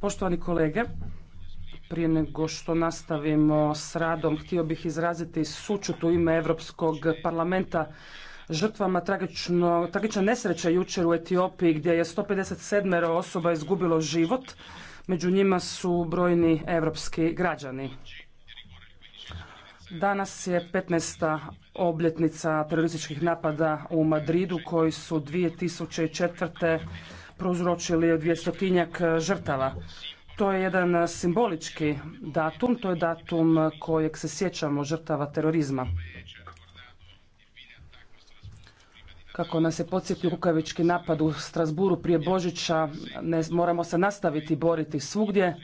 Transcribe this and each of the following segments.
Poštovani kolege, prije nego što nastavimo s radom, htio bih izraziti sućut u ime Europskog parlamenta žrtvama tragično, tragične nesreće jučer u Etiopiji gdje je 157 osoba izgubilo život. Među njima su brojni europski građani. Danas je 15. obljetnica terorističkih napada u Madridu koji su 2004 prouzročili dvjestotinjak e, žrtava. To je jedan e, simbolički datum, to je datum kojeg se sjećamo žrtava terorizma. Kako nas je podsjetio kukavički napad u Strasburu prije Božića, ne, moramo se nastaviti boriti svugdje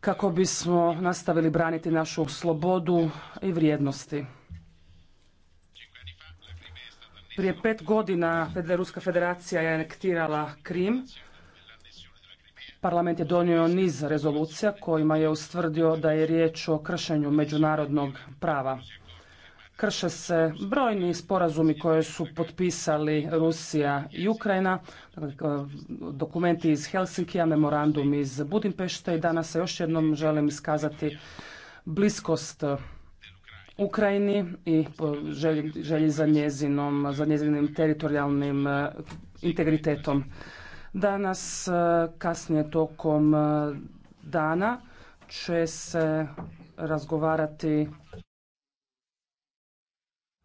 kako bismo nastavili braniti našu slobodu i vrijednosti. Prije pet godina Ruska federacija je anektirala Krim. Parlament je donio niz rezolucija kojima je ustvrdio da je riječ o kršenju međunarodnog prava. Krše se brojni sporazumi koje su potpisali Rusija i Ukrajina, dakle, dokumenti iz Helsinkija, memorandum iz Budimpešte i danas se još jednom želim iskazati bliskost Ukrajini i želji, želji za, njezinom, za njezinim teritorijalnim e, integritetom. Danas, e, kasnije tokom e, dana, će se razgovarati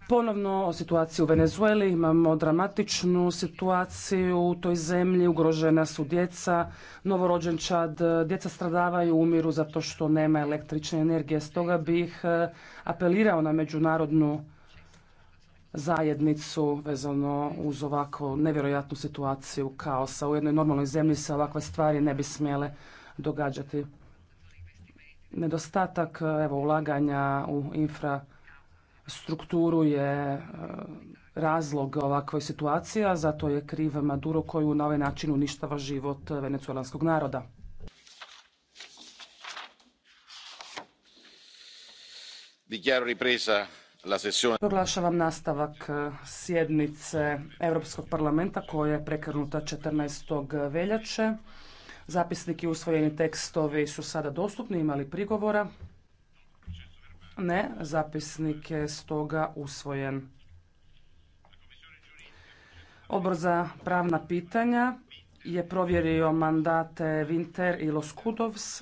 Ponovno o situaciji u Venezueli imamo dramatičnu situaciju u toj zemlji, ugrožena su djeca, novorođenčad, djeca stradavaju, umiru zato što nema električne energije. Stoga bih e, apelirao na međunarodnu zajednicu vezano uz ovakvu nevjerojatnu situaciju kaosa. U jednoj normalnoj zemlji se ovakve stvari ne bi smjele događati. Nedostatak e, evo, ulaganja u infra strukturu je e, razlog ovakvoj situaciji, zato je kriv Maduro koju na ovaj način uništava život venecuelanskog naroda. Proglašavam nastavak e, sjednice Europskog parlamenta koja je prekrnuta 14. veljače. Zapisnik i usvojeni tekstovi su sada dostupni, imali prigovora. Ne, zapisnik je stoga usvojen. Odbor za pravna pitanja je provjerio mandate Vinter i Kudovs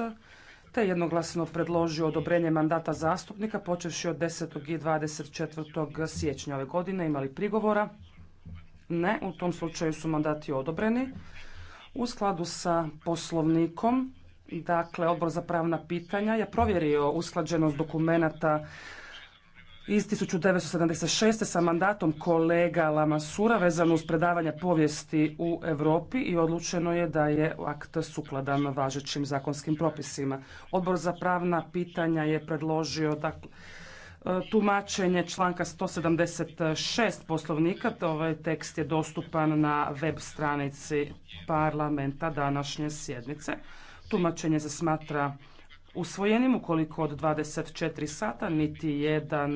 te jednoglasno predložio odobrenje mandata zastupnika počevši od 10. i 24. siječnja ove godine. Imali prigovora? Ne, u tom slučaju su mandati odobreni. U skladu sa poslovnikom Dakle, Odbor za pravna pitanja je provjerio usklađenost dokumenata iz 1976. sa mandatom kolega lamasura vezano uz predavanje povijesti u Europi i odlučeno je da je akt sukladan važećim zakonskim propisima. Odbor za pravna pitanja je predložio dakle, tumačenje članka 176 poslovnika. Ovaj tekst je dostupan na web stranici parlamenta današnje sjednice. Tumačenje se smatra usvojenim ukoliko od 24 sata niti jedan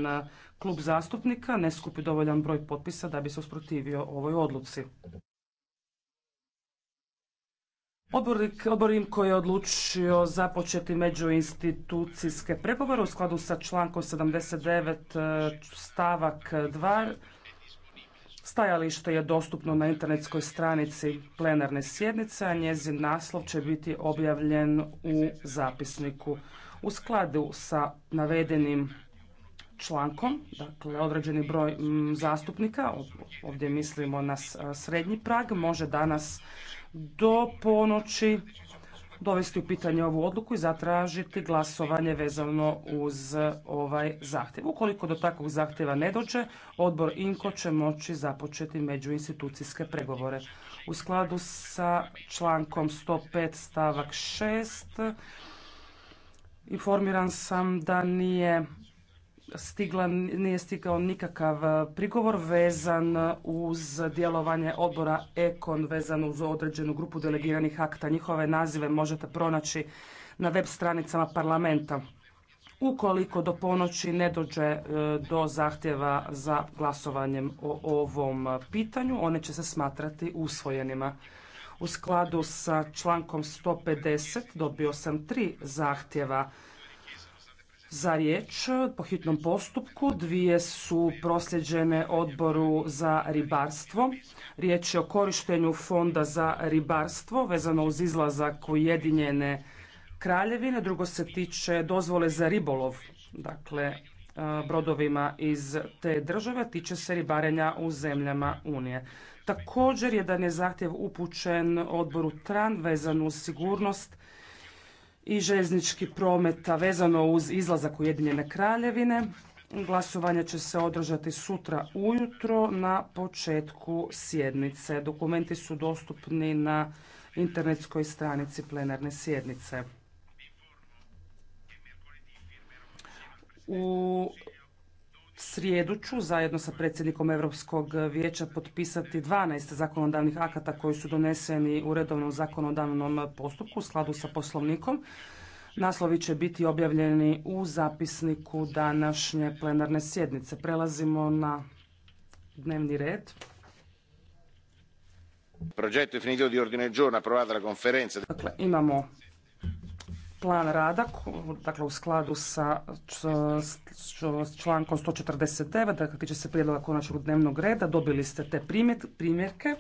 klub zastupnika ne skupi dovoljan broj potpisa da bi se usprotivio ovoj odluci. Odbor koji je odlučio započeti međuinstitucijske pregovore u skladu sa člankom 79 stavak 2 Stajalište je dostupno na internetskoj stranici plenarne sjednice, a njezin naslov će biti objavljen u zapisniku. U skladu sa navedenim člankom, dakle određeni broj zastupnika, ovdje mislimo na srednji prag, može danas do ponoći dovesti u pitanje ovu odluku i zatražiti glasovanje vezano uz ovaj zahtjev. Ukoliko do takvog zahtjeva ne dođe, odbor INKO će moći započeti međuinstitucijske pregovore. U skladu sa člankom 105 stavak 6 informiran sam da nije stigla, nije stigao nikakav e, prigovor vezan uz djelovanje odbora Ekon vezan uz određenu grupu delegiranih akta. Njihove nazive možete pronaći na web stranicama parlamenta. Ukoliko do ponoći ne dođe e, do zahtjeva za glasovanjem o ovom pitanju, one će se smatrati usvojenima. U skladu sa člankom 150 dobio sam tri zahtjeva za riječ po hitnom postupku. Dvije su prosljeđene odboru za ribarstvo. Riječ je o korištenju fonda za ribarstvo vezano uz izlazak Ujedinjene kraljevine. Drugo se tiče dozvole za ribolov, dakle e, brodovima iz te države, tiče se ribarenja u zemljama Unije. Također jedan je zahtjev upućen odboru TRAN vezan uz sigurnost i željeznički prometa vezano uz izlazak Ujedinjene kraljevine. Glasovanje će se održati sutra ujutro na početku sjednice. Dokumenti su dostupni na internetskoj stranici plenarne sjednice. U srijedu ću zajedno sa predsjednikom Europskog vijeća potpisati 12 zakonodavnih akata koji su doneseni u redovnom zakonodavnom postupku u skladu sa poslovnikom. Naslovi će biti objavljeni u zapisniku današnje plenarne sjednice. Prelazimo na dnevni red. Progetto finito di ordine giorno approvata la conferenza. Dakle, imamo plan rada, dakle u skladu sa člankom 149, dakle će se prijedloga konačnog dnevnog reda, dobili ste te primjerke.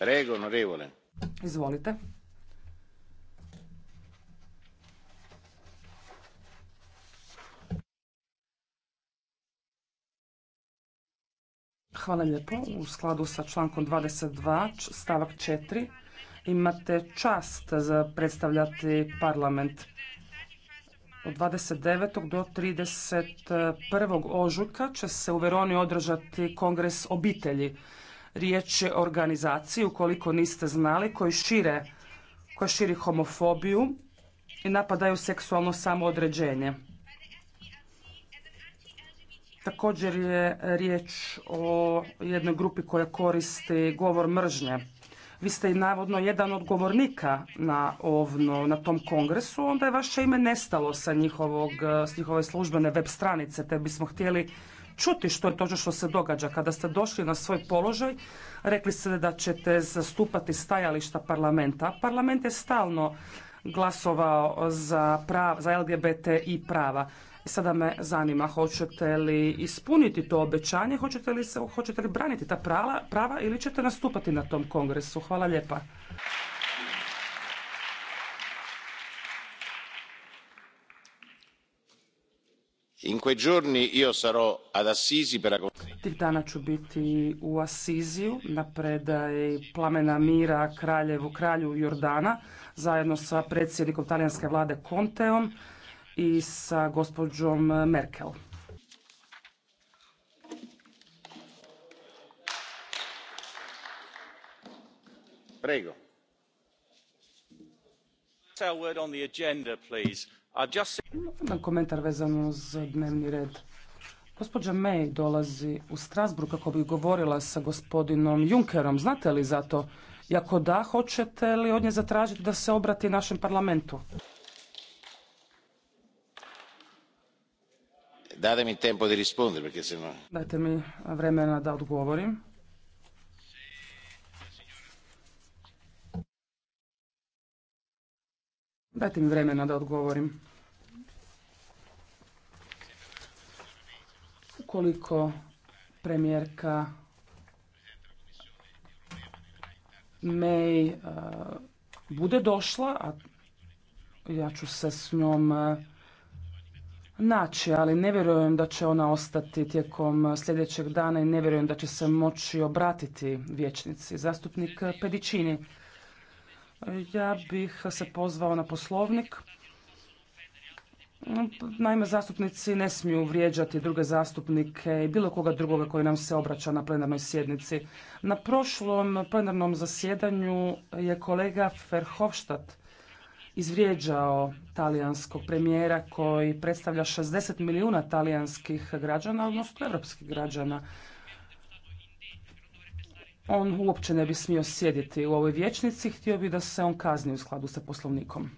Regon onorevole. Izvolite. Hvala lijepo. U skladu sa člankom 22, stavak 4, imate čast za predstavljati parlament. Od 29. do 31. ožujka će se u Veroni održati kongres obitelji. Riječ je o organizaciji, ukoliko niste znali, koji šire, koja širi homofobiju i napadaju seksualno samoodređenje. Također je riječ o jednoj grupi koja koristi govor mržnje vi ste i navodno jedan od govornika na, ovno, na tom kongresu, onda je vaše ime nestalo sa njihovog, e, s njihove službene web stranice, te bismo htjeli čuti što je to što se događa. Kada ste došli na svoj položaj, rekli ste da ćete zastupati stajališta parlamenta. Parlament je stalno glasovao za, prav, za LGBT i prava. Sada me zanima, hoćete li ispuniti to obećanje, hoćete li, se, hoćete li braniti ta prava, prava ili ćete nastupati na tom kongresu? Hvala lijepa. In quei giorni io sarò ad Tih dana ću biti u Asiziju na predaji plamena mira kraljevu kralju Jordana zajedno sa predsjednikom talijanske vlade Conteom i sa gospođom Merkel. Prego. Jedan komentar vezano uz dnevni red. Gospođa May dolazi u Strasburg kako bi govorila sa gospodinom Junckerom. Znate li za to? I da, hoćete li od nje zatražiti da se obrati našem parlamentu? Date mi tempo di rispondere perché se no... Dajte mi vremena da odgovorim. Dajte mi vremena da odgovorim. Ukoliko premijerka May eh, bude došla, a ja ću se s njom eh, naći, ali ne vjerujem da će ona ostati tijekom sljedećeg dana i ne vjerujem da će se moći obratiti vječnici. Zastupnik Pedičini, ja bih se pozvao na poslovnik. Naime, zastupnici ne smiju vrijeđati druge zastupnike i bilo koga drugoga koji nam se obraća na plenarnoj sjednici. Na prošlom plenarnom zasjedanju je kolega Ferhofstadt izvrijeđao talijanskog premijera koji predstavlja 60 milijuna talijanskih građana, odnosno europskih građana. On uopće ne bi smio sjediti u ovoj vječnici, htio bi da se on kazni u skladu sa poslovnikom.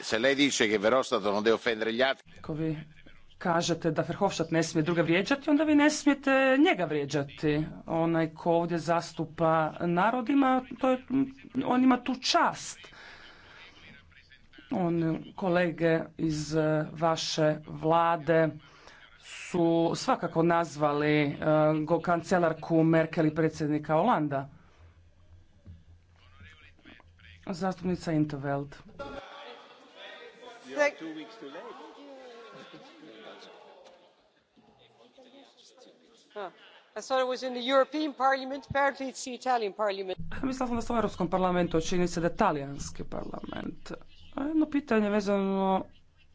Se lei kažete da Verhofstadt ne smije druga vrijeđati, onda vi ne smijete njega vrijeđati. Onaj ko ovdje zastupa narodima, to je, on ima tu čast. On, kolege iz e, vaše vlade su svakako nazvali e, go kancelarku Merkel i predsjednika Olanda. Zastupnica Interveld. Mislila sam da sam u Europskom parlamentu čini se da je talijanski parlament. A jedno pitanje vezano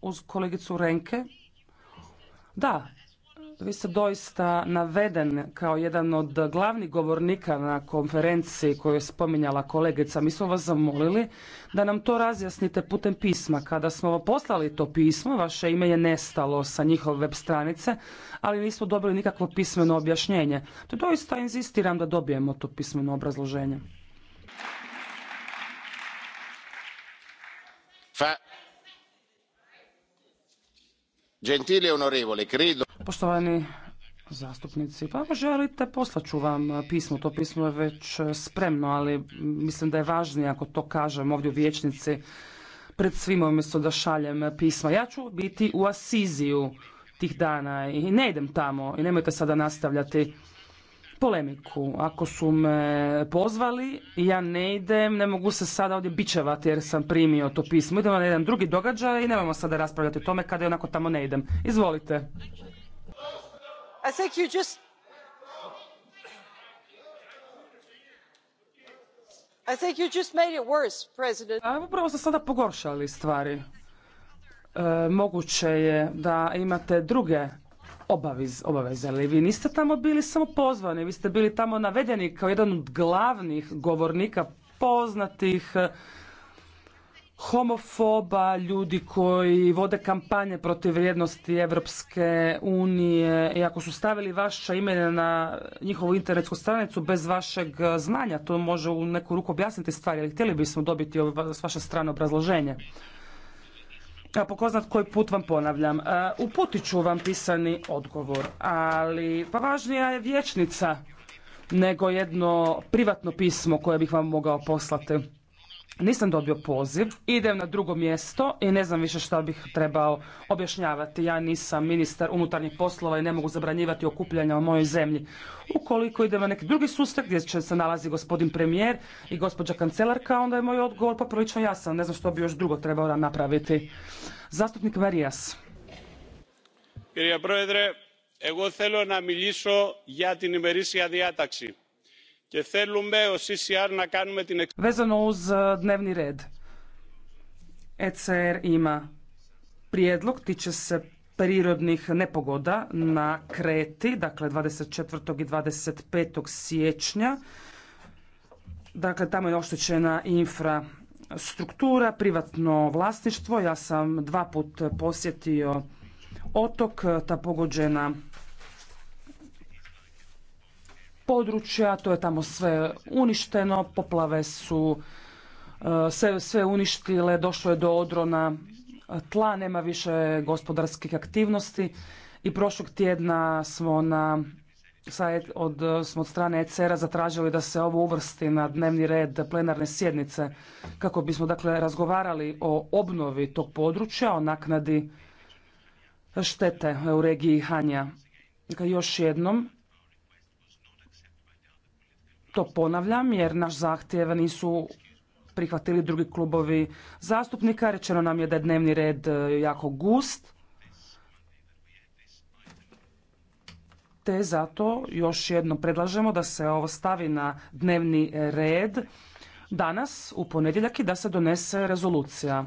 uz kolegicu Renke. Da, vi ste doista naveden kao jedan od glavnih govornika na konferenciji koju je spominjala kolegica. Mi smo vas zamolili da nam to razjasnite putem pisma. Kada smo vam poslali to pismo, vaše ime je nestalo sa njihove web stranice, ali nismo dobili nikakvo pismeno objašnjenje. To doista inzistiram da dobijemo to pismeno obrazloženje. Gentile onorevole, Poštovani zastupnici, pa ako želite poslat vam pismo, to pismo je već spremno, ali mislim da je važnije ako to kažem ovdje u vječnici pred svima umjesto da šaljem pisma. Ja ću biti u Asiziju tih dana i ne idem tamo i nemojte sada nastavljati polemiku. Ako su me pozvali, ja ne idem, ne mogu se sada ovdje bičevati jer sam primio to pismo. Idemo na jedan drugi događaj i nemojmo sada raspravljati o tome kada je onako tamo ne idem. Izvolite. I think A upravo ste sada pogoršali stvari. E, moguće je da imate druge obavezali. vi niste tamo bili samo pozvani, vi ste bili tamo navedeni kao jedan od glavnih govornika poznatih eh, homofoba, ljudi koji vode kampanje protiv vrijednosti Evropske unije i ako su stavili vaša imena na njihovu internetsku stranicu bez vašeg eh, znanja, to može u neku ruku objasniti stvari, ali htjeli bismo dobiti s vaše strane obrazloženje a pokoznat koji put vam ponavljam. E, Uputit ću vam pisani odgovor, ali pa važnija je vječnica nego jedno privatno pismo koje bih vam mogao poslati nisam dobio poziv, idem na drugo mjesto i ne znam više šta bih trebao objašnjavati. Ja nisam ministar unutarnjih poslova i ne mogu zabranjivati okupljanja u mojoj zemlji. Ukoliko idem na neki drugi sustav gdje će se nalazi gospodin premijer i gospođa kancelarka, onda je moj odgovor poprilično jasan. Ne znam što bi još drugo trebao napraviti. Zastupnik Marijas. ego celo na Vezano uz dnevni red, ECR ima prijedlog, tiče se prirodnih nepogoda na Kreti, dakle 24. i 25. siječnja. Dakle, tamo je oštećena infrastruktura, privatno vlasništvo. Ja sam dva put posjetio otok, ta pogođena područja, to je tamo sve uništeno, poplave su e, sve, sve uništile, došlo je do odrona e, tla, nema više gospodarskih aktivnosti i prošlog tjedna smo na e, od, smo od strane ECR-a zatražili da se ovo uvrsti na dnevni red plenarne sjednice kako bismo dakle razgovarali o obnovi tog područja, o naknadi štete u regiji Hanja. Još jednom, to ponavljam jer naš zahtjev nisu prihvatili drugi klubovi zastupnika. Rečeno nam je da je dnevni red e, jako gust. Te zato još jedno predlažemo da se ovo stavi na dnevni red danas u ponedjeljak i da se donese rezolucija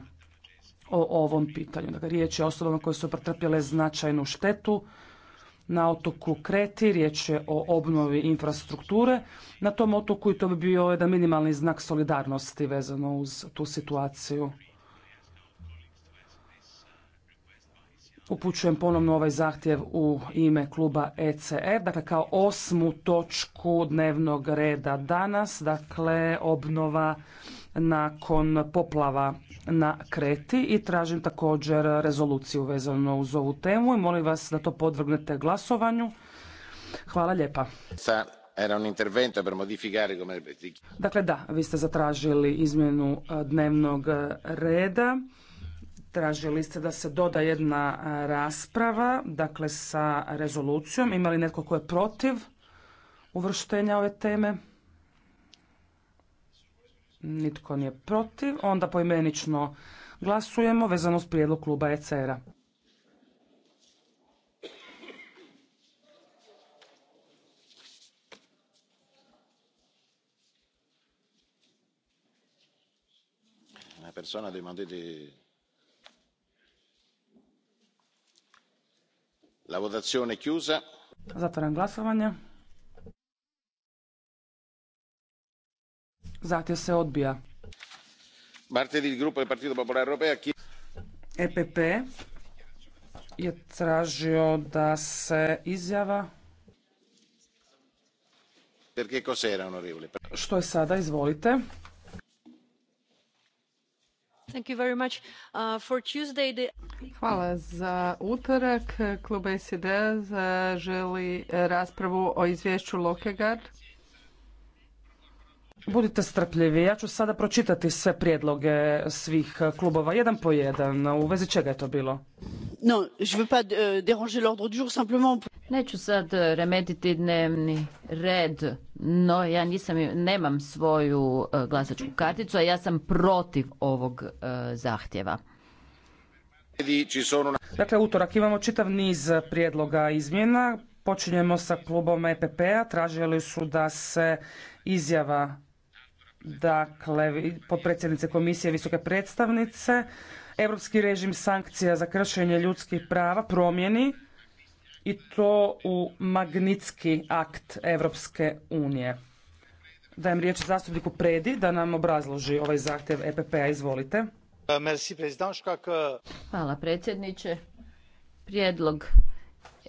o ovom pitanju. Dakle, riječ je o osobama koje su pretrpjele značajnu štetu na otoku Kreti, riječ je o obnovi infrastrukture na tom otoku i to bi bio jedan minimalni znak solidarnosti vezano uz tu situaciju. Upućujem ponovno ovaj zahtjev u ime kluba ECR, dakle kao osmu točku dnevnog reda danas, dakle obnova nakon poplava na Kreti i tražim također rezoluciju vezanu uz ovu temu i molim vas da to podvrgnete glasovanju. Hvala lijepa. Dakle da, vi ste zatražili izmjenu e, dnevnog reda. Tražili ste da se doda jedna e, rasprava, dakle sa rezolucijom. Ima li netko tko je protiv uvrštenja ove teme? Nitko nije protiv. Onda poimenično glasujemo vezano s prijedlog kluba ECR-a. Una persona La votazione Zatvaram glasovanje. Zahtjev se odbija. EPP e je tražio da se izjava... Što je sada, izvolite. Uh, Hvala za utorak. Klub SID želi raspravu o izvješću Lokegard Budite strpljivi, ja ću sada pročitati sve prijedloge svih klubova, jedan po jedan. U vezi čega je to bilo? No, je veux pas euh, déranger Neću sad euh, remetiti dnevni red, no ja nisam, nemam svoju euh, glasačku karticu, a ja sam protiv ovog zahtjeva. Dakle, utorak imamo čitav niz prijedloga izmjena. Počinjemo sa klubom EPP-a. Tražili su da se izjava dakle potpredsjednice komisije visoke predstavnice europski režim sankcija za kršenje ljudskih prava promjeni i to u magnitski akt Europske unije. Dajem riječ zastupniku Predi da nam obrazloži ovaj zahtjev EPP-a. Izvolite. Hvala predsjedniče. Prijedlog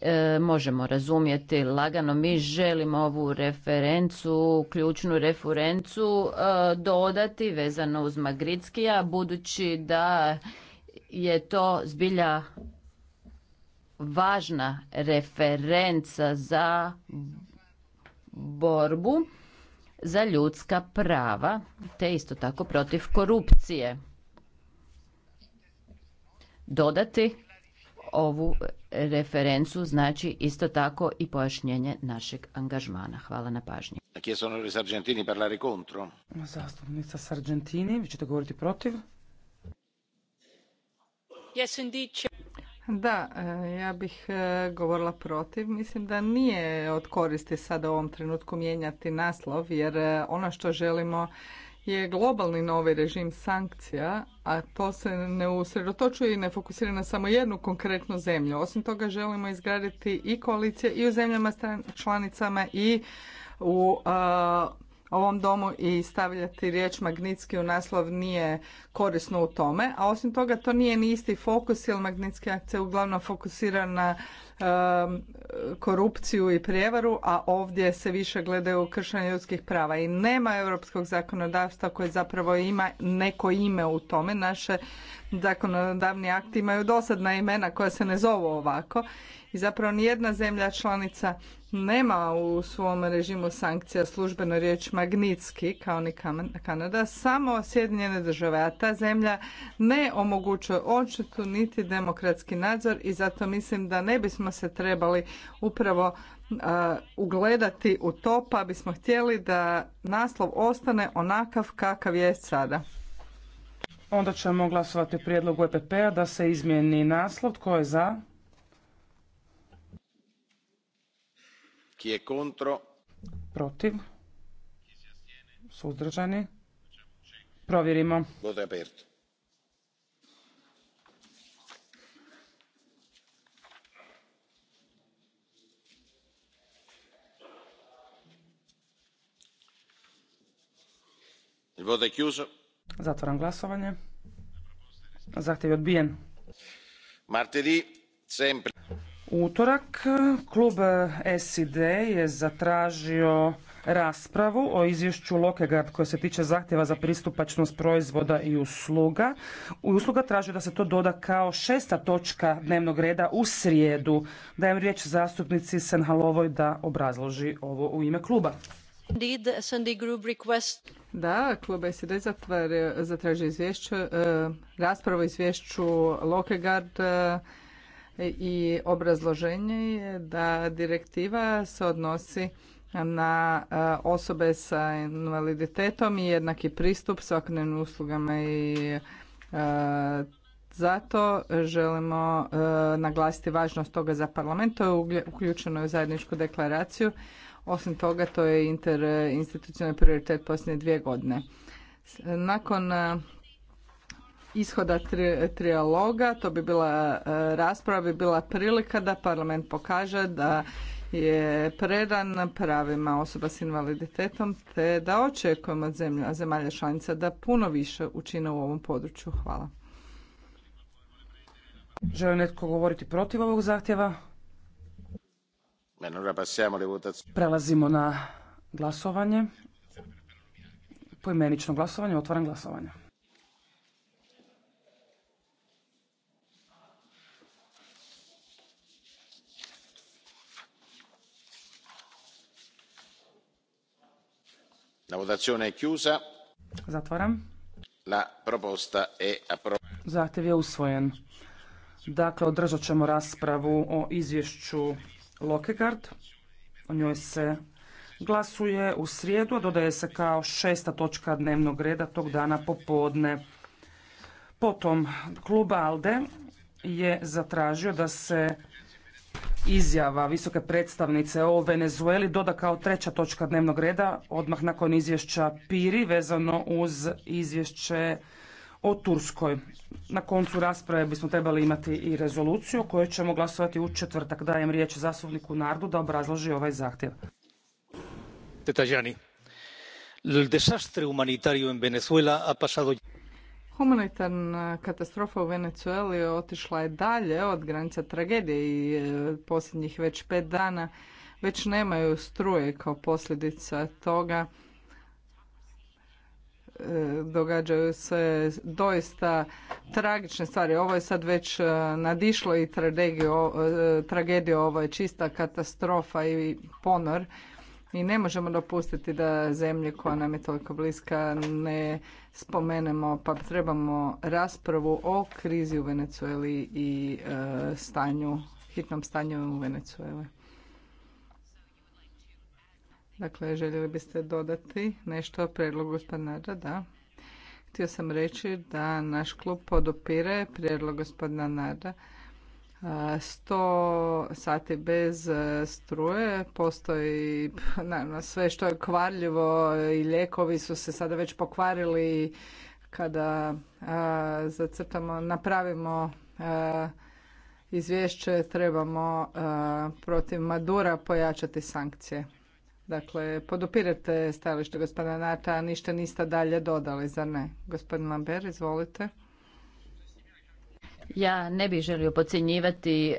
e, možemo razumjeti lagano. Mi želimo ovu referencu, ključnu referencu e, dodati vezano uz Magritskija, budući da je to zbilja važna referenca za borbu za ljudska prava, te isto tako protiv korupcije. Dodati ovu referencu znači isto tako i pojašnjenje našeg angažmana. Hvala na pažnji. Zastupnica Sargentini, vi ćete govoriti protiv? Da, e, ja bih e, govorila protiv. Mislim da nije od koristi sada u ovom trenutku mijenjati naslov, jer e, ono što želimo je globalni novi režim sankcija, a to se ne usredotočuje i ne fokusira na samo jednu konkretnu zemlju. Osim toga želimo izgraditi i koalicije i u zemljama članicama i u ovom domu i stavljati riječ Magnitski u naslov nije korisno u tome, a osim toga to nije ni isti fokus jer Magnitski akcija uglavnom fokusira na korupciju i prijevaru, a ovdje se više gledaju kršenje ljudskih prava i nema europskog zakonodavstva koje zapravo ima neko ime u tome. Naše zakonodavni akti imaju dosadna imena koja se ne zovu ovako i zapravo nijedna zemlja članica nema u svom režimu sankcija službeno riječ magnitski kao ni Kanada, samo Sjedinjene države, a ta zemlja ne omogućuje očitu niti demokratski nadzor i zato mislim da ne bismo se trebali upravo ugledati u to pa bismo htjeli da naslov ostane onakav kakav je sada. Onda ćemo glasovati prijedlogu EPP-a da se izmijeni naslov. Tko je za? Chi è contro? Protiv. Suzdržani. Provjerimo. Voto je aperto. Il voto è chiuso. Zatvaram glasovanje. Zahtjev je odbijen. Martedì sempre utorak klub SID je zatražio raspravu o izvješću Lokegard koje se tiče zahtjeva za pristupačnost proizvoda i usluga. U usluga traži da se to doda kao šesta točka dnevnog reda u srijedu. Dajem riječ zastupnici Senhalovoj da obrazloži ovo u ime kluba. Da, klub SID zatražio izvješće, e, raspravu izvješću Lokegard e, i obrazloženje je da direktiva se odnosi na e, osobe sa invaliditetom i jednaki pristup svakodnevnim uslugama i e, zato želimo e, naglasiti važnost toga za parlament. To je uključeno u zajedničku deklaraciju. Osim toga, to je interinstitucionalni prioritet posljednje dvije godine. Nakon ishoda tri, trijaloga, to bi bila e, rasprava, bi bila prilika da parlament pokaže da je predan pravima osoba s invaliditetom te da očekujemo od zemlja, zemalja članica da puno više učine u ovom području. Hvala. Želi netko govoriti protiv ovog zahtjeva? Prelazimo na glasovanje. Poimenično glasovanje, otvaram glasovanje. La Zatvaram. La proposta è Zahtjev je usvojen. Dakle, održat ćemo raspravu o izvješću Lokegard. O njoj se glasuje u srijedu, a dodaje se kao šesta točka dnevnog reda tog dana popodne. Potom, klub ALDE je zatražio da se izjava visoke predstavnice o Venezueli doda kao treća točka dnevnog reda odmah nakon izvješća Piri vezano uz izvješće o Turskoj. Na koncu rasprave bismo trebali imati i rezoluciju o kojoj ćemo glasovati u četvrtak. Dajem riječ zastupniku Nardu da obrazloži ovaj zahtjev. Tetajani, El desastre humanitario en Venezuela ha pasado Humanitarna katastrofa u Venecueli otišla je dalje od granica tragedije i e, posljednjih već pet dana već nemaju struje kao posljedica toga. E, događaju se doista tragične stvari. Ovo je sad već e, nadišlo i tragedija ovo je čista katastrofa i ponor. I ne možemo dopustiti da zemlje koja nam je toliko bliska ne spomenemo pa trebamo raspravu o krizi u Venezueli i e, stanju, hitnom stanju u Venecueli. Dakle, željeli biste dodati nešto o prijedlogu gospodina Da. Htio sam reći da naš klub podupire prijedlog gospodina Nada Sto sati bez e, struje, postoji naravno sve što je kvarljivo i lijekovi su se sada već pokvarili kada e, zacrtamo, napravimo e, izvješće, trebamo protiv Madura pojačati sankcije. Dakle, podupirate stajalište gospodina Nata, a ništa niste dalje dodali, zar ne? Gospodin Lambert, izvolite. Ja ne bih želio podcjenjivati e,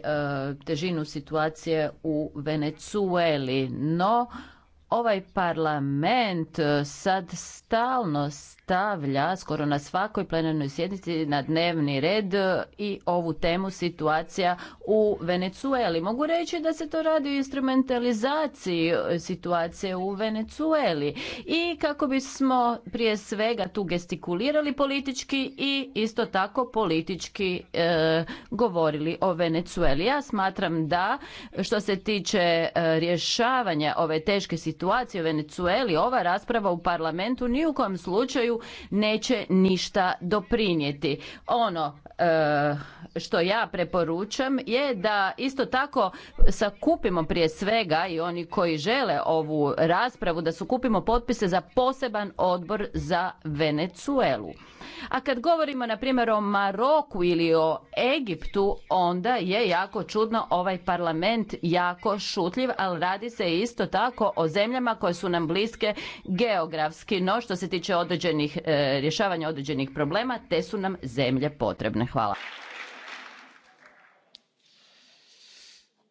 težinu situacije u Venecueli, no ovaj parlament e, sad stalno stavlja skoro na svakoj plenarnoj sjednici na dnevni red i ovu temu situacija u Venecueli. Mogu reći da se to radi o instrumentalizaciji situacije u Venecueli i kako bismo prije svega tu gestikulirali politički i isto tako politički e, govorili o Venecueli. Ja smatram da što se tiče e, rješavanja ove teške situacije u Venecueli, ova rasprava u parlamentu ni u kojem slučaju neće ništa doprinijeti. Ono e, što ja preporučam je da isto tako sakupimo prije svega i oni koji žele ovu raspravu da sukupimo potpise za poseban odbor za Venecuelu. A kad govorimo na primjer o Maroku ili o Egiptu, onda je jako čudno ovaj parlament jako šutljiv, ali radi se isto tako o zemljama koje su nam bliske geografski, no što se tiče određenih e, rješavanja određenih problema, te su nam zemlje potrebne. Hvala.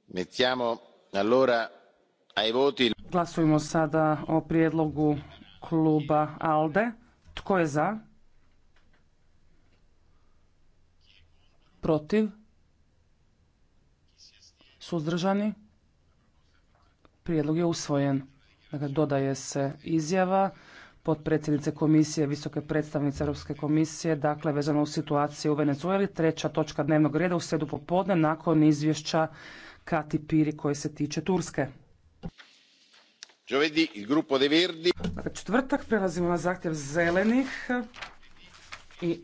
Mettiamo allora ai voti. Glasujemo sada o prijedlogu kluba ALDE. Tko je za? protiv, suzdržani, prijedlog je usvojen. Dakle, dodaje se izjava potpredsjednice komisije, visoke predstavnice Europske komisije, dakle vezano u situaciju u Venezueli, treća točka dnevnog reda u sredu popodne nakon izvješća Kati Piri koje se tiče Turske. Dakle, četvrtak prelazimo na zahtjev zelenih i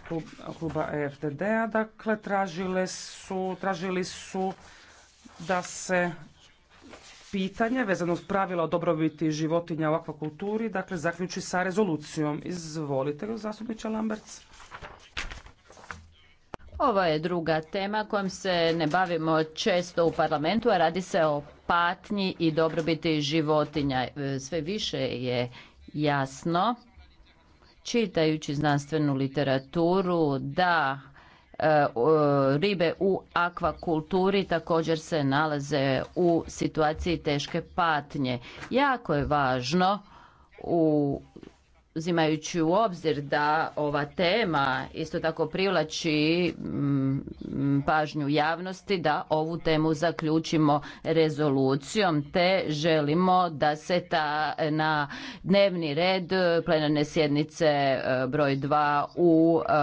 kluba efdd a Dakle, tražile su, tražili su da se pitanje vezano s pravila o dobrobiti životinja u akvakulturi, dakle, zaključi sa rezolucijom. Izvolite, zastupniče Lamberts. Ovo je druga tema kojom se ne bavimo često u parlamentu, a radi se o patnji i dobrobiti životinja. E, sve više je jasno čitajući znanstvenu literaturu da e, ribe u akvakulturi također se nalaze u situaciji teške patnje. Jako je važno u uzimajući u obzir da ova tema isto tako privlači mm, pažnju javnosti da ovu temu zaključimo rezolucijom te želimo da se ta na dnevni red plenarne sjednice e, broj 2 u e,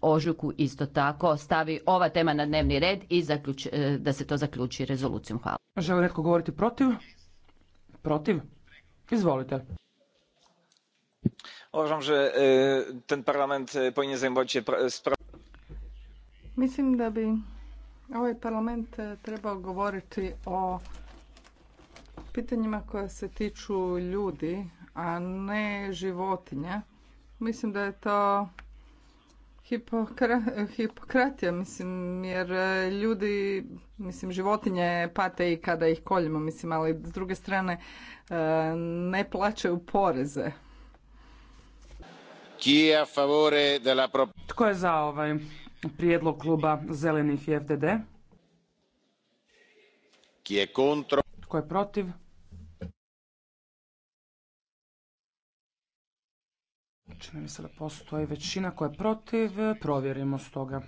ožujku isto tako stavi ova tema na dnevni red i e, da se to zaključi rezolucijom. Hvala. Želi netko govoriti protiv? Protiv? Izvolite uważam że ten parlament powinien mislim da bi ovaj parlament e, trebao govoriti o pitanjima koja se tiču ljudi a ne životinja mislim da je to hipokratija mislim jer e, ljudi mislim životinje pate i kada ih koljimo, mislim ali s druge strane e, ne plaćaju poreze tko je za ovaj prijedlog kluba Zelenih i FDD? Tko je protiv? Čini mi se da postoji većina koja je protiv. Provjerimo stoga.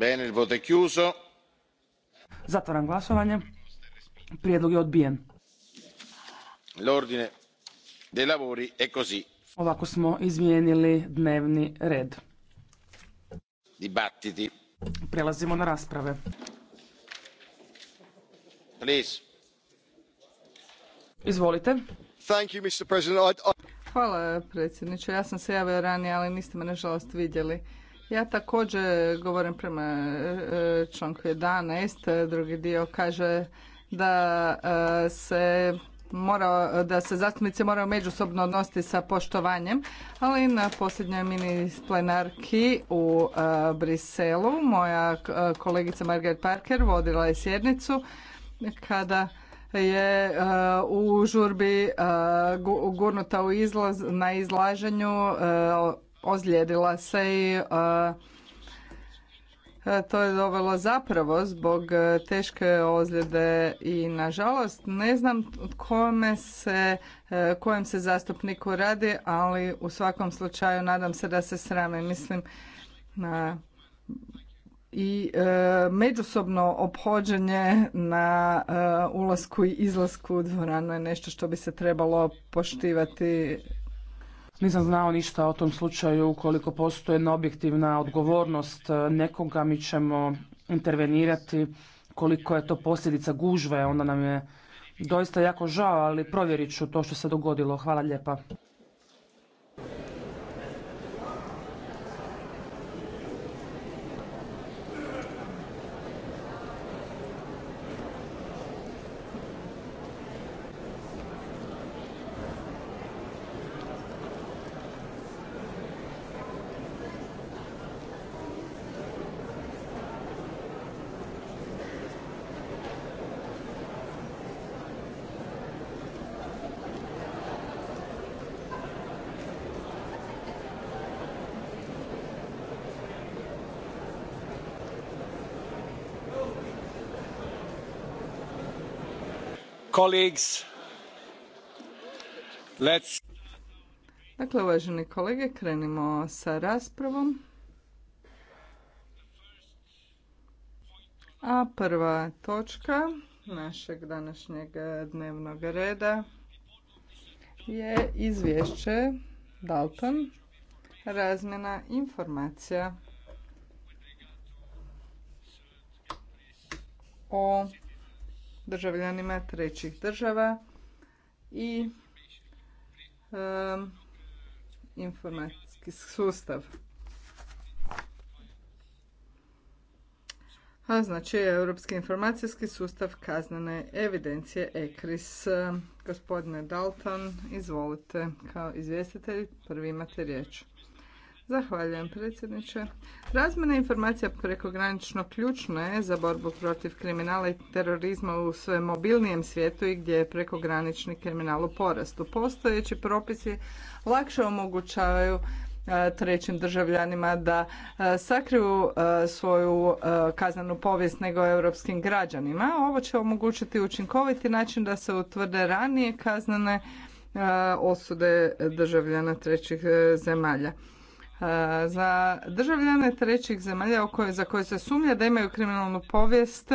Bene, Zatvaram glasovanje. Prijedlog je odbijen. lavori Ovako smo izmijenili dnevni red. Prelazimo na rasprave. Izvolite. Hvala predsjedniče. Ja sam se javio ranije, ali niste me nažalost vidjeli. Ja također govorim prema e, članku 11. Drugi dio kaže da e, se mora, da se zastupnici moraju međusobno odnositi sa poštovanjem, ali na posljednjoj mini plenarki u e, Briselu moja kolegica Margaret Parker vodila je sjednicu kada je u žurbi gurnuta u izlaz, na izlaženju ozlijedila se i e, e, to je dovelo zapravo zbog e, teške ozljede i nažalost ne znam kome se, kojem se zastupniku radi, ali u svakom slučaju nadam se da se srame. Mislim na i međusobno obhođenje na e, ulasku i izlasku u dvoranu je nešto što bi se trebalo poštivati nisam znao ništa o tom slučaju ukoliko postoji jedna objektivna odgovornost e, nekoga, mi ćemo intervenirati koliko je to posljedica gužve, onda nam je doista jako žao, ali provjerit ću to što se dogodilo. Hvala lijepa. Dakle, uvaženi kolege, krenimo sa raspravom. A prva točka našeg današnjeg dnevnog reda je izvješće Dalton, razmjena informacija o državljanima trećih država i informacijski sustav. A znači Europski informacijski sustav kaznene evidencije ECRIS. Gospodine Dalton, izvolite kao izvjestitelj, prvi imate riječ. Zahvaljujem predsjedniče. Razmjena informacija prekogranično ključna je za borbu protiv kriminala i terorizma u sve mobilnijem svijetu i gdje je prekogranični kriminal u porastu. Postojeći propisi lakše omogućavaju e, trećim državljanima da e, sakriju e, svoju kaznenu povijest nego europskim građanima. Ovo će omogućiti učinkoviti način da se utvrde ranije kaznene osude državljana trećih zemalja. E, za državljane trećih zemalja za koje se sumnja da imaju kriminalnu povijest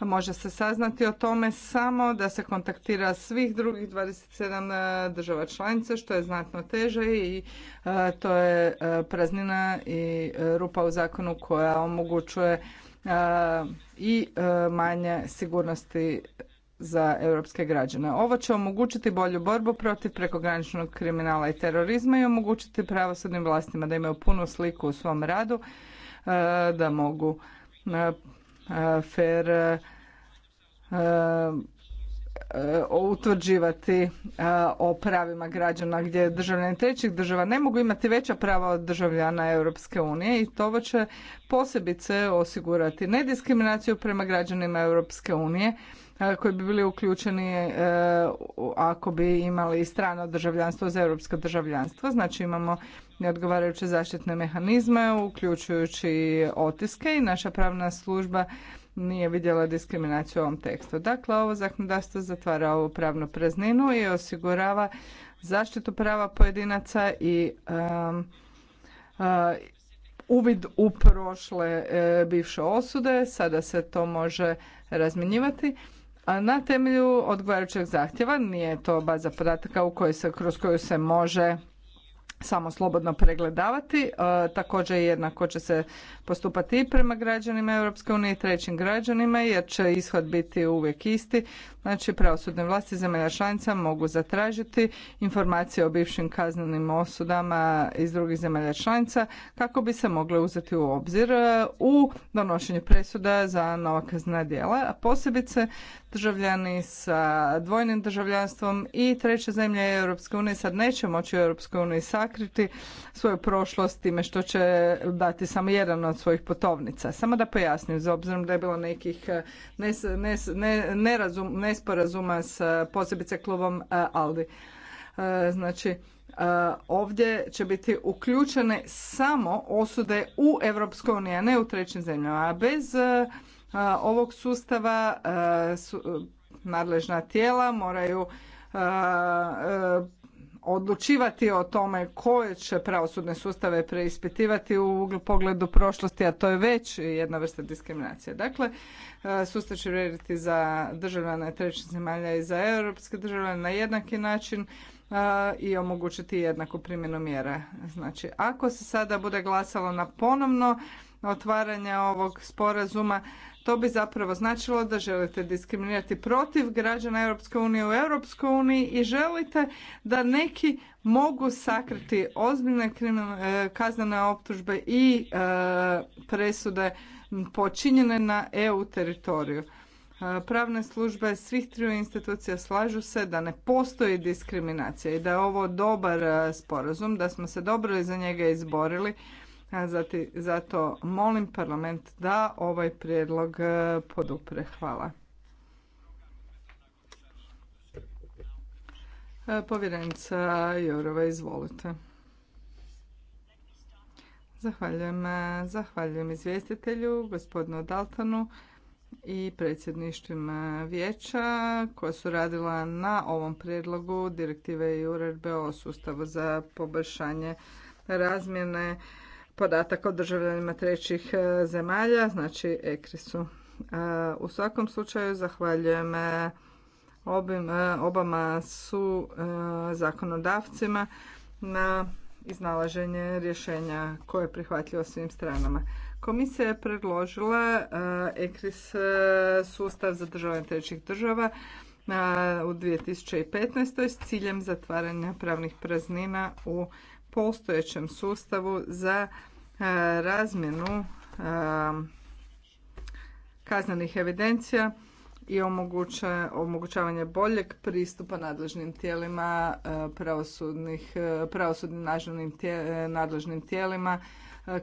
može se saznati o tome samo da se kontaktira svih drugih 27 e, država članica što je znatno teže i e, to je praznina i rupa u zakonu koja omogućuje i manje sigurnosti za europske građane. Ovo će omogućiti bolju borbu protiv prekograničnog kriminala i terorizma i omogućiti pravosudnim vlastima da imaju punu sliku u svom radu, e, da mogu e, e, fer utvrđivati o pravima građana gdje državljani trećih država ne mogu imati veća prava od državljana Europske unije i to će posebice osigurati nediskriminaciju prema građanima Europske unije koji bi bili uključeni e, ako bi imali strano državljanstvo za europsko državljanstvo. Znači imamo neodgovarajuće zaštitne mehanizme, uključujući otiske i naša pravna služba nije vidjela diskriminaciju u ovom tekstu. Dakle, ovo zakonodavstvo zatvara ovu pravnu prazninu i osigurava zaštitu prava pojedinaca i uvid u prošle e, bivše osude. Sada se to može razminjivati na temelju odgovarajućeg zahtjeva. Nije to baza podataka u kojoj se, kroz koju se može samo slobodno pregledavati. E, također jednako će se postupati i prema građanima Europske unije i trećim građanima jer će ishod biti uvijek isti. Znači pravosudne vlasti zemalja članica mogu zatražiti informacije o bivšim kaznenim osudama iz drugih zemalja članica kako bi se mogle uzeti u obzir e, u donošenju presuda za nova kaznena djela, a posebice državljani sa dvojnim državljanstvom i treće zemlje Europske unije sad neće moći u Europskoj uniji sakriti svoju prošlost time što će dati samo jedan od svojih putovnica. Samo da pojasnim, za obzirom da je bilo nekih eh, nes, nes, nerazum, nesporazuma s eh, posebice klubom eh, Aldi. Znači, ovdje će biti uključene samo osude u Europskoj uniji, a ne u trećim zemljama. A bez ovog sustava nadležna tijela moraju odlučivati o tome koje će pravosudne sustave preispitivati u pogledu prošlosti, a to je već jedna vrsta diskriminacije. Dakle, sustav će vrijediti za državljane trećih zemalja i za europske državljane na jednaki način i omogućiti jednaku primjenu mjera. Znači, ako se sada bude glasalo na ponovno otvaranje ovog sporazuma, to bi zapravo značilo da želite diskriminirati protiv građana Europske unije u Europskoj uniji i želite da neki mogu sakriti ozbiljne e, kaznene optužbe i e, presude počinjene na EU teritoriju. E, pravne službe svih triju institucija slažu se da ne postoji diskriminacija i da je ovo dobar sporazum, da smo se dobro za njega izborili Zati, zato molim parlament da ovaj prijedlog e, podupre. Hvala. E, povjerenica Jorova, izvolite. Zahvaljujem, e, zahvaljujem izvjestitelju, gospodinu Daltanu i predsjedništvima vijeća koja su radila na ovom prijedlogu direktive i uredbe o sustavu za poboljšanje razmjene Podatak o državljanima trećih e, zemalja, znači ekrisu. E, u svakom slučaju zahvaljujem e, obim, obama su zakonodavcima na iznalaženje rješenja koje je prihvatljivo svim stranama. Komisija je predložila EKRIS sustav za državljane trećih država u 2015. s ciljem zatvaranja pravnih praznina u postojećem sustavu za e, razmjenu e, kaznenih evidencija i omogućavanje boljeg pristupa nadležnim tijelima, e, pravosudnim nadležnim, tijelima,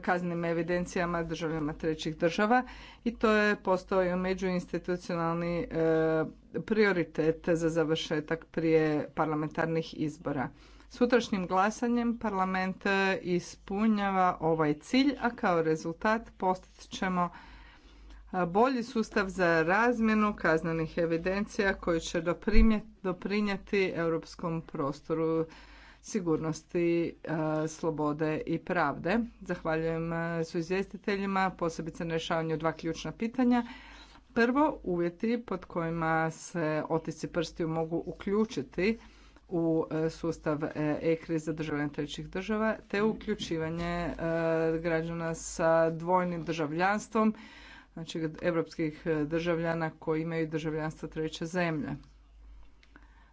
kaznenim evidencijama državljama trećih država i to je postao međuinstitucionalni prioritet za završetak prije parlamentarnih izbora. Sutrašnjim glasanjem parlament e, ispunjava ovaj cilj, a kao rezultat postat ćemo e, bolji sustav za razmjenu kaznenih evidencija koji će doprinijeti europskom prostoru sigurnosti, e, slobode i pravde. Zahvaljujem su izvjestiteljima, posebice na rješavanju dva ključna pitanja. Prvo, uvjeti pod kojima se otici prstiju mogu uključiti u e, sustav ECRI za državljane trećih država te uključivanje e, građana sa dvojnim državljanstvom, znači evropskih e, državljana koji imaju državljanstvo treće zemlje.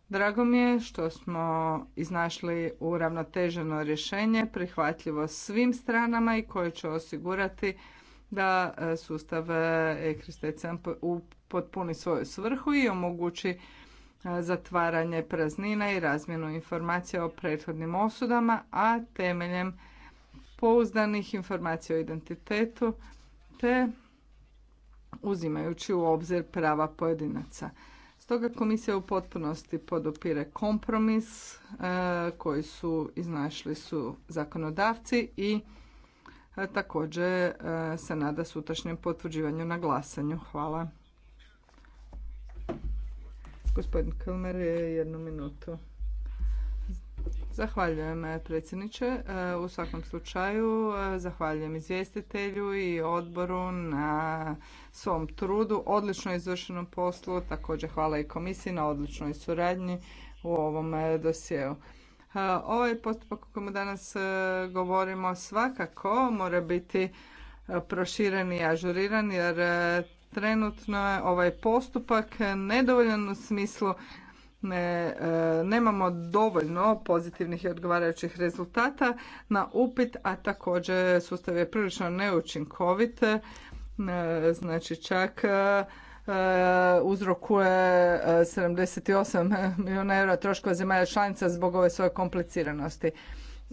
Drago mi je što smo iznašli uravnoteženo rješenje prihvatljivo svim stranama i koje će osigurati da sustav ECRI potpuni svoju svrhu i omogući zatvaranje praznina i razmjenu informacija o prethodnim osudama, a temeljem pouzdanih informacija o identitetu te uzimajući u obzir prava pojedinaca. Stoga komisija u potpunosti podupire kompromis e, koji su iznašli su zakonodavci i e, također e, se nada sutrašnjem potvrđivanju na glasanju. Hvala. Gospodin Kilmer je jednu minutu. Zahvaljujem eh, predsjedniče. Eh, u svakom slučaju eh, zahvaljujem izvjestitelju i odboru na svom trudu, odlično izvršenom poslu, također hvala i komisiji na odličnoj suradnji u ovom dosjeu. Ovaj postupak o kojem danas govorimo svakako mora biti proširen i ažuriran jer trenutno je ovaj postupak nedovoljan u smislu e, nemamo dovoljno pozitivnih i odgovarajućih rezultata na upit, a također sustav je prilično neučinkovit, e, znači čak e, uzrokuje 78 milijuna eura troškova zemalja članica zbog ove svoje kompliciranosti.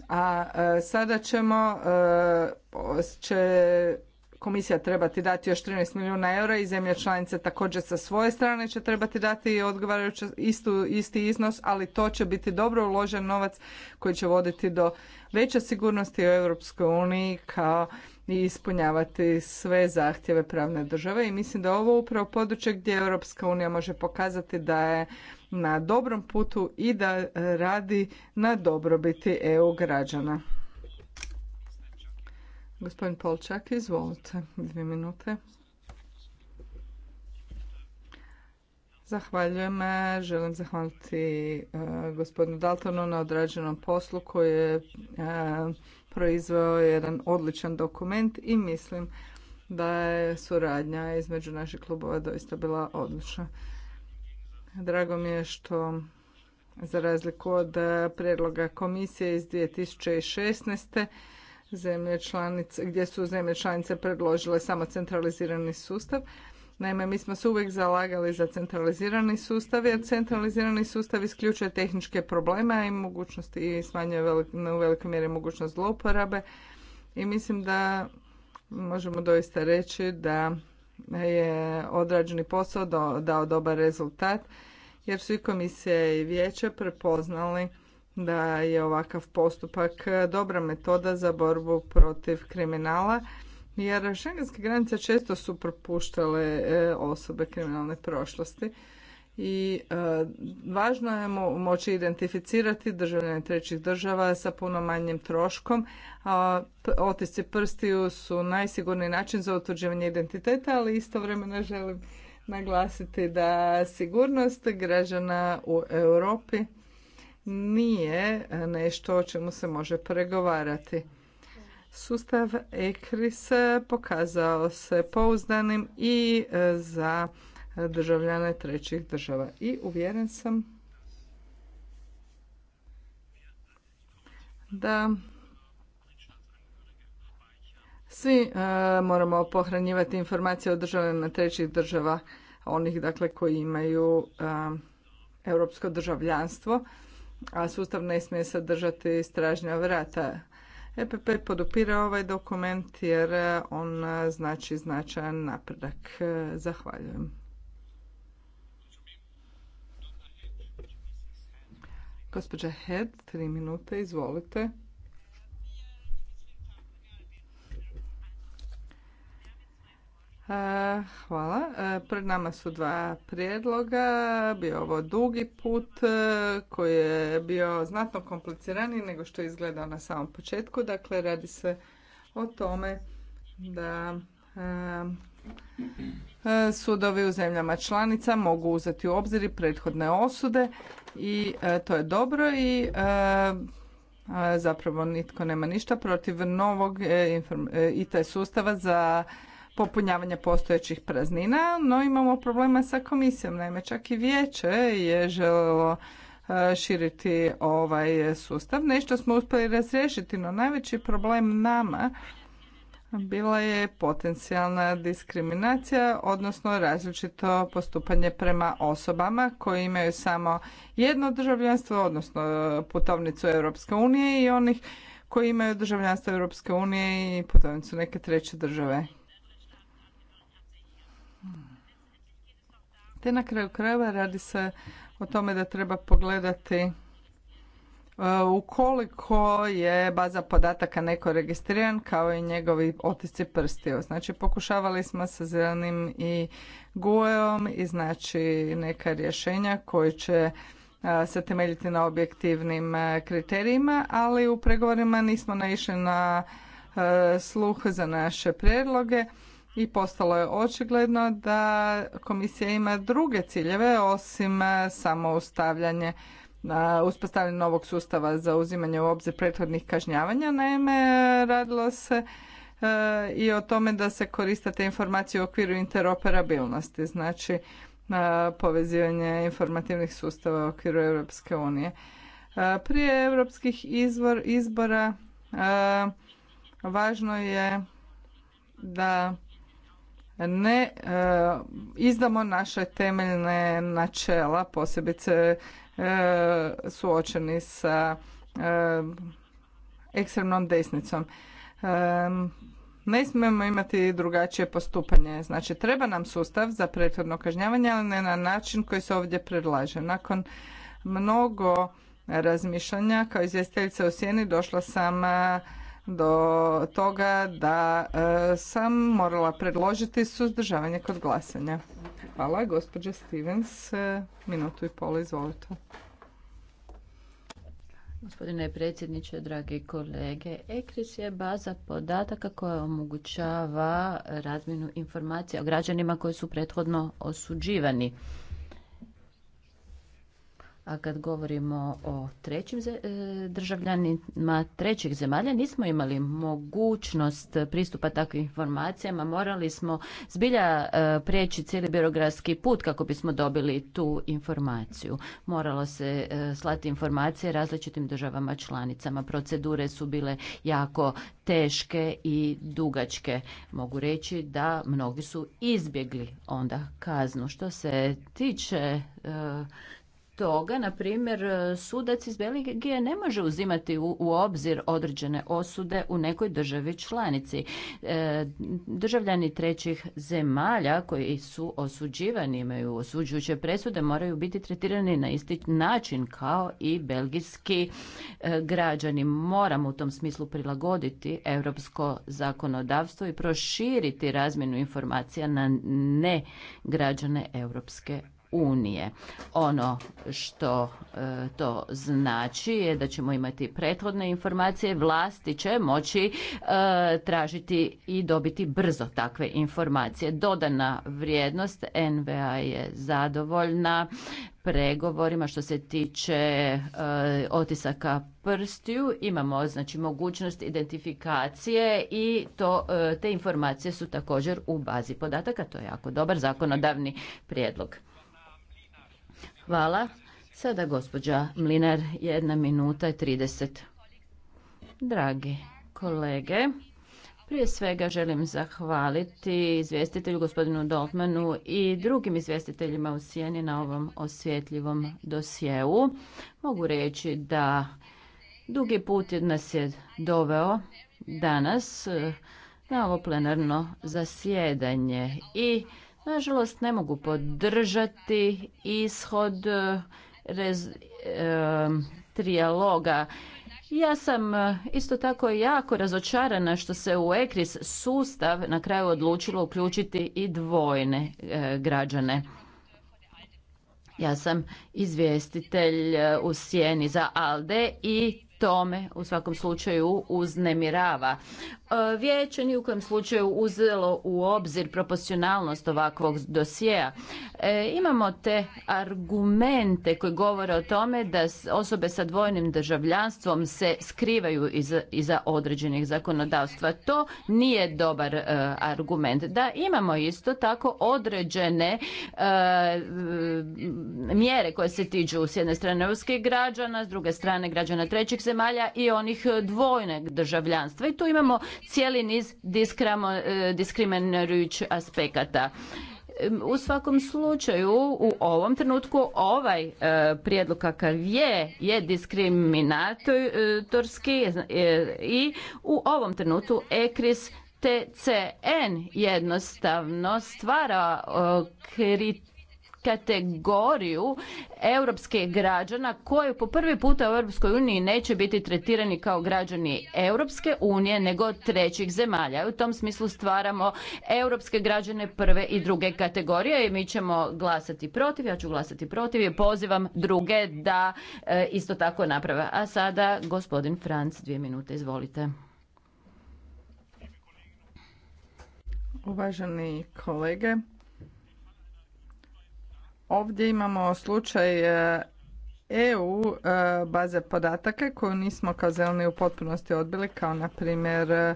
A sada ćemo će komisija trebati dati još 13 milijuna eura i zemlje članice također sa svoje strane će trebati dati odgovarajući istu, isti iznos, ali to će biti dobro uložen novac koji će voditi do veće sigurnosti u Europskoj uniji kao i ispunjavati sve zahtjeve pravne države i mislim da je ovo upravo područje gdje Europska unija može pokazati da je na dobrom putu i da radi na dobrobiti EU građana. Gospodin Polčak, izvolite, dvije minute. Zahvaljujem. Želim zahvaliti e, gospodinu Daltonu na odrađenom poslu koji je e, proizveo jedan odličan dokument i mislim da je suradnja između naših klubova doista bila odlična. Drago mi je što za razliku od e, prijedloga komisije iz 2016 zemlje članice, gdje su zemlje članice predložile samo centralizirani sustav. Naime, mi smo se uvijek zalagali za centralizirani sustav jer centralizirani sustav isključuje tehničke probleme i mogućnosti i smanjuje velik, u velikoj mjeri mogućnost zlouporabe. I mislim da možemo doista reći da je odrađeni posao dao dobar rezultat jer su i komisije i vijeće prepoznali da je ovakav postupak dobra metoda za borbu protiv kriminala jer šengenske granice često su propuštale e, osobe kriminalne prošlosti i e, važno je moći identificirati državljane trećih država sa puno manjim troškom. Otisci prstiju su najsigurniji način za utvrđivanje identiteta, ali istovremeno želim naglasiti da sigurnost građana u Europi nije nešto o čemu se može pregovarati. Sustav ECRIS pokazao se pouzdanim i e, za državljane trećih država. I uvjeren sam da svi e, moramo pohranjivati informacije o državljanima trećih država, onih dakle koji imaju e, europsko državljanstvo a sustav ne smije sadržati stražnja vrata. EPP podupira ovaj dokument jer on znači značajan napredak. Zahvaljujem. Gospođa Head, tri minute, izvolite. E, hvala. E, pred nama su dva prijedloga. Bio ovo dugi put e, koji je bio znatno kompliciraniji nego što je izgledao na samom početku. Dakle, radi se o tome da sudovi u zemljama članica mogu uzeti u obzir prethodne osude i to je dobro i zapravo nitko nema ništa protiv novog IT sustava za popunjavanje postojećih praznina, no imamo problema sa komisijom. Naime, čak i vijeće je željelo e, širiti ovaj sustav. Nešto smo uspjeli razriješiti, no najveći problem nama bila je potencijalna diskriminacija, odnosno različito postupanje prema osobama koji imaju samo jedno državljanstvo, odnosno e, putovnicu Europske unije i onih koji imaju državljanstvo Europske unije i putovnicu neke treće države. Te na kraju krajeva radi se o tome da treba pogledati e, ukoliko je baza podataka neko registriran kao i njegovi otisci prstio. Znači pokušavali smo sa zelenim i gueom i znači neka rješenja koji će e, se temeljiti na objektivnim e, kriterijima, ali u pregovorima nismo naišli na sluh za naše prijedloge i postalo je očigledno da komisija ima druge ciljeve osim e, samo na e, uspostavljanje novog sustava za uzimanje u obzir prethodnih kažnjavanja. Naime, radilo se e, i o tome da se koriste te informacije u okviru interoperabilnosti, znači povezivanje informativnih sustava u okviru Europske unije. Prije europskih izbora važno je da ne e, izdamo naše temeljne načela, posebice e, suočeni sa e, ekstremnom desnicom. Ne smijemo imati drugačije postupanje. Znači, treba nam sustav za prethodno kažnjavanje, ali ne na način koji se ovdje predlaže. Nakon mnogo razmišljanja kao izvjestiteljica u sjeni došla sam do toga da e, sam morala predložiti suzdržavanje kod glasanja. Hvala, gospođa Stevens. E, Minutu i pola, izvolite. Gospodine predsjedniče, dragi kolege, ECRIS je baza podataka koja omogućava razmjenu informacija o građanima koji su prethodno osuđivani. A kad govorimo o trećim e, državljanima trećih zemalja, nismo imali mogućnost pristupa takvim informacijama. Morali smo zbilja e, prijeći cijeli birografski put kako bismo dobili tu informaciju. Moralo se e, slati informacije različitim državama članicama. Procedure su bile jako teške i dugačke. Mogu reći da mnogi su izbjegli onda kaznu. Što se tiče toga, na primjer, e, sudac iz Belgije ne može uzimati u, obzir određene osude u nekoj državi članici. E, državljani trećih zemalja koji su osuđivani, imaju osuđujuće presude, moraju biti tretirani na isti način kao i belgijski e, građani. Moramo u tom smislu prilagoditi europsko zakonodavstvo i proširiti razmjenu informacija na ne građane Europske unije. Ono što e, to znači je da ćemo imati prethodne informacije, vlasti će moći e, tražiti i dobiti brzo takve informacije. Dodana vrijednost NVA je zadovoljna pregovorima što se tiče e, otisaka prstiju imamo znači mogućnost identifikacije i to te informacije su također u bazi podataka to je jako dobar zakonodavni prijedlog Hvala. Sada gospođa Mlinar, jedna minuta i 30. Dragi kolege, prije svega želim zahvaliti izvjestitelju gospodinu Doltmanu i drugim izvjestiteljima u Sijeni na ovom osvjetljivom dosjeu. Mogu reći da dugi put nas je doveo danas eh, na ovo plenarno zasjedanje i Nažalost, ne mogu podržati ishod e, e, trijaloga. Ja sam e, isto tako jako razočarana što se u ECRIS sustav na kraju odlučilo uključiti i dvojne građane. Ja sam izvjestitelj u sjeni za ALDE i to me u svakom slučaju uznemirava. E, vijeće ni u kojem slučaju uzelo u obzir proporcionalnost ovakvog dosjea. E, imamo te argumente koji govore o tome da osobe sa dvojnim državljanstvom se skrivaju iza, određenih zakonodavstva. To nije dobar e, argument. Da imamo isto tako određene mjere koje se tiču s jedne strane ruskih građana, s druge strane građana trećih zemalja i onih dvojnog državljanstva. I tu imamo cijeli niz e, diskriminirajućih aspekata. U svakom slučaju u ovom trenutku ovaj e, prijedlog kakav je je diskriminatorski e, i u ovom trenutku ECRIS TCN jednostavno stvara e, kategoriju europske građana koji po prvi puta u Europskoj uniji neće biti tretirani kao građani Europske unije nego trećih zemalja. U tom smislu stvaramo europske građane prve i druge kategorije i mi ćemo glasati protiv, ja ću glasati protiv i pozivam druge da e, isto tako naprave. A sada gospodin Franc, dvije minute, izvolite. Uvaženi kolege, Ovdje imamo slučaj EU e e, baze podataka koju nismo kao u potpunosti odbili kao na primjer e,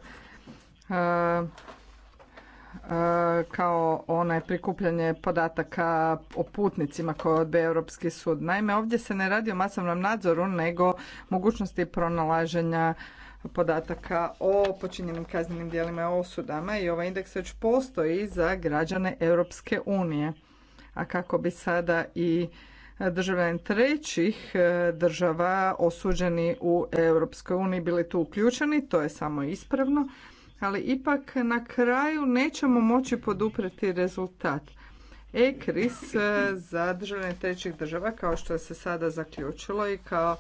kao onaj prikupljanje podataka o putnicima koje odbije Europski sud. Naime, ovdje se ne radi o masovnom nadzoru, nego mogućnosti pronalaženja podataka o počinjenim kaznenim djelima i osudama i ovaj indeks već postoji za građane Europske unije a kako bi sada i državljani trećih e, država osuđeni u Europskoj uniji bili tu uključeni, to je samo ispravno, ali ipak na kraju nećemo moći podupreti rezultat. ECRIS e, za državljane trećih država, kao što je se sada zaključilo i kao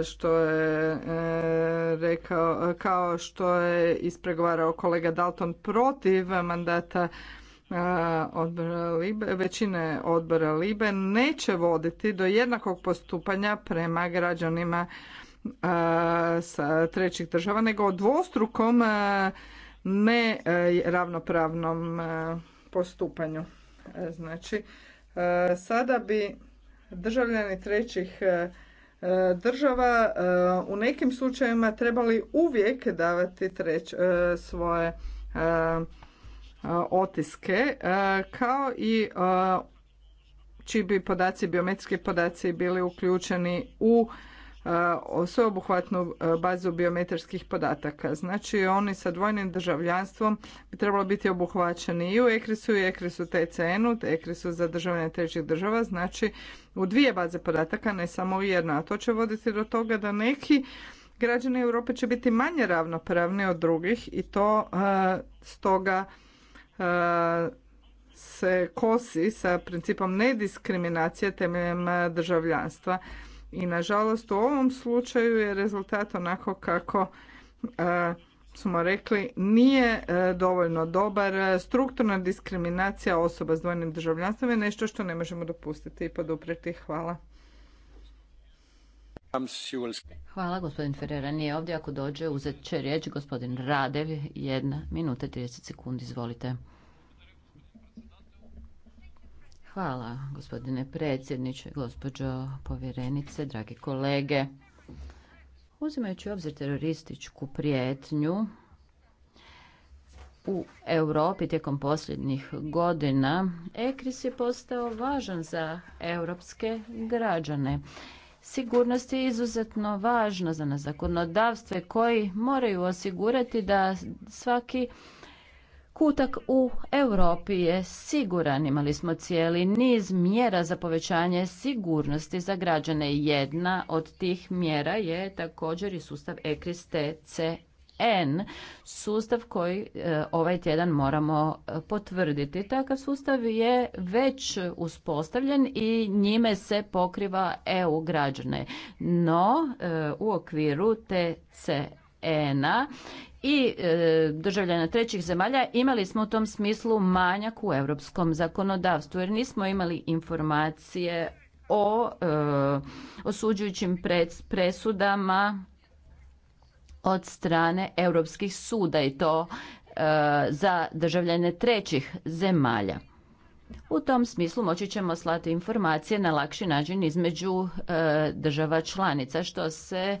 e, što je rekao, kao što je ispregovarao kolega Dalton protiv mandata odbora Libe, većine odbora Libe neće voditi do jednakog postupanja prema građanima sa trećih država, nego o dvostrukom ne e, ravnopravnom e, postupanju. E, znači, sada bi državljani trećih država u nekim slučajevima trebali uvijek davati treć, svoje otiske kao i čiji bi podaci, biometrijski podaci bili uključeni u sveobuhvatnu bazu biometrijskih podataka. Znači oni sa dvojnim državljanstvom bi trebalo biti obuhvaćeni i u ECRIS-u i ECRIS-u TCN-u, ECRIS-u za državljane trećih država, znači u dvije baze podataka, ne samo u jednu. A to će voditi do toga da neki građani Europe će biti manje ravnopravni od drugih i to stoga se kosi sa principom nediskriminacije temeljem državljanstva. I nažalost u ovom slučaju je rezultat onako kako e, smo rekli nije e, dovoljno dobar. Strukturna diskriminacija osoba s dvojnim državljanstvom je nešto što ne možemo dopustiti i poduprijeti. Hvala. Hvala, gospodin Ferreira nije ovdje. Ako dođe, uzet će riječ gospodin Radev. Jedna minuta i 30 sekundi, izvolite. Hvala, gospodine predsjedniče, gospođo povjerenice, dragi kolege. Uzimajući obzir terorističku prijetnju, u Europi tijekom posljednjih godina, ekris je postao važan za europske građane. Sigurnost je izuzetno važna za nas zakonodavstve koji moraju osigurati da svaki kutak u Europi je siguran. Imali smo cijeli niz mjera za povećanje sigurnosti za građane. Jedna od tih mjera je također i sustav ECRIS TCS. N, sustav koji e, ovaj tjedan moramo e, potvrditi. Takav sustav je već uspostavljen i njime se pokriva EU građane. No, e, u okviru TCN-a i državljana trećih zemalja imali smo u tom smislu manjak u europskom zakonodavstvu jer nismo imali informacije o osuđujućim presudama od strane europskih suda i to e, za državljane trećih zemalja. U tom smislu moći ćemo slati informacije na lakši način između e, država članica što se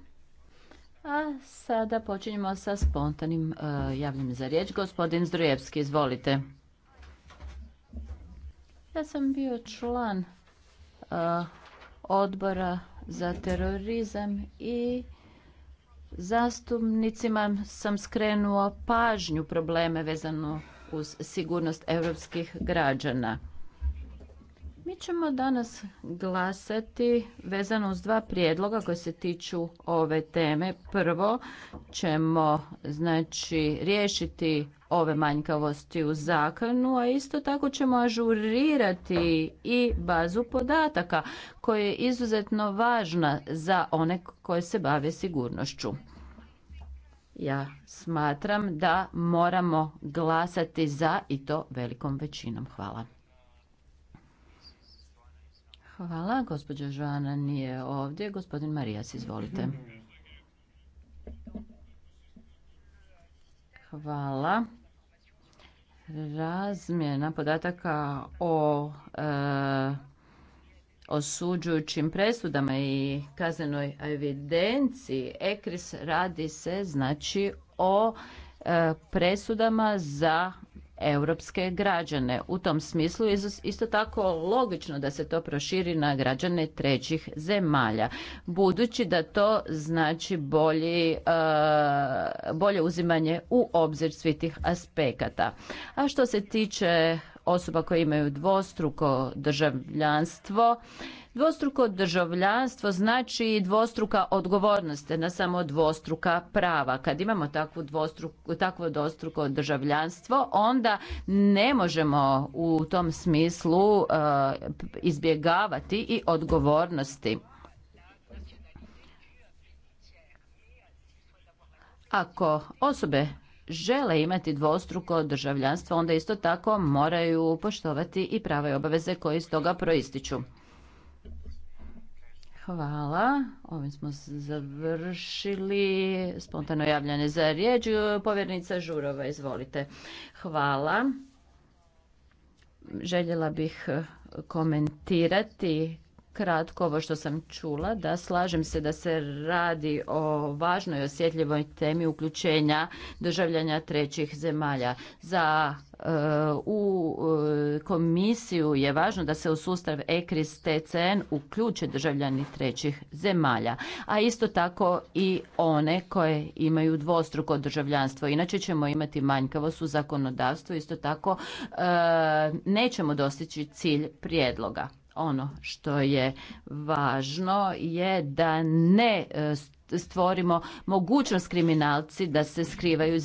A sada počinjemo sa spontanim e, javnim za riječ. Gospodin Zdrujevski, izvolite. Ja sam bio član e, odbora za terorizam i zastupnicima sam skrenuo pažnju probleme vezano uz sigurnost europskih građana. Mi ćemo danas glasati vezano uz dva prijedloga koji se tiču ove teme. Prvo ćemo znači riješiti ove manjkavosti u zakonu, a isto tako ćemo ažurirati i bazu podataka koja je izuzetno važna za one koje se bave sigurnošću. Ja smatram da moramo glasati za i to velikom većinom. Hvala. Hvala. Gospođa Žoana nije ovdje. Gospodin Marijas, izvolite. Hvala. Razmjena podataka o e, osuđujućim presudama i kaznenoj evidenciji ECRIS radi se znači o e, presudama za europske građane. U tom smislu je isto tako logično da se to proširi na građane trećih zemalja. Budući da to znači bolje, eh, bolje uzimanje u obzir svih tih aspekata. A što se tiče osoba koje imaju dvostruko državljanstvo, Dvostruko državljanstvo znači dvostruka odgovornost, ne samo dvostruka prava. Kad imamo takvu dvostruku, takvo dvostruko državljanstvo, onda ne možemo u tom smislu eh, izbjegavati i odgovornosti. Ako osobe žele imati dvostruko državljanstvo, onda isto tako moraju poštovati i prave obaveze koje iz toga proističu. Hvala. Ovim smo završili spontano javljanje za riječ. Povjernica Žurova, izvolite. Hvala. Željela bih komentirati kratko ovo što sam čula, da slažem se da se radi o važnoj osjetljivoj temi uključenja državljanja trećih zemalja. Za e, u e, komisiju je važno da se u sustav ECRIS TCN uključe državljani trećih zemalja, a isto tako i one koje imaju dvostruko državljanstvo. Inače ćemo imati manjkavost u zakonodavstvu, isto tako e, nećemo dostići cilj prijedloga ono što je važno je da ne e, stvorimo mogućnost kriminalci da se skrivaju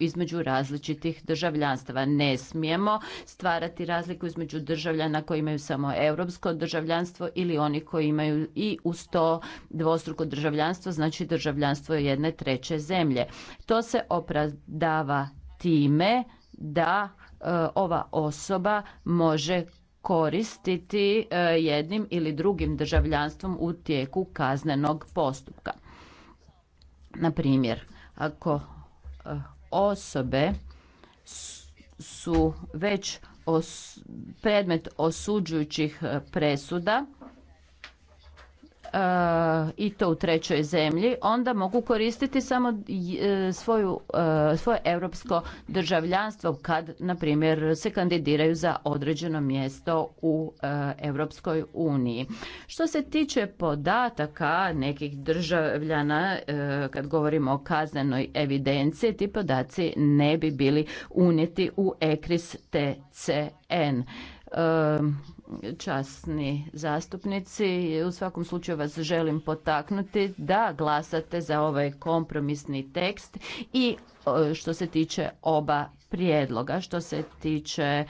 između različitih državljanstava. Ne smijemo stvarati razliku između državljana koji imaju samo europsko državljanstvo ili oni koji imaju i uz to dvostruko državljanstvo, znači državljanstvo jedne treće zemlje. To se opravdava time da e, ova osoba može koristiti e, jednim ili drugim državljanstvom u tijeku kaznenog postupka. Na primjer, ako e, osobe su već predmet osuđujućih e, presuda Eh, i to u trećoj zemlji, onda mogu koristiti samo eh, svoju, eh, svoje europsko državljanstvo kad, na primjer, se kandidiraju za određeno mjesto u Europskoj uniji. Što se tiče podataka nekih državljana, kad govorimo o kaznenoj evidenciji, ti podaci ne bi bili unijeti u ECRIS TCN časni zastupnici. U svakom slučaju vas želim potaknuti da glasate za ovaj kompromisni tekst i e, što se tiče oba prijedloga. Što se tiče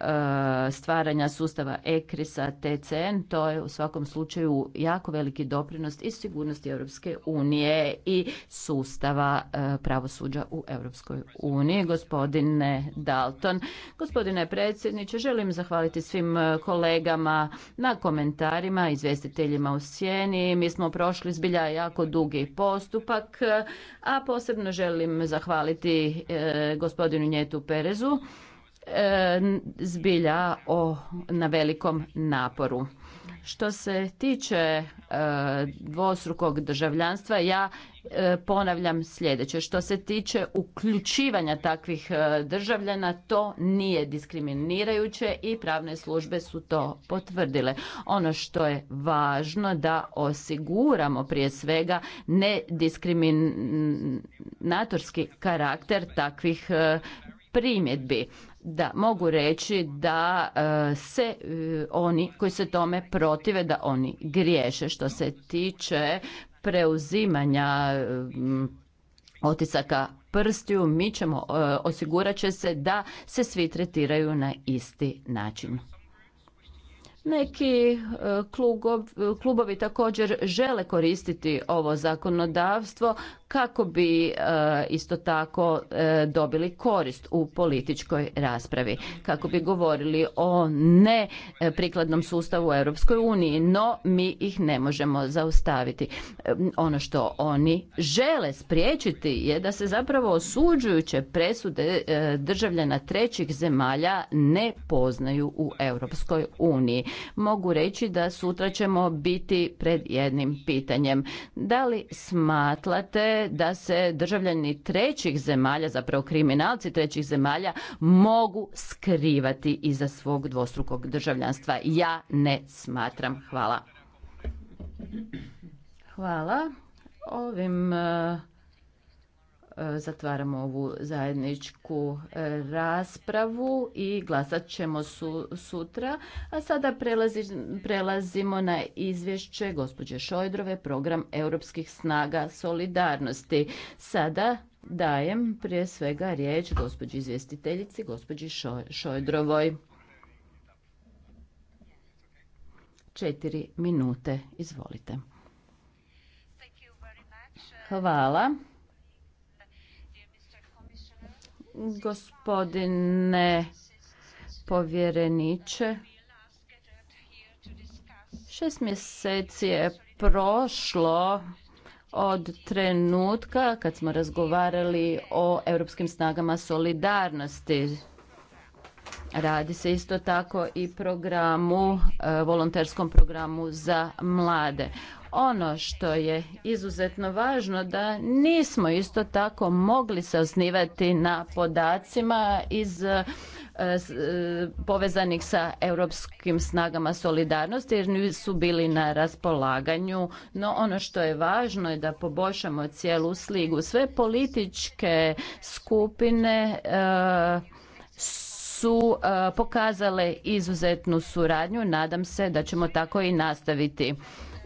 E, stvaranja sustava ECRIS-a, TCN, to je u svakom slučaju jako veliki doprinos i sigurnosti Europske unije i sustava e, pravosuđa u Europskoj uniji. Gospodine Dalton, gospodine predsjedniče, želim zahvaliti svim e, kolegama na komentarima, izvjestiteljima u sjeni. Mi smo prošli zbilja jako dugi postupak, a posebno želim zahvaliti gospodinu Njetu Perezu E, zbilja o, na velikom naporu. Što se tiče e, dvostrukog državljanstva, ja e, ponavljam sljedeće. Što se tiče uključivanja takvih e, državljana, to nije diskriminirajuće i pravne službe su to potvrdile. Ono što je važno da osiguramo prije svega nediskriminatorski karakter takvih primjedbi da mogu reći da e, se e, oni koji se tome protive da oni griješe što se tiče preuzimanja otisaka prstiju mi ćemo e, osigurat će se da se svi tretiraju na isti način. Neki klubovi također žele koristiti ovo zakonodavstvo kako bi eh, isto tako eh, dobili korist u političkoj raspravi, kako bi govorili o neprikladnom eh, sustavu u Europskoj uniji, no mi ih ne možemo zaustaviti. Ono što oni žele spriječiti je da se zapravo osuđujuće presude državljana trećih zemalja ne poznaju u Europskoj uniji. Mogu reći da sutra ćemo biti pred jednim pitanjem. Da li smatlate da se državljani trećih zemalja, zapravo kriminalci trećih zemalja, mogu skrivati iza svog dvostrukog državljanstva. Ja ne smatram. Hvala. Hvala. Ovim eh, E, zatvaramo ovu zajedničku e, raspravu i glasat ćemo sutra. A sada prelazimo na izvješće gospođe Šojdrove, program Europskih snaga solidarnosti. Sada dajem prije svega riječ gospođi izvjestiteljici, gospođi Šojdrovoj. Četiri minute, izvolite. Hvala. Gospodine povjereniče, šest mjeseci je prošlo od trenutka kad smo razgovarali o europskim snagama solidarnosti. Radi se isto tako i programu, e, volonterskom programu za mlade. Ono što je izuzetno važno da nismo isto tako mogli se osnivati na podacima iz e, e, povezanih sa europskim snagama solidarnosti jer nisu bili na raspolaganju. No ono što je važno je da poboljšamo cijelu sligu. Sve političke skupine e, su pokazale izuzetnu suradnju. Nadam se da ćemo tako i nastaviti.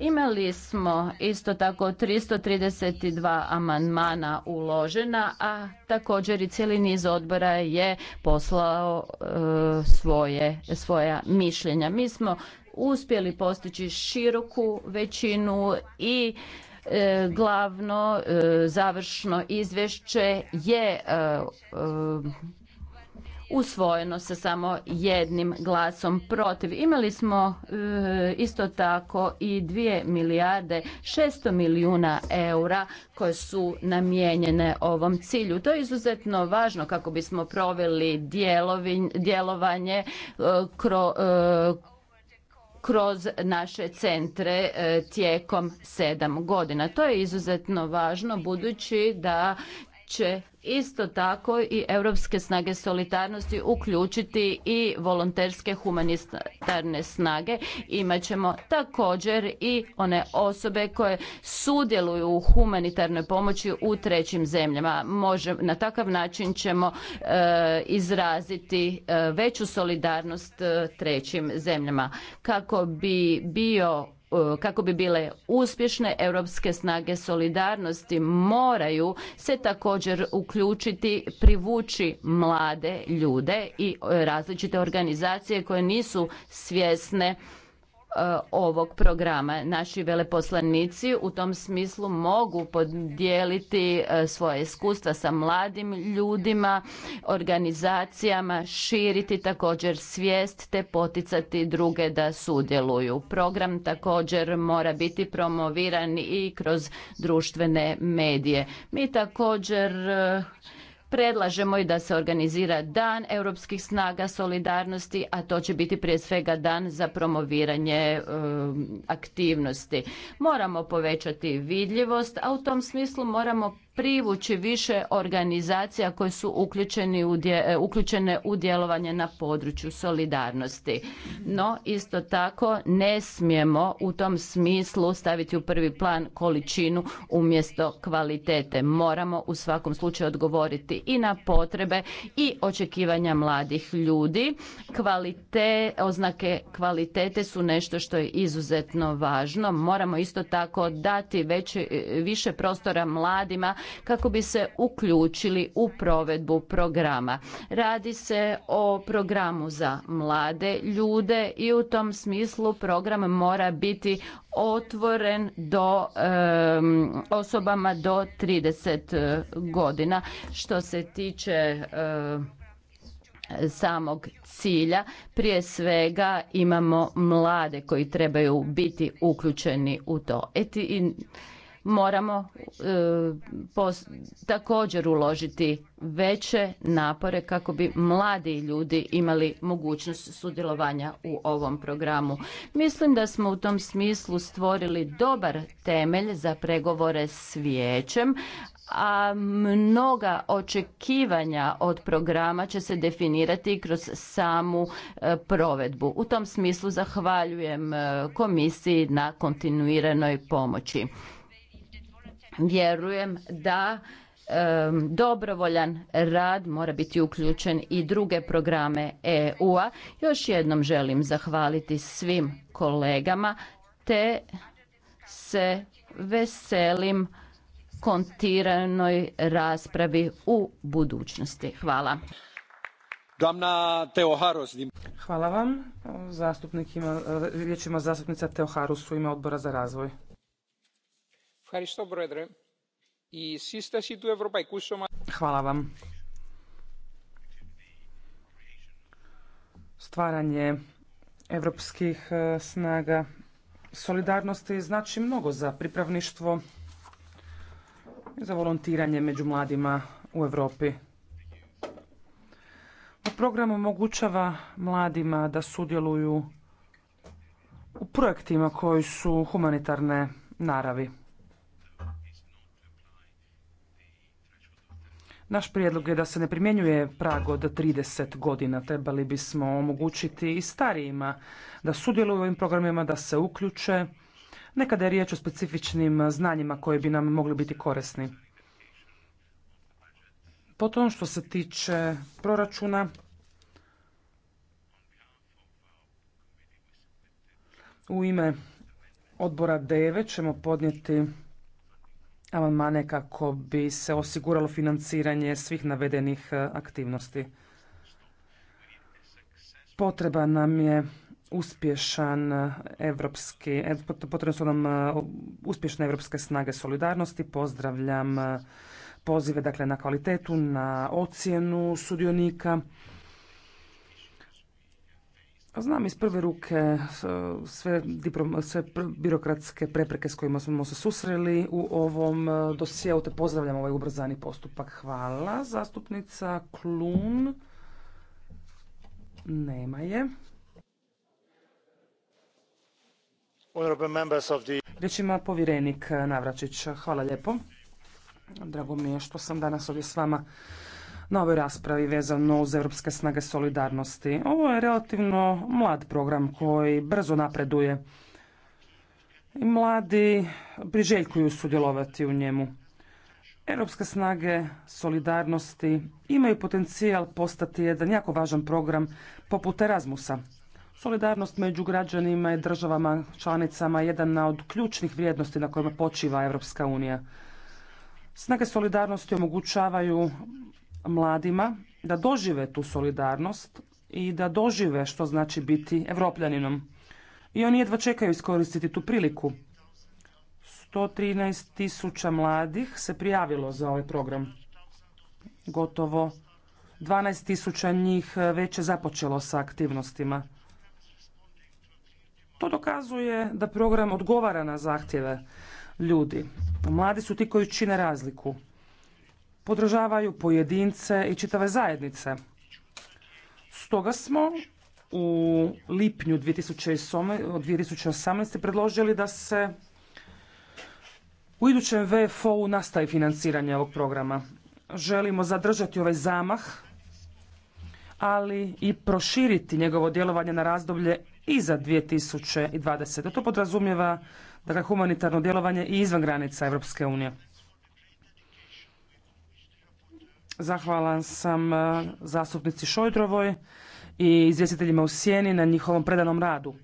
Imali smo isto tako 332 amandmana uložena, a također i cijeli niz odbora je poslao e, svoje, svoja mišljenja. Mi smo uspjeli postići široku većinu i e, glavno e, završno izvješće je usvojeno sa samo jednim glasom protiv. Imali smo e, isto tako i 2 milijarde 600 milijuna eura koje su namijenjene ovom cilju. To je izuzetno važno kako bismo proveli djelovanje e, e, kroz naše centre tijekom sedam godina. To je izuzetno važno budući da će isto tako i europske snage solidarnosti uključiti i volonterske humanitarne snage. Imaćemo također i one osobe koje sudjeluju u humanitarnoj pomoći u trećim zemljama. na takav način ćemo e, izraziti e, veću solidarnost e, trećim zemljama. Kako bi bio E, kako bi bile uspješne europske snage solidarnosti moraju se također uključiti privući mlade ljude i e, različite organizacije koje nisu svjesne E, ovog programa. Naši veleposlanici u tom smislu mogu podijeliti e, svoje iskustva sa mladim ljudima, organizacijama, širiti također svijest te poticati druge da sudjeluju. Program također mora biti promoviran i kroz društvene medije. Mi također e, Predlažemo i da se organizira dan europskih snaga solidarnosti, a to će biti prije svega dan za promoviranje um, aktivnosti. Moramo povećati vidljivost, a u tom smislu moramo privući više organizacija koje su uključeni u dje, e, uključene u djelovanje na području solidarnosti. No, isto tako ne smijemo u tom smislu staviti u prvi plan količinu umjesto kvalitete. Moramo u svakom slučaju odgovoriti i na potrebe i očekivanja mladih ljudi. Kvalite, oznake kvalitete su nešto što je izuzetno važno. Moramo isto tako dati veći, više prostora mladima kako bi se uključili u provedbu programa. Radi se o programu za mlade ljude i u tom smislu program mora biti otvoren do osobama do 30 e, godina. Što se tiče e, samog cilja. Prije svega imamo mlade koji trebaju biti uključeni u to. Eti, moramo e, također uložiti veće napore kako bi mladi ljudi imali mogućnost sudjelovanja u ovom programu. Mislim da smo u tom smislu stvorili dobar temelj za pregovore s vijećem, a mnoga očekivanja od programa će se definirati kroz samu e, provedbu. U tom smislu zahvaljujem e, komisiji na kontinuiranoj pomoći vjerujem da dobrovoljan rad mora biti uključen i druge programe EU-a. Još jednom želim zahvaliti svim kolegama te se veselim kontiranoj raspravi u budućnosti. Hvala. Hvala vam. Zastupnik ima, riječ ima zastupnica u ime odbora za razvoj. Hvala vam. Stvaranje europskih e, snaga solidarnosti znači mnogo za pripravništvo i za volontiranje među mladima u Europi. Program omogućava mladima da sudjeluju u projektima koji su humanitarne naravi. Naš prijedlog je da se ne primjenjuje prag od 30 godina. Trebali bismo omogućiti i starijima da sudjeluju u ovim programima, da se uključe. Nekada je riječ o specifičnim znanjima koje bi nam mogli biti korisni. Potom što se tiče proračuna, u ime odbora 9 ćemo podnijeti amandmane kako bi se osiguralo financiranje svih navedenih e, aktivnosti. Potreba nam je uspješan e, evropski, e, potrebno su nam uspješne Europske snage solidarnosti. Pozdravljam pozive dakle, na kvalitetu, na ocjenu sudionika. Pa znam iz prve ruke sve, sve birokratske prepreke s kojima smo se susreli u ovom e, dosjeu, te pozdravljam ovaj ubrzani postupak. Hvala. Zastupnica Klun. Nema je. Riječ ima povjerenik Navračić. Hvala lijepo. Drago mi je što sam danas ovdje s vama na ovoj raspravi vezano uz Europske snage solidarnosti. Ovo je relativno mlad program koji brzo napreduje i mladi priželjkuju sudjelovati u njemu. Europske snage solidarnosti imaju potencijal postati jedan jako važan program poput Erasmusa. Solidarnost među građanima i državama članicama je jedna od ključnih vrijednosti na kojima počiva Europska unija. Snage solidarnosti omogućavaju mladima da dožive tu solidarnost i da dožive što znači biti evropljaninom. I oni jedva čekaju iskoristiti tu priliku. 113 tisuća mladih se prijavilo za ovaj program. Gotovo 12 tisuća njih već je započelo sa aktivnostima. To dokazuje da program odgovara na zahtjeve ljudi. Mladi su ti koji čine razliku podržavaju pojedince i čitave zajednice. Stoga smo u lipnju 2018. predložili da se u idućem VFO-u nastavi financiranje ovog programa. Želimo zadržati ovaj zamah, ali i proširiti njegovo djelovanje na razdoblje iza 2020. To podrazumijeva je dakle, humanitarno djelovanje i izvan granica Europske unije. Zahvalan sam e, zastupnici Šojdrovoj i izvjestiteljima u Sjeni na njihovom predanom radu.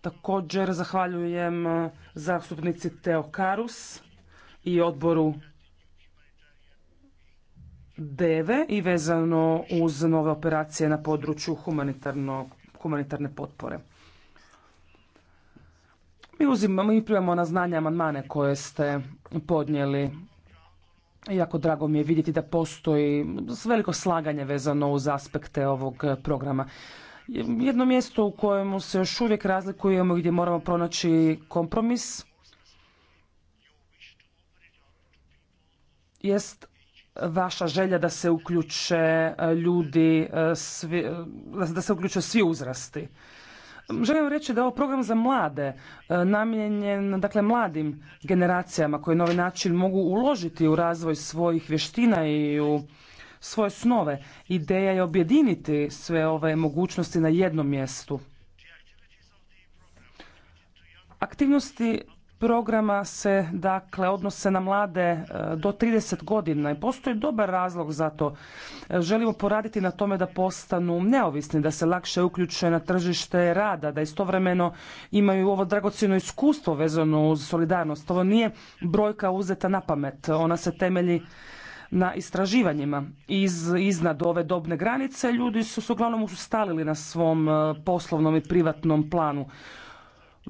Također zahvaljujem e, zastupnici Teo Karus i odboru DEVE i vezano uz nove operacije na području humanitarne potpore. Mi uzimamo i primamo na znanje amandmane koje ste podnijeli Jako drago mi je vidjeti da postoji veliko slaganje vezano uz aspekte ovog programa. Jedno mjesto u kojemu se još uvijek razlikujemo i gdje moramo pronaći kompromis jest vaša želja da se uključe ljudi, eh, eh, da se uključe svi uzrasti. Želim reći da je ovo program za mlade, e, namijenjen dakle, mladim generacijama koje na ovaj način mogu uložiti u razvoj svojih vještina i u svoje snove. Ideja je objediniti sve ove mogućnosti na jednom mjestu. Aktivnosti programa se dakle odnose na mlade e, do 30 godina i postoji dobar razlog za to. E, želimo poraditi na tome da postanu neovisni, da se lakše uključe na tržište rada, da istovremeno imaju ovo dragocjeno iskustvo vezano uz solidarnost. Ovo nije brojka uzeta na pamet, ona se temelji na istraživanjima iz, iznad ove dobne granice ljudi su se uglavnom ustalili na svom e, poslovnom i privatnom planu.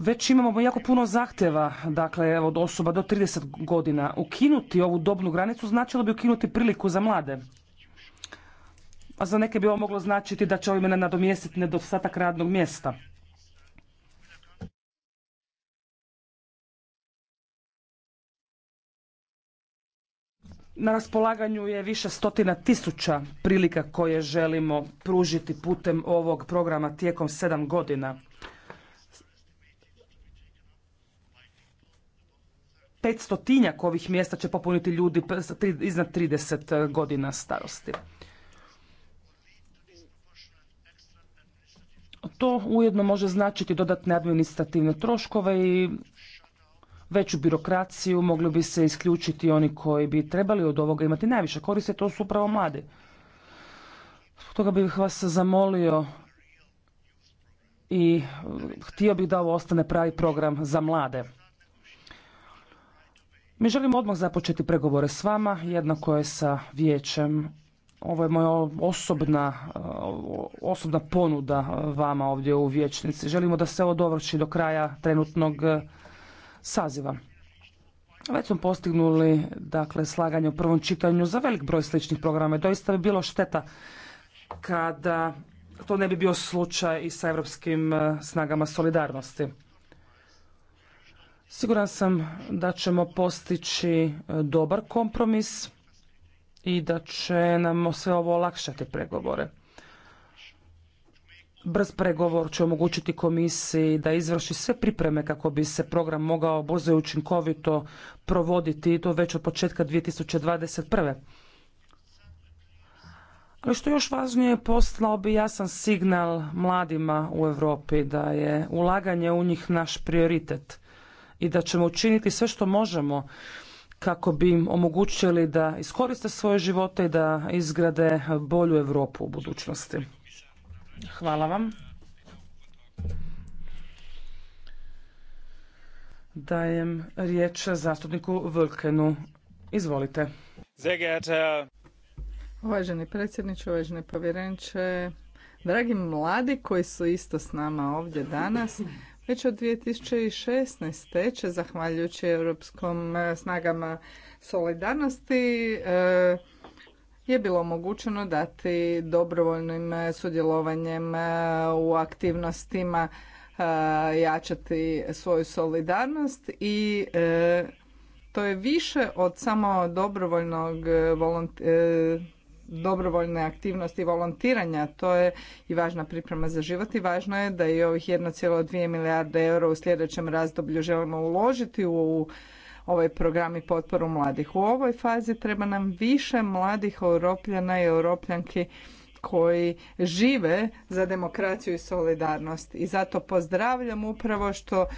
Već imamo jako puno zahtjeva, dakle, od osoba do 30 godina. Ukinuti ovu dobnu granicu značilo bi ukinuti priliku za mlade. A za neke bi ovo moglo značiti da će ovime nadomjestiti nedostatak radnog mjesta. Na raspolaganju je više stotina tisuća prilika koje želimo pružiti putem ovog programa tijekom sedam godina. 500 ovih mjesta će popuniti ljudi iznad 30 e, godina starosti. To ujedno može značiti dodatne administrativne troškove i veću birokraciju, mogli bi se isključiti oni koji bi trebali od ovoga imati najviše koriste, to su upravo mladi. Toga bih vas zamolio i e, htio bih da ovo ostane pravi program za mlade. Mi želimo odmah započeti pregovore s vama, jednako je sa vijećem. Ovo je moja osobna, eh, osobna ponuda eh, vama ovdje u vijećnici. Želimo da se ovo dovrši do kraja trenutnog eh, saziva. Već smo postignuli dakle, slaganje u prvom čitanju za velik broj sličnih programa doista bi bilo šteta kada to ne bi bio slučaj i sa europskim snagama solidarnosti. Siguran sam da ćemo postići e, dobar kompromis i da će nam sve ovo olakšati pregovore. Brz pregovor će omogućiti komisiji da izvrši sve pripreme kako bi se program mogao brzo i učinkovito provoditi i to već od početka 2021. Ali što još važnije, poslao bi jasan signal mladima u Europi da je ulaganje u njih naš prioritet i da ćemo učiniti sve što možemo kako bi im omogućili da iskoriste svoje živote i da izgrade bolju Europu u budućnosti. Hvala vam. Dajem riječ zastupniku Vlkenu. Izvolite. Uvaženi predsjedniče, uvaženi povjereniče, dragi mladi koji su isto s nama ovdje danas, već od 2016. će, zahvaljujući europskom e, snagama solidarnosti, e, je bilo omogućeno dati dobrovoljnim e, sudjelovanjem u aktivnostima jačati svoju solidarnost i to je više od samo dobrovoljnog volontiranja dobrovoljne aktivnosti volontiranja, to je i važna priprema za život i važno je da i ovih 1,2 milijarde eura u sljedećem razdoblju želimo uložiti u ovaj program i potporu mladih. U ovoj fazi treba nam više mladih europljana i europljanki koji žive za demokraciju i solidarnost. I zato pozdravljam upravo što e,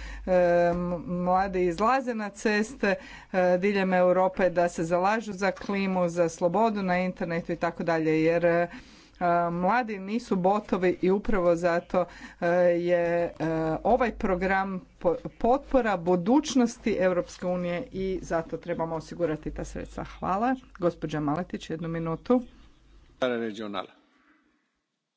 mladi izlaze na ceste e, diljem Europe da se zalažu za klimu, za slobodu na internetu i tako dalje jer e, mladi nisu botovi i upravo zato e, je ovaj program potpora budućnosti Europske unije i zato trebamo osigurati ta sredstva. Hvala. Gospođa Maletić, jednu minutu. Regionala.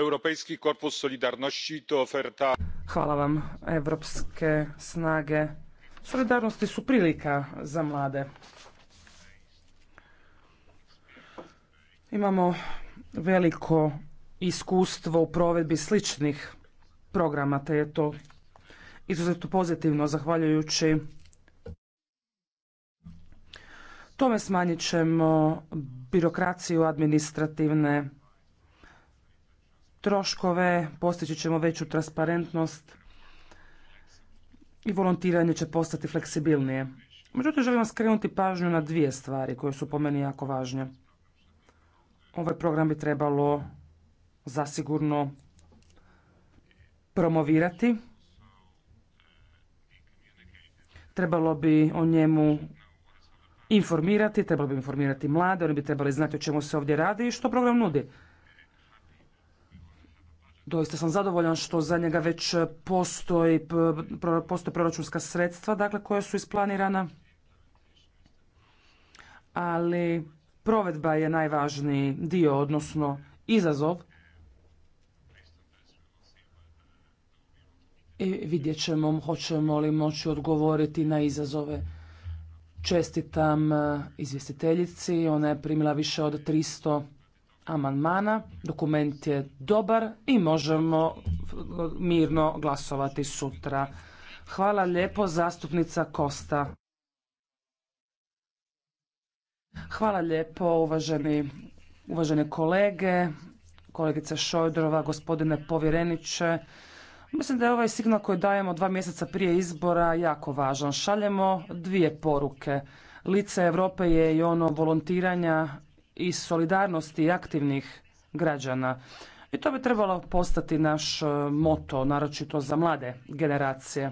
europejski korpus solidarności to oferta Hvala vam. Europske snage solidarnosti su prilika za mlade. Imamo veliko iskustvo u provedbi sličnih programa, te je to izuzetno pozitivno, zahvaljujući tome smanjit ćemo birokraciju, administrativne troškove, postići ćemo veću transparentnost i volontiranje će postati fleksibilnije. Međutim, želim vam skrenuti pažnju na dvije stvari koje su po meni jako važne. Ovaj program bi trebalo zasigurno promovirati. Trebalo bi o njemu informirati, trebalo bi informirati mlade, oni bi trebali znati o čemu se ovdje radi i što program nudi. Doista sam zadovoljan što za njega već postoje proračunska sredstva dakle, koja su isplanirana, ali provedba je najvažniji dio, odnosno izazov. I vidjet ćemo hoćemo li moći odgovoriti na izazove. Čestitam eh, izvjestiteljici, ona je primila više od 300 amandmana, dokument je dobar i možemo e, mirno glasovati sutra. Hvala lijepo zastupnica Kosta. Hvala lijepo uvaženi, uvažene kolege, kolegice Šojdrova, gospodine povjereniče. Mislim da je ovaj signal koji dajemo dva mjeseca prije izbora jako važan. Šaljemo dvije poruke. Lice Europe je i ono volontiranja i solidarnosti i aktivnih građana. I to bi trebalo postati naš e, moto, naročito za mlade generacije.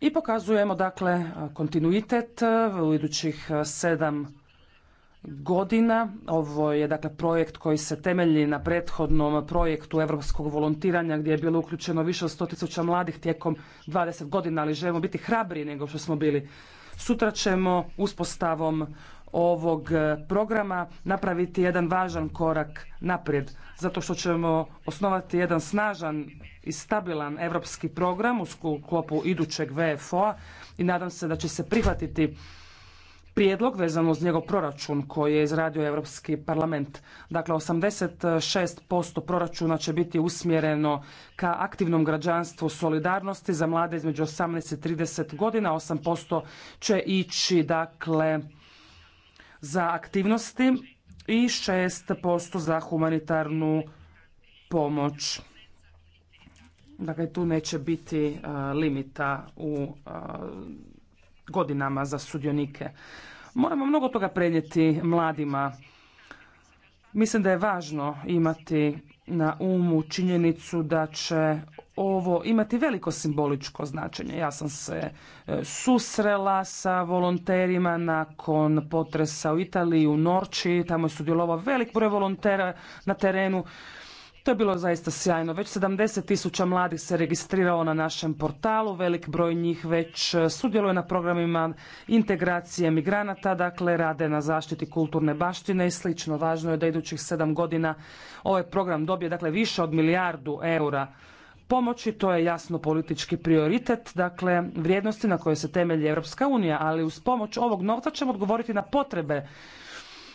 I pokazujemo dakle kontinuitet e, u idućih e, sedam godina. Ovo je dakle projekt koji se temelji na prethodnom projektu europskog volontiranja gdje je bilo uključeno više od 100.000 mladih tijekom 20 godina, ali želimo biti hrabriji nego što smo bili. Sutra ćemo uspostavom ovog e, programa napraviti jedan važan korak naprijed zato što ćemo osnovati jedan snažan i stabilan europski program u sklopu idućeg VFO-a i nadam se da će se prihvatiti prijedlog vezano uz njegov proračun koji je izradio Europski parlament. Dakle, 86% proračuna će biti usmjereno ka aktivnom građanstvu solidarnosti za mlade između 18 i 30 godina, 8% će ići dakle za aktivnosti i 6% za humanitarnu pomoć. Dakle, tu neće biti e, limita u e, godinama za sudionike. Moramo mnogo toga prenijeti mladima. Mislim da je važno imati na umu činjenicu da će ovo imati veliko simboličko značenje. Ja sam se e, susrela sa volonterima nakon potresa u Italiji, u Norči, tamo je sudjelovao velik broj volontera na terenu. To je bilo zaista sjajno. Već 70 tisuća mladih se registrirao na našem portalu, velik broj njih već e, sudjeluje na programima integracije migranata, dakle rade na zaštiti kulturne baštine i slično. Važno je da idućih sedam godina ovaj program dobije dakle više od milijardu eura pomoći, to je jasno politički prioritet, dakle vrijednosti na koje se temelji Europska unija, ali uz pomoć ovog novca ćemo odgovoriti na potrebe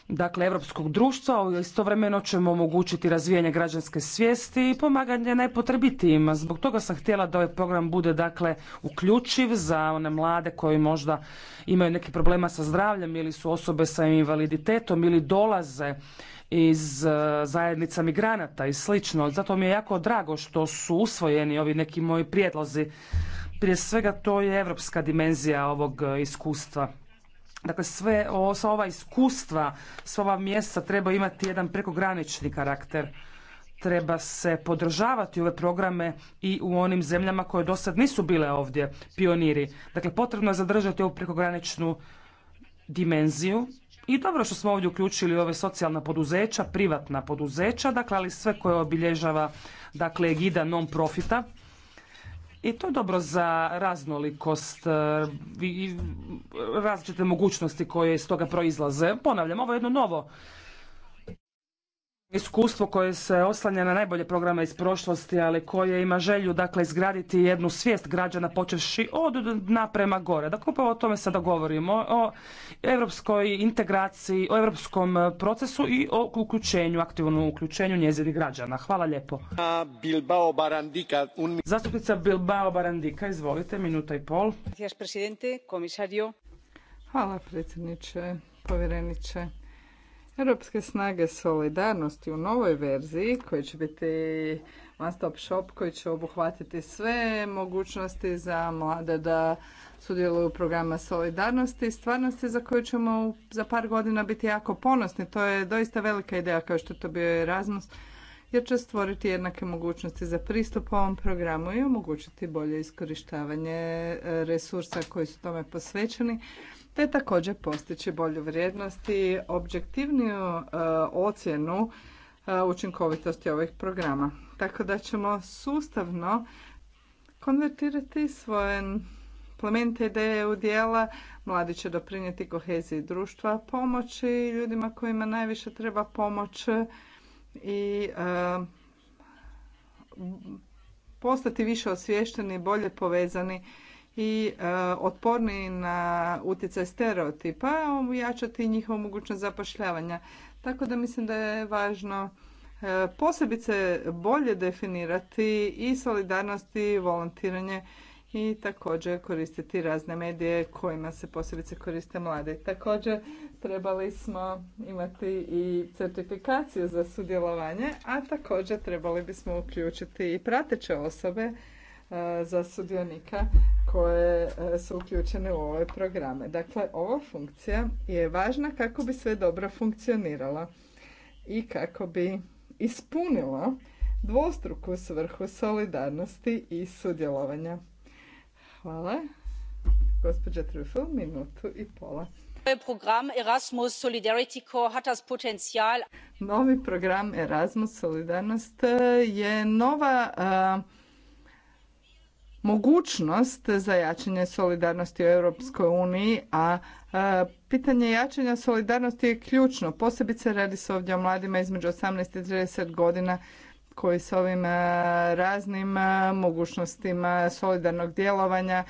dakle europskog društva, istovremeno ćemo omogućiti razvijanje građanske svijesti i pomaganje najpotrebitijima. Zbog toga sam htjela da ovaj program bude dakle uključiv za one mlade koji možda imaju neki problema sa zdravljem ili su osobe sa invaliditetom ili dolaze iz e, zajednica migranata i slično. Zato mi je jako drago što su usvojeni ovi neki moji prijedlozi. Prije svega to je europska dimenzija ovog e, iskustva. Dakle, sve sva ova iskustva, sva ova mjesta treba imati jedan prekogranični karakter. Treba se podržavati ove programe i u onim zemljama koje do sad nisu bile ovdje pioniri. Dakle, potrebno je zadržati ovu prekograničnu dimenziju i dobro što smo ovdje uključili ove socijalna poduzeća, privatna poduzeća, dakle, ali sve koje obilježava dakle, egida non profita i to je dobro za raznolikost e, i različite mogućnosti koje iz toga proizlaze. Ponavljam, ovo je jedno novo iskustvo koje se oslanja na najbolje programe iz prošlosti, ali koje ima želju dakle izgraditi jednu svijest građana počevši od dna prema gore. Dakle, upravo o tome sada govorimo, o europskoj integraciji, o europskom procesu i o uključenju, aktivnom uključenju njezinih građana. Hvala lijepo. Zastupnica Bilbao Barandika, izvolite, minuta i pol. Hvala predsjedniče, povjereniče. Europske snage solidarnosti u novoj verziji koji će biti one stop shop koji će obuhvatiti sve mogućnosti za mlade da sudjeluju u programa solidarnosti i stvarnosti za koju ćemo za par godina biti jako ponosni. To je doista velika ideja kao što to bio Erasmus jer će stvoriti jednake mogućnosti za pristup ovom programu i omogućiti bolje iskorištavanje e, resursa koji su tome posvećeni te također postići bolju vrijednost i objektivniju e, ocjenu e, učinkovitosti ovih programa. Tako da ćemo sustavno konvertirati svoje plemente ideje u dijela, mladi će doprinijeti koheziji društva, pomoći ljudima kojima najviše treba pomoć i e, postati više osviješteni, bolje povezani i e, otporniji na utjecaj stereotipa, ojačati njihovu mogućnost zapošljavanja. Tako da mislim da je važno e, posebice bolje definirati i solidarnost i volontiranje i također koristiti razne medije kojima se posebice koriste mlade. Također trebali smo imati i certifikaciju za sudjelovanje, a također trebali bismo uključiti i prateće osobe E, za sudionika koje e, su uključene u ove programe. Dakle, ova funkcija je važna kako bi sve dobro funkcionirala i kako bi ispunila dvostruku svrhu solidarnosti i sudjelovanja. Hvala. Gospođa Trufel, minutu i pola. Program Erasmus Solidarity Corps Novi program Erasmus Solidarnost e, je nova mogućnost za jačanje solidarnosti u Europskoj uniji, a pitanje jačanja solidarnosti je ključno. Posebice radi se ovdje o mladima između 18 i 30 godina koji s ovim raznim mogućnostima solidarnog djelovanja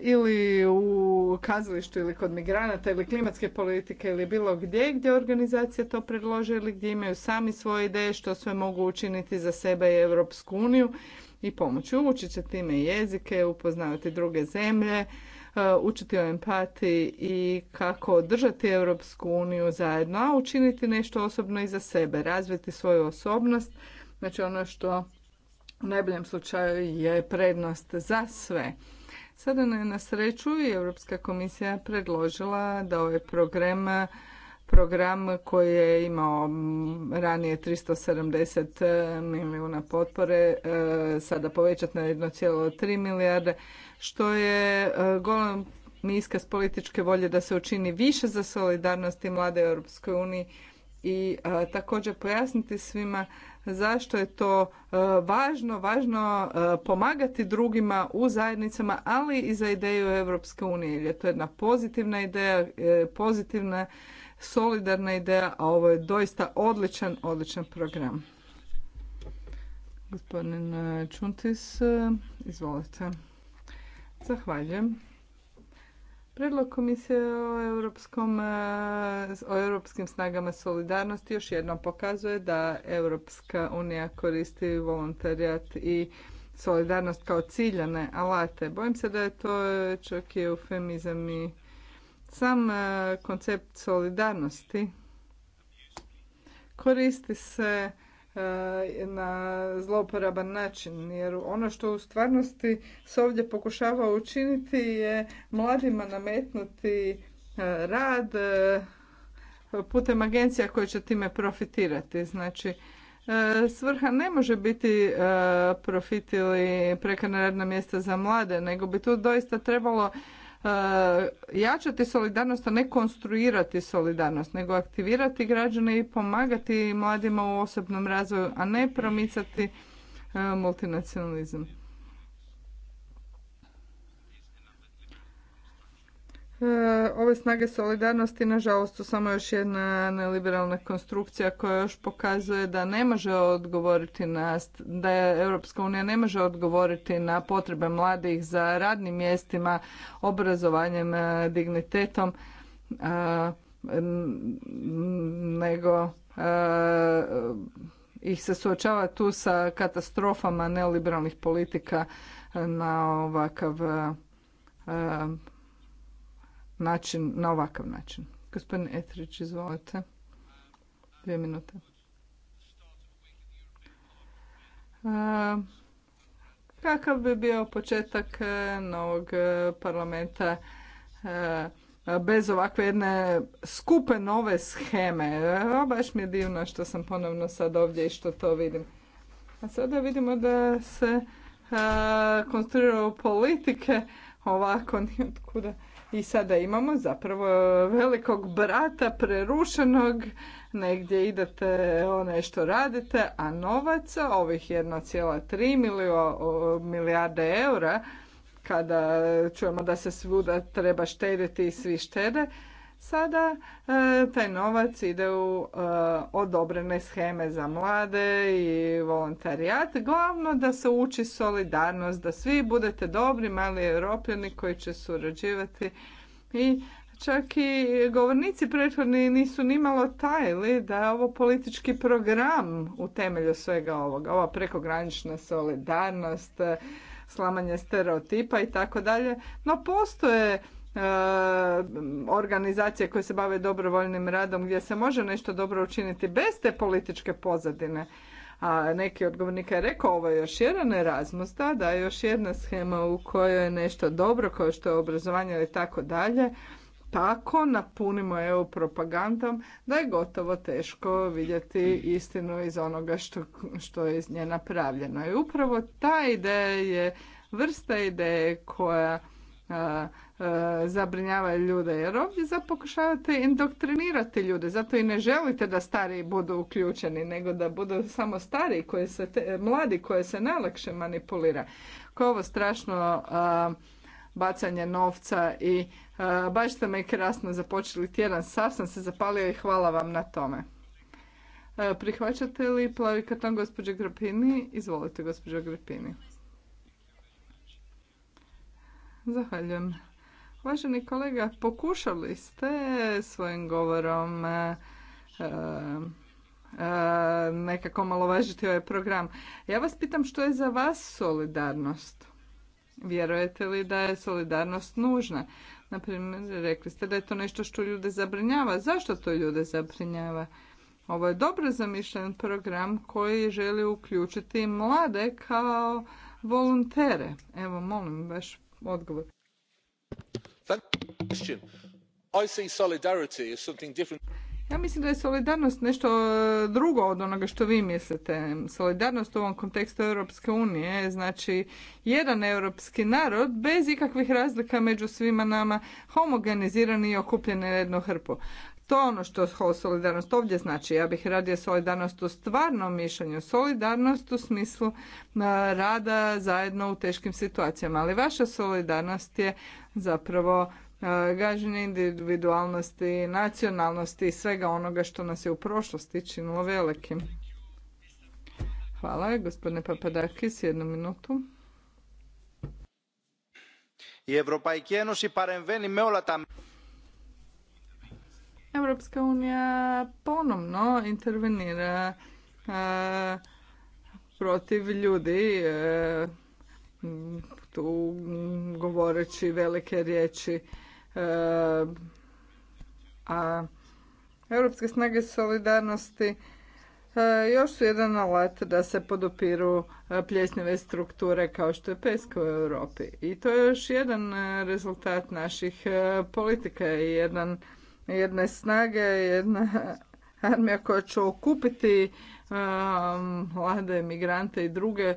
ili u kazalištu ili kod migranata ili klimatske politike ili bilo gdje gdje organizacija to predlože ili gdje imaju sami svoje ideje što sve mogu učiniti za sebe i Europsku uniju i pomoći. Učit će time jezike, upoznavati druge zemlje, e, učiti o empatiji i kako držati Europsku uniju zajedno, a učiniti nešto osobno i za sebe, razviti svoju osobnost, znači ono što u najboljem slučaju je prednost za sve. Sada je na sreću i Europska komisija predložila da ovaj program program koji je imao ranije 370 e, milijuna potpore, e, sada povećati na 1,3 milijarde, što je e, golem iskaz političke volje da se učini više za solidarnost i mlade Europskoj uniji i također pojasniti svima zašto je to važno, važno pomagati drugima u zajednicama, ali i za ideju Europske unije, jer je to jedna pozitivna ideja, pozitivna solidarna ideja, a ovo je doista odličan, odličan program. Gospodin e, Čuntis, e, izvolite. Zahvaljujem. Predlog komisije o, europskom, e, o europskim snagama solidarnosti još jednom pokazuje da Europska unija koristi volontarijat i solidarnost kao ciljane alate. Bojim se da je to čak i eufemizam i sam e, koncept solidarnosti koristi se e, na zlouporaban način jer ono što u stvarnosti se ovdje pokušava učiniti je mladima nametnuti e, rad putem agencija koje će time profitirati. Znači, svrha ne može biti profit ili prekarna radna mjesta za mlade, nego bi tu doista trebalo E, jačati solidarnost, a ne konstruirati solidarnost, nego aktivirati građane i pomagati mladima u osobnom razvoju, a ne promicati e, multinacionalizam. E, ove snage solidarnosti, nažalost, su samo još jedna neliberalna konstrukcija koja još pokazuje da ne može odgovoriti na, da je Europska unija ne može odgovoriti na potrebe mladih za radnim mjestima, obrazovanjem, e, dignitetom, e, nego ih se suočava tu sa katastrofama neoliberalnih politika na ovakav način, na ovakav način. Gospodin Etrić, izvolite. Dvije minute. E, kakav bi bio početak e, novog e, parlamenta bez ovakve jedne skupe nove scheme? Baš mi je divno što sam ponovno sad ovdje i što to vidim. A sada vidimo da se konstruiraju politike ovako, ni kuda i sada imamo zapravo e, velikog brata prerušenog, negdje idete onaj što radite, a novaca, ovih 1,3 milijarde eura, kada čujemo da se svuda treba štediti i svi štede, Sada e, taj novac ide u e, odobrene scheme za mlade i volontarijat. Glavno da se uči solidarnost, da svi budete dobri mali europljani koji će surađivati i čak i govornici prethodni nisu nimalo tajili da je ovo politički program u temelju svega ovoga. Ova prekogranična solidarnost, slamanje stereotipa i tako dalje. No postoje E, organizacije koje se bave dobrovoljnim radom gdje se može nešto dobro učiniti bez te političke pozadine. A neki od govornika je rekao ovo je još jedan Erasmus, da, je još jedna schema u kojoj je nešto dobro, kao što je obrazovanje i tako dalje, tako napunimo EU propagandom da je gotovo teško vidjeti istinu iz onoga što, što je iz nje napravljeno. I upravo ta ideja je vrsta ideje koja zabrinjavaju ljude. Jer ovdje za pokušavate indoktrinirati ljude. Zato i ne želite da stariji budu uključeni, nego da budu samo stari koji se te, mladi koje se najlakše manipulira. Ko ovo strašno bacanje novca i baš ste me krasno započeli tjedan. sasvim sam se zapalio i hvala vam na tome. E, prihvaćate li plavi karton gospođe Grapini? Izvolite gospođo Grapini. Zahvaljujem. Uvaženi kolega, pokušali ste svojim govorom e, e, e nekako malovažiti ovaj program. Ja vas pitam što je za vas solidarnost? Vjerujete li da je solidarnost nužna? Naprimjer, rekli ste da je to nešto što ljude zabrinjava. Zašto to ljude zabrinjava? Ovo je dobro zamišljen program koji želi uključiti mlade kao volontere. Evo, molim vaš odgovor. Ja mislim da je solidarnost nešto e, drugo od onoga što vi mislite. Solidarnost u ovom kontekstu Europske unije znači jedan europski narod bez ikakvih razlika među svima nama homogenizirani i okupljeni na jednu hrpu. To je ono što solidarnost ovdje znači. Ja bih radio solidarnost u stvarnom mišljenju, solidarnost u smislu e, rada zajedno u teškim situacijama. Ali vaša solidarnost je zapravo e, gaženje individualnosti, nacionalnosti i svega onoga što nas je u prošlosti činilo velikim. Hvala, gospodine Papadakis, jednu minutu. I Evropa i paremveni me Europska unija ponovno intervenira protiv ljudi, e, tu govoreći velike riječi. E, a Europske snage solidarnosti e, još su jedan alat da se podopiru pljesnive strukture kao što je pesko u Europi. I to je još jedan rezultat naših politika i jedan jedne snage, jedna armija koja će okupiti um, mlade migrante i druge,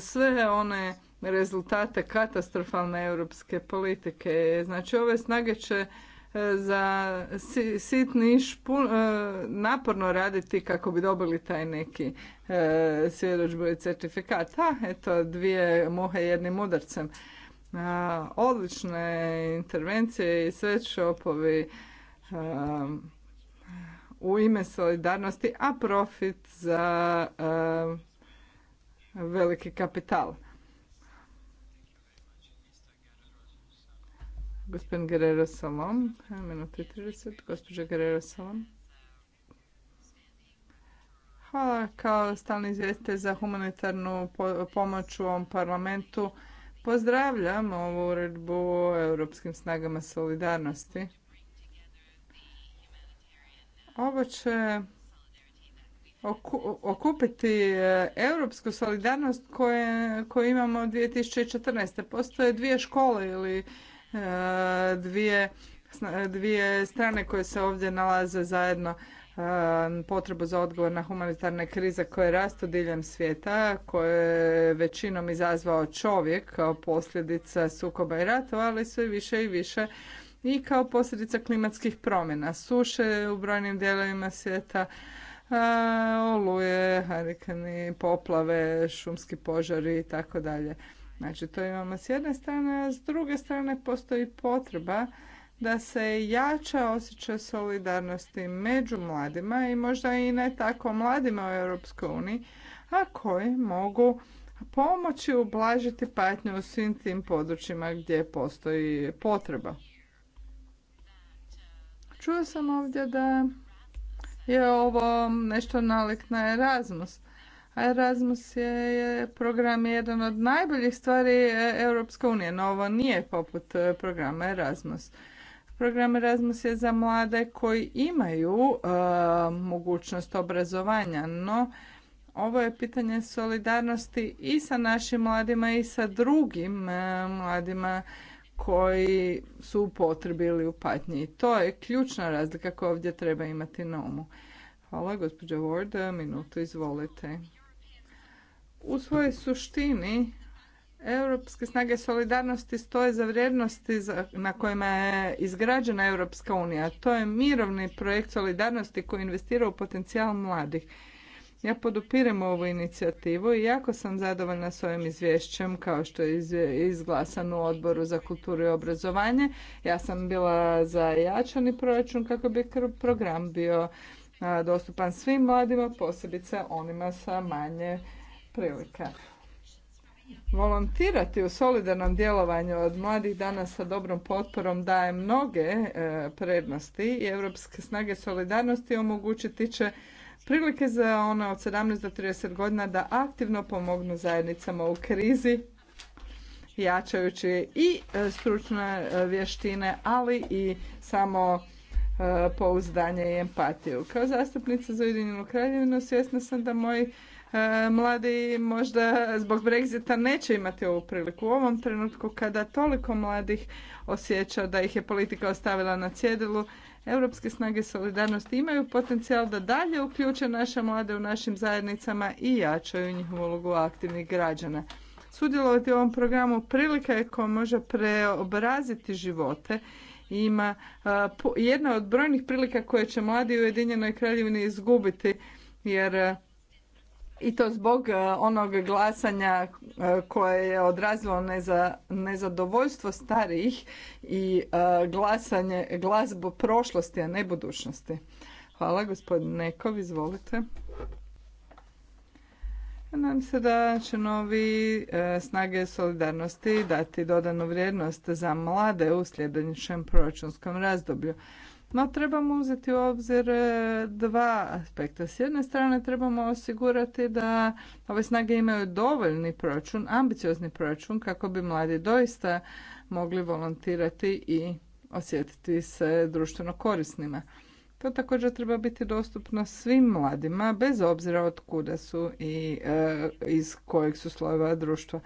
sve one rezultate katastrofalne europske politike. Znači ove snage će e, za sitniš e, naporno raditi kako bi dobili taj neki e, svjedočbu i certifikat. A, eto, dvije muhe jednim udarcem. Odlične intervencije i sve šopovi Um, u ime solidarnosti, a profit za um, veliki kapital. Gospodin Guerrero Salom, 30, gospođa Guerrero Salom. Hvala kao stalni izvjestitelj za humanitarnu pomoć u ovom parlamentu. Pozdravljam ovu uredbu o europskim snagama solidarnosti ovo će okupiti e, europsku solidarnost koju imamo od 2014. Postoje dvije škole ili e, dvije, dvije strane koje se ovdje nalaze zajedno e, potrebu za odgovor na humanitarne krize koje rastu diljem svijeta, koje je većinom izazvao čovjek kao posljedica sukoba i ratova, ali sve više i više i kao posljedica klimatskih promjena. Suše u brojnim dijelovima svijeta, oluje, harikani, poplave, šumski požari i tako dalje. Znači to imamo s jedne strane, a s druge strane postoji potreba da se jača osjećaj solidarnosti među mladima i možda i ne tako mladima u Europskoj uniji, a koji mogu pomoći ublažiti patnju u svim tim područjima gdje postoji potreba. Čuo sam ovdje da je ovo nešto nalik na Erasmus. A Erasmus je program jedan od najboljih stvari e, Europske unije, no ovo nije poput e, programa Erasmus. Program Erasmus je za mlade koji imaju e, mogućnost obrazovanja, no ovo je pitanje solidarnosti i sa našim mladima i sa drugim mladima koji su u potrebi ili u patnji. To je ključna razlika koju ovdje treba imati na umu. Hvala, gospođa Ward, minutu izvolite. U svojoj suštini Europske snage solidarnosti stoje za vrijednosti na kojima je izgrađena Europska unija. To je mirovni projekt solidarnosti koji investira u potencijal mladih. Ja podupirem ovu inicijativu i jako sam zadovoljna s ovim izvješćem kao što je izglasan u odboru za kulturu i obrazovanje. Ja sam bila za jačani proračun kako bi program bio dostupan svim mladima, posebice onima sa manje prilika. Volontirati u solidarnom djelovanju od mladih dana sa dobrom potporom daje mnoge e, prednosti i Europske snage solidarnosti omogućiti će prilike za one od 17 do 30 godina da aktivno pomognu zajednicama u krizi jačajući i e, stručne e, vještine, ali i samo e, pouzdanje i empatiju. Kao zastupnica za Ujedinjenu kraljevinu svjesna sam da moji mladi možda zbog Brexita neće imati ovu priliku. U ovom trenutku kada toliko mladih osjeća da ih je politika ostavila na cjedilu, Europske snage solidarnosti imaju potencijal da dalje uključe naše mlade u našim zajednicama i jačaju njihovu ulogu aktivnih građana. Sudjelovati u ovom programu prilika je koja može preobraziti živote ima jedna od brojnih prilika koje će mladi u Ujedinjenoj kraljevini izgubiti jer i to zbog e, onog glasanja e, koje je odrazilo neza, nezadovoljstvo starijih i e, glasanje, glasbo prošlosti, a ne budućnosti. Hvala, gospodin Nekov, izvolite. Nadam se da će novi snage solidarnosti dati dodanu vrijednost za mlade u sljedećem proračunskom razdoblju. No trebamo uzeti u obzir e, dva aspekta. S jedne strane trebamo osigurati da ove snage imaju dovoljni proračun, ambiciozni proračun kako bi mladi doista mogli volontirati i osjetiti se društveno korisnima. To također treba biti dostupno svim mladima, bez obzira od kuda su i e, iz kojeg su slojeva društva.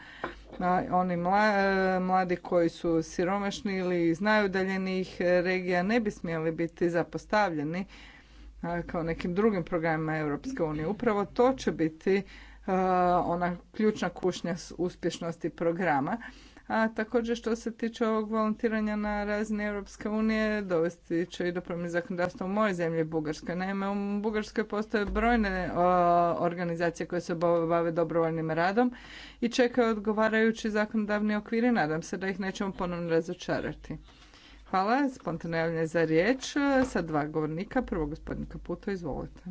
Oni e, mladi koji su siromašni ili iz najudaljenijih regija ne bi smjeli biti zapostavljeni e, kao nekim drugim programima Europske unije. Upravo to će biti ona ključna kušnja uspješnosti programa a također što se tiče ovog volontiranja na razini Europske unije, dovesti će i do promjene zakonodavstva u mojoj zemlji Bugarskoj. Naime, u Bugarskoj postoje brojne organizacije koje se bave dobrovoljnim radom i čekaju odgovarajući zakonodavni okvir i nadam se da ih nećemo ponovno razočarati. Hvala, spontano javljanje za riječ e, sa dva govornika. Prvo gospodin Kaputo, izvolite.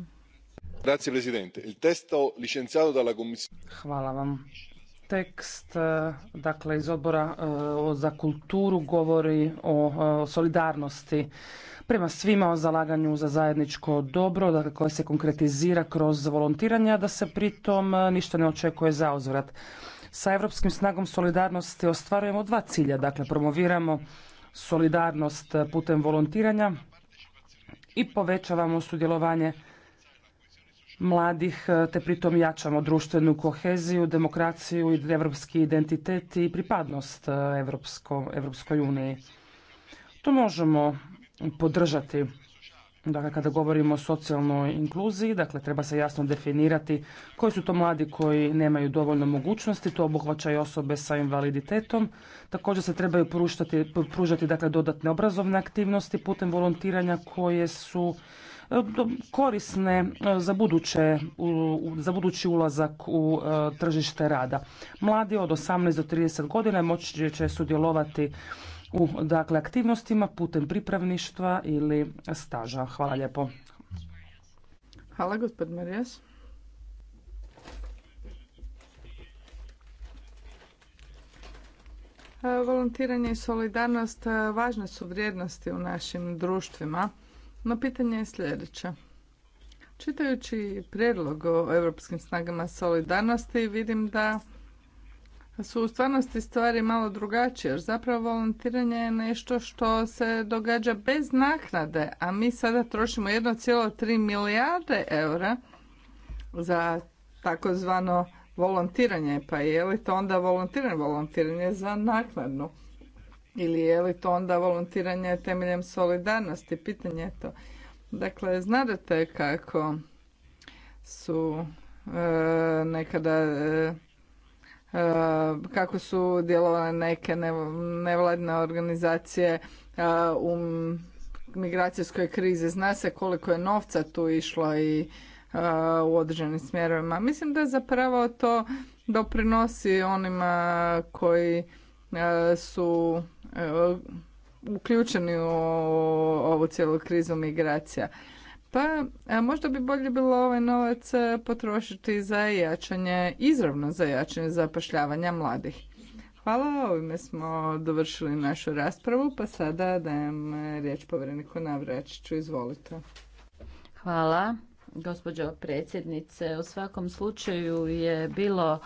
Hvala vam tekst e, dakle iz odbora e, za kulturu govori e, o solidarnosti prema svima o zalaganju za zajedničko dobro dakle koje se konkretizira kroz volontiranje, a da se pritom ništa ne očekuje za uzvrat. Sa Europskim snagom solidarnosti ostvarujemo dva cilja, dakle promoviramo solidarnost putem volontiranja i povećavamo sudjelovanje mladih, e, te pritom jačamo društvenu koheziju, demokraciju i evropski identitet i pripadnost e, Evropsko, Evropskoj uniji. To možemo podržati. Dakle, kada govorimo o socijalnoj inkluziji, dakle, treba se jasno definirati koji su to mladi koji nemaju dovoljno mogućnosti, to obuhvaća i osobe sa invaliditetom. Također se trebaju pružati, pružati dakle, dodatne obrazovne aktivnosti putem volontiranja koje su korisne e, za, za budući ulazak u e, tržište rada. Mladi od 18 do 30 godina moći će sudjelovati u dakle, aktivnostima putem pripravništva ili staža. Hvala lijepo. Hvala, gospod Marijas. E, volontiranje i solidarnost važne su vrijednosti u našim društvima no pitanje je sljedeće. Čitajući prijedlog o europskim snagama solidarnosti vidim da su u stvarnosti stvari malo drugačije, jer zapravo volontiranje je nešto što se događa bez naknade, a mi sada trošimo 1,3 milijarde eura za takozvano volontiranje. Pa je li to onda volontiranje? Volontiranje za naknadnu ili je li to onda volontiranje temeljem solidarnosti? Pitanje je to. Dakle, znate kako su e, nekada e, e kako su djelovale neke nevladne organizacije e, u migracijskoj krizi. Zna se koliko je novca tu išlo i e, u određenim smjerovima. Mislim da zapravo to doprinosi onima koji su uključeni u ovu cijelu krizu migracija. Pa a možda bi bolje bilo ovaj novac e, potrošiti za jačanje, izravno za jačanje zapošljavanja mladih. Hvala, ovime smo dovršili našu raspravu, pa sada dajem e, riječ povjereniku vraćiću, izvolite. Hvala, gospođo predsjednice. U svakom slučaju je bilo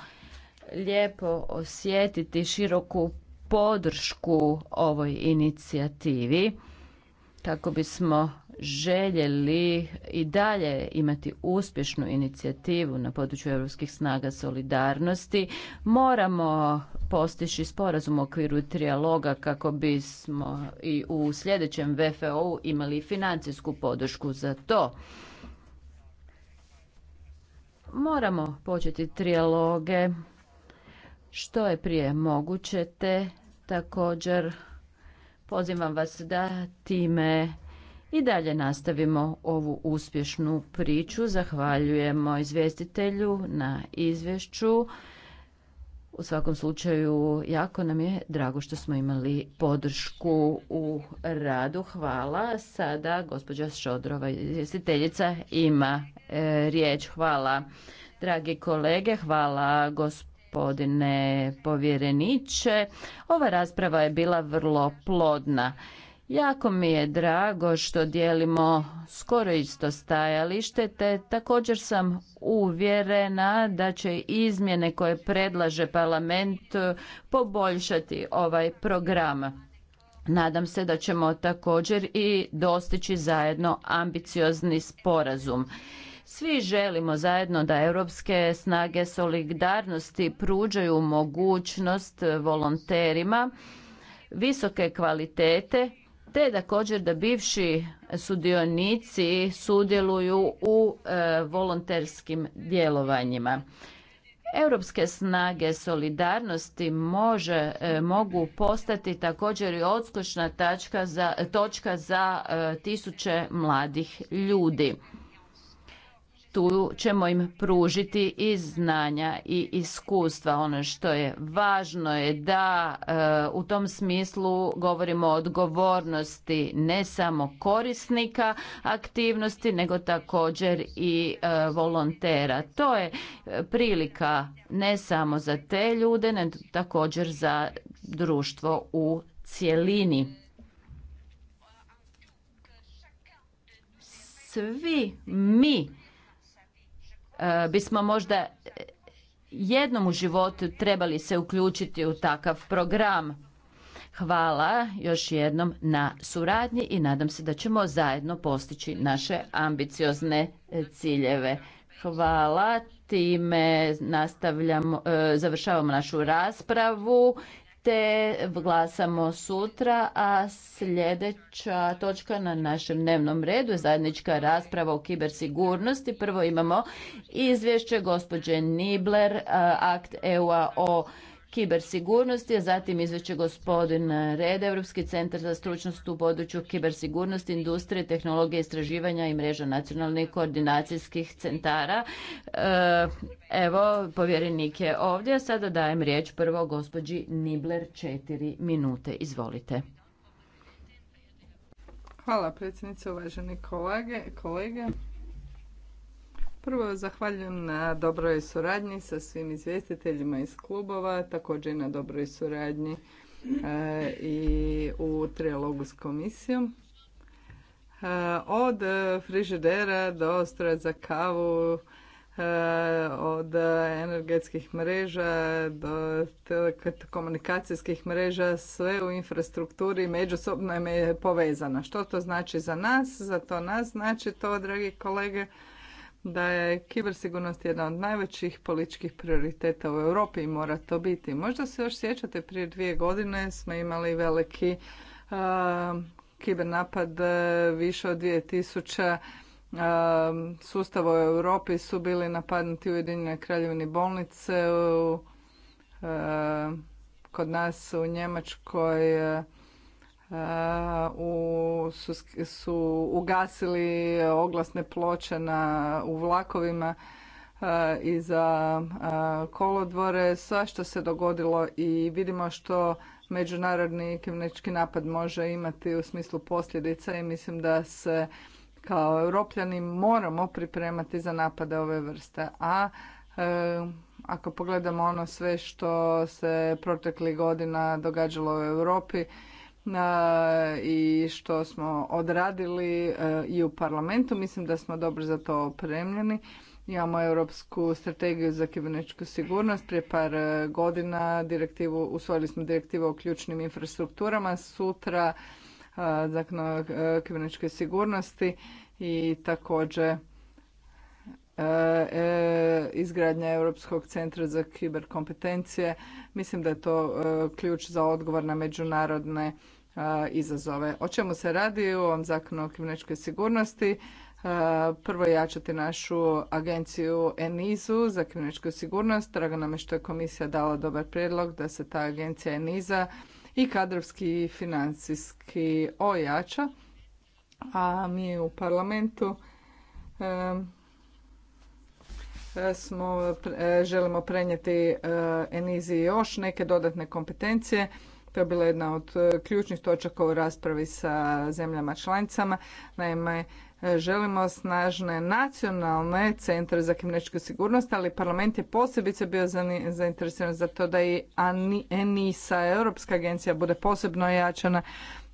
lijepo osjetiti široku podršku ovoj inicijativi kako bismo željeli i dalje imati uspješnu inicijativu na području europskih snaga solidarnosti moramo postići sporazum u okviru trijaloga kako bismo i u sljedećem vfo imali financijsku podršku za to. Moramo početi trijaloge što je prije moguće, te također pozivam vas da time i dalje nastavimo ovu uspješnu priču. Zahvaljujemo izvjestitelju na izvješću. U svakom slučaju, jako nam je drago što smo imali podršku u radu. Hvala. Sada gospođa Šodrova, izvjestiteljica, ima e, riječ. Hvala, dragi kolege. Hvala, gospodinu gospodine povjereniče. Ova rasprava je bila vrlo plodna. Jako mi je drago što dijelimo skoro isto stajalište, te također sam uvjerena da će izmjene koje predlaže parlament poboljšati ovaj program. Nadam se da ćemo također i dostići zajedno ambiciozni sporazum. Svi želimo zajedno da europske snage solidarnosti pruđaju mogućnost volonterima visoke kvalitete te također da bivši sudionici sudjeluju u e, volonterskim djelovanjima. Europske snage solidarnosti može, e, mogu postati također i odskočna točka za, točka za e, tisuće mladih ljudi tu ćemo im pružiti i znanja i iskustva. Ono što je važno je da e, u tom smislu govorimo o odgovornosti ne samo korisnika aktivnosti, nego također i e, volontera. To je e, prilika ne samo za te ljude, nego također za društvo u cjelini. Svi mi E, bismo možda jednom u životu trebali se uključiti u takav program. Hvala još jednom na suradnji i nadam se da ćemo zajedno postići naše ambiciozne e, ciljeve. Hvala, time nastavljamo, e, završavamo našu raspravu te glasamo sutra, a sljedeća točka na našem dnevnom redu je zajednička rasprava o kibersigurnosti. Prvo imamo izvješće gospođe Nibler, akt EU-a o kibersigurnosti, a zatim izveće gospodin Red, Europski centar za stručnost u području kibersigurnosti, industrije, tehnologije, istraživanja i mreža nacionalnih koordinacijskih centara. E, evo, povjerenik je ovdje. Sada dajem riječ prvo gospođi Nibler, četiri minute. Izvolite. Hvala predsjednice, uvažene kolege. kolege. Prvo zahvaljujem na dobroj suradnji sa svim izvjestiteljima iz klubova, također i na dobroj suradnji e, i u trijalogu s komisijom. E, od frižidera do ostroja za kavu, e, od energetskih mreža do komunikacijskih mreža, sve u infrastrukturi međusobno je povezana. Što to znači za nas? Za to nas znači to, dragi kolege, da je kibersigurnost jedna od najvećih političkih prioriteta u Europi i mora to biti. Možda se još sjećate, prije dvije godine smo imali veliki uh, kibernapad e, više od 2000 tisuće sustava u Europi su bili napadnuti u Ujedinjenoj kraljevini bolnice, e, kod nas u Njemačkoj e, u, su, ugasili oglasne ploče na, u vlakovima e, i za e, kolodvore, Sva što se dogodilo i vidimo što međunarodni kivnički napad može imati u smislu posljedica i mislim da se kao europljani moramo pripremati za napade ove vrste. A e, ako pogledamo ono sve što se proteklih godina događalo u Europi, i što smo odradili e, i u parlamentu. Mislim da smo dobro za to opremljeni. Imamo Europsku strategiju za kibernetičku sigurnost. Prije par e, godina direktivu, usvojili smo direktivu o ključnim infrastrukturama. Sutra e, zakon o kibernetičkoj sigurnosti i također izgradnja Europskog centra za kiberkompetencije. Mislim da je to ključ za odgovor na međunarodne izazove. O čemu se radi u ovom zakonu o kibernetičkoj sigurnosti? Prvo jačati našu agenciju ENIZU za kibernetičku sigurnost. Drago nam je što je komisija dala dobar prijedlog da se ta agencija ENIZA i kadrovski i financijski ojača. A mi u parlamentu smo, želimo prenijeti ENIZ-i još neke dodatne kompetencije to je bila jedna od e, ključnih točaka u raspravi sa zemljama članicama. Naime, e, želimo snažne nacionalne centre za kibernetičku sigurnost, ali parlament je posebice bio zainteresiran za to da i ENISA, Europska agencija, bude posebno jačana.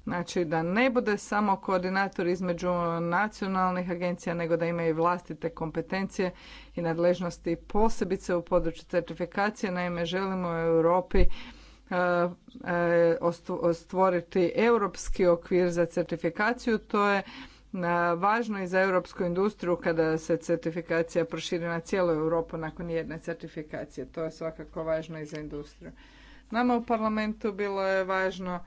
Znači da ne bude samo koordinator između nacionalnih agencija, nego da ima i vlastite kompetencije i nadležnosti posebice u području certifikacije. Naime, želimo u Europi E, e, stvoriti europski okvir za certifikaciju. To je e, važno i za europsku industriju kada se certifikacija proširi na cijelu Europu nakon jedne certifikacije. To je svakako važno i za industriju. Nama u parlamentu bilo je važno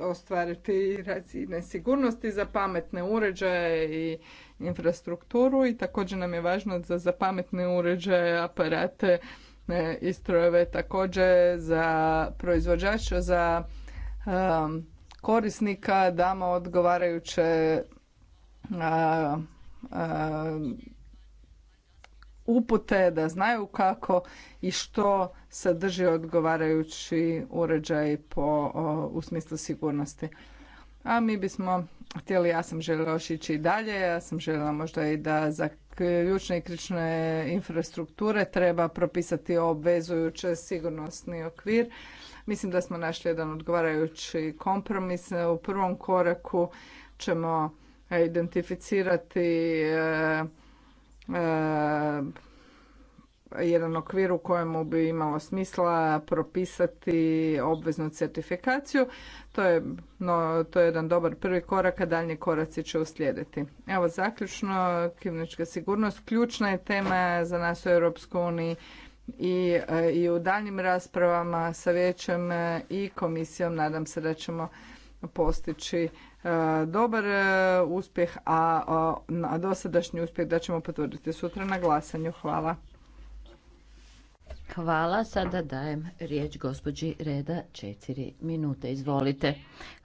ostvariti razine sigurnosti za pametne uređaje i infrastrukturu i također nam je važno za, za pametne uređaje, aparate, i istrojeve također za proizvođača, za um, korisnika damo odgovarajuće uh, uh, upute da znaju kako i što sadrži odgovarajući uređaj po, u smislu sigurnosti. A mi bismo htjeli, ja sam željela još ići i dalje, ja sam željela možda i da za ključne i krične infrastrukture treba propisati obvezujući sigurnosni okvir. Mislim da smo našli jedan odgovarajući kompromis. U prvom koraku ćemo identificirati e, e, jedan okvir u kojemu bi imalo smisla propisati obveznu certifikaciju. To je, to je jedan dobar prvi korak, a daljnji koraci će uslijediti. Evo zaključno, kibernetička sigurnost ključna je tema za nas u Europskoj uniji i, i u daljnjim raspravama sa vijećem i komisijom nadam se da ćemo postići e, dobar e, uspjeh, a, a dosadašnji uspjeh da ćemo potvrditi sutra na glasanju. Hvala. Hvala. Sada dajem riječ gospođi Reda četiri minute. Izvolite.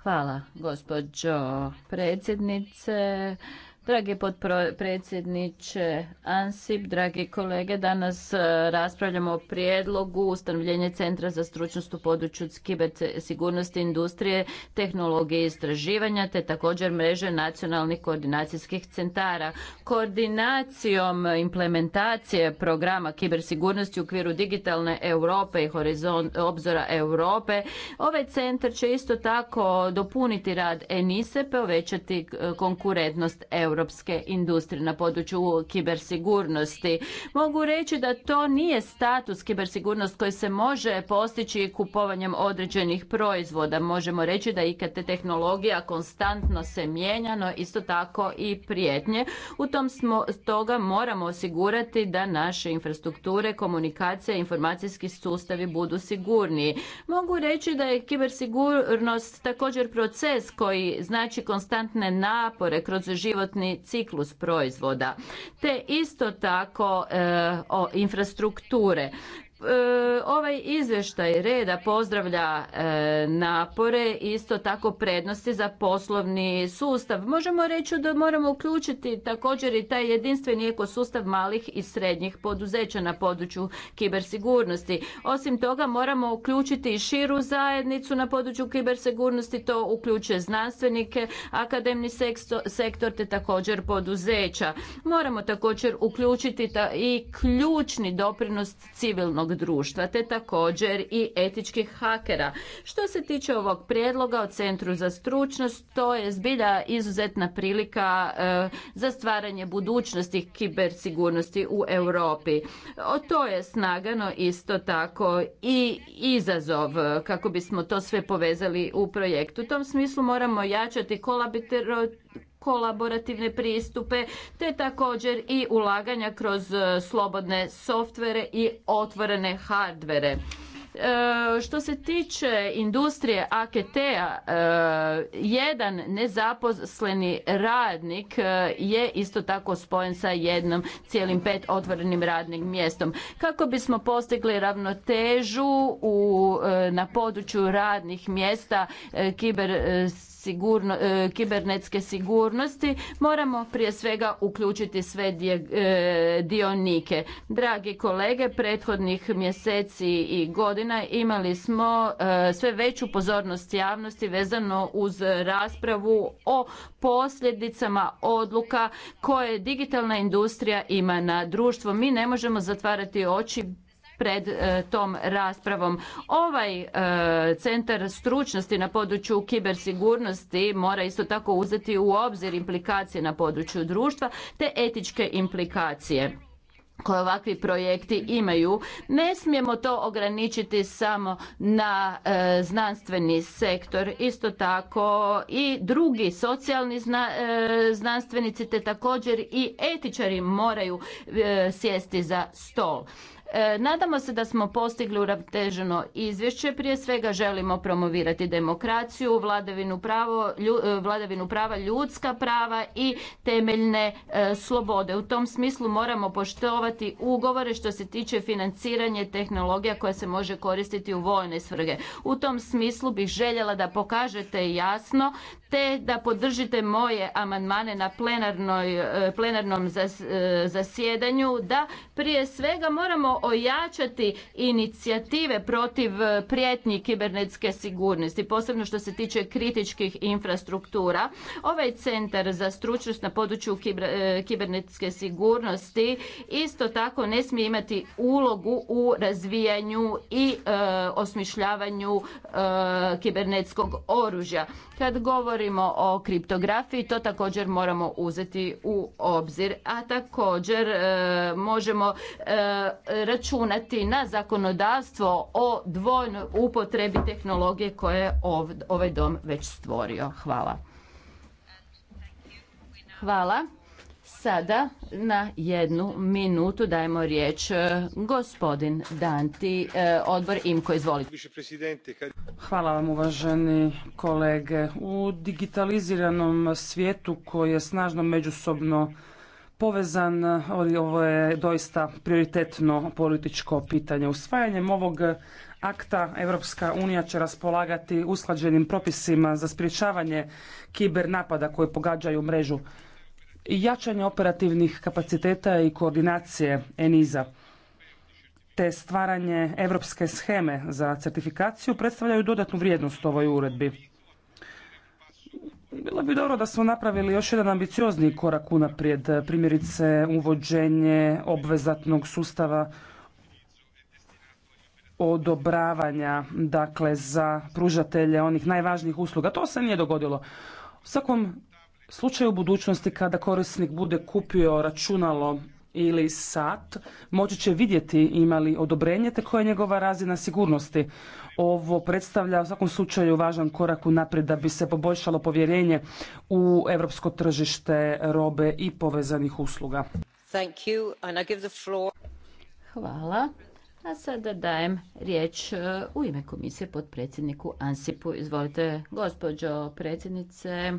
Hvala gospođo predsjednice. Dragi potpredsjedniče ANSIP, dragi kolege, danas e, raspravljamo o prijedlogu ustanovljenja Centra za stručnost u području kibersigurnosti industrije, tehnologije i istraživanja, te također mreže nacionalnih koordinacijskih centara. Koordinacijom implementacije programa kibersigurnosti u okviru digitalne Europe i horizont, obzora Europe, ovaj centar će isto tako dopuniti rad ENISE, povećati e, konkurentnost Europe europske industrije na području kibersigurnosti. Mogu reći da to nije status kibersigurnost koji se može postići kupovanjem određenih proizvoda. Možemo reći da IKT tehnologija konstantno se mijenja, no isto tako i prijetnje. U tom smo toga moramo osigurati da naše infrastrukture, komunikacija, informacijski sustavi budu sigurniji. Mogu reći da je kibersigurnost također proces koji znači konstantne napore kroz životni ciklus proizvoda te isto tako e, infrastrukture E, ovaj izvještaj reda pozdravlja e, napore isto tako prednosti za poslovni sustav. Možemo reći da moramo uključiti također i taj jedinstveni ekosustav malih i srednjih poduzeća na području kibersigurnosti. Osim toga moramo uključiti i širu zajednicu na području kibersigurnosti, to uključuje znanstvenike, akademni sektor te također poduzeća. Moramo također uključiti i ključni doprinos civilnog društva, te također i etičkih hakera. Što se tiče ovog prijedloga o Centru za stručnost, to je zbilja izuzetna prilika e, za stvaranje budućnosti kibersigurnosti u Europi. O to je snagano isto tako i izazov e, kako bismo to sve povezali u projektu. U tom smislu moramo jačati kolabitero kolaborativne pristupe, te također i ulaganja kroz e, slobodne softvere i otvorene hardvere. E, što se tiče industrije AKT-a, e, jedan nezaposleni radnik je isto tako spojen sa jednom cijelim pet otvorenim radnim mjestom. Kako bismo postigli ravnotežu u, na području radnih mjesta kiber sigurno, e, kibernetske sigurnosti moramo prije svega uključiti sve e, dionike. Dragi kolege, prethodnih mjeseci i godina imali smo e, sve veću pozornost javnosti vezano uz raspravu o posljedicama odluka koje digitalna industrija ima na društvo. Mi ne možemo zatvarati oči pred e, tom raspravom. Ovaj e, centar stručnosti na području kibersigurnosti mora isto tako uzeti u obzir implikacije na području društva te etičke implikacije koje ovakvi projekti imaju. Ne smijemo to ograničiti samo na e, znanstveni sektor, isto tako i drugi socijalni znanstvenici te također i etičari moraju sjesti za stol. E, nadamo se da smo postigli uravteženo izvješće. Prije svega želimo promovirati demokraciju, vladavinu, e, prava, ljudska prava i temeljne e, slobode. U tom smislu moramo poštovati ugovore što se tiče financiranje tehnologija koja se može koristiti u vojne svrge. U tom smislu bih željela da pokažete jasno te da podržite moje amandmane na e, plenarnom e, zasjedanju da prije svega moramo ojačati inicijative protiv e, prijetnji kibernetske sigurnosti, posebno što se tiče kritičkih infrastruktura. Ovaj centar za stručnost na području kibernetske sigurnosti isto tako ne smije imati ulogu u razvijanju i osmišljavanju kibernetskog oružja. Kad govori govorimo o kriptografiji, to također moramo uzeti u obzir. A također e, možemo e, računati na zakonodavstvo o dvojnoj upotrebi tehnologije koje je ovaj dom već stvorio. Hvala. Hvala. Sada na jednu minutu dajemo riječ e, gospodin Danti, e, odbor IMKO, izvolite. Hvala vam uvaženi kolege. U digitaliziranom svijetu koji je snažno međusobno povezan, ovo je doista prioritetno političko pitanje. Usvajanjem ovog akta Evropska unija će raspolagati usklađenim propisima za sprječavanje kibernapada koji pogađaju mrežu jačanje operativnih kapaciteta i koordinacije ENIZA te stvaranje europske scheme za certifikaciju predstavljaju dodatnu vrijednost ovoj uredbi. Bilo bi dobro da smo napravili još jedan ambiciozni korak unaprijed, primjerice uvođenje obvezatnog sustava odobravanja dakle za pružatelje onih najvažnijih usluga. To se nije dogodilo. U svakom slučaju u budućnosti kada korisnik bude kupio računalo ili sat, moći će vidjeti ima li odobrenje te koja je njegova razina sigurnosti. Ovo predstavlja u svakom slučaju važan korak unaprijed da bi se poboljšalo povjerenje u europsko tržište robe i povezanih usluga. Hvala. A sada dajem riječ e, u ime komisije pod predsjedniku Ansipu. Izvolite, gospođo predsjednice.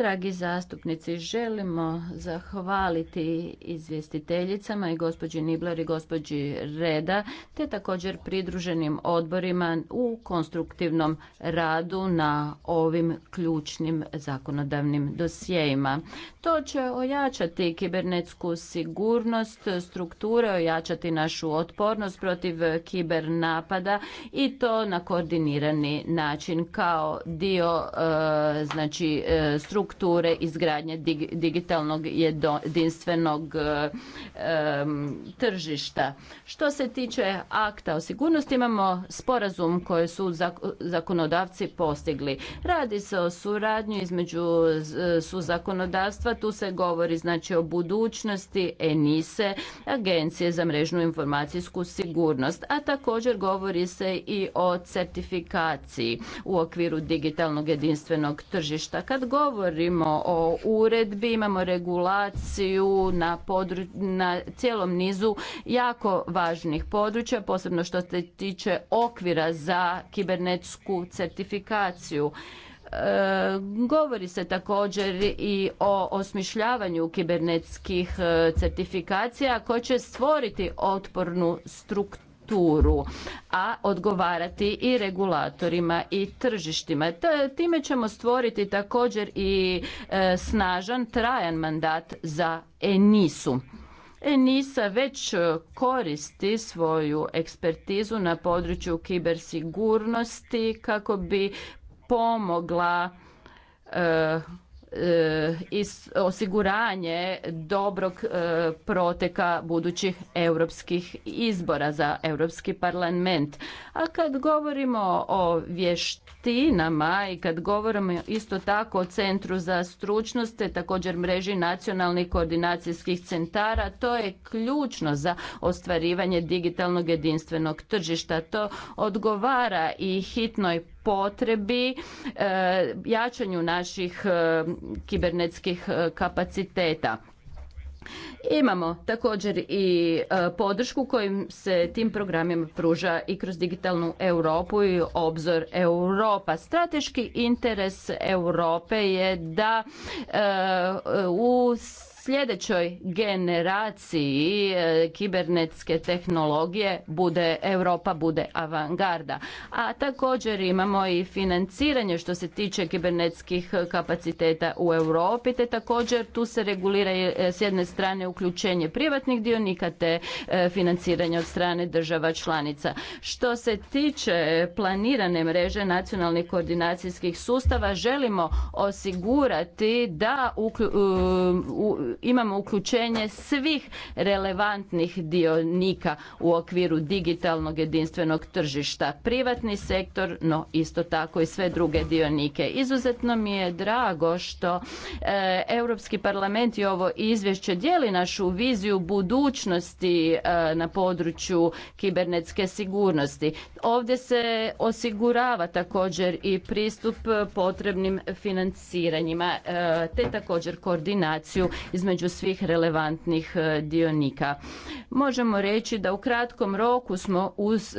Dragi zastupnici, želimo zahvaliti izvjestiteljicama i gospođi Nibler i gospođi Reda, te također pridruženim odborima u konstruktivnom radu na ovim ključnim zakonodavnim dosjejima. To će ojačati kibernetsku sigurnost, strukture, ojačati našu otpornost protiv kibernapada i to na koordinirani način kao dio e, znači e, struktura infrastrukture, izgradnje digitalnog jedinstvenog e, tržišta. Što se tiče akta o sigurnosti, imamo sporazum koji su zakonodavci postigli. Radi se o suradnju između su zakonodavstva, tu se govori znači o budućnosti ENISE, Agencije za mrežnu informacijsku sigurnost, a također govori se i o certifikaciji u okviru digitalnog jedinstvenog tržišta. Kad govori govorimo o uredbi, imamo regulaciju na, cijelom nizu jako važnih područja, posebno što se tiče okvira za kibernetsku certifikaciju. E, govori se također i o osmišljavanju kibernetskih e, certifikacija koje će stvoriti otpornu strukturu a odgovarati i regulatorima i tržištima. Time ćemo stvoriti također i e, snažan, trajan mandat za ENISU. Enisa već e, koristi svoju ekspertizu na području kibersigurnosti kako bi pomogla e, E, osiguranje dobrog e, proteka budućih europskih izbora za Europski parlament. A kad govorimo o vještinama, vještinama i kad govorimo isto tako o Centru za stručnost te također mreži nacionalnih koordinacijskih centara, to je ključno za ostvarivanje digitalnog jedinstvenog tržišta. To odgovara i hitnoj potrebi e, jačanju naših e, kibernetskih e, kapaciteta. Imamo također i e, podršku kojim se tim programima pruža i kroz digitalnu Europu i obzor Europa. Strateški interes Europe je da e, u sljedećoj generaciji e, kibernetske tehnologije bude Europa bude avangarda. A također imamo i financiranje što se tiče kibernetskih kapaciteta u Europi, te također tu se regulira e, s jedne strane uključenje privatnih dionika te e, financiranje od strane država članica. Što se tiče planirane mreže nacionalnih koordinacijskih sustava, želimo osigurati da imamo uključenje svih relevantnih dionika u okviru digitalnog jedinstvenog tržišta, privatni sektor, no isto tako i sve druge dionike. Izuzetno mi je drago što e, Europski parlament i ovo izvješće dijeli našu viziju budućnosti e, na području kibernetske sigurnosti. Ovdje se osigurava također i pristup potrebnim financiranjima e, te također koordinaciju između svih relevantnih e, dionika. Možemo reći da u kratkom roku smo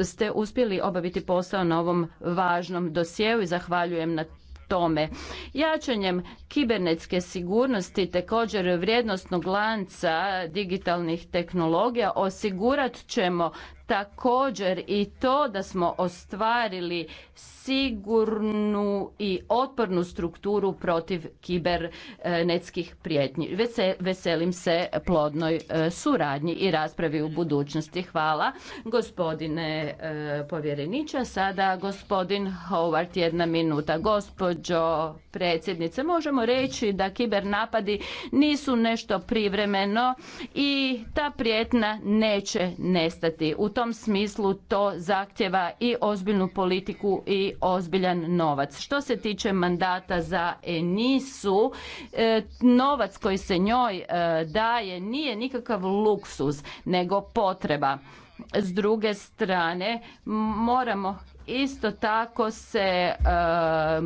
ste uspjeli obaviti posao na ovom važnom dosjeu i zahvaljujem na tome. Jačanjem kibernetske sigurnosti također vrijednostnog lanca digitalnih tehnologija osigurat ćemo također i to da smo ostvarili sigurnu i otpornu strukturu protiv kibernetskih e, prijetnji. Veselim se plodnoj e, suradnji i raspravi u budućnosti. Hvala gospodine e, povjereniče. Sada gospodin Howard, jedna minuta. Gospođo predsjednice, možemo reći da kibernapadi nisu nešto privremeno i ta prijetna neće nestati. U tom smislu to zahtjeva i ozbiljnu politiku i ozbiljan novac. Što se tiče mandata za Enisu, e, novac koji se njoj e, daje nije nikakav luksuz, nego potreba. S druge strane, moramo Isto tako se e,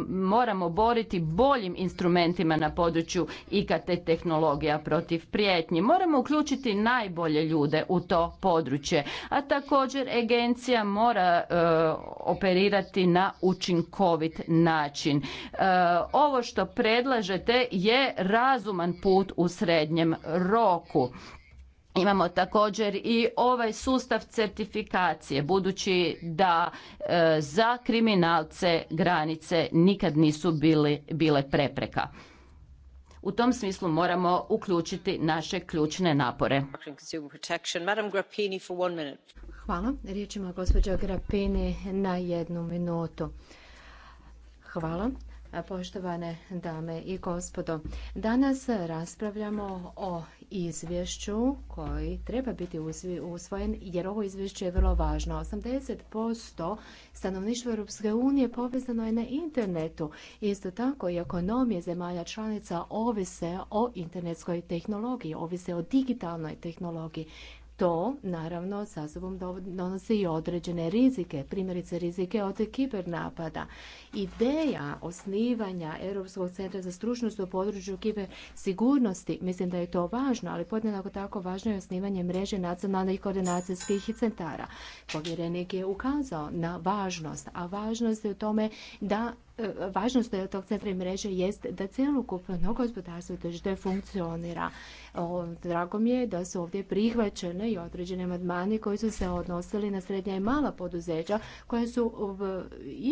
moramo boriti boljim instrumentima na području IKT tehnologija protiv prijetnji. Moramo uključiti najbolje ljude u to područje, a također agencija mora e, operirati na učinkovit način. E, ovo što predlažete je razuman put u srednjem roku. Imamo također i ovaj sustav certifikacije, budući da e, za kriminalce granice nikad nisu bili, bile prepreka. U tom smislu moramo uključiti naše ključne napore. Hvala. Riječ ima gospođa Grapini na jednu minutu. Hvala. Poštovane dame i gospodo, danas raspravljamo o izvješću koji treba biti usvojen jer ovo izvješće je vrlo važno. 80% stanovništva Europske unije povezano je na internetu. Isto tako i ekonomije zemalja članica ovise o internetskoj tehnologiji, ovise o digitalnoj tehnologiji. To, naravno, sa sobom donosi i određene rizike, primjerice rizike od kibernapada ideja osnivanja Europskog centra za stručnost u području kive sigurnosti, mislim da je to važno, ali podjednako tako važno je osnivanje mreže nacionalnih koordinacijskih centara. Povjerenik je ukazao na važnost, a važnost je u tome da e, važnost tog centra i mreže jest da cjelokupno gospodarstvo tržište funkcionira. drago mi je da su ovdje prihvaćene i određene madmani koji su se odnosili na srednja i mala poduzeća koja su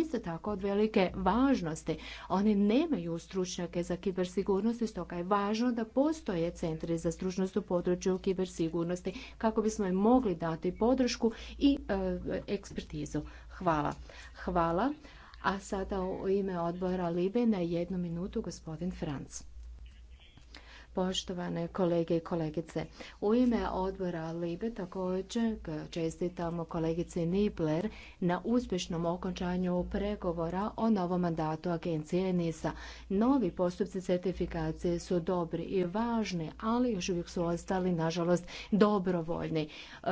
isto tako od velike velike važnosti. Oni nemaju stručnjake za kibersigurnost, stoga je važno da postoje centri za stručnost u području kibersigurnosti kako bismo im mogli dati podršku i e, ekspertizu. Hvala. Hvala. A sada u ime odbora Libe na jednu minutu gospodin Franc. Poštovane kolege i kolegice, u ime odbora Libe također čestitamo kolegici Nibler na uspješnom okončanju pregovora o novom mandatu agencije NISA. Novi postupci certifikacije su dobri i važni, ali još uvijek su ostali, nažalost, dobrovoljni. E,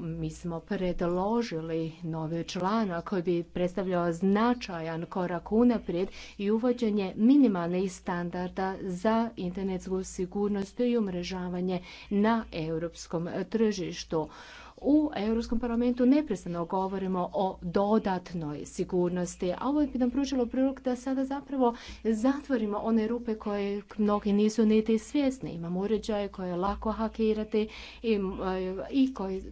mi smo predložili novi članak koji bi predstavljao značajan korak unaprijed i uvođenje minimalnih standarda za internetsku sigurnost i umrežavanje na europskom tržištu. U Europskom parlamentu neprestano govorimo o dodatnoj sigurnosti, a ovo bi nam pružilo prilog da sada zapravo zatvorimo one rupe koje mnogi nisu niti svjesni. Imamo uređaje koje je lako hakirati i, i koji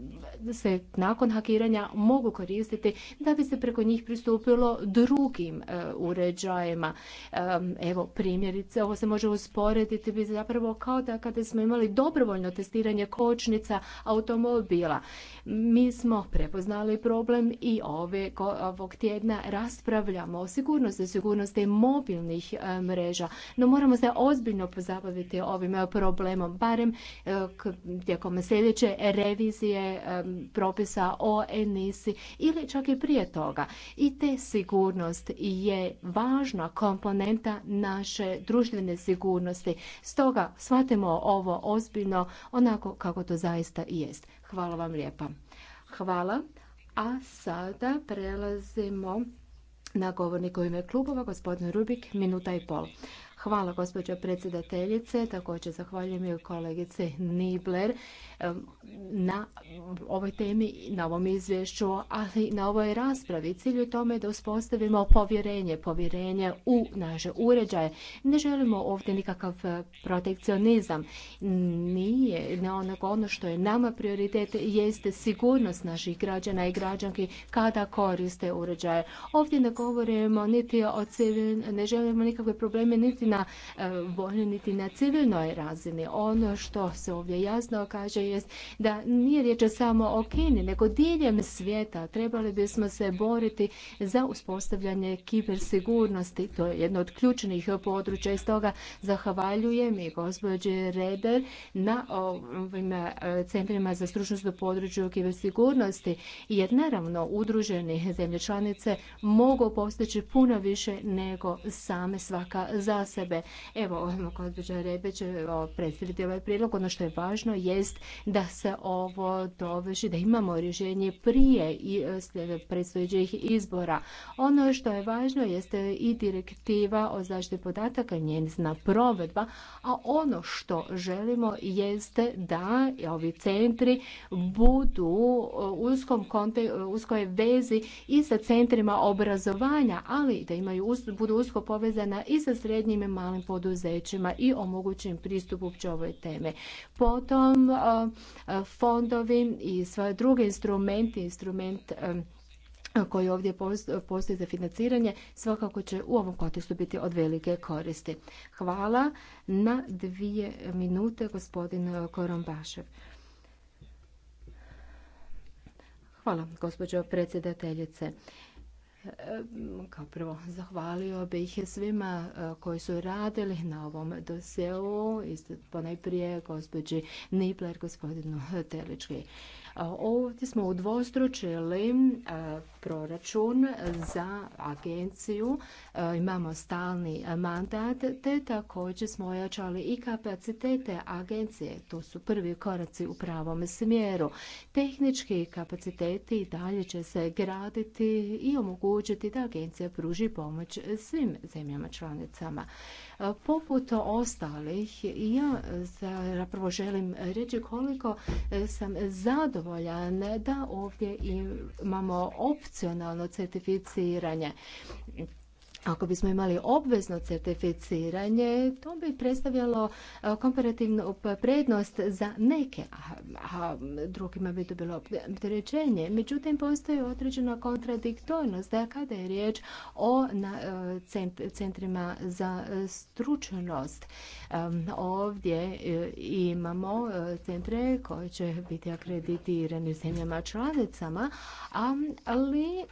se nakon hakiranja mogu koristiti da bi se preko njih pristupilo drugim e, uređajima. E, evo primjerice, ovo se može usporediti bi zapravo kao da kada smo imali dobrovoljno testiranje kočnica automobila. Mi smo prepoznali problem i ove, ovog tjedna raspravljamo o sigurnosti, sigurnosti mobilnih e, mreža, no moramo se ozbiljno pozabaviti ovim e, problemom, barem e, tijekom sljedeće revizije propisa o enisi ili čak i prije toga. I te sigurnost je važna komponenta naše društvene sigurnosti. Stoga shvatimo ovo ozbiljno onako kako to zaista i jest. Hvala vam lijepa. Hvala. A sada prelazimo na govornik u ime klubova, gospodin Rubik, minuta i pol. Hvala gospođo predsjedateljice, također zahvaljujem i kolegice Nibler na ovoj temi, na ovom izvješću, ali na ovoj raspravi. Cilj u tome da uspostavimo povjerenje, povjerenje u naše uređaje. Ne želimo ovdje nikakav e, protekcionizam. Nije, ne ono što je nama prioritet jeste sigurnost naših građana i građanki kada koriste uređaje. Ovdje ne govorimo niti o civilnim, ne želimo nikakve probleme niti na na e, niti na civilnoj razini. Ono što se ovdje jasno kaže jest da nije riječ samo o Kini, nego diljem svijeta trebali bismo se boriti za uspostavljanje kibersigurnosti. To je jedno od ključnih područja i stoga zahvaljujem i gospođe Reder na ovim e, centrima za stručnost u području kibersigurnosti jer naravno udruženi zemlje članice mogu postići puno više nego same svaka za sebe. Rebe. Evo, gospođa Rebe će predstaviti ovaj prijedlog. Ono što je važno jest da se ovo dovrši, da imamo rješenje prije i e, izbora. Ono što je važno jeste i direktiva o zaštiti podataka, njezna provedba, a ono što želimo jeste da ovi centri budu e, e, u uskoj vezi i sa centrima obrazovanja, ali da imaju, budu usko povezana i sa srednjim malim, poduzećima i omogući im pristup uopće ovoj teme. Potom fondovi i svoje druge instrumenti, instrument koji ovdje postoji za financiranje, svakako će u ovom kontekstu biti od velike koristi. Hvala na dvije minute, gospodin Korombašev. Hvala, gospođo predsjedateljice. Kao prvo, zahvalio bih svima e, koji su radili na ovom doseu, ponajprije gospođi Nibler, gospodinu Telički. Ovdje smo udvostručili e, proračun za agenciju, e, imamo stalni mandat, te također smo ojačali i kapacitete agencije. To su prvi koraci u pravom smjeru. Tehnički kapaciteti dalje će se graditi i omogućiti da agencija pruži pomoć svim zemljama članicama. E, poput ostalih, ja zapravo želim reći koliko e, sam zadovoljan da ovdje imamo opcionalno certificiranje. Ako bismo imali obvezno certificiranje, to bi predstavljalo e, komparativnu prednost za neke, a drugima bi to bilo opterećenje. Međutim, postoji određena kontradiktornost da kada je riječ o e, centrima za e, stručnost. Ovdje imamo centre koji će biti akreditirani zemljama članicama, ali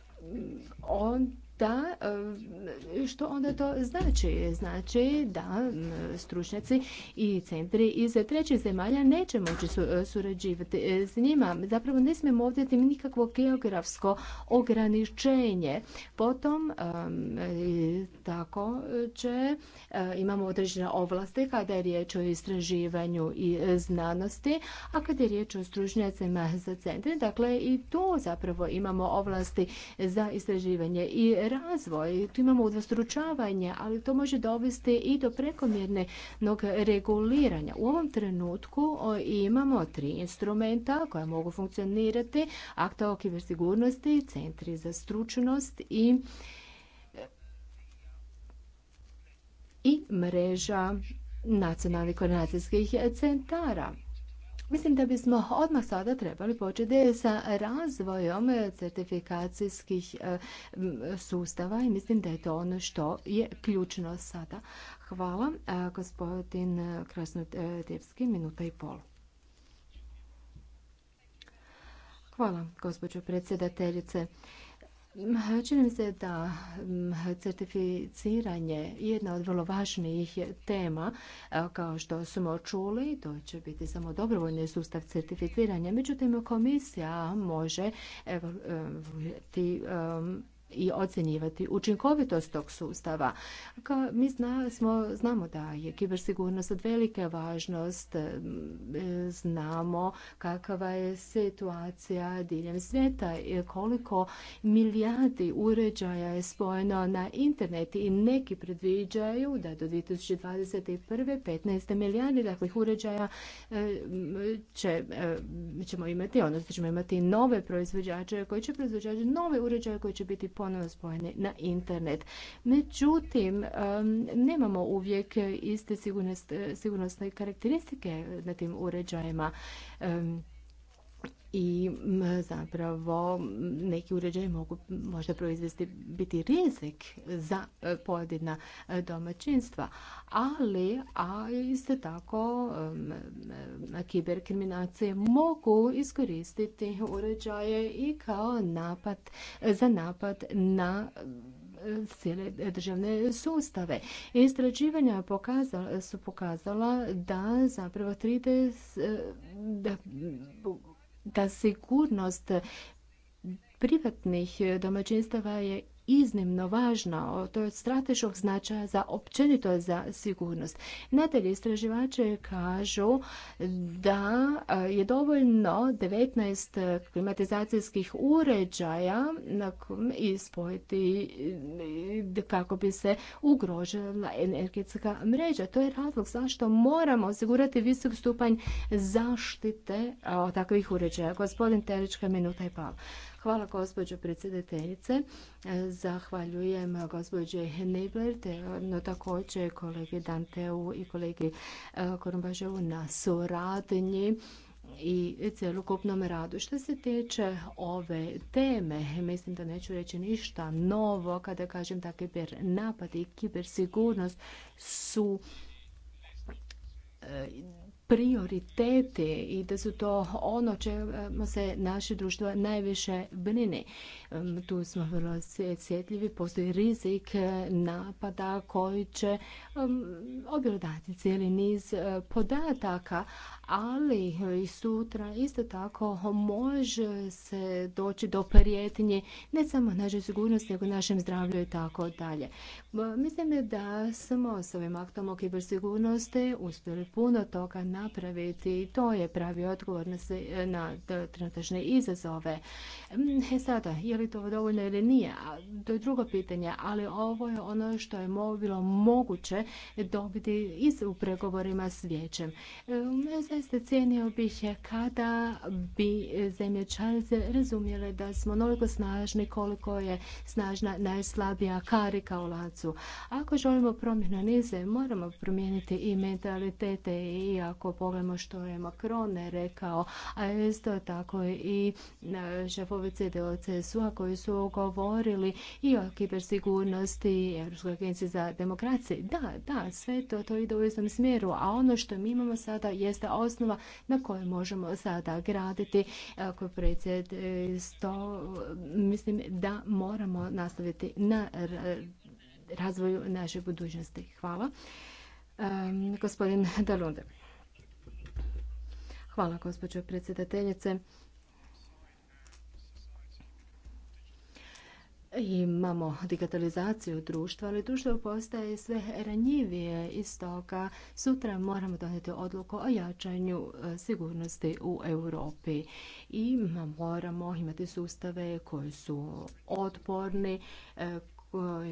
on da e, što onda to znači? Znači da stručnjaci i centri iz trećih zemalja neće moći e, surađivati e, s njima. Zapravo ne smijemo ovdje nikakvo geografsko ograničenje. Potom tako će imamo određene ovlasti kada je riječ o istraživanju i znanosti, a kada je riječ o stručnjacima za centre, dakle i tu zapravo imamo ovlasti za istraživanje i razvoj. Tu imamo udvostručavanje, ali to može dovesti i do prekomjernog reguliranja. U ovom trenutku imamo tri instrumenta koja mogu funkcionirati, akta o kibersigurnosti, centri za stručnost i i mreža nacionalnih koordinacijskih centara. Mislim da bismo odmah sada trebali početi sa razvojom e, certifikacijskih e, sustava i mislim da je to ono što je ključno sada. Hvala, e, gospodin tepski minuta i pol. Hvala, gospođo predsjedateljice. Čini mi se da certificiranje jedna od vrlo važnijih tema, kao što smo čuli, to će biti samo dobrovoljni sustav certificiranja. Međutim, komisija može evaluirati i ocjenjivati učinkovitost tog sustava. mi zna, smo, znamo da je kibersigurnost od velike važnost, e, znamo kakva je situacija diljem svijeta, e, koliko milijardi uređaja je spojeno na internet i neki predviđaju da do 2021. 15 milijardi takvih uređaja e, će, ćemo imati, odnosno ćemo imati nove proizvođače koji će proizvođači nove uređaje koji će biti po ponovno spojeni na internet. Međutim, nemamo uvijek iste sigurnosne karakteristike na tim uređajima i zapravo neki uređaji mogu možda proizvesti biti rizik za e, pojedina e, domaćinstva. Ali, a isto tako, kiberkriminacije mogu iskoristiti uređaje i kao napad, za napad na cijele državne sustave. Istraživanja su pokazala da zapravo 30, e, da da sigurnost privatnih domaćinstava je iznimno važna, to je od strateškog značaja za općenito za sigurnost. Nadalje, istraživače kažu da e, je dovoljno 19 klimatizacijskih uređaja i spojiti e, kako bi se ugrožila energetska mreža. To je razlog zašto moramo osigurati visok stupanj zaštite e, takvih uređaja. Gospodin Terička, minuta i pao. Hvala gospođo predsjedateljice. Zahvaljujem gospođe Nibler, no, također kolegi Danteu i kolegi eh, Korumbaževu na suradnji i cjelokupnom radu. Što se tiče ove teme, mislim da neću reći ništa novo kada kažem da kibernapad i kibersigurnost su eh, prioriteti i da su to ono čemu se naše društvo najviše brini. Tu smo vrlo sjetljivi, postoji rizik e, napada koji će objelodati cijeli niz e, podataka, ali i sutra isto tako može se doći do prijetnje ne samo našoj sigurnosti, nego našem zdravlju i tako dalje. Mislim da smo s ovim aktom o kibersigurnosti uspjeli puno toga napraviti i to je pravi odgovor na, na trenutačne izazove. E sada, je li to dovoljno ili nije? To je drugo pitanje, ali ovo je ono što je bilo moguće dobiti iz u pregovorima s vijećem. E, 15. cijenio bih je kada bi zemlje članice razumjele da smo onoliko snažni koliko je snažna najslabija karika u lacu. Ako želimo promjenu nize, moramo promijeniti i mentalitete i ako pogledamo što je Macron rekao, a isto tako i e, šefovi CDO a koji su govorili i o kibersigurnosti Europskoj agenciji za demokraciju. Da, da, sve to, to ide u istom smjeru, a ono što mi imamo sada jeste osnova na kojoj možemo sada graditi ako predsjed e, sto, mislim da moramo nastaviti na razvoju naše budućnosti. Hvala. gospodin Dalunde. Hvala, gospođo predsjedateljice. imamo digitalizaciju društva, ali društvo postaje sve ranjivije i stoga sutra moramo donijeti odluku o jačanju e, sigurnosti u Europi i moramo imati sustave koji su otporni, e,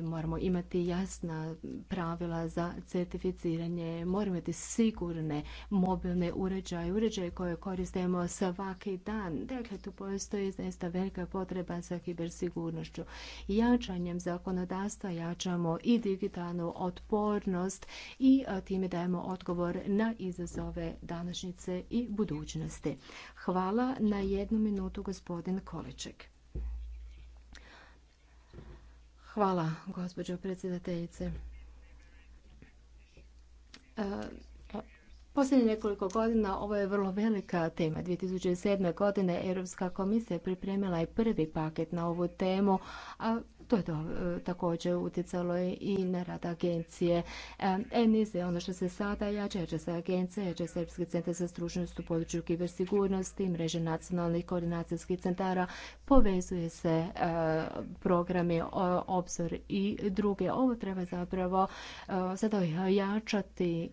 moramo imati jasna pravila za certificiranje, moramo imati sigurne mobilne uređaje, uređaje koje koristimo svaki dan. Dakle, tu postoji zaista velika potreba za kibersigurnošću. Jačanjem zakonodavstva jačamo i digitalnu otpornost i time dajemo odgovor na izazove današnjice i budućnosti. Hvala na jednu minutu gospodin Količek. Hvala, gospođo predsjedateljice. E, pa, Posljednje nekoliko godina ovo je vrlo velika tema. 2007. godine Europska komisija pripremila je prvi paket na ovu temu, a to je to, e, također utjecalo i na rad agencije. je e, ono što se sada jače, jače se agencija, jače se centar za stručnost u području kibersigurnosti, mreže nacionalnih koordinacijskih centara, povezuje se e, programi Obzor i druge. Ovo treba zapravo sada jačati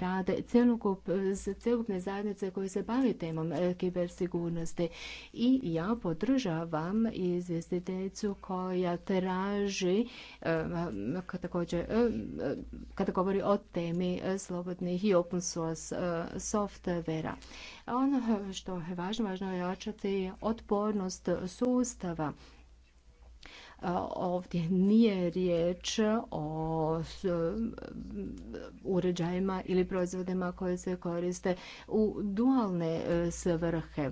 rade celokupne zajednice koje se bavi temom e, kibersigurnosti. I ja podržavam izvjestiteljicu koja traži e, e, kada govori o temi slobodnih i open source softvera. Ono što je važno, važno je očiti otpornost sustava Ovdje nije riječ o uređajima ili proizvodima koje se koriste u dualne e, svrhe.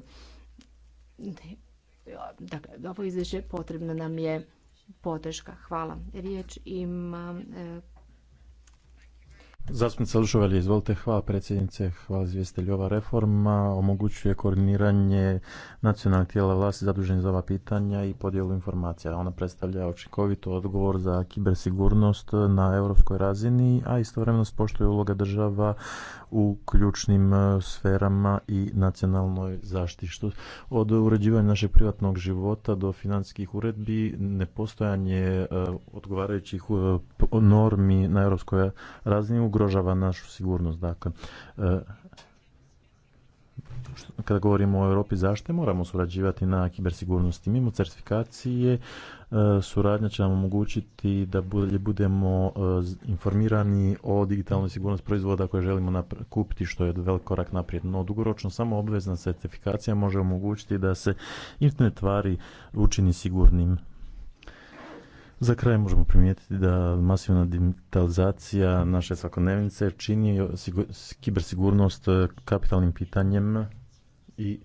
Dakle, ovo izvješće potrebno nam je podrška. Hvala. Riječ ima e, Zastupnica Lušovelj, izvolite. Hvala predsjednice, hvala izvjestelju. Ova reforma omogućuje koordiniranje nacionalnih tijela vlasti zaduženih za ova pitanja i podjelu informacija. Ona predstavlja očinkovito odgovor za kibersigurnost na europskoj razini, a istovremeno spoštuje uloga država u ključnim e, sferama i nacionalnoj zaštištu. Od uređivanja našeg privatnog života do financijskih uredbi, nepostojanje e, odgovarajućih e, normi na europskoj razini ugrožava našu sigurnost. Dakle, e, kada govorimo o Europi zaštite, moramo surađivati na kibersigurnosti. Mimo certifikacije e, suradnja će nam omogućiti da budemo e, informirani o digitalnoj sigurnosti proizvoda koje želimo kupiti, što je velik korak naprijed. No, dugoročno samo obvezna certifikacija može omogućiti da se internet tvari učini sigurnim. Za kraj možemo primijetiti da masivna digitalizacija naše svakodnevnice čini kibersigurnost e, kapitalnim pitanjem i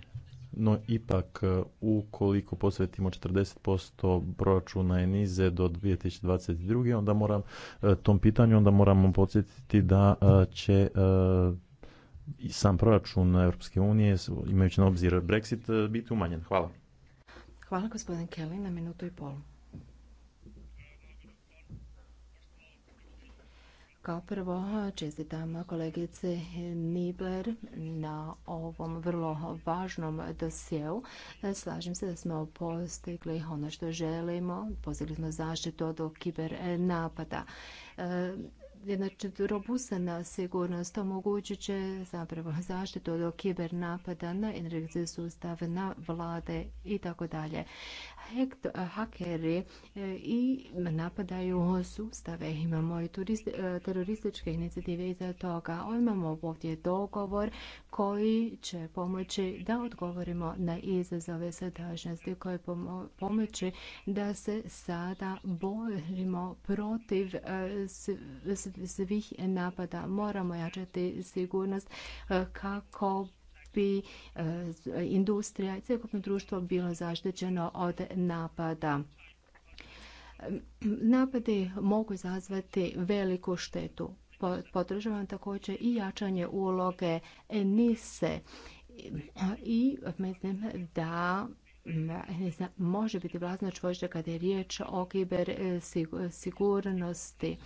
no ipak e, ukoliko posvetimo 40% proračuna ENIZE do 2022. onda moram e, tom pitanju onda moramo podsjetiti da će i sam proračun Europske unije imajući na obzir Brexit biti umanjen. Hvala. Hvala gospodin Kelly na minutu i pol. Kao prvo čestitam kolegice Nibler na ovom vrlo važnom dosjeu. Slažem se da smo postigli ono što želimo, postigli smo zaštitu od kiber napada znači e, robustna sigurnost omogućit će zapravo zaštitu od kiber napada na energetski sustav, na vlade i tako dalje hekt, eh, hakeri eh, i napadaju sustave. Imamo i eh, terorističke inicijative iza toga. Imamo ovdje dogovor koji će pomoći da odgovorimo na izazove sadašnjosti koje pomoći da se sada borimo protiv svih napada. Moramo jačati sigurnost kako bi e, e, industrija i cjelokupno društvo bilo zaštićeno od napada. E, napadi mogu izazvati veliku štetu. Podržavam također i jačanje uloge e i mislim da može biti vlasno čvožđe kada je riječ o kibersigurnosti. sigurnosti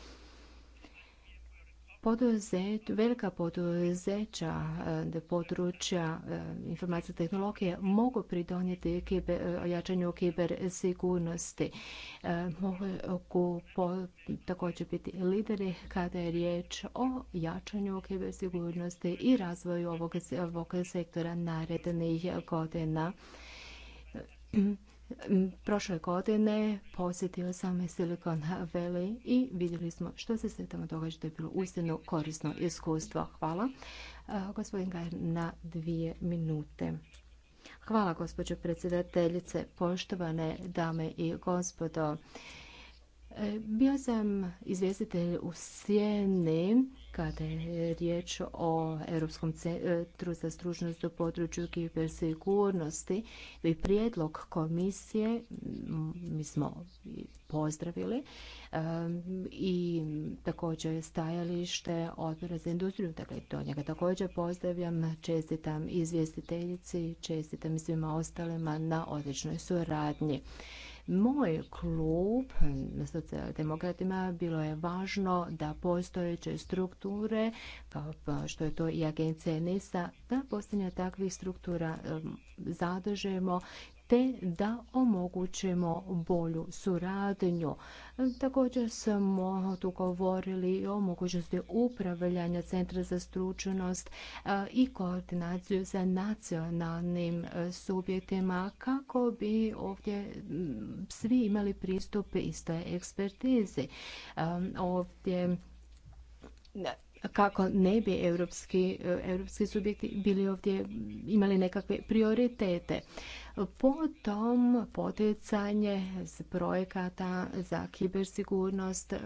velika poduzeća e, područja e, informacijske tehnologije mogu pridonijeti e, jačanju kiber sigurnosti. Mogu također biti lideri kada je riječ o jačanju kiber sigurnosti i razvoju ovog, ovog sektora narednih godina Mm, prošle godine posjetio sam Silicon Valley i vidjeli smo što se sve tamo događa. To je bilo uistinu korisno iskustvo. Hvala. E, gospodin Gajer na dvije minute. Hvala gospođo predsjedateljice, poštovane dame i gospodo. E, bio sam izvjestitelj u Sjeni kada je riječ o Europskom centru za stručnost u području kibersigurnosti i prijedlog komisije mi smo pozdravili i također je stajalište odbora za industriju, dakle njega također pozdravljam, čestitam izvjestiteljici, čestitam svima ostalima na odličnoj suradnji. Moj klub socijaldemokratima bilo je važno da postojeće strukture, kao pa što je to i agencija NISA, da postanje takvih struktura zadržemo te da omogućimo bolju suradnju. Također smo tu govorili o mogućnosti upravljanja Centra za stručnost i koordinaciju sa nacionalnim subjektima kako bi ovdje svi imali pristup istoj ekspertizi. Ovdje kako ne bi europski, europski subjekti bili ovdje imali nekakve prioritete potom poticanje projekata za kibersigurnost, e,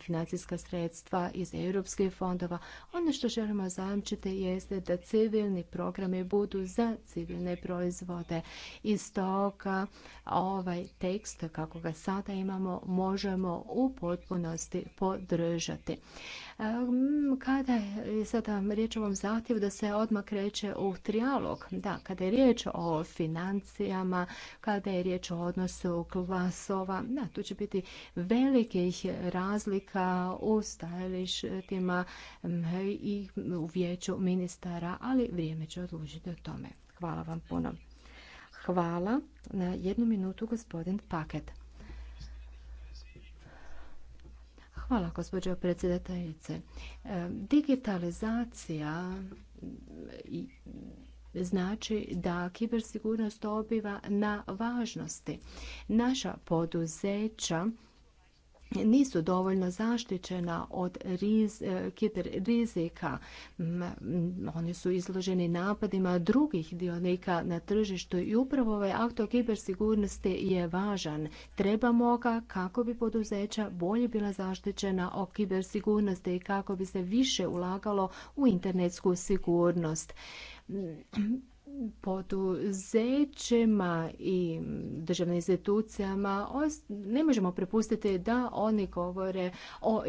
financijska sredstva iz europskih fondova. Ono što želimo zajamčiti jeste da civilni programi budu za civilne proizvode. Iz toga ovaj tekst kako ga sada imamo možemo u potpunosti podržati. E, kada je sada riječ o ovom zahtjevu da se odmah kreće u trijalog, da, kada je riječ o financijama kada je riječ o odnosu klasova. Da, tu će biti velikih razlika u stajalištima i u vijeću ministara, ali vrijeme će odlučiti o tome. Hvala vam puno. Hvala. Na jednu minutu gospodin Paket. Hvala, gospođo predsjedateljice. E, digitalizacija znači da kibersigurnost dobiva na važnosti. Naša poduzeća nisu dovoljno zaštićena od riz, e, rizika. Oni su izloženi napadima drugih dionika na tržištu i upravo ovaj akt o kibersigurnosti je važan. Trebamo ga kako bi poduzeća bolje bila zaštićena o kibersigurnosti i kako bi se više ulagalo u internetsku sigurnost poduzećima i državnim institucijama ne možemo prepustiti da oni govore o,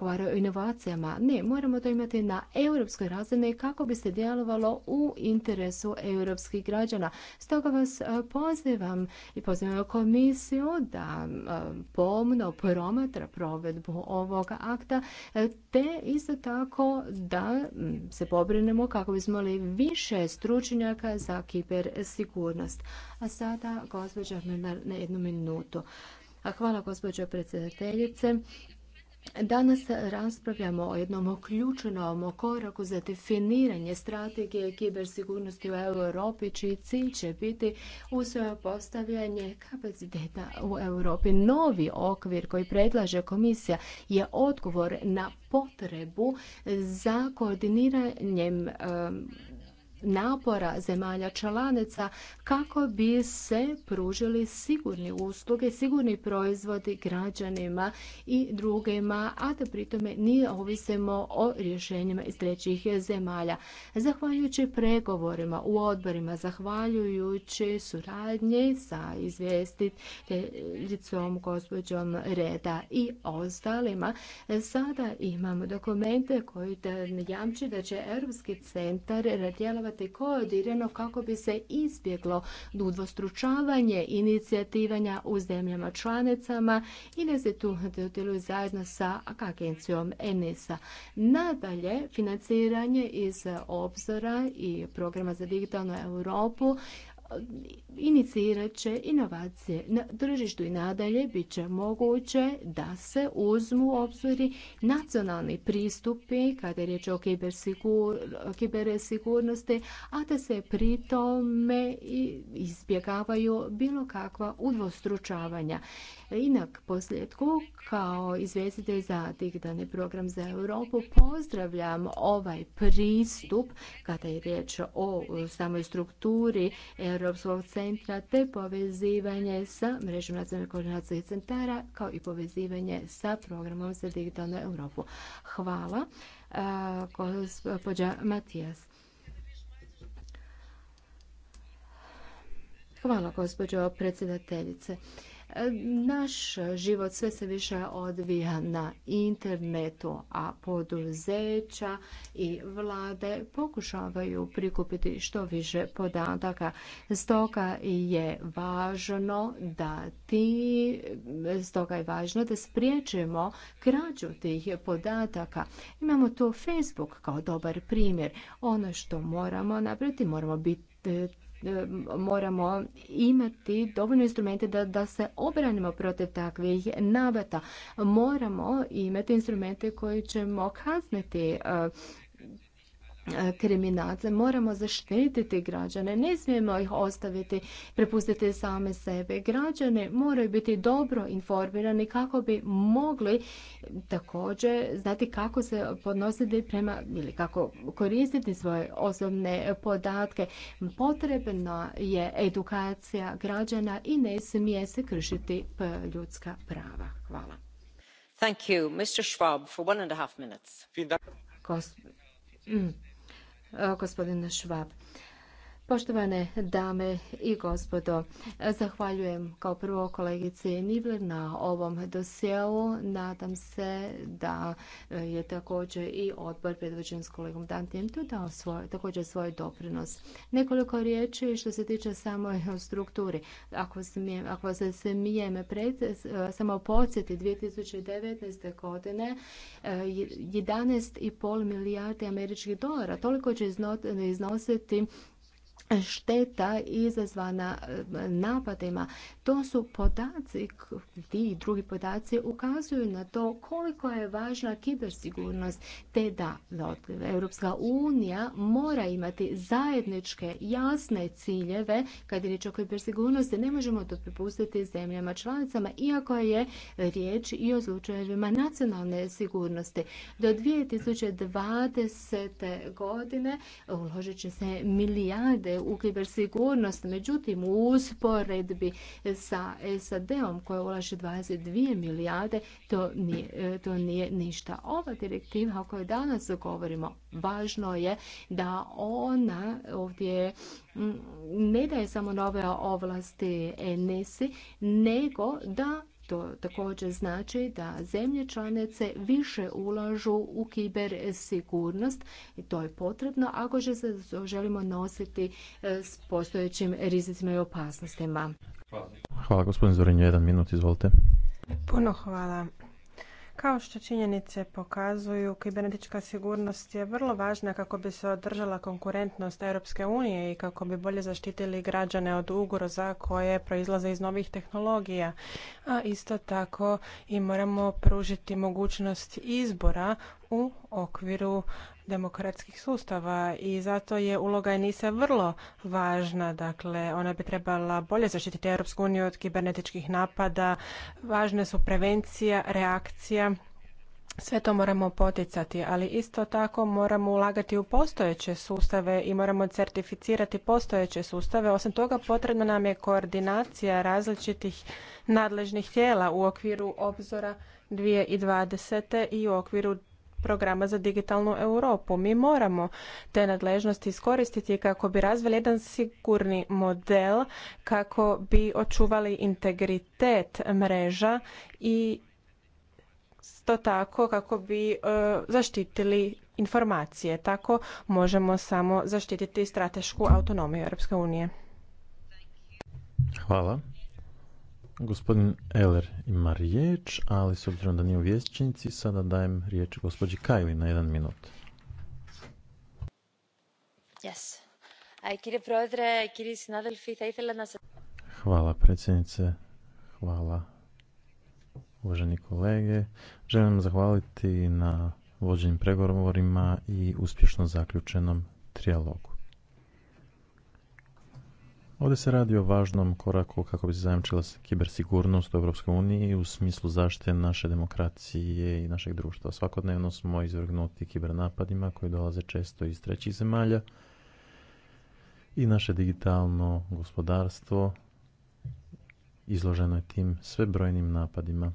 o inovacijama. Ne, moramo to imati na europskoj razini kako bi se djelovalo u interesu europskih građana. Stoga vas e, pozivam i pozivam komisiju da e, pomno promatra provedbu ovog akta e, te isto tako da se pobrinemo kako bismo li više stručnjaka za kibersigurnost. A sada, gospođa na jednu minutu. A hvala gospođo predsjedateljice. Danas raspravljamo o jednom ključnom koraku za definiranje strategije kibersigurnosti u Europi, čiji cilj će biti postavljanje kapaciteta u Europi. Novi okvir koji predlaže komisija je odgovor na potrebu za koordiniranjem napora zemalja članica kako bi se pružili sigurni usluge, sigurni proizvodi građanima i drugima, a da pritome nije ovisimo o rješenjima iz trećih zemalja. Zahvaljujući pregovorima u odborima, zahvaljujući suradnje sa izvjestiteljicom gospođom Reda i ostalima, sada imamo dokumente koji jamče da će Europski centar radijelovati te koordinirano kako bi se izbjeglo udvostručavanje inicijativanja u zemljama članicama i da se tu dodjeluju zajedno sa agencijom ENISA. Nadalje, financiranje iz obzora i programa za digitalnu Europu inicirat će inovacije na tržištu i nadalje bit će moguće da se uzmu u obziri nacionalni pristupi kada je riječ o kibersigurnosti, a da se pri tome izbjegavaju bilo kakva udvostručavanja. Inak, posljedku, kao izvjestitelj za digitalni program za Europu, pozdravljam ovaj pristup kada je riječ o samoj strukturi EU. Europskog centra te povezivanje sa mrežom nacionalnih koordinacije centara kao i povezivanje sa programom za digitalnu Europu. Hvala, gospođa Matijas. Hvala, gospođo predsjedateljice. Naš život sve se više odvija na internetu, a poduzeća i vlade pokušavaju prikupiti što više podataka. Stoga je važno da ti, stoga je važno da spriječimo krađu tih podataka. Imamo tu Facebook kao dobar primjer. Ono što moramo napraviti, moramo biti E, moramo imati dovoljno instrumente da, da se obranimo protiv takvih nabata. Moramo imati instrumente koji ćemo kazniti e, kriminalce. Moramo zaštititi građane, ne smijemo ih ostaviti, prepustiti same sebe. Građane moraju biti dobro informirani kako bi mogli također znati kako se podnositi prema ili kako koristiti svoje osobne podatke. Potrebna je edukacija građana i ne smije se kršiti ljudska prava. Hvala. Thank you. Mr. Schwab for and minutes gospodine Švab. Poštovane dame i gospodo, zahvaljujem kao prvo kolegici Nibler na ovom dosjeu. Nadam se da je također i odbor predvođen s kolegom Dantijem tu dao svoj, također svoj doprinos. Nekoliko riječi što se tiče samoj strukturi. Ako, se smijem samo podsjeti 2019. godine 11,5 eh, milijardi američkih dolara. Toliko će iznositi šteta izazvana eh, napadima. To su podaci, ti i drugi podaci ukazuju na to koliko je važna kibersigurnost, te da Europska unija mora imati zajedničke, jasne ciljeve kad je riječ o kibersigurnosti. Ne možemo to prepustiti zemljama članicama, iako je riječ i o slučajevima nacionalne sigurnosti. Do 2020. godine uložit će se milijarde u kibersigurnost. Međutim, u usporedbi sa SAD-om koja ulaže 22 milijarde, to nije, e, to ništa. Ova direktiva o kojoj danas govorimo, važno je da ona ovdje mm, ne daje samo nove ovlasti nsi nego da to također znači da zemlje članice više ulažu u kiber sigurnost i to je potrebno ako želimo nositi e, s postojećim rizicima i opasnostima. Hvala, hvala gospodin Zorin, jedan minut, izvolite. Puno hvala kao što činjenice pokazuju, kibernetička sigurnost je vrlo važna kako bi se održala konkurentnost Europske unije i kako bi bolje zaštitili građane od ugroza koje proizlaze iz novih tehnologija. A isto tako i moramo pružiti mogućnost izbora u okviru demokratskih sustava i zato je uloga Enisa vrlo važna. Dakle, ona bi trebala bolje zaštititi Europsku uniju od kibernetičkih napada. Važne su prevencija, reakcija. Sve to moramo poticati, ali isto tako moramo ulagati u postojeće sustave i moramo certificirati postojeće sustave. Osim toga, potrebna nam je koordinacija različitih nadležnih tijela u okviru obzora 2020. i u okviru programa za digitalnu Europu. Mi moramo te nadležnosti iskoristiti kako bi razvili jedan sigurni model kako bi očuvali integritet mreža i to tako kako bi e, zaštitili informacije. Tako možemo samo zaštititi stratešku autonomiju Europske unije. Hvala. Gospodin Eller ima riječ, ali s obzirom da nije u vijećnici, sada dajem riječ gospođi Kajli na jedan minut. Hvala predsjednice, hvala uvaženi kolege. Želim zahvaliti na vođenim pregovorima i uspješno zaključenom trijalogu. Ovdje se radi o važnom koraku kako bi se zajamčila kibersigurnost u Europskoj uniji u smislu zaštite naše demokracije i našeg društva. Svakodnevno smo izvrgnuti kibernapadima koji dolaze često iz trećih zemalja i naše digitalno gospodarstvo izloženo je tim svebrojnim napadima.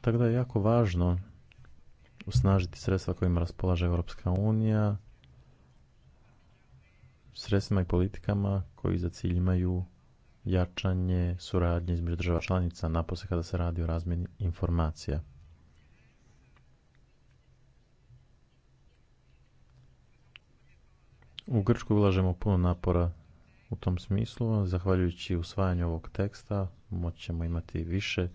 Tako da je jako važno usnažiti sredstva kojima raspolaže Europska unija, sredstvima i politikama koji za cilj imaju jačanje suradnje između država članica napose kada se radi o razmjeni informacija. U Grčku ulažemo puno napora u tom smislu. Zahvaljujući usvajanju ovog teksta moćemo imati više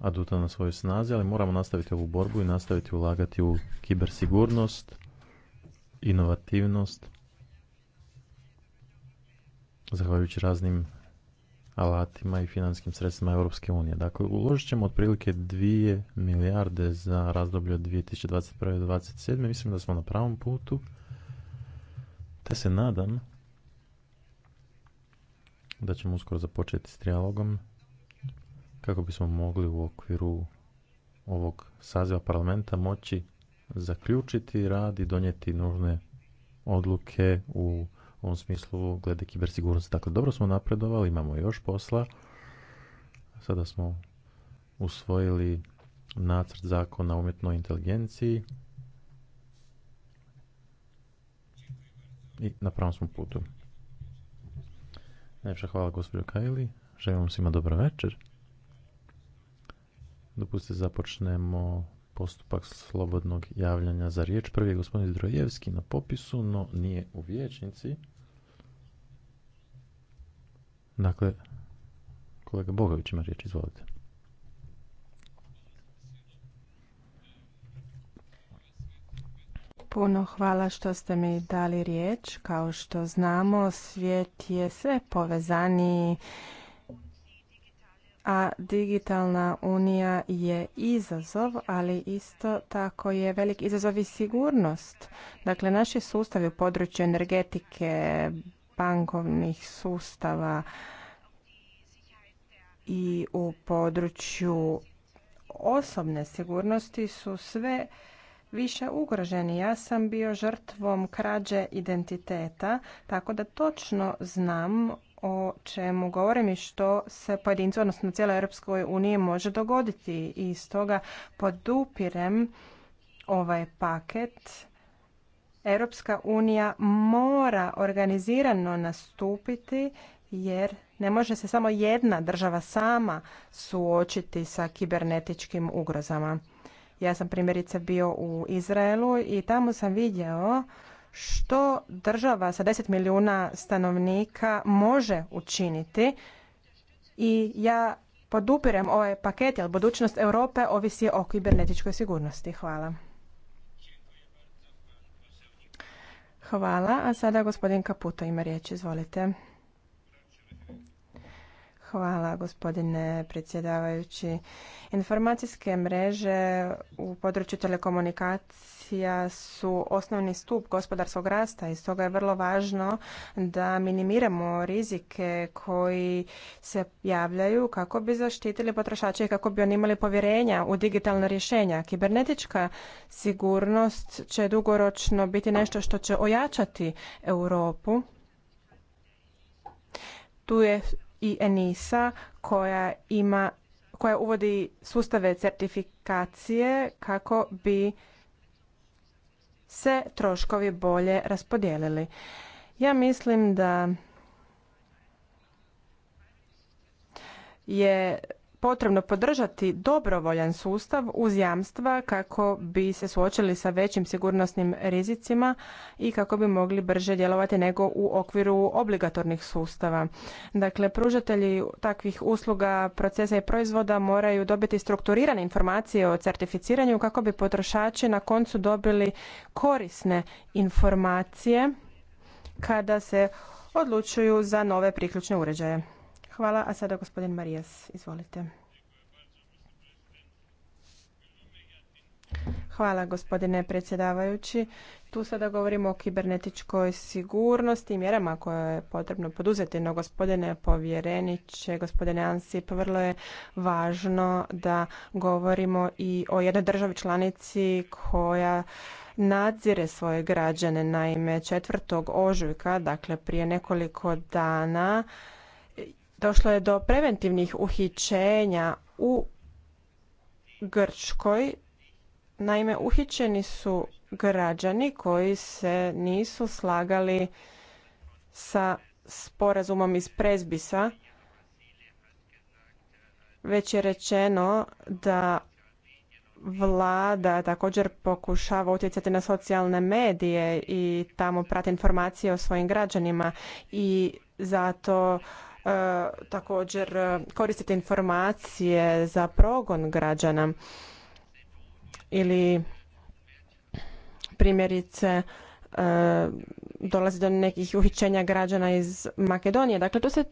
aduta na svojoj snazi, ali moramo nastaviti ovu borbu i nastaviti ulagati u kibersigurnost, inovativnost zahvaljujući raznim alatima i financijskim sredstvima Europske unije. Dakle, uložit ćemo otprilike 2 milijarde za razdoblje od 2021. do 2027. Mislim da smo na pravom putu, te se nadam da ćemo uskoro započeti s trijalogom kako bismo mogli u okviru ovog saziva parlamenta moći zaključiti rad i donijeti nužne odluke u u ovom smislu glede kibersigurnosti. Dakle, dobro smo napredovali, imamo još posla. Sada smo usvojili nacrt zakona o umjetnoj inteligenciji i na pravom smo putu. Najpša hvala gospođo Kajli, želim vam svima dobar večer. Dopustite započnemo postupak slobodnog javljanja za riječ. Prvi je gospodin Zdrojevski na popisu, no nije u vijećnici. Dakle, kolega Bogović ima riječ, izvolite. Puno hvala što ste mi dali riječ. Kao što znamo, svijet je sve povezaniji, a digitalna unija je izazov, ali isto tako je velik izazov i sigurnost. Dakle, naši sustavi u području energetike, bankovnih sustava i u području osobne sigurnosti su sve više ugroženi. Ja sam bio žrtvom krađe identiteta, tako da točno znam o čemu govorim i što se pojedincu, odnosno cijeloj Europskoj uniji može dogoditi. I stoga podupirem ovaj paket Europska unija mora organizirano nastupiti jer ne može se samo jedna država sama suočiti sa kibernetičkim ugrozama. Ja sam primjerice bio u Izraelu i tamo sam vidio što država sa 10 milijuna stanovnika može učiniti i ja podupirem ovaj paket jer budućnost Europe ovisi o kibernetičkoj sigurnosti. Hvala. Hvala. A sada gospodin Kaputo ima riječ. Izvolite. Hvala gospodine predsjedavajući. Informacijske mreže u području telekomunikacije su osnovni stup gospodarskog rasta i stoga je vrlo važno da minimiramo rizike koji se javljaju kako bi zaštitili potrošače i kako bi oni imali povjerenja u digitalna rješenja. Kibernetička sigurnost će dugoročno biti nešto što će ojačati Europu. Tu je i Enisa koja ima koja uvodi sustave certifikacije kako bi se troškovi bolje raspodijelili. Ja mislim da je potrebno podržati dobrovoljan sustav uz jamstva kako bi se suočili sa većim sigurnosnim rizicima i kako bi mogli brže djelovati nego u okviru obligatornih sustava. Dakle, pružatelji takvih usluga, procesa i proizvoda moraju dobiti strukturirane informacije o certificiranju kako bi potrošači na koncu dobili korisne informacije kada se odlučuju za nove priključne uređaje. Hvala, a sada gospodin Marijas, izvolite. Hvala gospodine predsjedavajući. Tu sada govorimo o kibernetičkoj sigurnosti i mjerama koje je potrebno poduzeti. No gospodine povjereniče, gospodine Ansip, vrlo je važno da govorimo i o jednoj državi članici koja nadzire svoje građane. Naime, 4. ožujka, dakle prije nekoliko dana, Došlo je do preventivnih uhićenja u Grčkoj. Naime, uhićeni su građani koji se nisu slagali sa sporazumom iz Prezbisa. Već je rečeno da vlada također pokušava utjecati na socijalne medije i tamo prati informacije o svojim građanima i zato E, također e, koristiti informacije za progon građana ili primjerice e, dolazi do nekih uhićenja građana iz Makedonije. Dakle, to se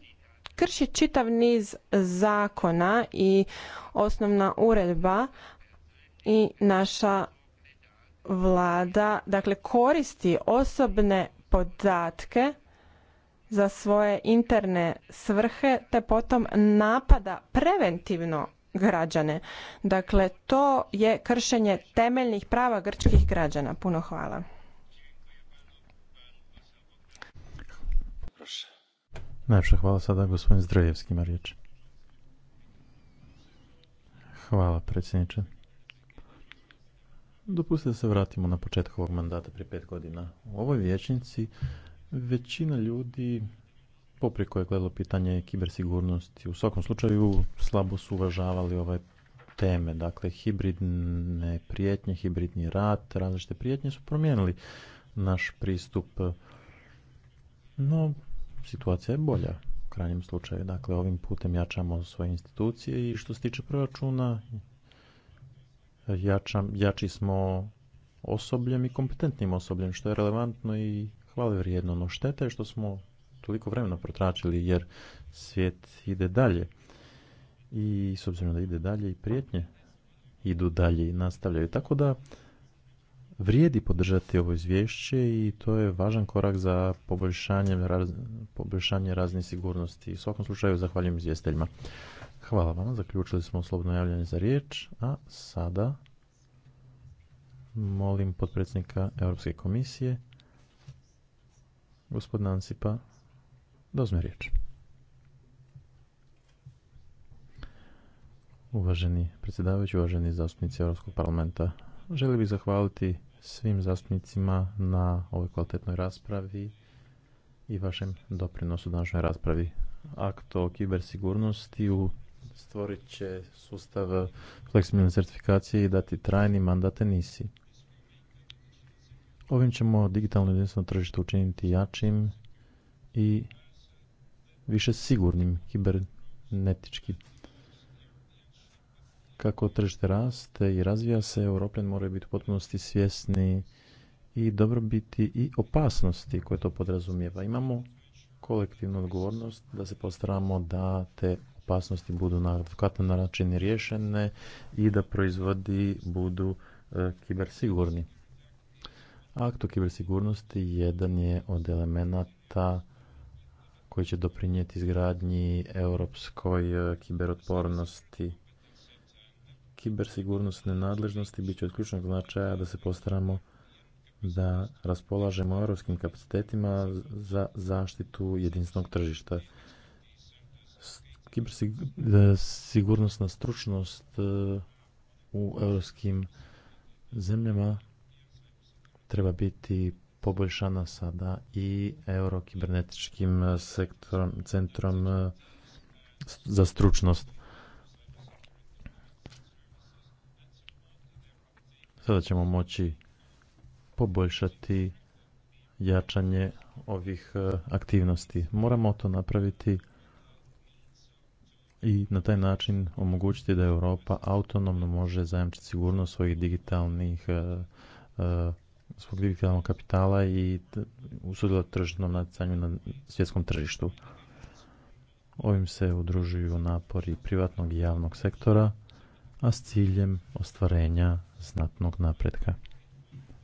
krši čitav niz zakona i osnovna uredba i naša vlada dakle koristi osobne podatke za svoje interne svrhe te potom napada preventivno građane. Dakle, to je kršenje temeljnih prava grčkih građana. Puno hvala. Najpša hvala sada gospodin Zdrojevski ima Hvala predsjedniče. Dopustite da se vratimo na početak ovog mandata prije pet godina. U ovoj vječnici Većina ljudi poprijeko je gledalo pitanje kibersigurnosti. U svakom slučaju slabo su uvažavali ove teme. Dakle, hibridne prijetnje, hibridni rat, različite prijetnje su promijenili naš pristup. No, situacija je bolja u krajnjem slučaju. Dakle, ovim putem jačamo svoje institucije i što se tiče proračuna, jači smo osobljem i kompetentnim osobljem, što je relevantno i hvale vrijedno, no šteta je što smo toliko vremena protračili jer svijet ide dalje. I s obzirom da ide dalje i prijetnje idu dalje i nastavljaju. Tako da vrijedi podržati ovo izvješće i to je važan korak za poboljšanje, raz, poboljšanje razne sigurnosti. U svakom slučaju zahvaljujem izvjestiteljima. Hvala vam, zaključili smo slobodno javljanje za riječ, a sada molim potpredsjednika Europske komisije gospodin Ansipa da uzme riječ. Uvaženi predsjedavajući, uvaženi zastupnici Europskog parlamenta, želio bih zahvaliti svim zastupnicima na ovoj kvalitetnoj raspravi i vašem doprinosu današnjoj raspravi. Akt o kibersigurnosti u stvorit će sustav fleksibilne certifikacije i dati trajni mandat nisi. Ovim ćemo digitalno jedinstveno tržište učiniti jačim i više sigurnim kibernetički. Kako tržište raste i razvija se, Europljan moraju biti u potpunosti svjesni i dobrobiti i opasnosti koje to podrazumijeva. Imamo kolektivnu odgovornost da se postaramo da te opasnosti budu na adekvatan način riješene i da proizvodi budu e, kibersigurni. Akt o kibersigurnosti jedan je od elemenata koji će doprinijeti izgradnji europskoj e, kiberotpornosti. Kibersigurnosne nadležnosti bit će od ključnog značaja da se postaramo da raspolažemo europskim kapacitetima za zaštitu jedinstvenog tržišta. Kibersigurnosna e, stručnost e, u europskim zemljama treba biti poboljšana sada i eurokibernetičkim e, sektorom, centrom e, za stručnost. Sada ćemo moći poboljšati jačanje ovih e, aktivnosti. Moramo to napraviti i na taj način omogućiti da Europa autonomno može zajamčiti sigurnost svojih digitalnih svog digitalnog kapitala i usudila tržnom natjecanju na svjetskom tržištu. Ovim se udružuju napori privatnog i javnog sektora, a s ciljem ostvarenja znatnog napretka.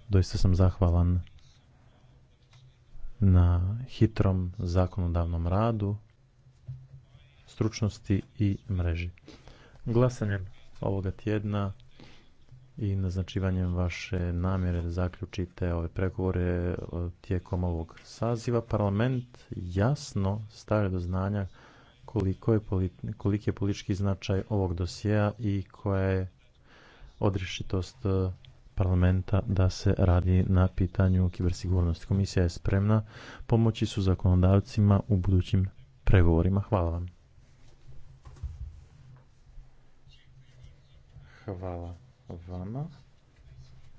Doista sam zahvalan na hitrom zakonodavnom radu, stručnosti i mreži. Glasanjem ovoga tjedna i naznačivanjem vaše namjere da zaključite ove pregovore e, tijekom ovog saziva. Parlament jasno stavlja do znanja koliko je koliki je politički značaj ovog dosjea i koja je odrešitost e, parlamenta da se radi na pitanju kibersigurnosti. Komisija je spremna pomoći su zakonodavcima u budućim pregovorima. Hvala vam. Hvala vama,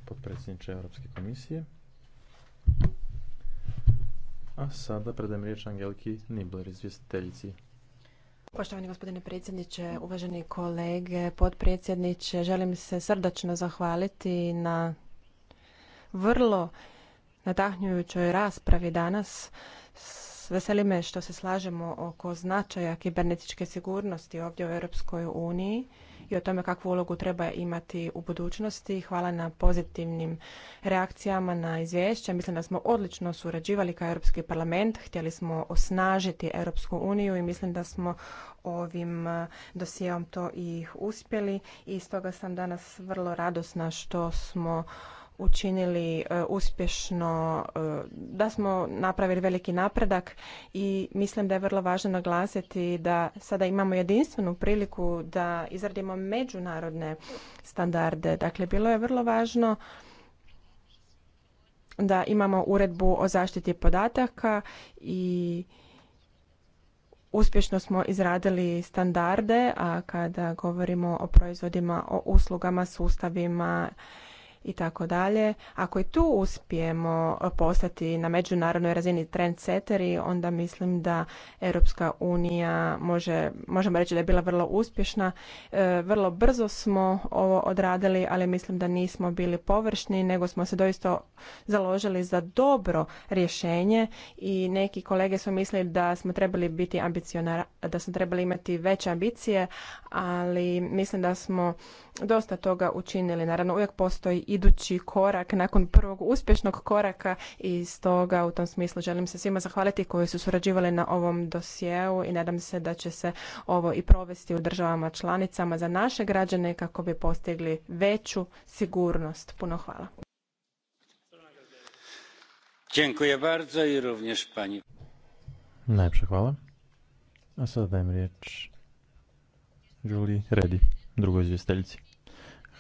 potpredsjedniče Europske komisije. A sada predajem riječ Angeliki Nibler, izvjestiteljici Poštovani gospodine predsjedniče, uvaženi kolege, potpredsjedniče, želim se srdačno zahvaliti na vrlo nadahnjujućoj raspravi danas. Veseli me što se slažemo oko značaja kibernetičke sigurnosti ovdje u Europskoj uniji i o tome kakvu ulogu treba imati u budućnosti. Hvala na pozitivnim reakcijama na izvješće. Mislim da smo odlično surađivali kao Europski parlament. Htjeli smo osnažiti Europsku uniju i mislim da smo ovim dosijeom to i uspjeli. I stoga sam danas vrlo radosna što smo učinili e, uspješno, e, da smo napravili veliki napredak i mislim da je vrlo važno naglasiti da sada imamo jedinstvenu priliku da izradimo međunarodne standarde. Dakle, bilo je vrlo važno da imamo uredbu o zaštiti podataka i uspješno smo izradili standarde, a kada govorimo o proizvodima, o uslugama, sustavima, i tako dalje. Ako i tu uspijemo postati na međunarodnoj razini trendseteri, onda mislim da Europska unija može, možemo reći da je bila vrlo uspješna. E, vrlo brzo smo ovo odradili, ali mislim da nismo bili površni, nego smo se doista založili za dobro rješenje i neki kolege su mislili da smo trebali biti ambicionara, da smo trebali imati veće ambicije, ali mislim da smo dosta toga učinili. Naravno, uvijek postoji idući korak nakon prvog uspješnog koraka i stoga u tom smislu želim se svima zahvaliti koji su surađivali na ovom dosjeu i nadam se da će se ovo i provesti u državama članicama za naše građane kako bi postigli veću sigurnost. Puno hvala. Dziękuję bardzo i również pani. hvala. A dajem riječ Redi, drugoj izvjestiteljici.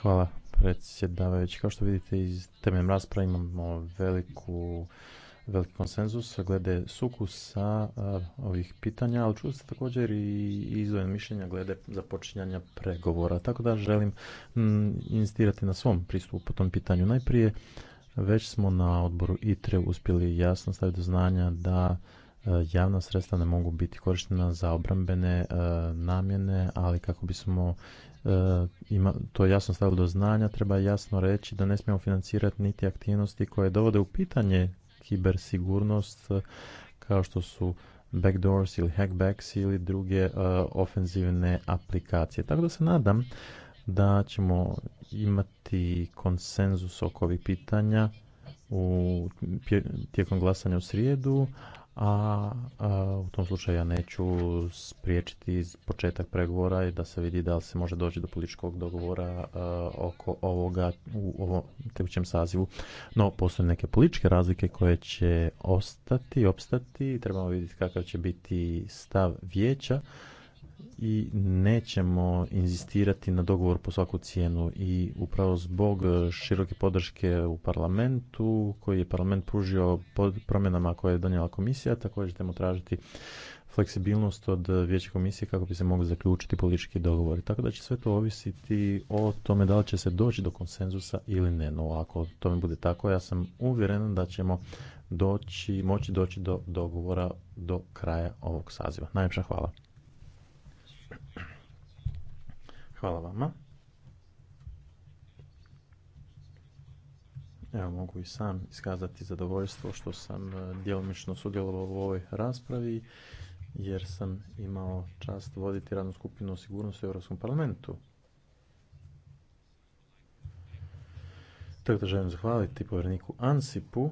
Hvala predsjedavajući. Kao što vidite iz temeljem rasprava imamo veliku veliki konsenzus glede sukusa ovih pitanja, ali čuli ste također i izvojen mišljenja glede započinjanja pregovora. Tako da želim insistirati na svom pristupu po tom pitanju. Najprije već smo na odboru ITRE uspjeli jasno staviti do znanja da e, javna sredstva ne mogu biti korištena za obrambene e, namjene, ali kako bismo E, ima, to je jasno stavilo do znanja, treba jasno reći da ne smijemo financirati niti aktivnosti koje dovode u pitanje kibersigurnost e, kao što su backdoors ili hackbacks ili druge e, ofenzivne aplikacije. Tako da se nadam da ćemo imati konsenzus oko ovih pitanja u, tijekom glasanja u srijedu, a, u tom slučaju ja neću spriječiti početak pregovora i da se vidi da li se može doći do političkog dogovora e, oko ovoga u ovom tekućem sazivu. No, postoje neke političke razlike koje će ostati, opstati. Trebamo vidjeti kakav će biti stav vijeća i nećemo inzistirati na dogovor po svaku cijenu i upravo zbog e, široke podrške u parlamentu koji je parlament pružio pod promjenama koje je donijela komisija također ćemo tražiti fleksibilnost od vijeće komisije kako bi se mogli zaključiti politički dogovori. Tako da će sve to ovisiti o tome da li će se doći do konsenzusa ili ne. No ako tome bude tako, ja sam uvjeren da ćemo doći, moći doći do dogovora do kraja ovog saziva. Najljepša hvala. Hvala vama. Evo mogu i sam iskazati zadovoljstvo što sam e, djelomično sudjelovao u ovoj raspravi jer sam imao čast voditi radnu skupinu o sigurnosti u Europskom parlamentu. Tako da želim zahvaliti povjereniku Ansipu,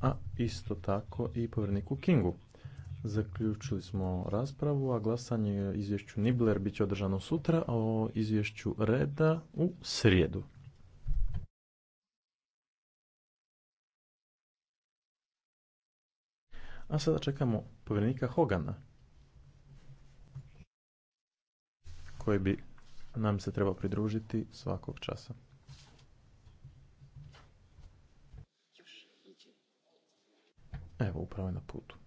a isto tako i povjereniku Kingu. Zaključili smo raspravu, a glasanje o izvješću Nibler bit će održano sutra, a o izvješću Reda u srijedu. A sada čekamo povjerenika Hogana, koji bi nam se trebao pridružiti svakog časa. Evo, upravo je na putu.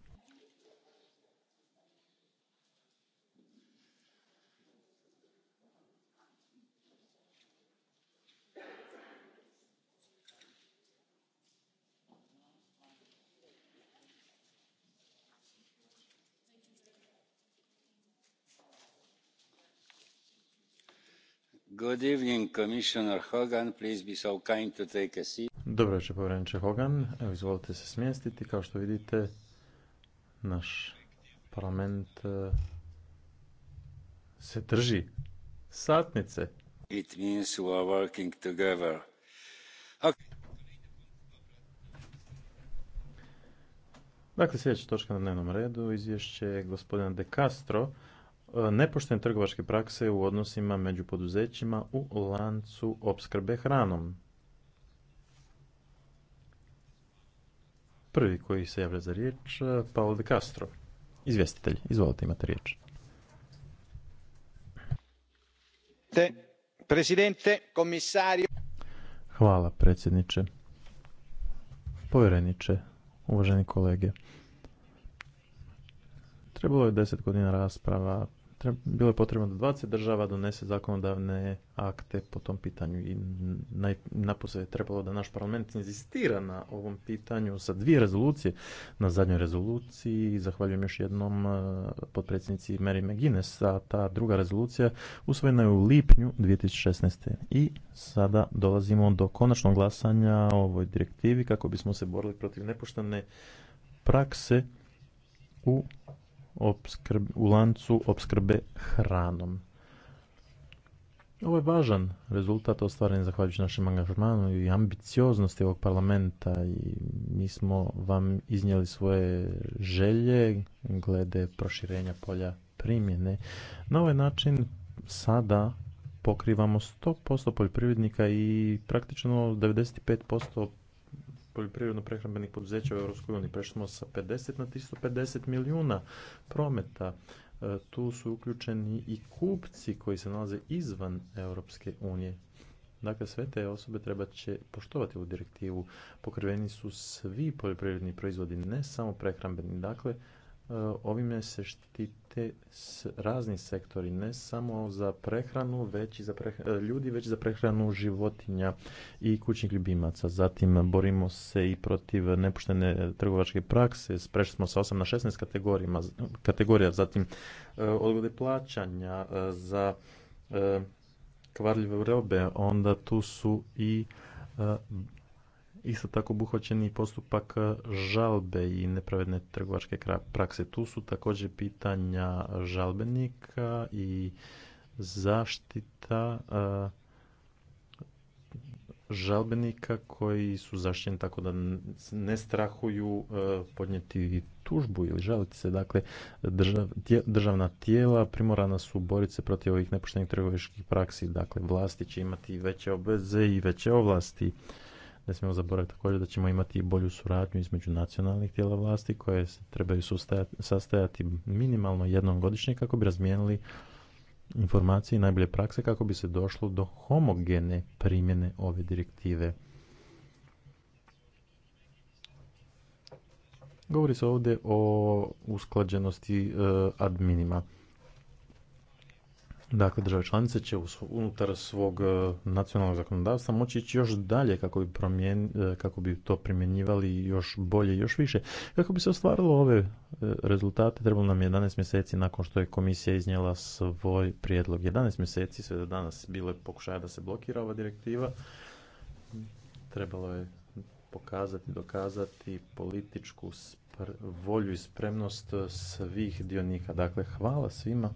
Good Commissioner Hogan. Dobro večer, povjereniče Hogan. Evo, izvolite se smjestiti. Kao što vidite, naš parlament e, se drži satnice. It means are working together. Dakle, sljedeća točka na dnevnom redu, izvješće gospodina De Castro, nepoštene trgovačke prakse u odnosima među poduzećima u lancu opskrbe hranom. Prvi koji se javlja za riječ, eh, Paolo de Castro. Izvjestitelj, izvolite imate riječ. Presidente, Hvala predsjedniče. Povjereniče, uvaženi kolege. Trebalo je deset godina rasprava bilo je potrebno da 20 država donese zakonodavne akte po tom pitanju i napose je trebalo da naš parlament inzistira na ovom pitanju sa dvije rezolucije na zadnjoj rezoluciji zahvaljujem još jednom eh, potpredsjednici Mary McGuinness a ta druga rezolucija usvojena je u lipnju 2016. i sada dolazimo do konačnog glasanja o ovoj direktivi kako bismo se borili protiv nepoštene prakse u opskrb, u lancu opskrbe hranom. Ovo je važan rezultat ostvaren zahvaljujući našem angažmanu i ambicioznosti ovog parlamenta i mi smo vam iznijeli svoje želje glede proširenja polja primjene. Na ovaj način sada pokrivamo 100% poljoprivrednika i praktično 95% poljoprivredno prehrambenih poduzeća u EU. Prešli smo sa 50 na 350 milijuna prometa. E, tu su uključeni i kupci koji se nalaze izvan Europske unije. Dakle, sve te osobe treba će poštovati ovu direktivu. Pokriveni su svi poljoprivredni proizvodi, ne samo prehrambeni. Dakle, e, ovime se štiti Dakle, razni sektori, ne samo za prehranu već i za prehranu, e, ljudi, već za prehranu životinja i kućnih ljubimaca. Zatim borimo se i protiv nepoštene trgovačke prakse, prešli smo sa 8 na 16 kategorijama, kategorija, zatim e, odgode plaćanja e, za kvarljive robe, onda tu su i isto tako obuhvaćeni postupak e, žalbe i nepravedne trgovačke prakse. Tu su također pitanja žalbenika i zaštita e, žalbenika koji su zaštićeni tako da ne strahuju e, podnijeti tužbu ili žaliti se. Dakle, državna tijela primorana su boriti se protiv ovih nepoštenih trgovačkih praksi. Dakle, vlasti će imati veće obveze i veće ovlasti. Ne smijemo zaboraviti također da ćemo imati bolju suradnju između nacionalnih tijela vlasti koje se trebaju sastajati minimalno jednom godišnje kako bi razmijenili informacije i najbolje prakse kako bi se došlo do homogene primjene ove direktive. Govori se ovdje o usklađenosti e, ad Dakle, države članice će unutar svog e, nacionalnog zakonodavstva moći ići još dalje kako bi, promijen, e, kako bi to primjenjivali još bolje još više. Kako bi se ostvarilo ove e, rezultate, trebalo nam 11 mjeseci nakon što je komisija iznijela svoj prijedlog. 11 mjeseci sve do danas bilo je pokušaja da se blokira ova direktiva. Trebalo je pokazati, dokazati političku volju i spremnost eh, svih dionika. Dakle, hvala svima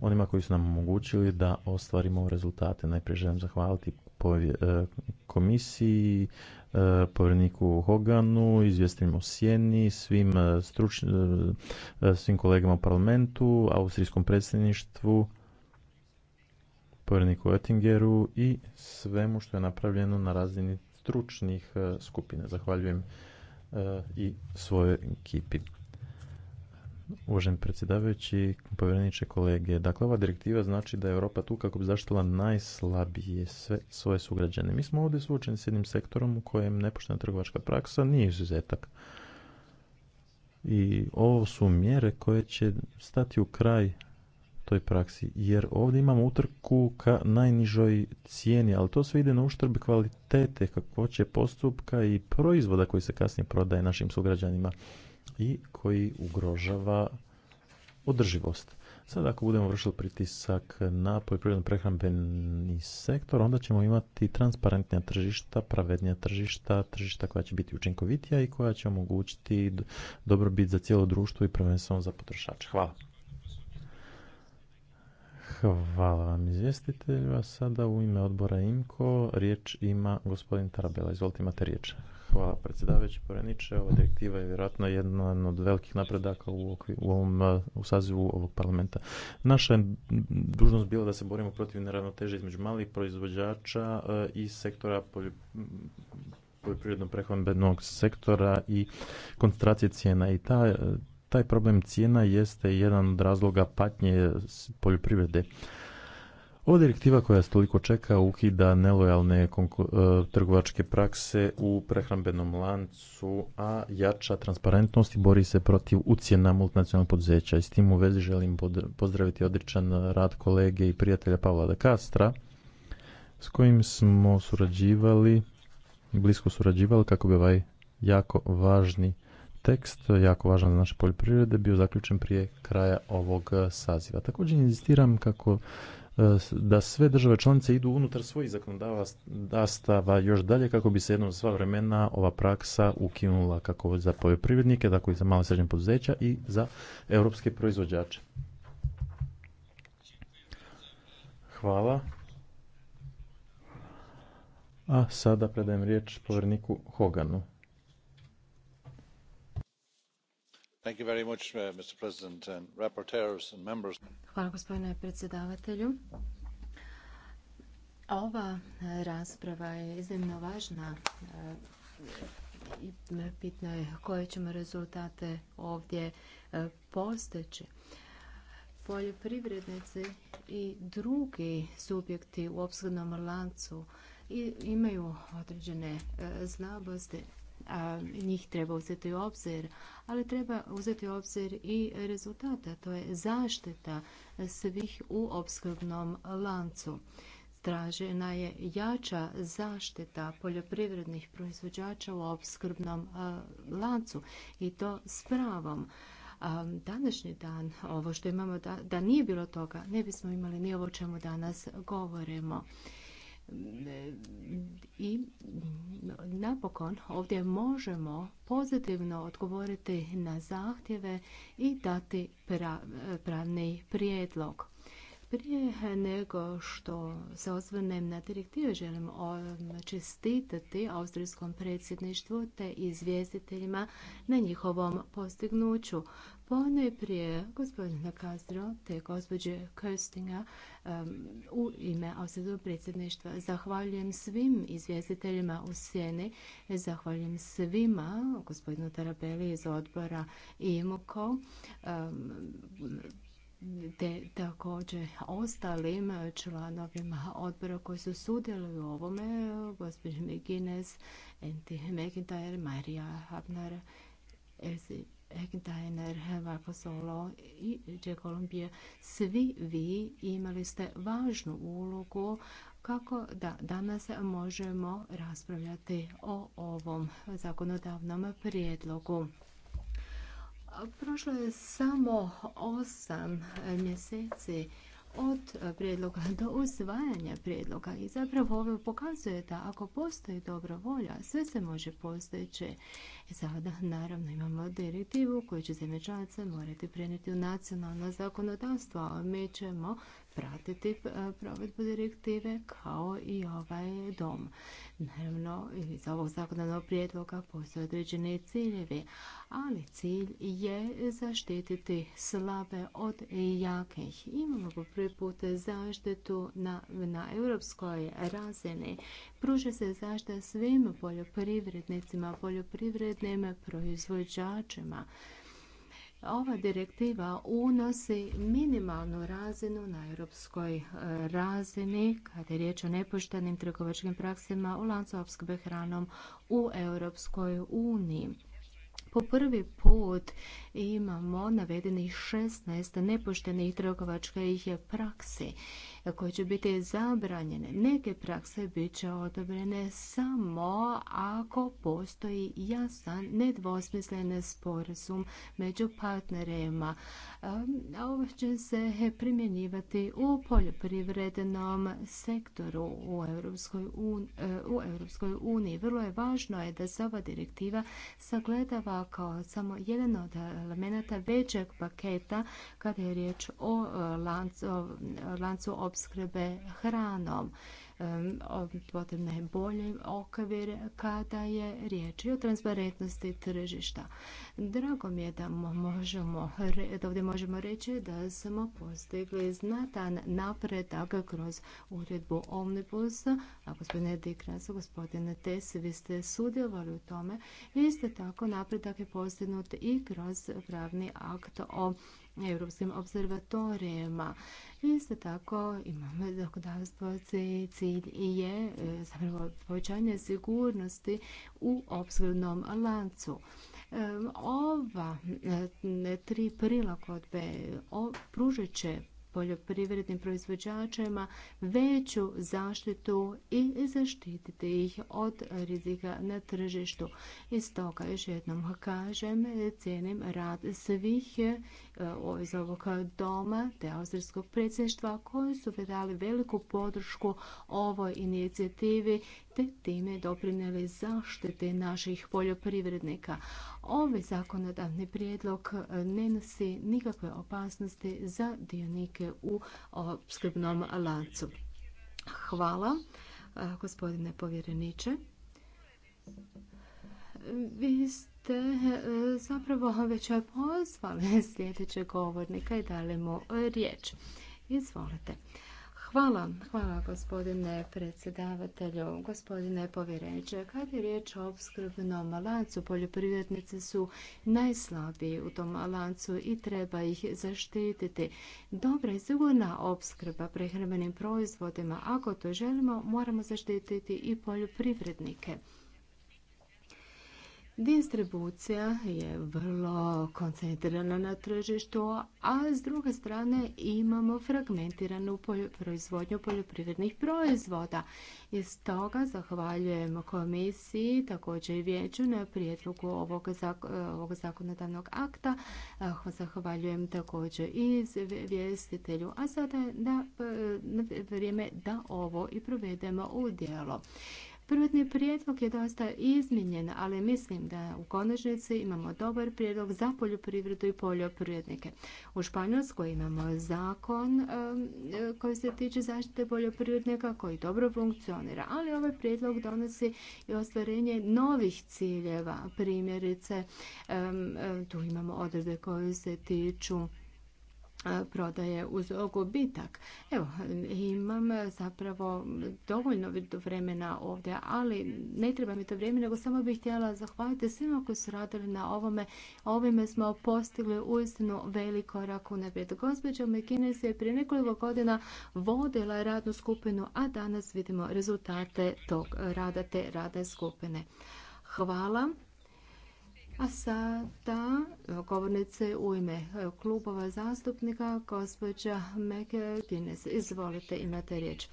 onima koji su nam omogućili da ostvarimo rezultate. Najprije želim zahvaliti eh, komisiji, eh, povjereniku Hoganu, izvjestiteljima u Sjeni, svim, svim kolegama u parlamentu, austrijskom predsjedništvu, povjereniku Oettingeru i svemu što je napravljeno na razini stručnih skupina. Zahvaljujem E, i svojoj ekipi. Uvaženi predsjedavajući, povjereniče kolege, dakle ova direktiva znači da je Europa tu kako bi zaštila najslabije sve svoje sugrađane. Mi smo ovdje suočeni s jednim sektorom u kojem nepoštena trgovačka praksa nije izuzetak. I ovo su mjere koje će stati u kraj toj praksi. Jer ovdje imamo utrku ka najnižoj cijeni, ali to sve ide na uštrb kvalitete, kakvoće postupka i proizvoda koji se kasnije prodaje našim sugrađanima i koji ugrožava održivost. Sad ako budemo vršili pritisak na poljoprivredno prehrambeni sektor, onda ćemo imati transparentnija tržišta, pravednija tržišta, tržišta koja će biti učinkovitija i koja će omogućiti dobrobit za cijelo društvo i prvenstveno za potrošače. Hvala. Hvala vam izvjestitelju, a sada u ime odbora IMKO riječ ima gospodin Tarabela. Izvolite, imate riječ. Hvala predsjedavajući Poreniče. Ova direktiva je vjerojatno jedna od velikih napredaka u, u, ovom, u sazivu ovog parlamenta. Naša je dužnost bila da se borimo protiv neravnoteže između malih proizvođača i sektora poljoprivredno prehrambenog sektora i koncentracije cijena i ta taj problem cijena jeste jedan od razloga patnje poljoprivrede. Ova direktiva koja se toliko čeka ukida nelojalne e, trgovačke prakse u prehrambenom lancu, a jača transparentnost i bori se protiv ucjena multinacionalnog poduzeća. I s tim u vezi želim pozdraviti odričan rad kolege i prijatelja Pavla De Castra s kojim smo surađivali, blisko surađivali kako bi ovaj jako važni tekst, jako važan za naše poljoprivrede, bio zaključen prije kraja ovog e, saziva. Također inzistiram kako e, da sve države članice idu unutar svojih zakonodavstava još dalje kako bi se jednom sva vremena ova praksa ukinula kako za poljoprivrednike, tako i za mala srednje poduzeća i za europske proizvođače. Hvala. A sada predajem riječ povjerniku Hoganu. Uh, Hvala gospodine predsjedavatelju. Ova rasprava je iznimno važna uh, i bitno je koje ćemo rezultate ovdje uh, postići. Poljoprivrednici i drugi subjekti u opskrbnom lancu imaju određene slabosti a njih treba uzeti u obzir, ali treba uzeti u obzir i rezultata, to je zaštita svih u opskrbnom lancu. Tražena je jača zaštita poljoprivrednih proizvođača u opskrbnom lancu i to s pravom. Današnji dan, ovo što imamo, da, da nije bilo toga, ne bismo imali ni ovo o čemu danas govorimo i napokon ovdje možemo pozitivno odgovoriti na zahtjeve i dati pravni prijedlog. Prije nego što se osvrnem na direktive, želim um, čestitati austrijskom predsjedništvu te izvjestiteljima na njihovom postignuću. Pone prije gospodina Kastro te gospođe Köstinga um, u ime Austrijskog predsjedništva zahvaljujem svim izvjestiteljima u Sjeni, zahvaljujem svima, gospodinu Tarabeli iz odbora IMUKO, um, te također ostalim članovima odbora koji su sudjeli u ovome, gospođi McGuinness, Enti McIntyre, Marija Habner, Elsie Egdajner, Marko Solo i Jack Kolumbije, svi vi imali ste važnu ulogu kako da danas možemo raspravljati o ovom zakonodavnom prijedlogu. Prošlo je samo osam mjeseci od prijedloga do usvajanja prijedloga i zapravo ovo pokazuje da ako postoji dobra volja, sve se može postojeće. Sada naravno imamo direktivu koju će zemlje morati prenijeti u nacionalno zakonodavstvo, a mi ćemo pratiti e, provedbu direktive kao i ovaj dom. Naravno, iz ovog zakonodavnog prijedloga postoje određeni ciljevi, ali cilj je zaštititi slabe od jakih. Imamo po prvi put zaštitu na, europskoj razini. Pruže se zaštita svim poljoprivrednicima, poljoprivrednim proizvođačima ova direktiva unosi minimalnu razinu na europskoj e, razini kada je riječ o nepoštenim trgovačkim praksama u lancu opskrbe hranom u Europskoj uniji. Po prvi put imamo navedenih 16 nepoštenih trgovačkih praksi koje će biti zabranjene. Neke prakse bit će odobrene samo ako postoji jasan, nedvosmislen sporazum među partnerima. Ovo će se primjenjivati u poljoprivrednom sektoru e, u Europskoj, uniji. Vrlo je važno je da se ova direktiva sagledava kao samo jedan od elemenata većeg paketa kada je riječ o e, lancu, lancu opskrbe hranom. Potrebno je bolji okvir kada je riječ i o transparentnosti tržišta. Drago mi je da, možemo, da ovdje možemo reći da smo postigli znatan napredak kroz uredbu Omnibus. A gospodine Dikras, gospodine Tes, vi ste sudjelovali u tome. Isto tako napredak je postignut i kroz pravni akt o europskim observatorijama. Isto tako imamo zakonodavstvo cilj je e, zapravo povećanje sigurnosti u opskrbnom lancu. E, ova e, tri prilagodbe pružit će poljoprivrednim proizvođačima veću zaštitu i zaštititi ih od rizika na tržištu. I stoga još jednom kažem, cijenim rad svih e, iz ovog doma te austrijskog predsjedništva koji su dali veliku podršku ovoj inicijativi te time doprinijeli zaštite naših poljoprivrednika. Ovaj zakonodavni prijedlog ne nosi nikakve opasnosti za dionike u opskrbnom lancu. Hvala, e, gospodine povjereniče. Vi ste e, zapravo već pozvali sljedećeg govornika i dali mu riječ. Izvolite. Hvala, hvala gospodine predsjedavatelju, gospodine povjereniče Kad je riječ o opskrbnom lancu, poljoprivrednici su najslabiji u tom lancu i treba ih zaštititi. Dobra i sigurna opskrba prehrambenim proizvodima, ako to želimo, moramo zaštititi i poljoprivrednike. Distribucija je vrlo koncentrirana na tržištu, a s druge strane imamo fragmentiranu proizvodnju poljoprivrednih proizvoda. Iz toga zahvaljujemo komisiji, također i vijeću na prijedlogu ovog, zakonodavnog akta. Eh, zahvaljujem također i vjestitelju. A sada je eh, vrijeme da ovo i provedemo u djelo. Prvotni prijedlog je dosta izmijenjen, ali mislim da u konačnici imamo dobar prijedlog za poljoprivredu i poljoprivrednike. U Španjolskoj imamo zakon e, koji se tiče zaštite poljoprivrednika koji dobro funkcionira, ali ovaj prijedlog donosi i ostvarenje novih ciljeva. Primjerice, e, tu imamo odredbe koje se tiču prodaje uz gubitak. Evo, imam zapravo dovoljno vremena ovdje, ali ne treba mi to vrijeme, nego samo bih htjela zahvaliti svima koji su radili na ovome. Ovime smo postigli uistinu velik korak unaprijed. Gospođa McKinney se je prije nekoliko godina vodila radnu skupinu, a danas vidimo rezultate tog rada te radne skupine. Hvala. A sada govornice u ime klubova zastupnika, gospođa Mekedines. Izvolite, imate riječ.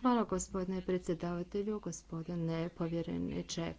Hvala gospodine predsjedavatelju, gospodine povjereniče.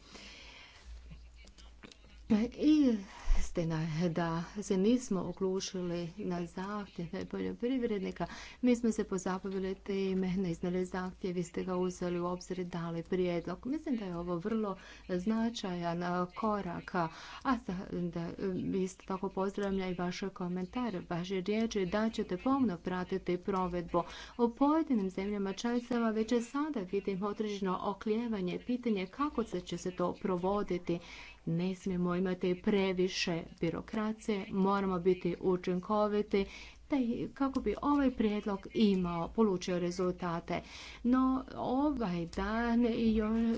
I istina da se nismo oglušili na zahtjeve poljoprivrednika. Mi smo se pozabavili time, ne iznali zahtjev, vi ste ga uzeli u obzir, dali prijedlog. Mislim da je ovo vrlo značajan e, korak, a da, e, isto tako pozdravljam i vaše komentare, vaše riječi da ćete pomno pratiti provedbu. U pojedinim zemljama članicama već sada vidim određeno okljevanje, pitanje kako će se to provoditi ne smijemo imati previše birokracije, moramo biti učinkoviti taj, kako bi ovaj prijedlog imao, polučio rezultate. No ovaj dan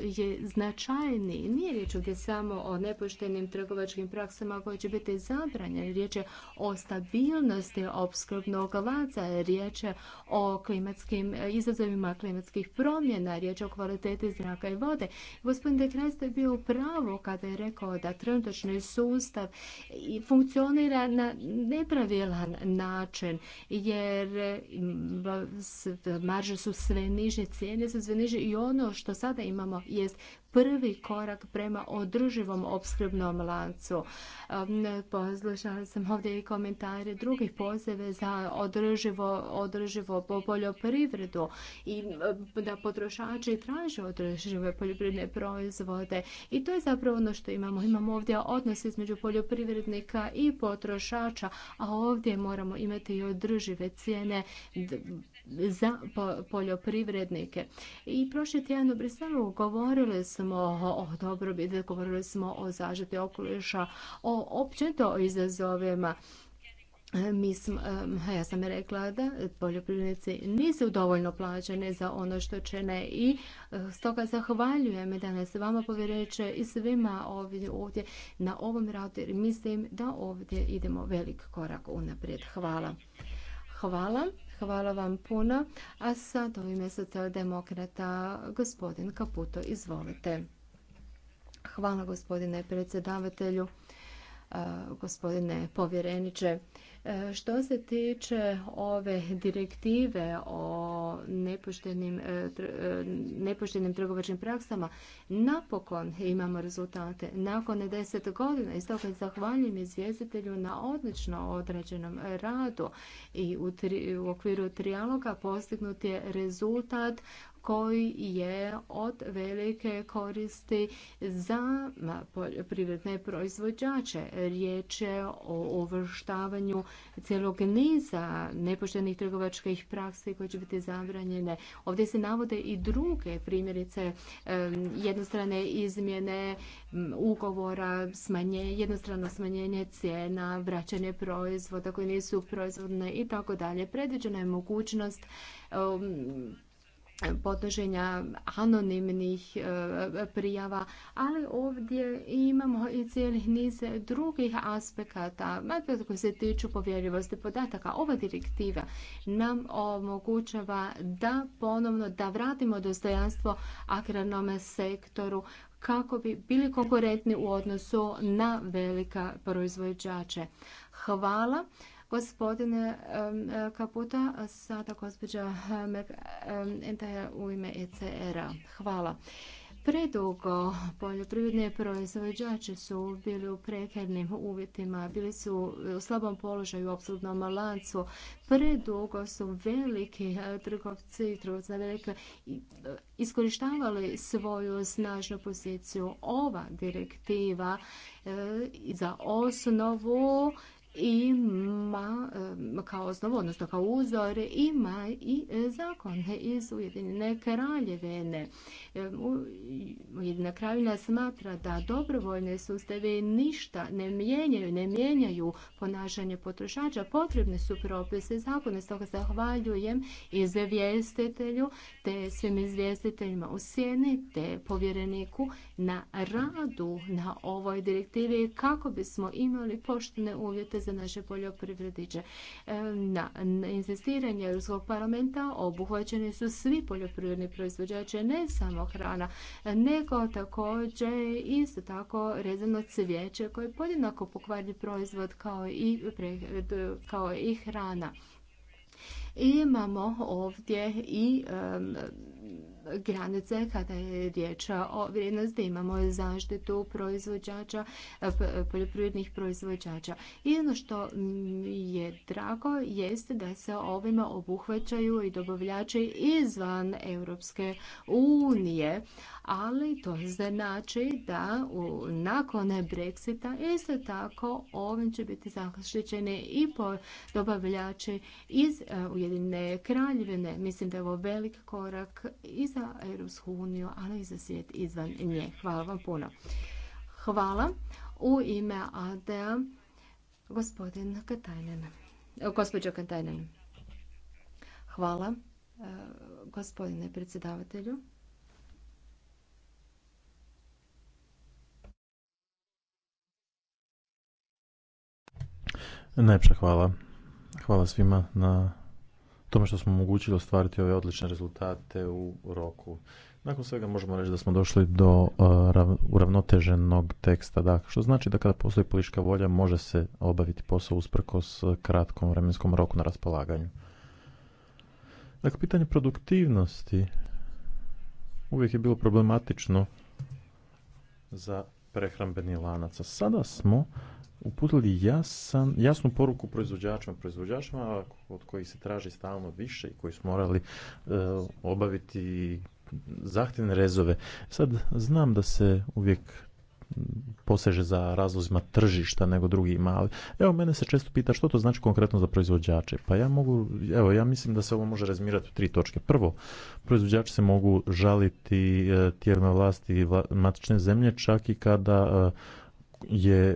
je značajni. Nije riječ ovdje samo o nepoštenim trgovačkim praksama koje će biti zabranjene. Riječ je o stabilnosti opskrbnog lanca, riječ je o klimatskim izazovima klimatskih promjena, riječ je o kvaliteti zraka i vode. Gospodin De Kresto je bio u pravu kada je rekao da trenutočni sustav funkcionira na nepravilan način jer mm, marže su sve niže, cijene su sve niže i ono što sada imamo jest prvi korak prema održivom opskrbnom lancu. Um, poslušala sam ovdje i komentare drugih pozive za održivo, održivo poljoprivredu i um, da potrošači traže održive poljoprivredne proizvode. I to je zapravo ono što imamo. Imamo ovdje odnos između poljoprivrednika i potrošača, a ovdje moramo imati i održive cijene za poljoprivrednike. I prošli tjedan u Briselu govorili smo o dobrobiti, govorili smo o zažiti okoliša, o općenito izazovima e, e, ja sam rekla da poljoprivrednici nisu dovoljno plaćeni za ono što čene i e, stoga zahvaljujem danas vama povjereće i svima ovdje, na ovom radu jer mislim da ovdje idemo velik korak unaprijed. Hvala. Hvala. Hvala vam puno. A sad u ime socijaldemokrata gospodin Kaputo, izvolite. Hvala gospodine predsjedavatelju, gospodine povjereniče. E, što se tiče ove direktive o nepoštenim, e, e, nepoštenim trgovačkim praksama, napokon imamo rezultate. Nakon deset godina i stoga zahvaljujem izvjestitelju na odlično određenom radu i u, u okviru trijaloga postignut je rezultat koji je od velike koristi za poljoprivredne proizvođače. Riječ je o uvrštavanju cijelog niza nepoštenih trgovačkih praksi koje će biti zabranjene. Ovdje se navode i druge primjerice jednostrane izmjene ugovora, jednostrano smanjenje cijena, vraćanje proizvoda koji nisu proizvodne i tako dalje. Predviđena je mogućnost podnoženja anonimnih e, prijava, ali ovdje imamo i cijeli niz drugih aspekata koji se tiču povjerljivosti podataka. Ova direktiva nam omogućava da ponovno da vratimo dostojanstvo akronome sektoru kako bi bili konkurentni u odnosu na velika proizvođače. Hvala. Gospodine e, Kaputa, sada gospođa Entaja u ime ECR-a. Hvala. Predugo poljoprivredni proizvođači su bili u prekernim uvjetima, bili su u slabom položaju u opskrbnom lancu. Predugo su veliki e, trgovci, trgovci velike, iskorištavali svoju snažnu poziciju. Ova direktiva e, za osnovu ima kao osnovu, odnosno kao uzor, ima i e, zakon iz Ujedinjene kraljevine. Ujedina kraljina smatra da dobrovoljne sustave ništa ne mijenjaju, ne mijenjaju ponašanje potrošača. Potrebne su propise zakone, stoga zahvaljujem izvjestitelju te svim izvjestiteljima u sjeni te povjereniku na radu na ovoj direktivi kako bismo imali poštene uvjete za naše poljoprivrediče. E, na insistiranje Europskog parlamenta obuhvaćeni su svi poljoprivredni proizvođači, ne samo hrana, nego također isto tako rezano cvijeće koje podjednako pokvarni proizvod kao i, kao i hrana. Imamo ovdje i granice kada je riječ o vrijednosti. Imamo zaštitu proizvođača, poljoprivrednih proizvođača. I ono što je drago jest da se ovima obuhvaćaju i dobavljači izvan Europske unije, ali to znači da u, nakon Brexita isto tako ovim će biti zaštićeni i po dobavljači iz e, Ujedinjene kraljevine. Mislim da je ovo velik korak i za za Europsku uniju, ali i za svijet izvan nje. Hvala vam puno. Hvala. U ime ADA gospodin Katajnen. Gospodin Katajnen. Hvala e, gospodine predsjedavatelju. Najpša hvala. Hvala svima na tome što smo omogućili ostvariti ove odlične rezultate u roku. Nakon svega možemo reći da smo došli do uh, uravnoteženog teksta, da što znači da kada postoji politička volja može se obaviti posao usprkos kratkom vremenskom roku na raspolaganju. Dakle, pitanje produktivnosti uvijek je bilo problematično za prehrambeni lanac. A sada smo uputili jasan, jasnu poruku proizvođačima, proizvođačima od kojih se traži stalno više i koji su morali eh, obaviti zahtjevne rezove. Sad znam da se uvijek mm, poseže za razlozima tržišta nego drugi ali evo mene se često pita što to znači konkretno za proizvođače. Pa ja mogu, evo ja mislim da se ovo može razmirati u tri točke. Prvo, proizvođači se mogu žaliti e, vlasti matične zemlje čak i kada eh, je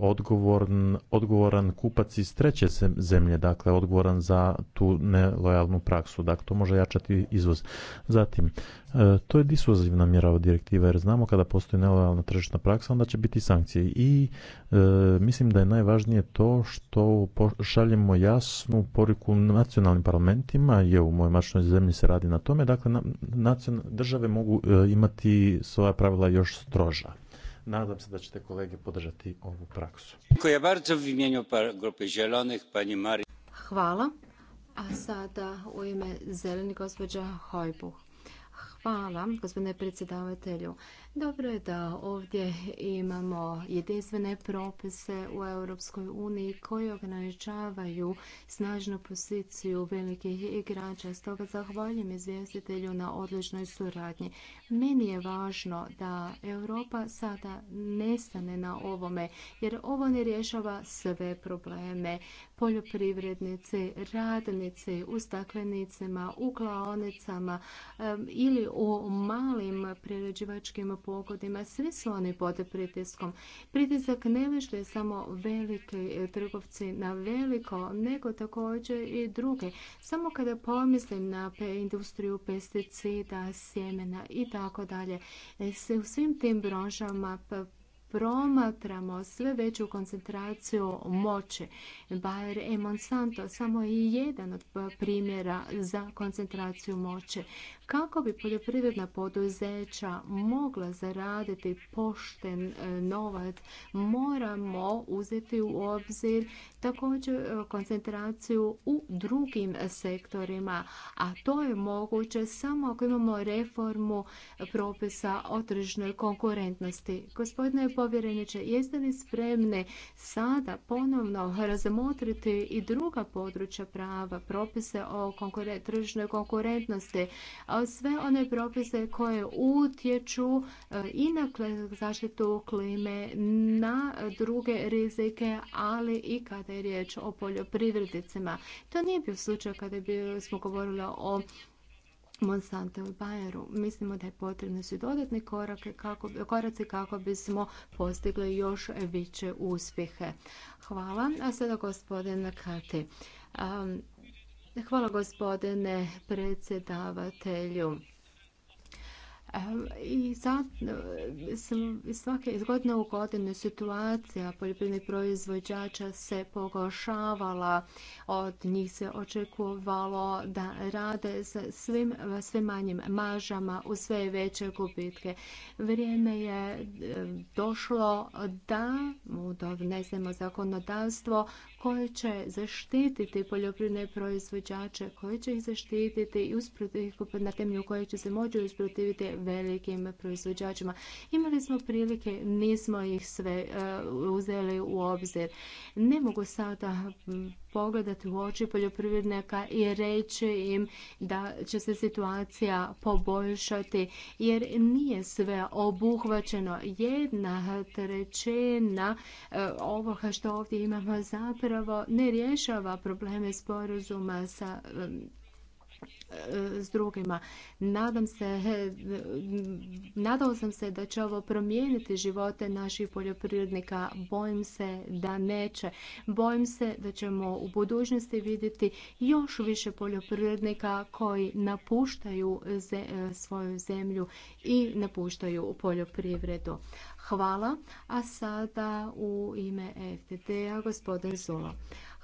odgovoran, odgovoran kupac iz treće zemlje, dakle odgovoran za tu nelojalnu praksu. Dakle, to može jačati izvoz. Zatim, e, to je disuzivna mjera od direktiva jer znamo kada postoji nelojalna tržišna praksa onda će biti sankcije i e, mislim da je najvažnije to što šaljemo jasnu poruku nacionalnim parlamentima je u mojoj mačnoj zemlji se radi na tome dakle na, države mogu e, imati svoja pravila još stroža. Nadam se da ćete kolege podržati ovu praksu. Hvala. A sada u ime zeleni gospođa Hojbuh. Hvala, gospodine predsjedavatelju. Dobro je da ovdje imamo jedinstvene propise u Europskoj uniji koji ograničavaju snažnu poziciju velikih igrača. Stoga zahvaljujem izvjestitelju na odličnoj suradnji. Meni je važno da Europa sada nestane na ovome, jer ovo ne rješava sve probleme. Poljoprivrednici, radnici u staklenicima, u klaonicama ili u malim prerađivačkim pogodima, svi su oni pod pritiskom. Pritisak ne više samo velike trgovci na veliko, nego također i druge. Samo kada pomislim na industriju pesticida, sjemena i tako dalje, e, se u svim tim brožama promatramo sve veću koncentraciju moći. Bayer i Monsanto samo je jedan od primjera za koncentraciju moći kako bi poljoprivredna poduzeća mogla zaraditi pošten e, novac, moramo uzeti u obzir također e, koncentraciju u drugim sektorima, a to je moguće samo ako imamo reformu propisa o tržnoj konkurentnosti. Gospodine povjereniče, jeste li spremni sada ponovno razmotriti i druga područja prava, propise o tržišnoj tržnoj konkurentnosti, sve one propise koje utječu e, i na zaštitu klime, na druge rizike, ali i kada je riječ o poljoprivrednicima. To nije bio slučaj kada bi smo govorili o Monsanto i Bayeru. Mislimo da je potrebno su dodatni korake kako, koraci kako bismo postigli još više uspjehe. Hvala. A sada gospodin Kati. Hvala gospodine predsjedavatelju. I za, svake iz godine u godinu situacija poljoprivrednih proizvođača se pogošavala. Od njih se očekivalo da rade sa svim, sve manjim mažama u sve veće gubitke. Vrijeme je e, došlo da znamo, zakonodavstvo koje će zaštititi poljoprivredne proizvođače, koje će ih zaštititi i na temelju koje će se moći usprotiviti velikim proizvođačima. Imali smo prilike, nismo ih sve eh, uzeli u obzir. Ne mogu sada pogledati u oči poljoprivrednika i reći im da će se situacija poboljšati jer nije sve obuhvaćeno. Jedna trećina e, ovoga što ovdje imamo zapravo ne rješava probleme sporazuma sa s drugima. Nadam se, nadao sam se da će ovo promijeniti živote naših poljoprivrednika. Bojim se da neće. Bojim se da ćemo u budućnosti vidjeti još više poljoprivrednika koji napuštaju svoju zemlju i napuštaju poljoprivredu. Hvala. A sada u ime ftt a gospodin Zulo.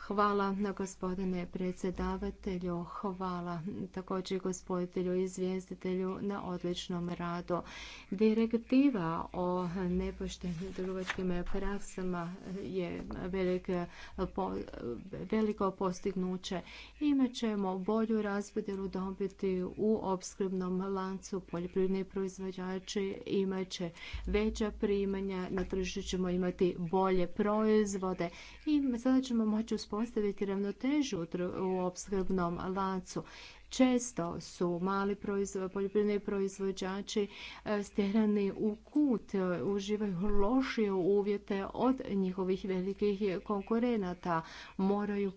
Hvala na gospodine predsjedavatelju, hvala također gospoditelju izvjestitelju na odličnom radu. Direktiva o nepoštenim trgovačkim praksama je veliko postignuće. Imat ćemo bolju raspodjelu dobiti u opskrbnom lancu. Poljoprivredni proizvođači Imaće će veća primanja, na tržištu ćemo imati bolje proizvode i sada ćemo moći uspostaviti ravnotežu u opskrbnom lancu. Često su mali poljoprivredni proizvođači e, stjerani u kut, e, uživaju lošije uvjete od njihovih velikih konkurenata, moraju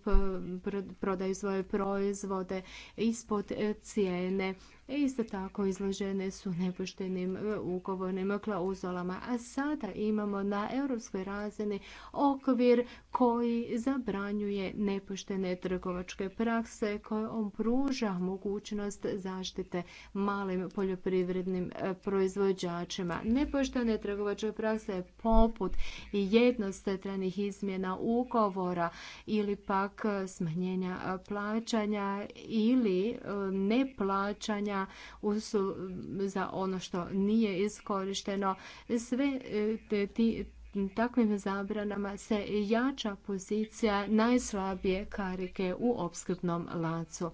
prodaju svoje proizvode ispod e, cijene E, isto tako izložene su nepoštenim e, ugovornim klauzulama. A sada imamo na europskoj razini okvir koji zabranjuje nepoštene trgovačke prakse koje on pruža mogućnost zaštite malim poljoprivrednim e, proizvođačima. Nepoštene trgovačke prakse poput jednostetranih izmjena ugovora ili pak smanjenja plaćanja ili neplaćanja za ono što nije iskorišteno. Sve takvim zabranama se jača pozicija najslabije karike u opskrbnom lancu.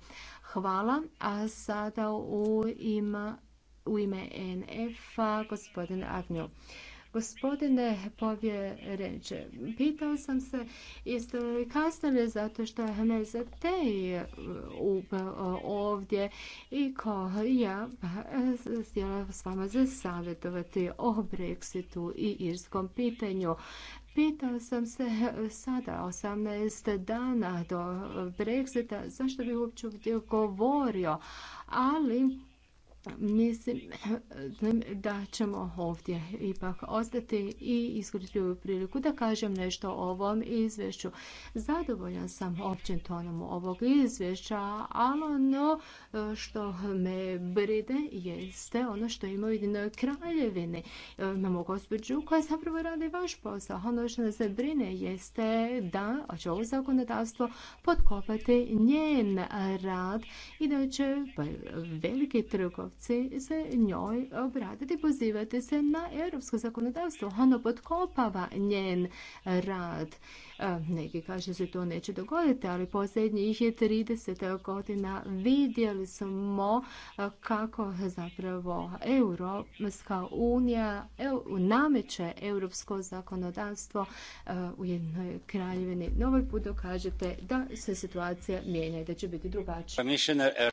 Hvala, a sada u ima u ime NF-a gospodin Avnju. Gospodine reče, pitao sam se jeste li zato što je e, u e, ovdje i ko ja e, htjela s vama savjetovati o Brexitu i irskom pitanju. Pitao sam se sada, 18 dana do Brexita, zašto bi uopće govorio, ali Mislim da ćemo ovdje ipak ostati i iskoristiti ovu priliku da kažem nešto o ovom izvješću. Zadovoljan sam općen tonom ovog izvješća, ali ono e, što me brine jeste ono što ima u jedinoj kraljevini. E, imamo gospođu koja zapravo radi vaš posao. Ono što nas brine jeste da će ovo zakonodavstvo potkopati njen rad i da će pa, veliki trgov trgovci se njoj obratiti, pozivati se na europsko zakonodavstvo. Ono potkopava njen rad neki kaže se to neće dogoditi, ali posljednjih je 30 godina vidjeli smo kako zapravo Europska unija nameće europsko zakonodavstvo u jednoj kraljevini. No ovaj put dokažete da se situacija mijenja i da će biti drugačija. Er-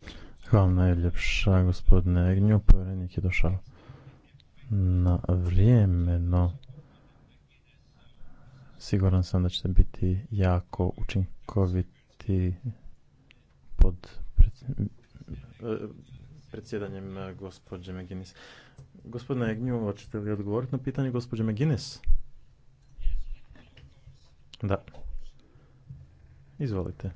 Hvala najljepša gospodine Egnju, povjerenik je došao na vrijeme, no Siguran sam da ćete biti jako učinkoviti pod eh, predsjedanjem eh, gospođe McGinnis. Gospodine Egnju, hoćete li odgovoriti na pitanje gospođe McGuinness? Da. Izvolite.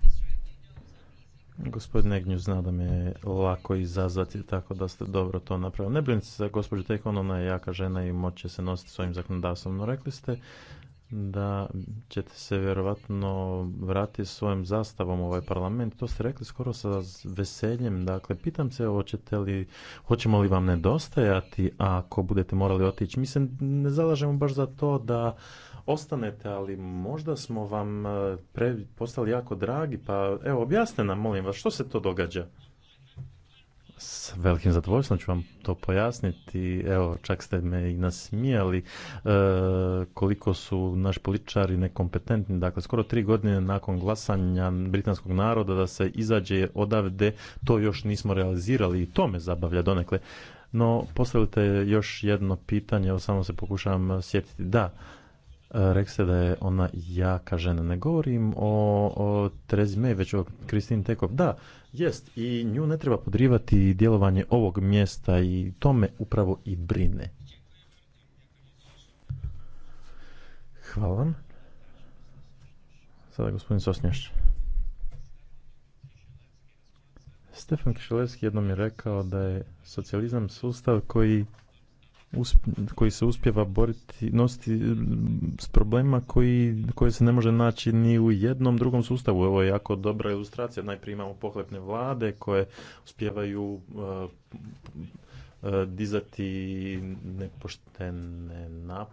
Gospodine Egnju zna da me je lako izazvati, tako da ste dobro to napravili. Ne brinite se za gospođu Tekon, ona je jaka žena i moće se nositi svojim zakonodavstvom. No rekli ste da ćete se vjerovatno vratiti svojom zastavom u ovaj parlament. To ste rekli skoro sa veseljem. Dakle, pitam se hoćete li, hoćemo li vam nedostajati ako budete morali otići. Mislim, ne zalažemo baš za to da ostanete, ali možda smo vam eh, postali jako dragi. Pa evo, objasnite nam, molim vas, što se to događa? S velikim zadovoljstvom ću vam to pojasniti. Evo, čak ste me i nasmijali e, koliko su naš političari nekompetentni. Dakle, skoro tri godine nakon glasanja britanskog naroda da se izađe odavde, to još nismo realizirali i to me zabavlja donekle. No, postavite još jedno pitanje, evo samo se pokušavam sjetiti. Da, E, rekli ste da je ona jaka žena. Ne govorim o, o Terezi već o Kristin Tekov. Da, jest, i nju ne treba podrivati djelovanje ovog mjesta i to me upravo i brine. Hvala vam. Sada gospodin Stefan Kišelevski jednom je rekao da je socijalizam sustav koji koji se uspjeva boriti, nositi s problemima koji, koje se ne može naći ni u jednom drugom sustavu. Ovo je jako dobra ilustracija. Najprije imamo pohlepne vlade koje uspjevaju e, e, dizati nepoštene na,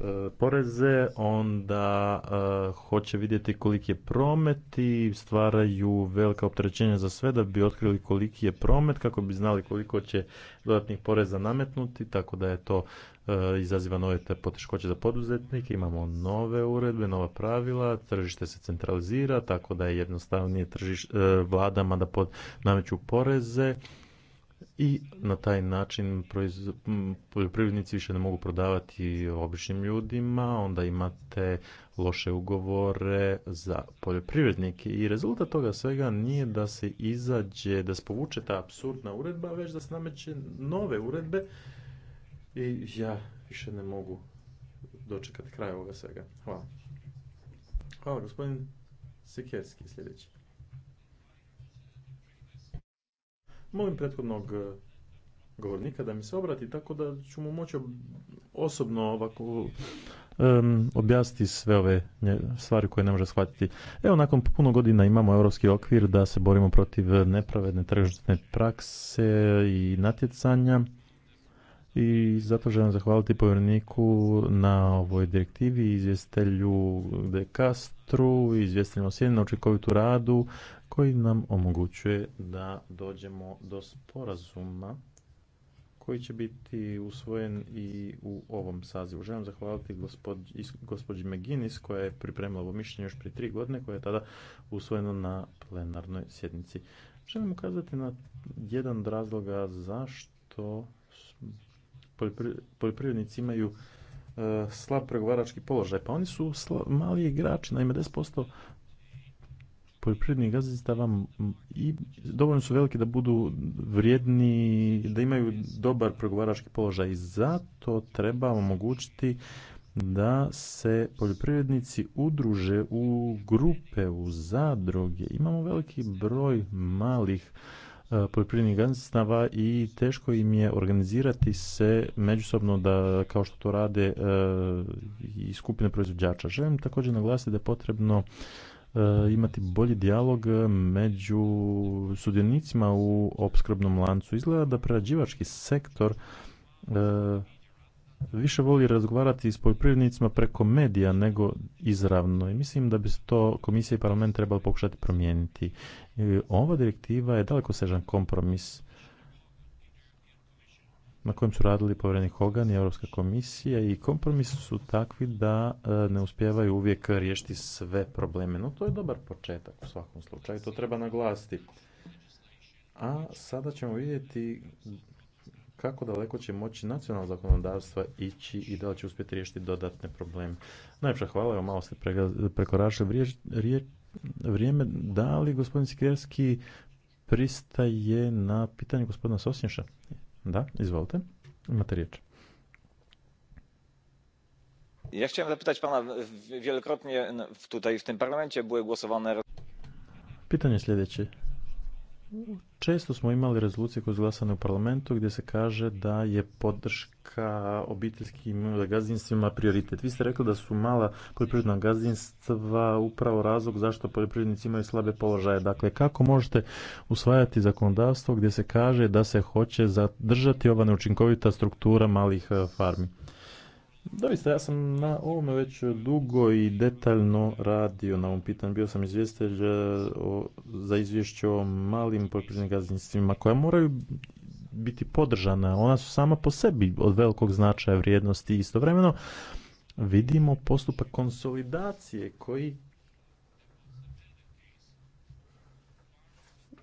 E, poreze, onda e, hoće vidjeti koliki je promet i stvaraju velika opterećenja za sve da bi otkrili koliki je promet, kako bi znali koliko će dodatnih poreza nametnuti, tako da je to e, izaziva nove te poteškoće za poduzetnike, imamo nove uredbe, nova pravila, tržište se centralizira, tako da je jednostavnije tržiš, vladama da pod, nameću poreze i na taj način poljoprivrednici više ne mogu prodavati običnim ljudima, onda imate loše ugovore za poljoprivrednike i rezultat toga svega nije da se izađe, da se povuče ta absurdna uredba, već da se nameće nove uredbe i ja više ne mogu dočekati kraj ovoga svega. Hvala. Hvala gospodin Sikerski sljedeći. Molim prethodnog e, govornika da mi se obrati tako da ću mu moći osobno ovako objasniti sve ove stvari koje ne može shvatiti. Evo, nakon puno godina imamo europski okvir da se borimo protiv nepravedne tržišne prakse i natjecanja i zato želim zahvaliti povjereniku na ovoj direktivi, izvjestelju De Castru, izvjestelju Sjeni na učinkovitu radu koji nam omogućuje da dođemo do sporazuma koji će biti usvojen i u ovom sazivu. Želim zahvaliti gospođi, Meginis McGinnis koja je pripremila ovo mišljenje još prije tri godine koje je tada usvojeno na plenarnoj sjednici. Želim ukazati na jedan od razloga zašto poljoprivrednici imaju e, slab pregovarački položaj. Pa oni su mali igrači, naime 10% poljoprivrednih gazdinstava i dovoljno su veliki da budu vrijedni, da imaju dobar pregovarački položaj i zato treba omogućiti da se poljoprivrednici udruže u grupe, u zadruge. Imamo veliki broj malih e, poljoprivrednih gazdinstava i teško im je organizirati se međusobno da kao što to rade e, i skupine proizvođača. Želim također naglasiti da je potrebno E, imati bolji dijalog među sudionicima u opskrbnom lancu. Izgleda da prerađivački sektor e, više voli razgovarati s poljoprivrednicima preko medija nego izravno i mislim da bi se to komisija i parlament trebali pokušati promijeniti. E, ova direktiva je daleko sežan kompromis na kojem su radili povjerenik Hogan i Europska komisija i kompromisi su takvi da e, ne uspijevaju uvijek riješiti sve probleme. No to je dobar početak u svakom slučaju, to treba naglasiti. A sada ćemo vidjeti kako daleko će moći nacionalno zakonodavstvo ići i da li će uspjeti riješiti dodatne probleme. Najpša hvala, evo malo ste prekorašili vrijeme. Da li gospodin Sikerski pristaje na pitanje gospodina Sosnješa? Da, izvolite. Imate riječ. Ja chciałem zapytać pana, wielokrotnie tutaj w tym parlamencie były głosowane... Pytanie sljedeće. Često smo imali rezolucije koje su glasane u parlamentu gdje se kaže da je podrška obiteljskim gazdinstvima prioritet. Vi ste rekli da su mala poljoprivredna gazdinstva upravo razlog zašto poljoprivrednici imaju slabe položaje. Dakle, kako možete usvajati zakonodavstvo gdje se kaže da se hoće zadržati ova neučinkovita struktura malih e, farmi? Doista, ja sam na ovome već dugo i detaljno radio na ovom pitanju. Bio sam izvjestitelj e, za izvješće o malim poljoprivrednim gazdinstvima koja moraju biti podržana. Ona su sama po sebi od velikog značaja vrijednosti. Istovremeno vidimo postupak konsolidacije koji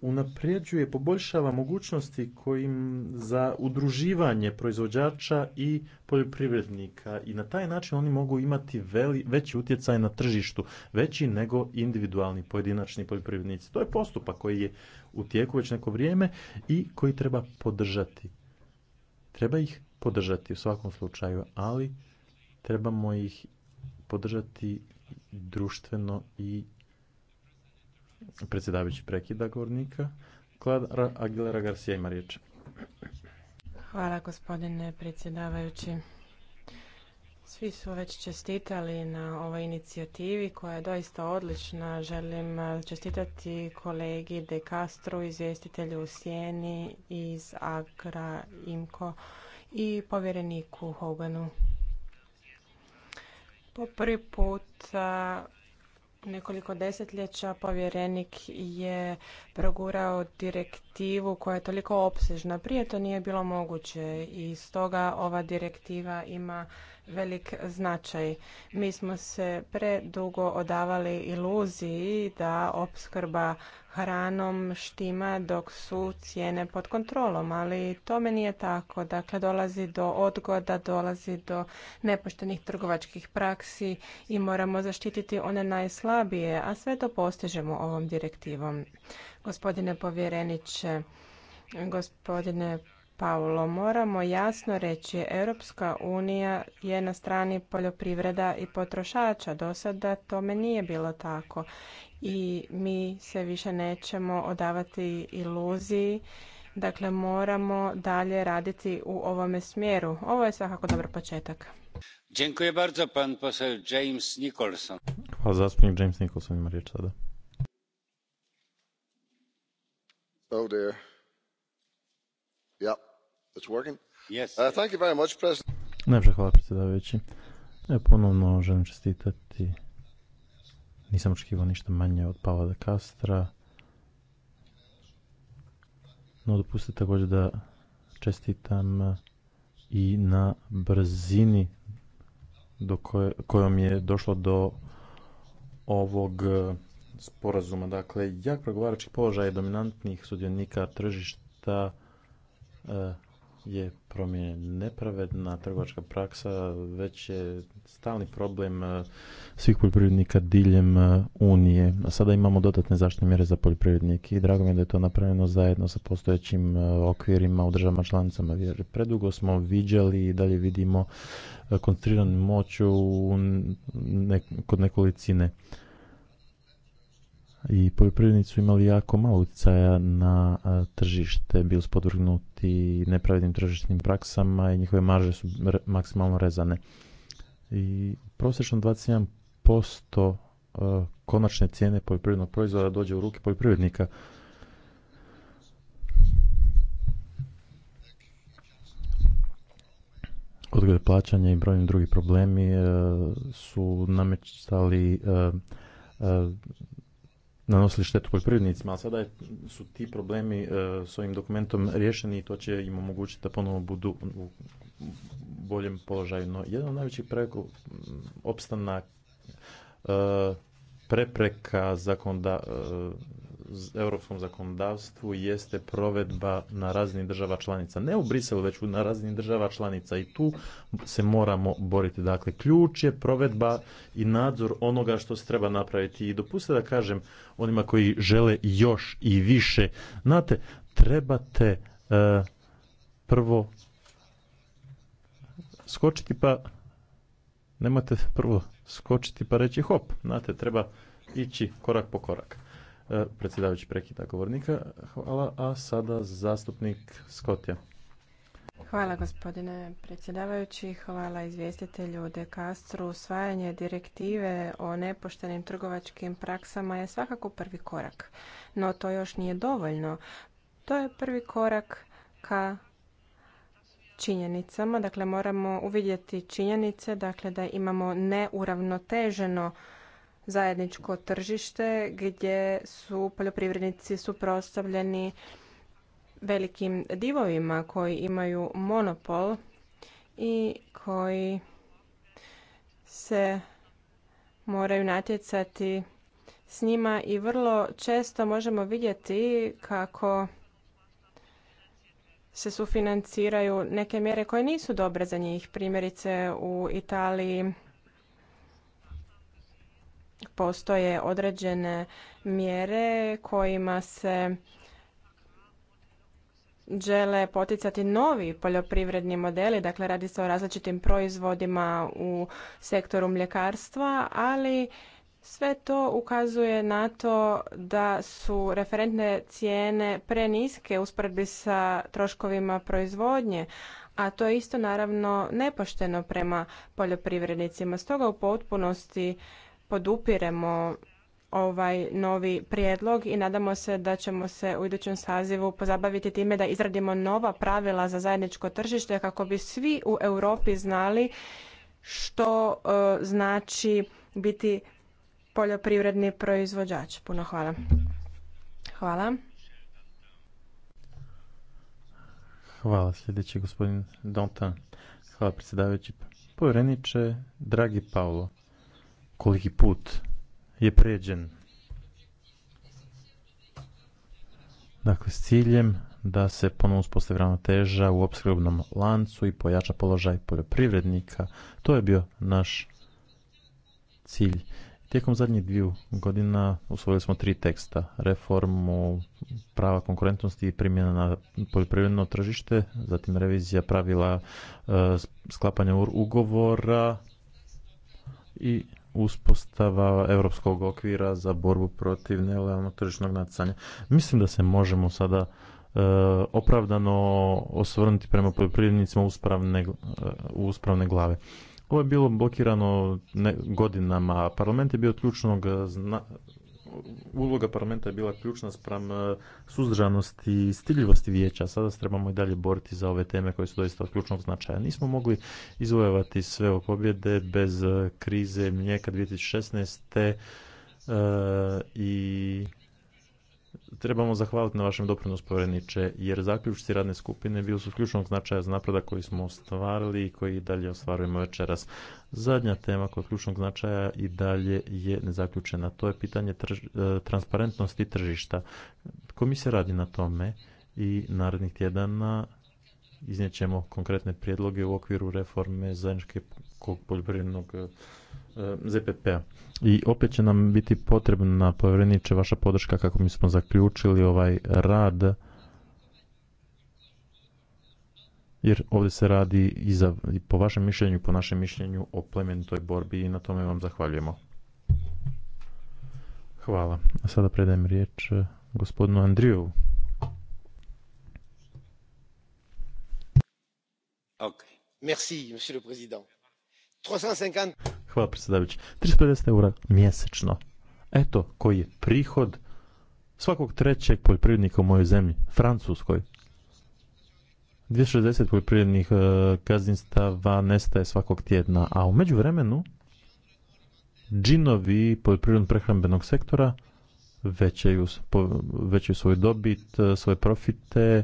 unapređuje, poboljšava mogućnosti kojim za udruživanje proizvođača i poljoprivrednika i na taj način oni mogu imati veći utjecaj na tržištu, veći nego individualni pojedinačni poljoprivrednici. To je postupak koji je u tijeku već neko vrijeme i koji treba podržati. Treba ih podržati u svakom slučaju, ali trebamo ih podržati društveno i Predsjedavajući prekida govornika. Klara Aguilera Garcia ima riječ. Hvala gospodine predsjedavajući. Svi su već čestitali na ovoj inicijativi koja je doista odlična. Želim čestitati kolegi De Castro, izvjestitelju u Sjeni iz Agra Imko i povjereniku Hoganu. Po prvi put nekoliko desetljeća povjerenik je progurao direktivu koja je toliko opsežna. Prije to nije bilo moguće i stoga ova direktiva ima velik značaj. Mi smo se predugo odavali iluziji da opskrba hranom štima dok su cijene pod kontrolom, ali tome nije tako. Dakle, dolazi do odgoda, dolazi do nepoštenih trgovačkih praksi i moramo zaštititi one najslabije, a sve to postižemo ovom direktivom. Gospodine povjereniče, gospodine Paulo, moramo jasno reći, Europska unija je na strani poljoprivreda i potrošača. Do sada tome nije bilo tako i mi se više nećemo odavati iluziji. Dakle, moramo dalje raditi u ovome smjeru. Ovo je svakako dobar početak. James Nicholson. sada. Oh Uh, Najprej hvala predsjedavajući. E, ponovno želim čestitati. Nisam očekivao ništa manje od Pavla de Castra. No, dopustite također da čestitam e, i na brzini do kojom je došlo do ovog e, sporazuma. Dakle, jak pregovarački položaj dominantnih sudionika tržišta je promijenjen nepravedna trgovačka praksa, već je stalni problem e, svih poljoprivrednika diljem e, Unije. A sada imamo dodatne zaštite mjere za poljoprivrednike i drago mi je da je to napravljeno zajedno sa postojećim e, okvirima u državama članicama, jer predugo smo viđali i dalje vidimo koncentriranu moć ne, kod nekolicine. I poljoprivrednici su imali jako malo utjecaja na tržište, bili su podvrgnuti i nepravednim tržišnim praksama i njihove marže su maksimalno rezane. I prosječno 21% e, konačne cijene poljoprivrednog proizvoda dođe u ruke poljoprivrednika. Odgode plaćanja i brojni drugi problemi e, su namećali e, nanosili štetu poljoprivrednicima, ali sada su ti problemi e, s ovim dokumentom rješeni i to će im omogućiti da ponovo budu u boljem položaju. No, jedan od najvećih preko, opstanak e, prepreka zakonda e, europskom zakonodavstvu jeste provedba na razini država članica. Ne u Briselu, već na razini država članica i tu se moramo boriti. Dakle, ključ je provedba i nadzor onoga što se treba napraviti. I dopustite da kažem onima koji žele još i više. Znate, trebate e, prvo skočiti pa nemate prvo skočiti pa reći hop. Znate, treba ići korak po korak. E, predsjedavajući prekida govornika. Hvala. A sada zastupnik Skotja. Hvala gospodine predsjedavajući, hvala izvjestitelju De Castro. Usvajanje direktive o nepoštenim trgovačkim praksama je svakako prvi korak, no to još nije dovoljno. To je prvi korak ka činjenicama, dakle moramo uvidjeti činjenice, dakle da imamo neuravnoteženo zajedničko tržište gdje su poljoprivrednici suprotstavljeni velikim divovima koji imaju monopol i koji se moraju natjecati s njima i vrlo često možemo vidjeti kako se sufinanciraju neke mjere koje nisu dobre za njih. Primjerice u Italiji postoje određene mjere kojima se žele poticati novi poljoprivredni modeli, dakle radi se o različitim proizvodima u sektoru mljekarstva, ali sve to ukazuje na to da su referentne cijene preniske usporedbi sa troškovima proizvodnje, a to je isto naravno nepošteno prema poljoprivrednicima. Stoga u potpunosti podupiremo ovaj novi prijedlog i nadamo se da ćemo se u idućem sazivu pozabaviti time da izradimo nova pravila za zajedničko tržište kako bi svi u Europi znali što e, znači biti poljoprivredni proizvođač. Puno hvala. Hvala. Hvala. Sljedeći gospodin Hvala predsjedavajući povjereniče, dragi paolo koliki put je pređen. Dakle, s ciljem da se ponovno uspostavi ravnoteža u opskrbnom lancu i pojača položaj poljoprivrednika. To je bio naš cilj. Tijekom zadnjih dviju godina usvojili smo tri teksta. Reformu prava konkurentnosti i primjena na poljoprivredno tržište, zatim revizija pravila e, sklapanja ugovora i uspostava europskog okvira za borbu protiv nelojalnog tržišnog natjecanja. Mislim da se možemo sada e, opravdano osvrnuti prema poljoprivrednicima uspravne, e, uspravne glave. Ovo je bilo blokirano ne, godinama. Parlament je bio ključnog zna, uloga parlamenta je bila ključna spram e, suzdržanosti i stiljivosti vijeća. Sada se trebamo i dalje boriti za ove teme koje su doista od ključnog značaja. Nismo mogli izvojevati sve o pobjede bez e, krize mlijeka 2016. E, i trebamo zahvaliti na vašem doprinosu povjereniče, jer zaključci radne skupine bili su ključnog značaja za napredak koji smo ostvarili i koji dalje ostvarujemo večeras. Zadnja tema kod ključnog značaja i dalje je nezaključena. To je pitanje e, transparentnosti tržišta. Komisija radi na tome i narednih tjedana iznijet ćemo konkretne prijedloge u okviru reforme zajedničke poljoprivrednog E, ZPP-a. I opet će nam biti potrebna povjereniče vaša podrška kako mi smo zaključili ovaj rad jer ovdje se radi i, i po vašem mišljenju i po našem mišljenju o plemenitoj borbi i na tome vam zahvaljujemo. Hvala. A sada predajem riječ e, gospodinu andriju Okay. Merci, monsieur le président. Hvala predsjedavić. 350 eura mjesečno. Eto koji je prihod svakog trećeg poljoprivrednika u mojoj zemlji, Francuskoj. 260 poljoprivrednih e, gazdinstava nestaje svakog tjedna, a u međuvremenu džinovi poljoprivredno prehrambenog sektora većaju, većaju svoj dobit, e, svoje profite,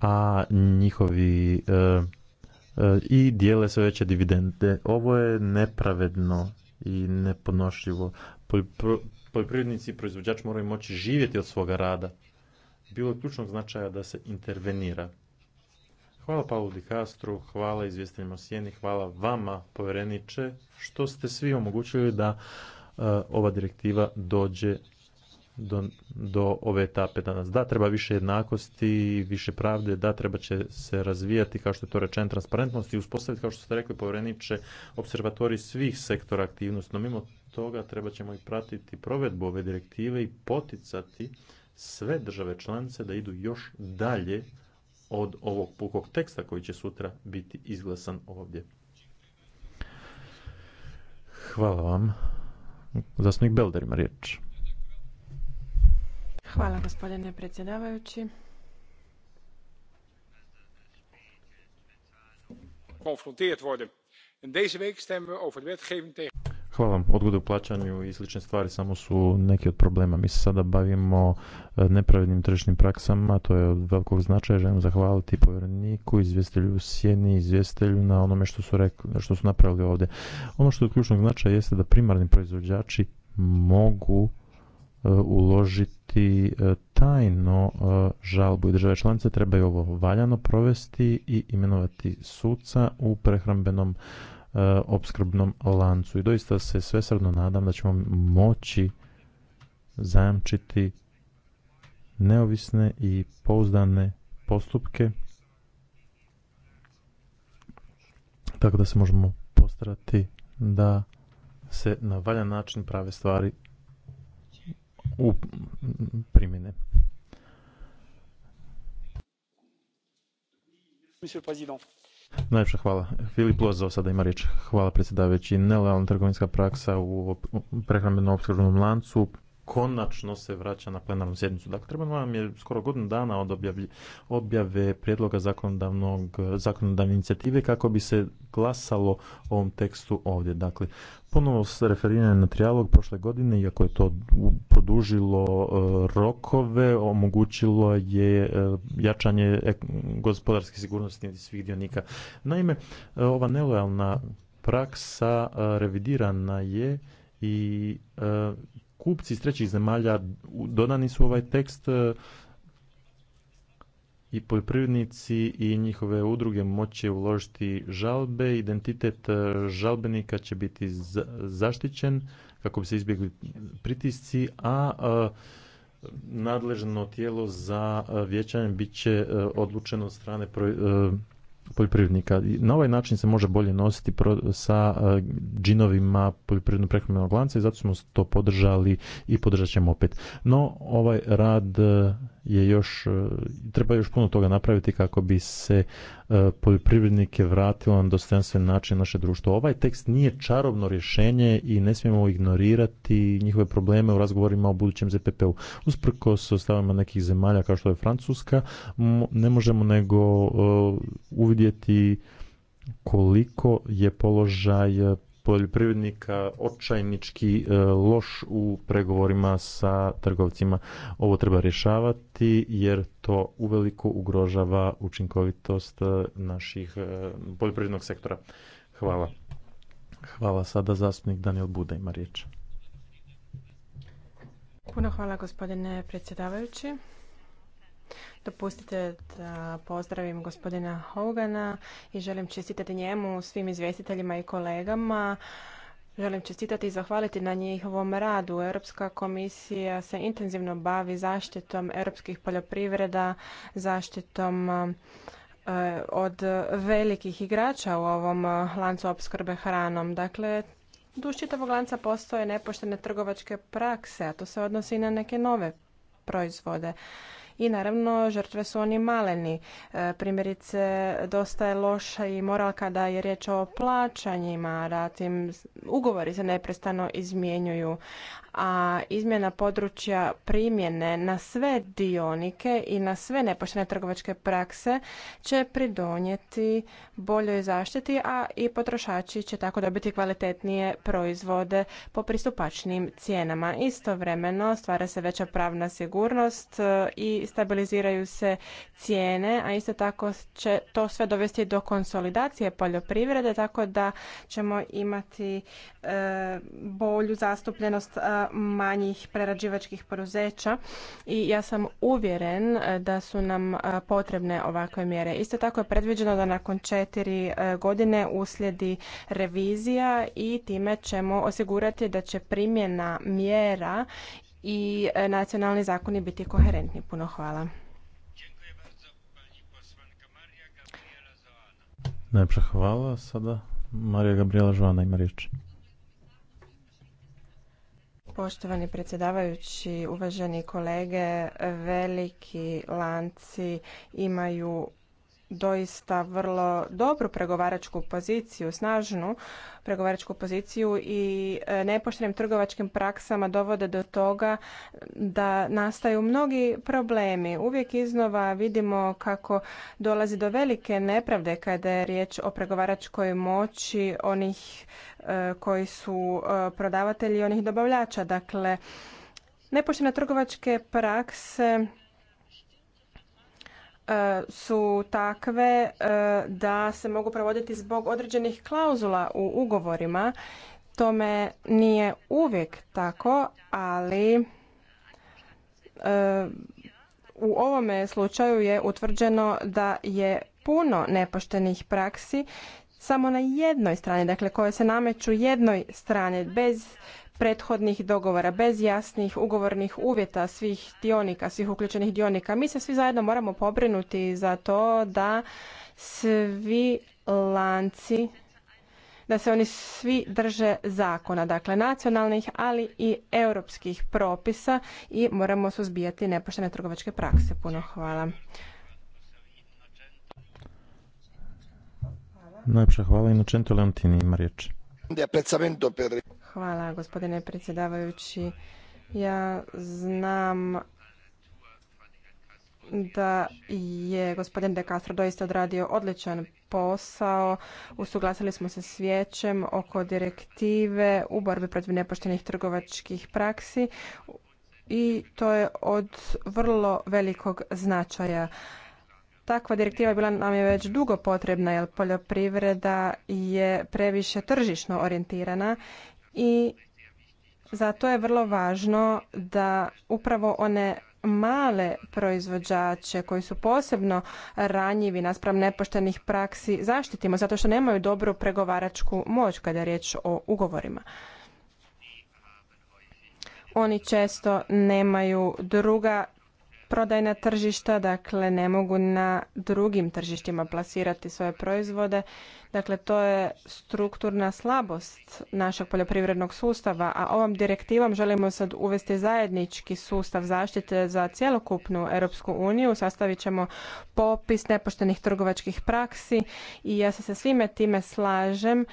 a njihovi e, E, i dijele sve veće dividende. Ovo je nepravedno i neponošljivo. Poljoprivrednici i proizvođač moraju moći živjeti od svoga rada. Bilo je ključnog značaja da se intervenira. Hvala Pavlu Dikastru, hvala izvjestiteljima Sjeni, hvala vama, povjereniče, što ste svi omogućili da e, ova direktiva dođe do, do ove etape danas. Da, treba više jednakosti, više pravde, da, treba će se razvijati, kao što je to rečeno, transparentnost i uspostaviti, kao što ste rekli, povjereniče, observatori svih sektora aktivnosti. No, mimo toga treba ćemo i pratiti provedbu ove direktive i poticati sve države članice da idu još dalje od ovog pukog teksta koji će sutra biti izglasan ovdje. Hvala vam. Zasnik Belder ima riječ. Hvala gospodine predsjedavajući. Hvala vam. Odgode u plaćanju i slične stvari samo su neki od problema. Mi se sada bavimo e, nepravednim tržišnim praksama, to je od velikog značaja. Želim zahvaliti povjereniku, izvjestelju Sjeni, izvjestelju na onome što su, rekli, što su napravili ovdje. Ono što je od ključnog značaja jeste da primarni proizvođači mogu E, uložiti e, tajno e, žalbu i države članice trebaju ovo valjano provesti i imenovati suca u prehrambenom opskrbnom lancu. I doista se svesredno nadam da ćemo moći zajamčiti neovisne i pouzdane postupke tako da se možemo postarati da se na valjan način prave stvari u primjene. Monsieur Najljepša hvala. Filip Lozov sada ima riječ. Hvala predsjedavajući. Nelealna trgovinska praksa u prehrambenom opskrbnom lancu konačno se vraća na plenarnu sjednicu. Dakle, treba nam je skoro godinu dana od objave prijedloga zakonodavnog, zakonodavne inicijative kako bi se glasalo ovom tekstu ovdje. Dakle, ponovo se referiranje na trijalog prošle godine, iako je to produžilo e, rokove, omogućilo je e, jačanje gospodarske sigurnosti svih dionika. Naime, e, ova nelojalna praksa revidirana je i kupci iz trećih zemalja dodani su ovaj tekst e, i poljoprivrednici i njihove udruge moće uložiti žalbe, identitet e, žalbenika će biti zaštićen kako bi se izbjegli pritisci, a e, nadležno tijelo za vjećanje bit će odlučeno od strane poljoprivrednika. Na ovaj način se može bolje nositi sa e, džinovima poljoprivredno prehrambenog lanca i zato smo to podržali i podržat ćemo opet. No, ovaj rad e, je još, e, treba još puno toga napraviti kako bi se e, poljoprivrednike vratilo na dostojanstven način naše društvo. Ovaj tekst nije čarobno rješenje i ne smijemo ignorirati njihove probleme u razgovorima o budućem ZPP-u. Usprkos ostavima nekih zemalja kao što je Francuska, ne možemo nego e, uvidjeti koliko je položaj poljoprivrednika očajnički e, loš u pregovorima sa trgovcima. Ovo treba rješavati jer to uveliko ugrožava učinkovitost e, naših e, poljoprivrednog sektora. Hvala. Hvala sada zastupnik Daniel Buda ima riječ. Puno hvala gospodine predsjedavajući. Dopustite da pozdravim gospodina Hogana i želim čestitati njemu, svim izvjestiteljima i kolegama. Želim čestitati i zahvaliti na njihovom radu. Europska komisija se intenzivno bavi zaštitom europskih poljoprivreda, zaštitom eh, od velikih igrača u ovom lancu opskrbe hranom. Dakle, duž čitavog lanca postoje nepoštene trgovačke prakse, a to se odnosi i na neke nove proizvode i naravno žrtve su oni maleni. E, primjerice, dosta je loša i moral kada je riječ o plaćanjima, tim ugovori se neprestano izmjenjuju, a izmjena područja primjene na sve dionike i na sve nepoštene trgovačke prakse će pridonijeti boljoj zaštiti, a i potrošači će tako dobiti kvalitetnije proizvode po pristupačnim cijenama. Istovremeno stvara se veća pravna sigurnost e, i stabiliziraju se cijene, a isto tako će to sve dovesti do konsolidacije poljoprivrede, tako da ćemo imati e, bolju zastupljenost e, manjih prerađivačkih poduzeća i ja sam uvjeren e, da su nam e, potrebne ovakve mjere. Isto tako je predviđeno da nakon četiri e, godine uslijedi revizija i time ćemo osigurati da će primjena mjera i nacionalni zakoni biti koherentni. Puno hvala. Najpša hvala. Sada Marija Gabriela Žvana ima riječi. Poštovani predsjedavajući, uvaženi kolege, veliki lanci imaju doista vrlo dobru pregovaračku poziciju, snažnu pregovaračku poziciju i e, nepoštenim trgovačkim praksama dovode do toga da nastaju mnogi problemi. Uvijek iznova vidimo kako dolazi do velike nepravde kada je riječ o pregovaračkoj moći onih e, koji su e, prodavatelji i onih dobavljača. Dakle, nepoštene trgovačke prakse E, su takve e, da se mogu provoditi zbog određenih klauzula u ugovorima. Tome nije uvijek tako, ali e, u ovome slučaju je utvrđeno da je puno nepoštenih praksi samo na jednoj strani, dakle koje se nameću jednoj strani bez prethodnih dogovora, bez jasnih ugovornih uvjeta svih dionika, svih uključenih dionika. Mi se svi zajedno moramo pobrinuti za to da svi lanci da se oni svi drže zakona, dakle nacionalnih, ali i europskih propisa i moramo suzbijati nepoštene trgovačke prakse. Puno hvala. Najpša hvala i Leontini Hvala gospodine predsjedavajući. Ja znam da je gospodin De Castro doista odradio odličan posao. Usuglasili smo se s vijećem oko direktive u borbi protiv nepoštenih trgovačkih praksi i to je od vrlo velikog značaja. Takva direktiva bila nam je već dugo potrebna jer poljoprivreda je previše tržišno orijentirana i zato je vrlo važno da upravo one male proizvođače koji su posebno ranjivi naspram nepoštenih praksi zaštitimo zato što nemaju dobru pregovaračku moć kada je riječ o ugovorima. Oni često nemaju druga Prodajna tržišta, dakle ne mogu na drugim tržištima plasirati svoje proizvode. Dakle, to je strukturna slabost našeg poljoprivrednog sustava, a ovom direktivom želimo sad uvesti zajednički sustav zaštite za cjelokupnu Europsku uniju. Sastavit ćemo popis nepoštenih trgovačkih praksi i ja se sa svime time slažem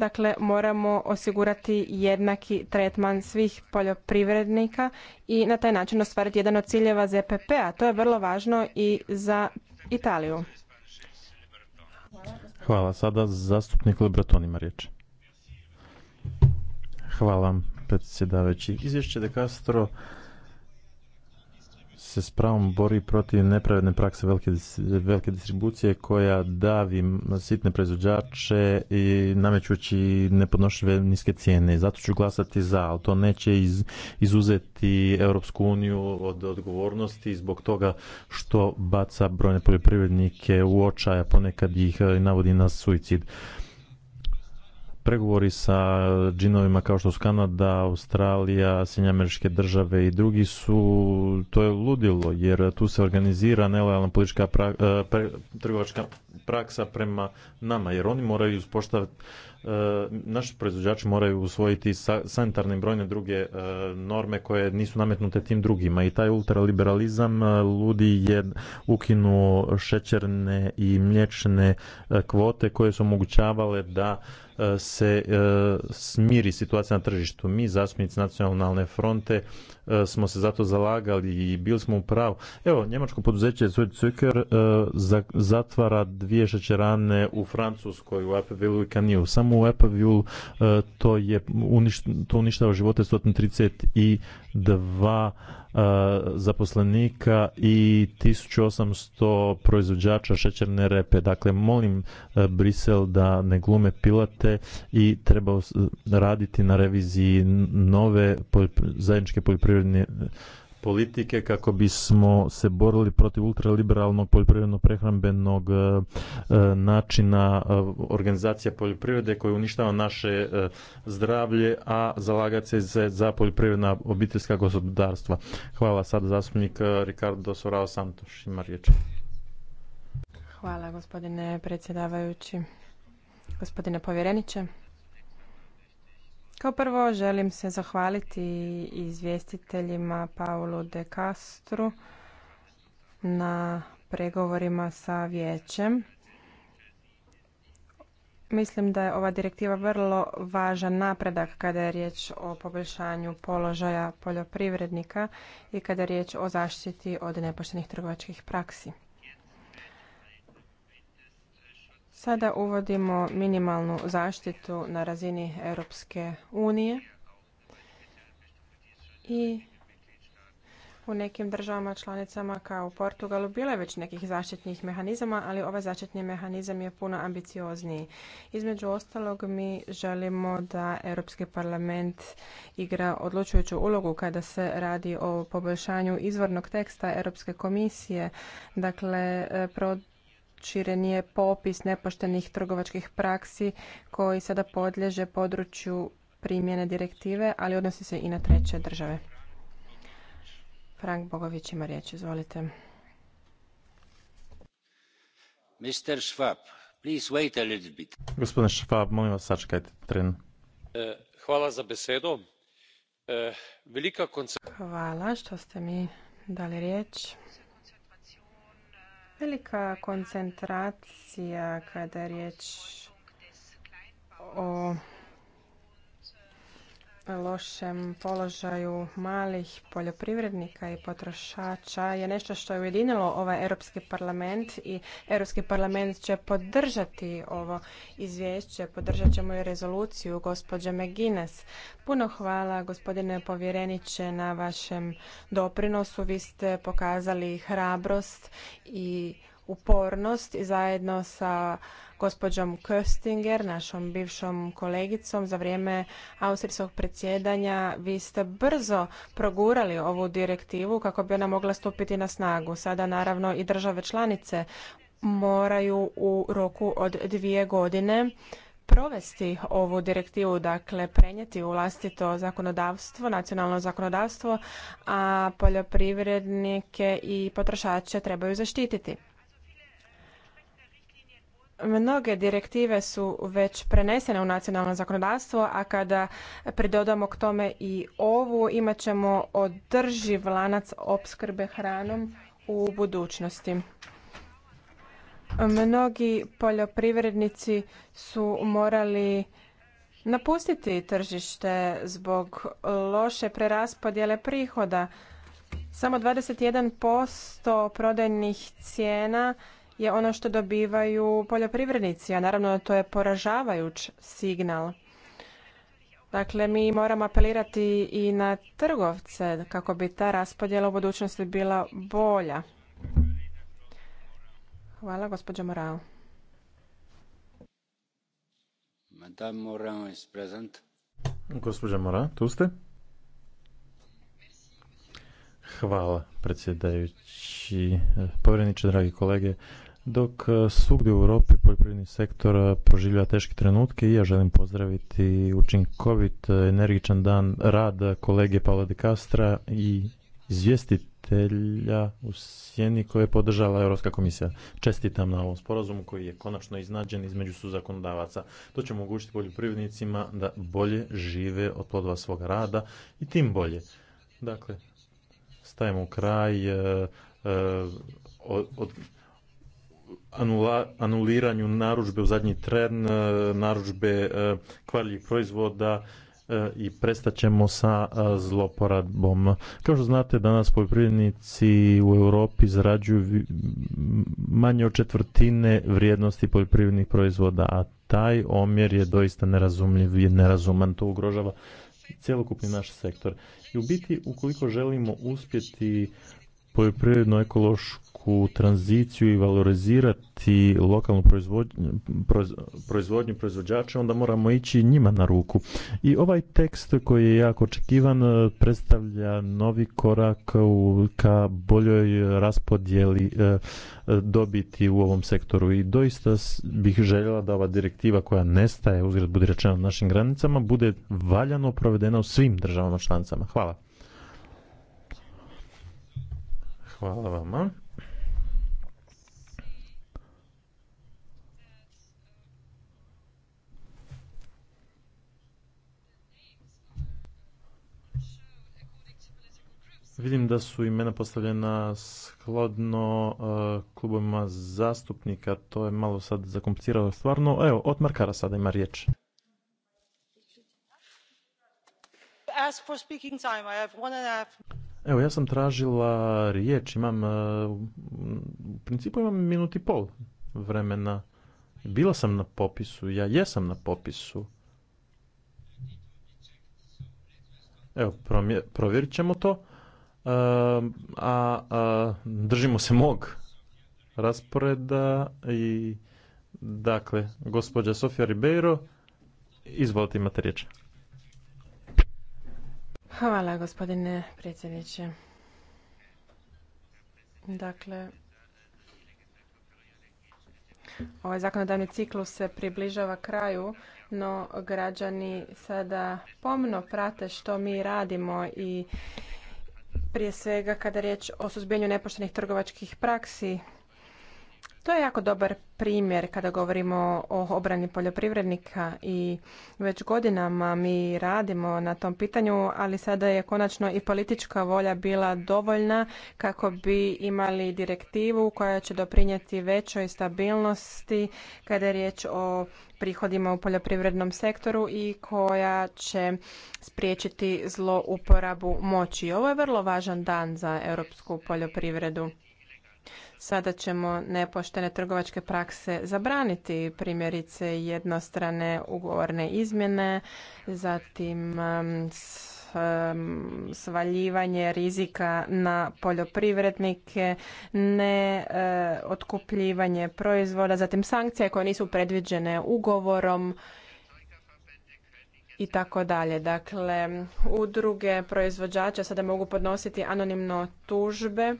Dakle, moramo osigurati jednaki tretman svih poljoprivrednika i na taj način ostvariti jedan od ciljeva ZPP-a. To je vrlo važno i za Italiju. Hvala. Sada zastupnik Lebraton ima riječ. Hvala predsjedavajući. Izvješće de Castro se spravom bori protiv nepravedne prakse velike, velike distribucije koja davi sitne proizvođače i namećući nepodnošljive niske cijene. Zato ću glasati za, ali to neće iz, izuzeti Europsku uniju od odgovornosti zbog toga što baca brojne poljoprivrednike u očaja, ponekad ih e, navodi na suicid pregovori sa džinovima kao što su Kanada, Australija, Sjedinjene države i drugi su, to je ludilo, jer tu se organizira nelojalna politička e, trgovačka praksa prema nama, jer oni moraju uspostaviti e, naši proizvođači moraju usvojiti sanitarne brojne druge e, norme koje nisu nametnute tim drugima i taj ultraliberalizam ludi je ukinuo šećerne i mliječne kvote koje su omogućavale da se e, smiri situacija na tržištu. Mi, zastupnici nacionalne fronte, E, smo se zato zalagali i bili smo u pravu. Evo, njemačko poduzeće Zucker e, zatvara dvije šećerane u Francuskoj, u Appeville i Kaniju. Samo u Appeville to, je, to uništava živote 132 e, zaposlenika i 1800 proizvođača šećerne repe. Dakle, molim Brisel da ne glume pilate i treba raditi na reviziji nove zajedničke poljoprivredne politike kako bismo se borili protiv ultraliberalnog poljoprivredno-prehrambenog e, e, načina e, organizacija poljoprivrede koji uništava naše zdravlje, a zalagati se za poljoprivredna obiteljska gospodarstva. Hvala sad zastupnik Ricardo Sorao Santoš ima Hvala gospodine predsjedavajući, gospodine povjereniče. Kao prvo želim se zahvaliti izvjestiteljima Paulu de Castru na pregovorima sa vijećem. Mislim da je ova direktiva vrlo važan napredak kada je riječ o poboljšanju položaja poljoprivrednika i kada je riječ o zaštiti od nepoštenih trgovačkih praksi. Sada uvodimo minimalnu zaštitu na razini Europske unije i u nekim državama članicama kao u Portugalu bilo je već nekih zaštitnih mehanizama, ali ovaj zaštitni mehanizam je puno ambiciozniji. Između ostalog mi želimo da Europski parlament igra odlučujuću ulogu kada se radi o poboljšanju izvornog teksta Europske komisije, dakle proširen je popis nepoštenih trgovačkih praksi koji sada podliježe području primjene direktive, ali odnosi se i na treće države. Frank Bogović ima riječ, izvolite. Mr. Schwab, please wait a little bit. Gospodine Schwab, molim vas sačekajte tren. E, hvala za besedo. E, hvala što ste mi dali riječ velika koncentracija kada je riječ o lošem položaju malih poljoprivrednika i potrošača je nešto što je ujedinilo ovaj Europski parlament i Europski parlament će podržati ovo izvješće, podržat ćemo i rezoluciju gospođe Megines. Puno hvala gospodine povjereniče na vašem doprinosu. Vi ste pokazali hrabrost i upornost zajedno sa gospođom Köstinger, našom bivšom kolegicom. Za vrijeme austrijskog predsjedanja vi ste brzo progurali ovu direktivu kako bi ona mogla stupiti na snagu. Sada naravno i države članice moraju u roku od dvije godine provesti ovu direktivu, dakle prenijeti u vlastito zakonodavstvo, nacionalno zakonodavstvo, a poljoprivrednike i potrošače trebaju zaštititi. Mnoge direktive su već prenesene u nacionalno zakonodavstvo, a kada pridodamo k tome i ovu, imat ćemo održiv lanac opskrbe hranom u budućnosti. Mnogi poljoprivrednici su morali napustiti tržište zbog loše preraspodjele prihoda. Samo 21% prodajnih cijena je ono što dobivaju poljoprivrednici, a naravno to je poražavajuć signal. Dakle, mi moramo apelirati i na trgovce kako bi ta raspodjela u budućnosti bila bolja. Hvala, gospođa Morao. Madame Morin je present. Gospođa Morao, tu ste? Hvala, predsjedajući. povredniče, dragi kolege, dok e, svugdje u Europi poljoprivredni sektor e, proživlja teške trenutke i ja želim pozdraviti učinkovit, e, energičan dan rada kolege Paula de Castra i izvjestitelja u Sjeni koje je podržala Europska komisija. Čestitam na ovom sporazumu koji je konačno iznađen između suzakonodavaca. To će omogućiti poljoprivrednicima da bolje žive od plodova svoga rada i tim bolje. Dakle, stajemo u kraj od anuliranju narudžbe u zadnji tren, e, narudžbe e, kvarljivih proizvoda e, i prestaćemo sa zloporadbom. Kao što znate, danas poljoprivrednici u Europi zarađuju manje od četvrtine vrijednosti poljoprivrednih proizvoda, a taj omjer je doista nerazumljiv i nerazuman. To ugrožava cjelokupni naš sektor. I u biti, ukoliko želimo uspjeti poljoprivredno ekološku u tranziciju i valorizirati lokalnu proizvodnju, proizvodnju proizvođača, onda moramo ići njima na ruku. I ovaj tekst koji je jako očekivan e, predstavlja novi korak u, ka boljoj raspodjeli e, dobiti u ovom sektoru i doista bih željela da ova direktiva koja nestaje uzgled budi rečena na našim granicama bude valjano provedena u svim državama članicama. Hvala. Hvala vama. Vidim da su imena postavljena skladno e, klubovima zastupnika, to je malo sad zakompliciralo stvarno. Evo, od Markara sada ima riječ. Evo, ja sam tražila riječ, imam, e, u principu imam minut i pol vremena. Bila sam na popisu, ja jesam na popisu. Evo, provjerit ćemo to. Ehm, a, držimo se mog rasporeda i dakle, gospođa Sofia Ribeiro, izvolite imate riječ. Hvala gospodine predsjedniče. Dakle, ovaj zakonodavni ciklus se približava kraju, no građani sada pomno prate što mi radimo i prije svega kada je riječ o suzbijanju nepoštenih trgovačkih praksi to je jako dobar primjer kada govorimo o obrani poljoprivrednika i već godinama mi radimo na tom pitanju, ali sada je konačno i politička volja bila dovoljna kako bi imali direktivu koja će doprinijeti većoj stabilnosti kada je riječ o prihodima u poljoprivrednom sektoru i koja će spriječiti zlouporabu moći. Ovo je vrlo važan dan za europsku poljoprivredu. Sada ćemo nepoštene trgovačke prakse zabraniti, primjerice jednostrane ugovorne izmjene, zatim svaljivanje rizika na poljoprivrednike, ne e, otkupljivanje proizvoda, zatim sankcije koje nisu predviđene ugovorom i tako dalje. Dakle, udruge proizvođača sada mogu podnositi anonimno tužbe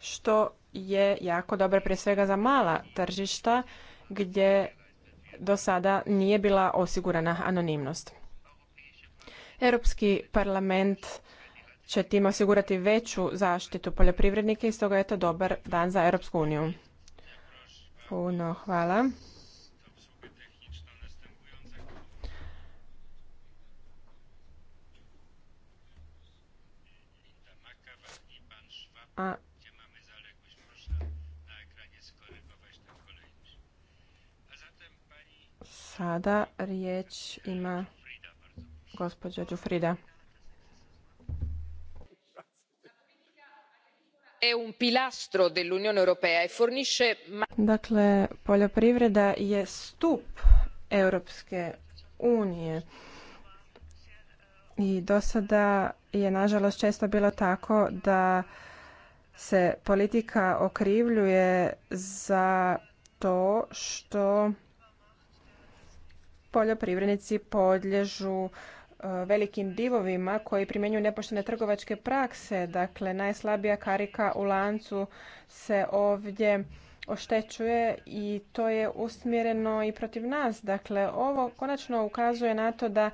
što je jako dobro prije svega za mala tržišta gdje do sada nije bila osigurana anonimnost. Europski parlament će tim osigurati veću zaštitu poljoprivrednika i stoga je to dobar dan za Europsku uniju. Puno hvala. A Sada riječ ima gospođa Đufrida. E dakle, poljoprivreda je stup Europske unije i do sada je nažalost često bilo tako da se politika okrivljuje za to što poljoprivrednici podlježu e, velikim divovima koji primjenjuju nepoštene trgovačke prakse. Dakle, najslabija karika u lancu se ovdje oštećuje i to je usmjereno i protiv nas. Dakle, ovo konačno ukazuje na to da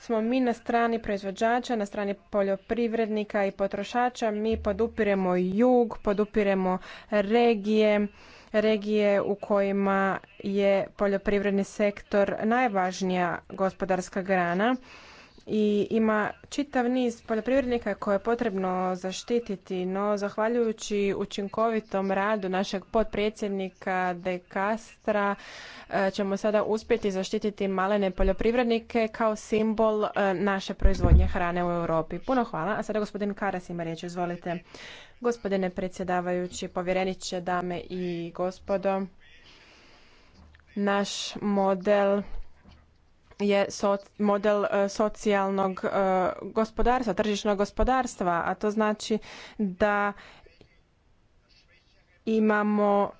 smo mi na strani proizvođača, na strani poljoprivrednika i potrošača. Mi podupiremo jug, podupiremo regije regije u kojima je poljoprivredni sektor najvažnija gospodarska grana i ima čitav niz poljoprivrednika koje je potrebno zaštititi, no zahvaljujući učinkovitom radu našeg potpredsjednika De Castra e, ćemo sada uspjeti zaštititi malene poljoprivrednike kao simbol e, naše proizvodnje hrane u Europi. Puno hvala, a sada gospodin Karas ima riječ, izvolite. Gospodine predsjedavajući, povjereniče, dame i gospodo, naš model je model e, socijalnog e, gospodarstva, tržišnog gospodarstva, a to znači da imamo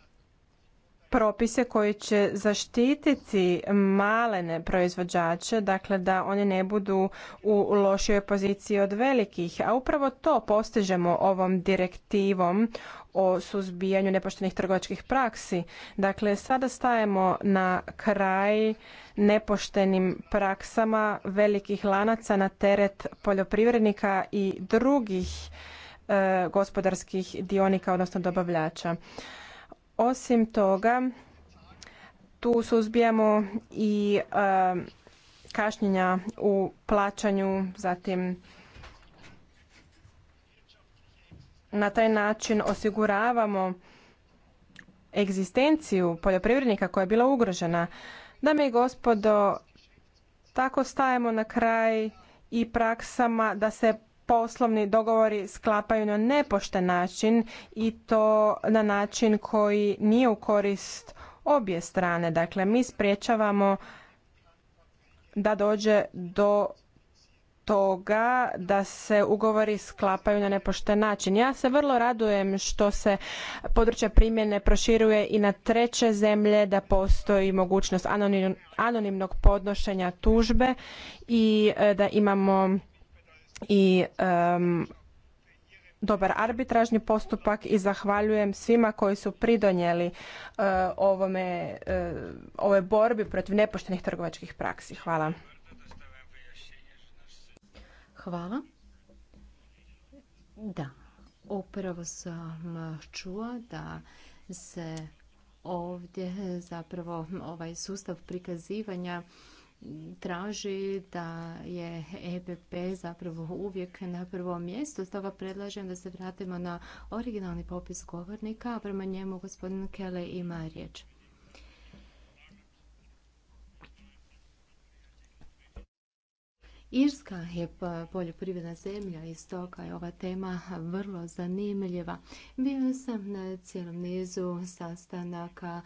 propise koji će zaštititi malene proizvođače, dakle da oni ne budu u lošijoj poziciji od velikih. A upravo to postižemo ovom direktivom o suzbijanju nepoštenih trgovačkih praksi. Dakle, sada stajemo na kraj nepoštenim praksama velikih lanaca na teret poljoprivrednika i drugih e, gospodarskih dionika, odnosno dobavljača. Osim toga, tu suzbijamo i e, kašnjenja u plaćanju, zatim na taj način osiguravamo egzistenciju poljoprivrednika koja je bila ugrožena. Dame i gospodo, tako stajemo na kraj i praksama da se poslovni dogovori sklapaju na nepošten način i to na način koji nije u korist obje strane. Dakle, mi spriječavamo da dođe do toga da se ugovori sklapaju na nepošten način. Ja se vrlo radujem što se područje primjene proširuje i na treće zemlje da postoji mogućnost anonimnog podnošenja tužbe i e, da imamo i dobar arbitražni postupak i zahvaljujem svima koji su pridonijeli e, ovome, e, ovoj borbi protiv nepoštenih trgovačkih praksi. Hvala. Hvala. Da, upravo sam čula da se ovdje zapravo ovaj sustav prikazivanja traži da je EPP zapravo uvijek na prvom mjestu. Stoga predlažem da se vratimo na originalni popis govornika, a prema njemu gospodin Kele ima riječ. Irska je poljoprivredna zemlja i stoga je ova tema vrlo zanimljiva. Bio sam na cijelom nizu sastanaka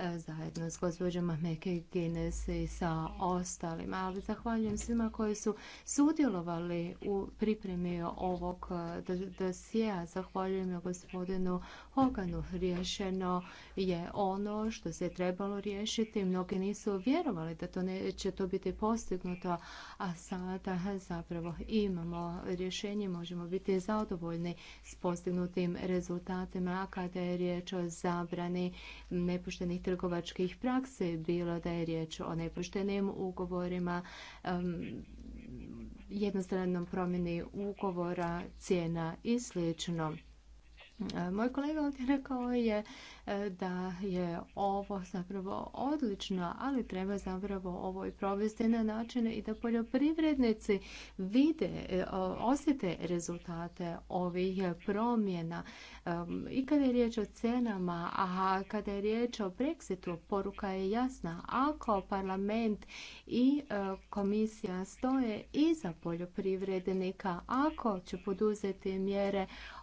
E, zajedno s gospođom Meke Guinness i sa ostalima. Ali zahvaljujem svima koji su sudjelovali u pripremi ovog e, dosija. Zahvaljujem gospodinu Hoganu. Riješeno je ono što se je trebalo riješiti. Mnogi nisu vjerovali da to neće to biti postignuto, a sada zapravo imamo rješenje. Možemo biti zadovoljni s postignutim rezultatima kada je riječ o zabrani nepoštenih trgovačkih praksi, bilo da je riječ o nepoštenim ugovorima, jednostavnom promjeni ugovora, cijena i slično. Moj kolega ovdje rekao je e, da je ovo zapravo odlično, ali treba zapravo ovo i provesti na način i da poljoprivrednici vide, e, osjete rezultate ovih promjena. I kada je riječ o cenama, a kada je riječ o Brexitu, poruka je jasna. Ako parlament i e, komisija stoje iza poljoprivrednika, ako će poduzeti mjere,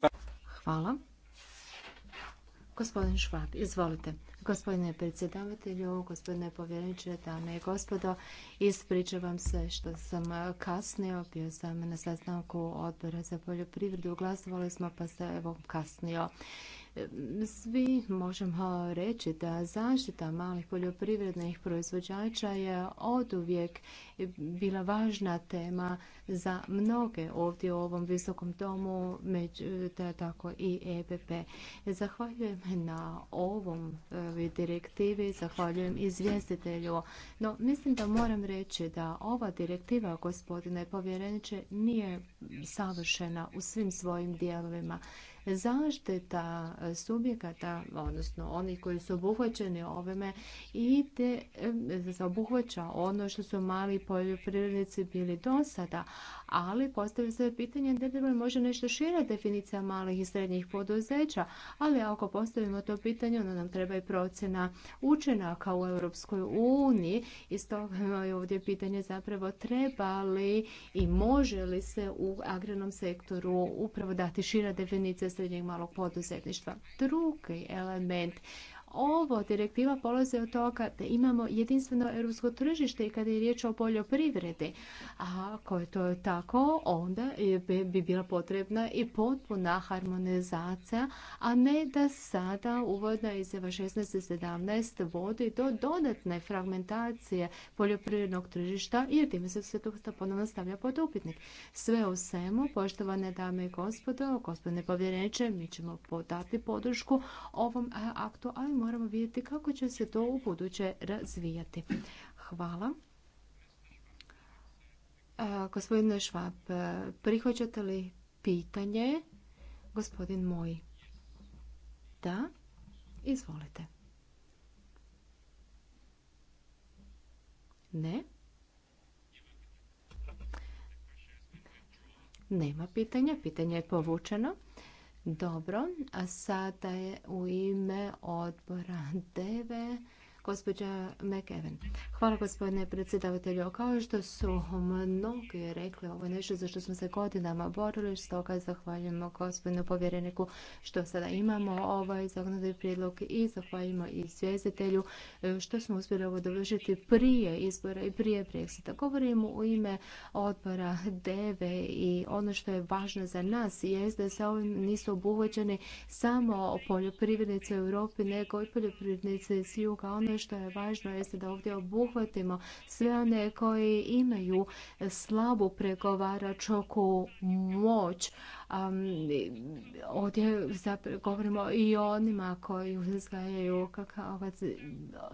Pa- Hvala. izvolite. Gospodine predsjedavatelju, gospodine povjereniče, dame i gospodo, ispričavam se što sam kasnio, bio sam na sastanku odbora za poljoprivredu, glasovali smo pa se evo kasnio. Svi možemo reći da zaštita malih poljoprivrednih proizvođača je oduvijek bila važna tema za mnoge ovdje u ovom visokom domu, među, tako i EPP. Zahvaljujem na ovom e, direktivi, zahvaljujem izvjestitelju. No, mislim da moram reći da ova direktiva, gospodine povjereniče, nije savršena u svim svojim dijelovima zaštita e, subjekata, odnosno onih koji su obuhvaćeni ovime i te e, obuhvaća ono što su mali poljoprivrednici bili do sada, ali postavlja se pitanje da li može nešto šira definicija malih i srednjih poduzeća, ali ako postavimo to pitanje, onda nam treba i procjena učenaka u Europskoj uniji i stoga je ovdje pitanje zapravo treba li i može li se u agronom sektoru upravo dati šira definicija srednjeg malog poduzetništva. Drugi element ovo direktiva polaze od toga da imamo jedinstveno europsko tržište i kada je riječ o poljoprivredi. A ako je to tako, onda bi bila potrebna i potpuna harmonizacija, a ne da sada uvodna izjava 16 vodi do dodatne fragmentacije poljoprivrednog tržišta jer time se sve to ponovno stavlja pod upitnik. Sve u svemu, poštovane dame i gospodo, gospodine povjereniče, mi ćemo podati podršku ovom aktu, moramo vidjeti kako će se to u buduće razvijati. Hvala. Gospodine Švab, prihvaćate li pitanje? Gospodin moj. Da, izvolite. Ne. Nema pitanja, pitanje je povučeno. Dobro, a sada je u ime odbora Gospođa McEwen. Hvala gospodine predsjedavatelju. Kao što su mnogi rekli, ovo je nešto za što smo se godinama borili, stoga zahvaljujemo gospodinu povjereniku što sada imamo ovaj zakonodavni prijedlog i zahvaljujemo i izvjestitelju e, što smo uspjeli ovo dovršiti prije izbora i prije Brexita. Govorimo u ime odbora DEVE i ono što je važno za nas je da se ovim nisu obuhvaćeni samo poljoprivrednici u Europi, nego i poljoprivrednici s juga. Ono ono što je važno jeste da ovdje obuhvatimo sve one koji imaju slabu pregovaračku moć, Um, ovdje govorimo i o onima koji uzgajaju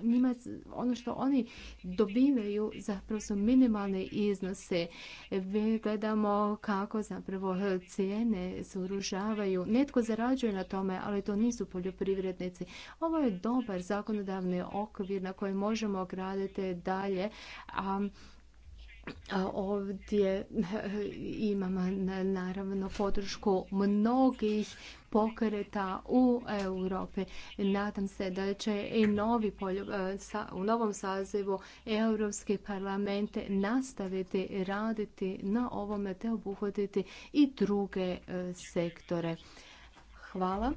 Njima, ono što oni dobivaju zapravo su minimalne iznose. Gledamo kako zapravo cijene se uružavaju. Netko zarađuje na tome, ali to nisu poljoprivrednici. Ovo je dobar zakonodavni okvir na koji možemo graditi dalje. Ovdje e, imamo e, naravno podršku mnogih pokreta u Europi. Nadam se da će i novi e, u novom sazivu Europski parlament nastaviti raditi na ovome te obuhvatiti i druge sektore. Hvala.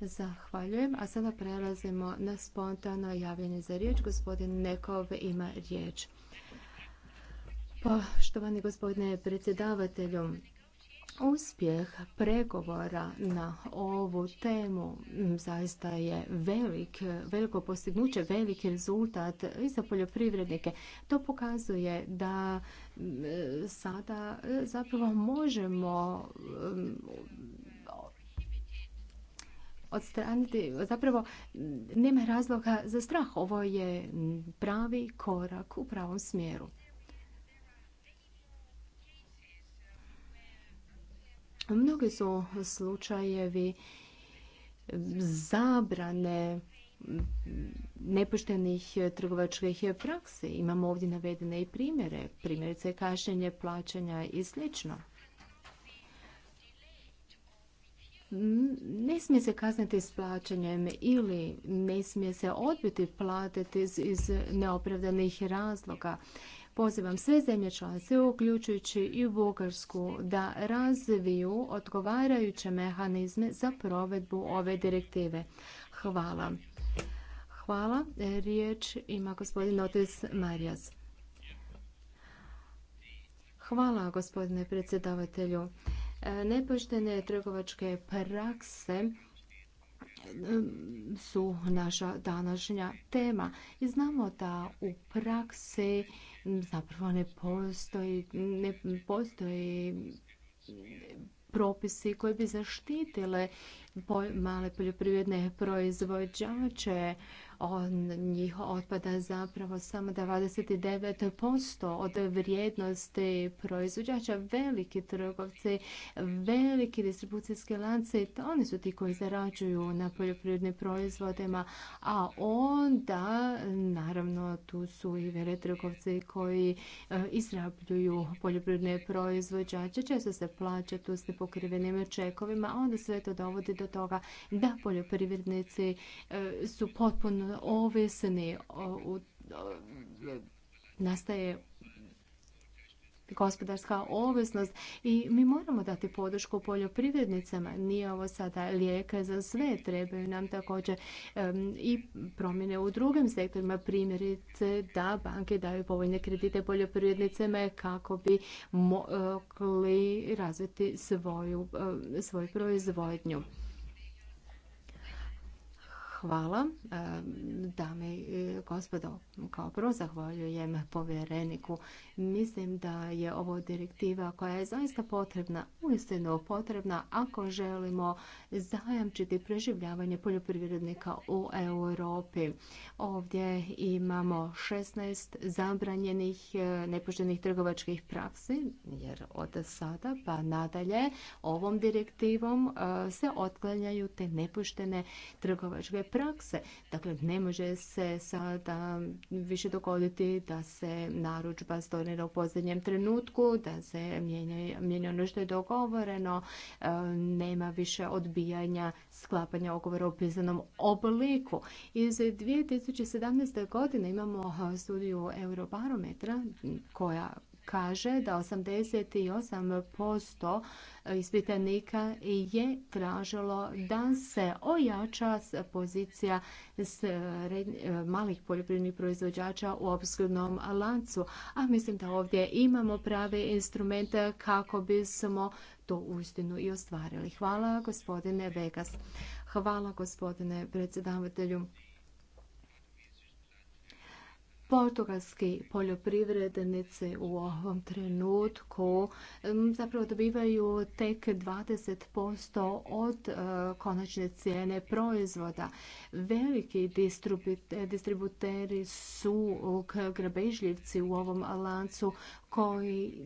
Zahvaljujem. A sada prelazimo na spontano javljanje za riječ. Gospodin Nekov ima riječ. Poštovani štovani gospodine predsjedavatelju. Uspjeh pregovora na ovu temu mm, zaista je velik, veliko postignuće, velik rezultat i za poljoprivrednike. To pokazuje da mm, sada e, zapravo možemo mm, odstraniti, zapravo nema razloga za strah. Ovo je pravi korak u pravom smjeru. Mnogi su slučajevi zabrane nepoštenih trgovačkih praksi. Imamo ovdje navedene i primjere, primjerice kašnjenje plaćanja i slično. Ne smije se kazniti s plaćanjem ili ne smije se odbiti platiti iz neopravdanih razloga. Pozivam sve zemlje članice, uključujući i Bugarsku, da razviju odgovarajuće mehanizme za provedbu ove direktive. Hvala. Hvala. Riječ ima gospodin Otis Marijas. Hvala gospodine predsjedavatelju. E, nepoštene trgovačke prakse e, su naša današnja tema i znamo da u praksi zapravo ne postoji, ne postoji propisi koji bi zaštitile male poljoprivredne proizvođače njih otpada zapravo samo 29% od vrijednosti proizvođača. Veliki trgovci, veliki distribucijski lanci, oni su ti koji zarađuju na poljoprivrednim proizvodima, a onda naravno tu su i vele trgovci koji e, izrabljuju poljoprivredne proizvođače. Često se plaća tu s nepokrivenim čekovima, a onda sve to dovodi do toga da poljoprivrednici e, su potpuno ovisni, nastaje gospodarska ovisnost i mi moramo dati podršku poljoprivrednicama. Nije ovo sada lijeka za sve, trebaju nam također i promjene u drugim sektorima, primjerice da banke daju povoljne kredite poljoprivrednicama kako bi mogli razviti svoju, svoju proizvodnju. Hvala, e, dame i e, gospodo. Kao prvo zahvaljujem povjereniku. Mislim da je ovo direktiva koja je zaista potrebna, uistinu potrebna ako želimo zajamčiti preživljavanje poljoprivrednika u Europi. Ovdje imamo 16 zabranjenih e, nepoštenih trgovačkih praksi, jer od sada pa nadalje ovom direktivom se otklanjaju te nepoštene trgovačke praksi prakse. Dakle, ne može se sada više dogoditi da se naručba stonira u posljednjem trenutku, da se mijenja, ono što je dogovoreno, e, nema više odbijanja sklapanja ogovora u pisanom obliku. Iz 2017. godine imamo studiju Eurobarometra koja kaže da 88% ispitanika je tražilo da se ojača pozicija e, malih poljoprivrednih proizvođača u opskrbnom lancu. A mislim da ovdje imamo prave instrumente kako bismo to uistinu i ostvarili. Hvala gospodine Vegas. Hvala gospodine predsjedavatelju. Portugalski poljoprivrednici u ovom trenutku zapravo dobivaju tek 20% od e, konačne cijene proizvoda. Veliki distributeri su grabežljivci u ovom lancu koji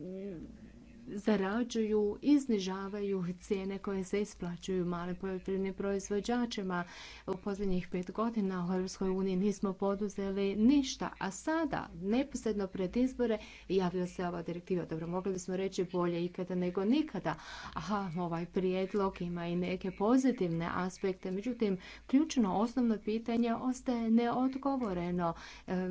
zarađuju i znižavaju cijene koje se isplaćuju malim poljoprivrednim proizvođačima. U posljednjih pet godina u Europskoj uniji nismo poduzeli ništa, a sada, neposredno pred izbore, javlja se ova direktiva. Dobro, mogli bismo reći bolje ikada nego nikada. Aha, ovaj prijedlog ima i neke pozitivne aspekte, međutim, ključno osnovno pitanje ostaje neodgovoreno.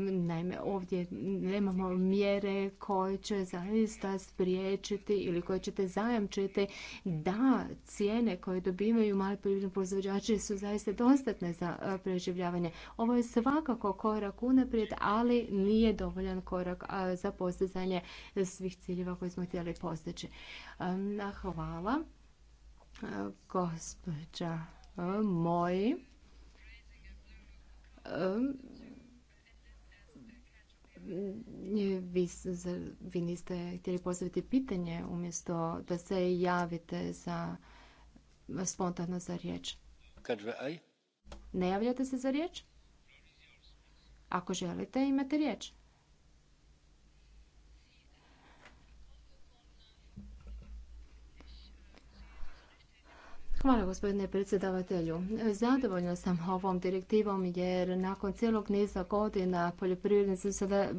Naime, ovdje nemamo mjere koje će zaista spriječiti ili koje ćete zajamčiti da cijene koje dobivaju mali poljoprivredni proizvođači su zaista dostatne za e, preživljavanje. Ovo je svakako korak unaprijed, ali nije dovoljan korak za postizanje svih ciljeva koje smo htjeli postići. Hvala, e, gospođa e, moji vi, vi niste htjeli postaviti pitanje umjesto da se javite za spontano za riječ. Ne javljate se za riječ? Ako želite, imate riječ. Hvala gospodine predsjedavatelju. Zadovoljna sam ovom direktivom jer nakon cijelog niza godina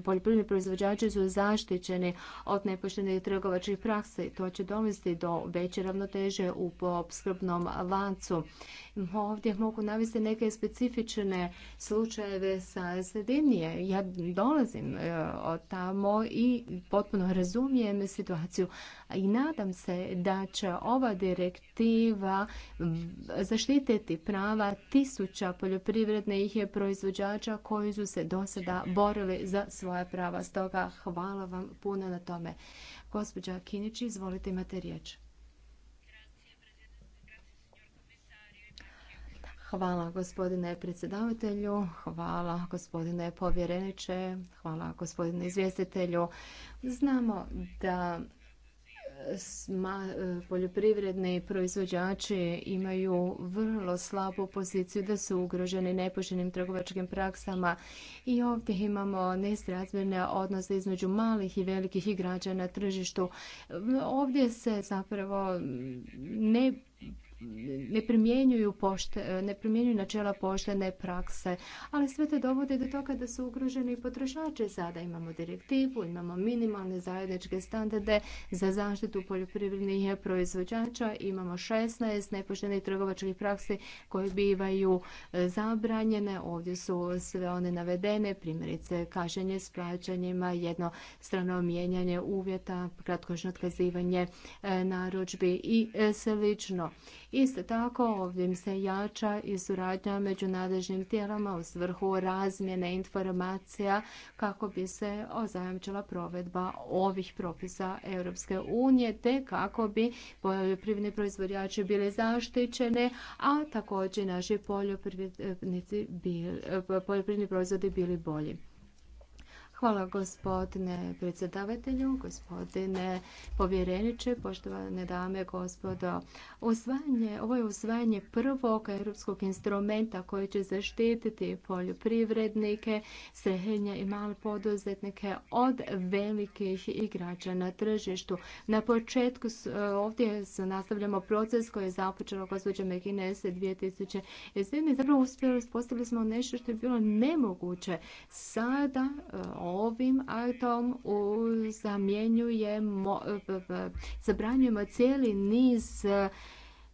poljoprivredni proizvođači su zaštićeni od nepoštenih trgovačkih praksi. To će dovesti do veće ravnoteže u opskrbnom lancu. Ovdje mogu navesti neke specifične slučajeve sa sredinije. Ja dolazim e, od tamo i potpuno razumijem situaciju i nadam se da će ova direktiva zaštititi prava tisuća poljoprivrednih proizvođača koji su se do sada borili za svoja prava. Stoga hvala vam puno na tome. Gospođa Kinić, izvolite imate riječ. Hvala gospodine predsjedavatelju, hvala gospodine povjereniče, hvala gospodine izvjestitelju. Znamo da E, poljoprivredni proizvođači imaju vrlo slabu poziciju da su ugroženi nepoštenim trgovačkim praksama i ovdje imamo nesrazmjerne odnose između malih i velikih igrača na tržištu. Ovdje se zapravo ne ne primjenjuju, ne primjenjuju načela poštene prakse, ali sve to dovodi do toga da su ugroženi i potrošači. Sada imamo direktivu, imamo minimalne zajedničke standarde za zaštitu poljoprivrednih proizvođača, imamo 16 nepoštenih trgovačkih praksi koje bivaju e, zabranjene. Ovdje su sve one navedene, primjerice kaženje s plaćanjima, jednostrano mijenjanje uvjeta, kratkošno otkazivanje e, narudžbi i e, slično. Isto tako ovdje se jača i suradnja među nadležnim tijelama u svrhu razmjene informacija kako bi se ozajamčila provedba ovih propisa Europske unije te kako bi poljoprivredni proizvođači bili zaštićene, a također naši poljoprivrednici poljoprivredni proizvodi bili bolji. Hvala gospodine predsjedavatelju, gospodine povjereniče, poštovane dame, gospodo. ovo je usvajanje prvog europskog instrumenta koji će zaštititi poljoprivrednike, srednje i male poduzetnike od velikih igrača na tržištu. Na početku ovdje nastavljamo proces koji je započelo gospođa Mekinese 2007. Zapravo uspjeli, postavili smo nešto što je bilo nemoguće. Sada ovim aktom zamjenjujemo, e, zabranjujemo cijeli niz e,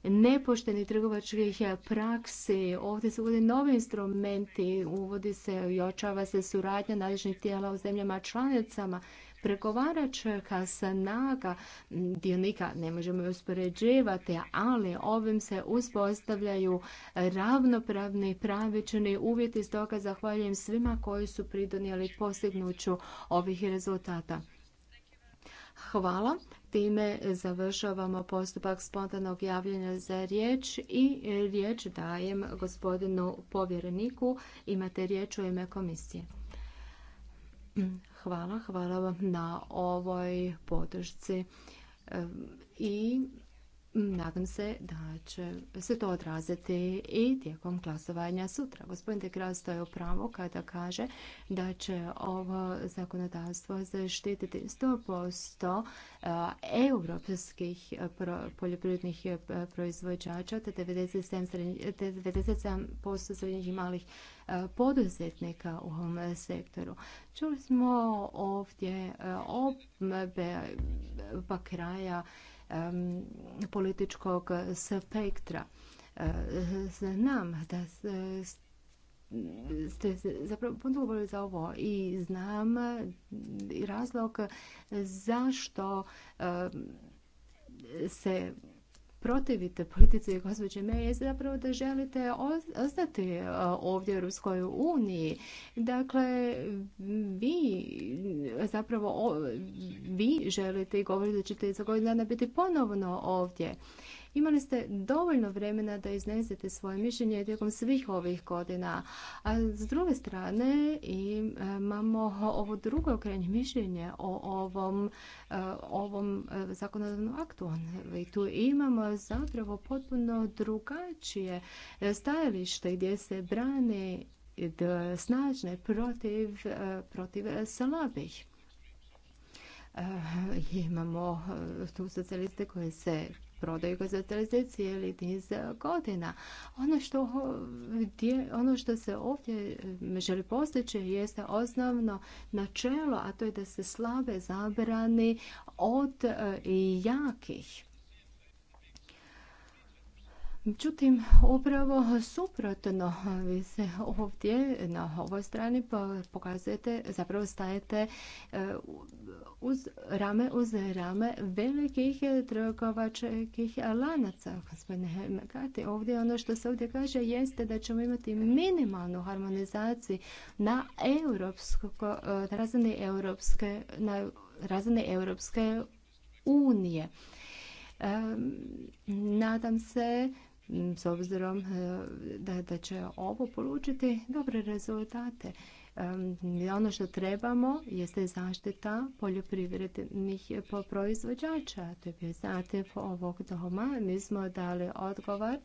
nepoštenih trgovačkih e, praksi. Ovdje se uvode novi instrumenti, uvodi se i očava se suradnja nadležnih tijela u zemljama članicama Pregovaračka snaga dionika ne možemo uspoređivati, ali ovim se uspostavljaju ravnopravni pravični uvjeti. Stoga zahvaljujem svima koji su pridonijeli postignuću ovih rezultata. Hvala. Time završavamo postupak spontanog javljanja za riječ i riječ dajem gospodinu povjereniku. Imate riječ u ime komisije. Hvala, hvala vam na ovoj podršci i Nadam se da će se to odraziti i tijekom glasovanja sutra. Gospodin de to je upravo kada kaže da će ovo zakonodavstvo zaštititi 100% e, europskih poljoprivrednih e, proizvođača te 97% srednjih i malih e, poduzetnika u ovom sektoru. Čuli smo ovdje pa kraja političkog spektra. Eh, znam da ste zapravo za ovo i znam razlog zašto se protivite politici gospođe May je zapravo da želite ostati e, ovdje u Ruskoj uniji. Dakle, vi zapravo vi želite i govorite da ćete za godinu dana biti ponovno ovdje. Imali ste dovoljno vremena da iznesete svoje mišljenje tijekom svih ovih godina. A s druge strane imamo ovo drugo krajnje mišljenje o ovom, e, ovom e, zakonodavnom aktu. I tu imamo zapravo potpuno drugačije e, stajalište gdje se brani snažne protiv, protiv slabih. Imamo tu socijaliste koji se prodaju ga za cijeli niz e, godina. Ono što, ono što se ovdje e, želi postići jeste osnovno načelo, a to je da se slabe zabrani od e, jakih. Međutim, upravo suprotno vi se ovdje na ovoj strani pokazujete, zapravo stajete e, uz rame uz rame velikih trgovačkih lanaca. Gospodine Megati, ovdje ono što se ovdje kaže jeste da ćemo imati minimalnu harmonizaciju na europsko, e, Europske unije. Nadam se Mm, s obzirom e, da, da će ovo polučiti dobre rezultate. Ono što trebamo jeste zaštita poljoprivrednih proizvođača. To je ovog doma. nismo dali odgovor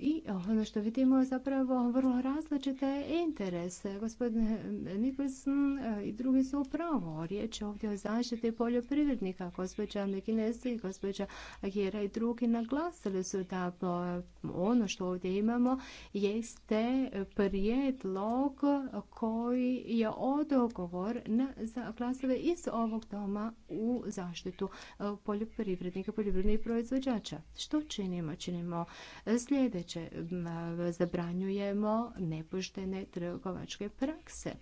i ono što vidimo je zapravo vrlo različite interese. Gospodin Nicholson e, i drugi su upravo. Riječ ovdje o zaštiti poljoprivrednika. Gospođa Mekinesi i gospođa Gjera i drugi naglasili su da e, ono što ovdje imamo jeste prijedlog koji je odgovor na glasove iz ovog doma u zaštitu e, poljoprivrednika, poljoprivrednih proizvođača. Što činimo? Činimo sljedeće. Zabranjujemo nepoštene trgovačke prakse.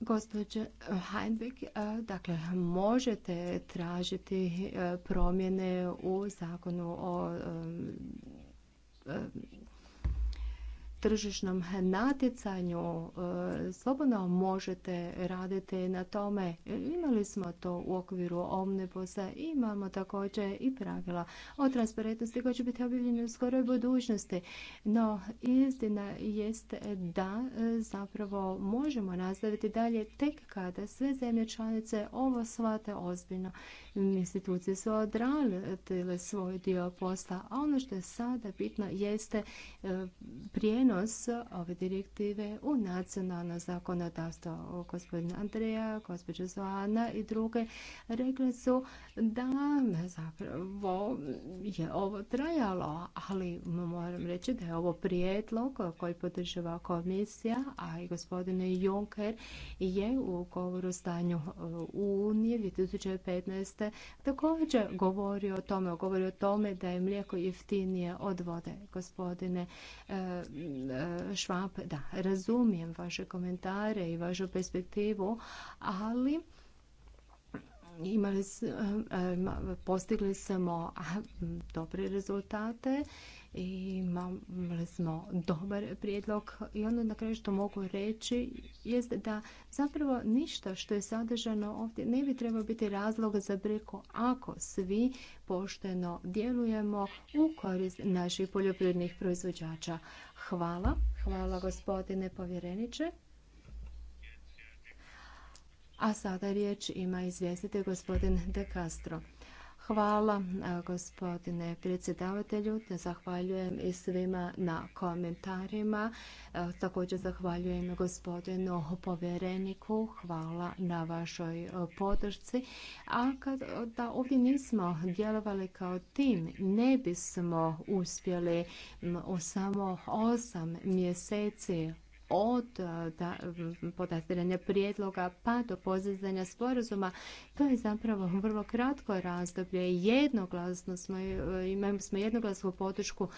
Gospođo Heinbeck, dakle, možete tražiti e, promjene u zakonu o e, tržišnom natjecanju e, slobodno možete raditi na tome. Imali smo to u okviru Omnibusa, imamo također i pravila o transparentnosti koja će biti objavljene u skoroj budućnosti. No, istina jest da e, zapravo možemo nastaviti dalje tek kada sve zemlje članice ovo shvate ozbiljno institucije su odradile svoj dio posla, a ono što je sada bitno jeste e, prijenos ove direktive u nacionalno zakonodavstvo. Gospodin Andreja, gospođa Zoana i druge rekli su da zapravo je ovo trajalo, ali moram reći da je ovo prijedlog koji podržava komisija, a i gospodine Juncker je u govoru stanju e, Unije 2015 vrste, također govori o tome, govori o tome da je mlijeko jeftinije od vode. Gospodine e, e, Švab, da, razumijem vaše komentare i vašu perspektivu, ali imali, e, postigli smo dobre rezultate imali smo dobar prijedlog i ono na kraju što mogu reći jest da zapravo ništa što je sadržano ovdje ne bi trebalo biti razlog za breko ako svi pošteno djelujemo u korist naših poljoprivrednih proizvođača. Hvala. Hvala gospodine povjereniče. A sada riječ ima izvjestitelj gospodin De Castro. Hvala e, gospodine predsjedavatelju, zahvaljujem i svima na komentarima. E, također zahvaljujem gospodinu povjereniku, hvala na vašoj podršci. A kad, da ovdje nismo djelovali kao tim, ne bismo uspjeli u samo osam mjeseci od e, da, prijedloga pa do pozizanja sporazuma, to je zapravo vrlo kratko razdoblje. Jednoglasno smo, e, imamo smo jednoglasnu podršku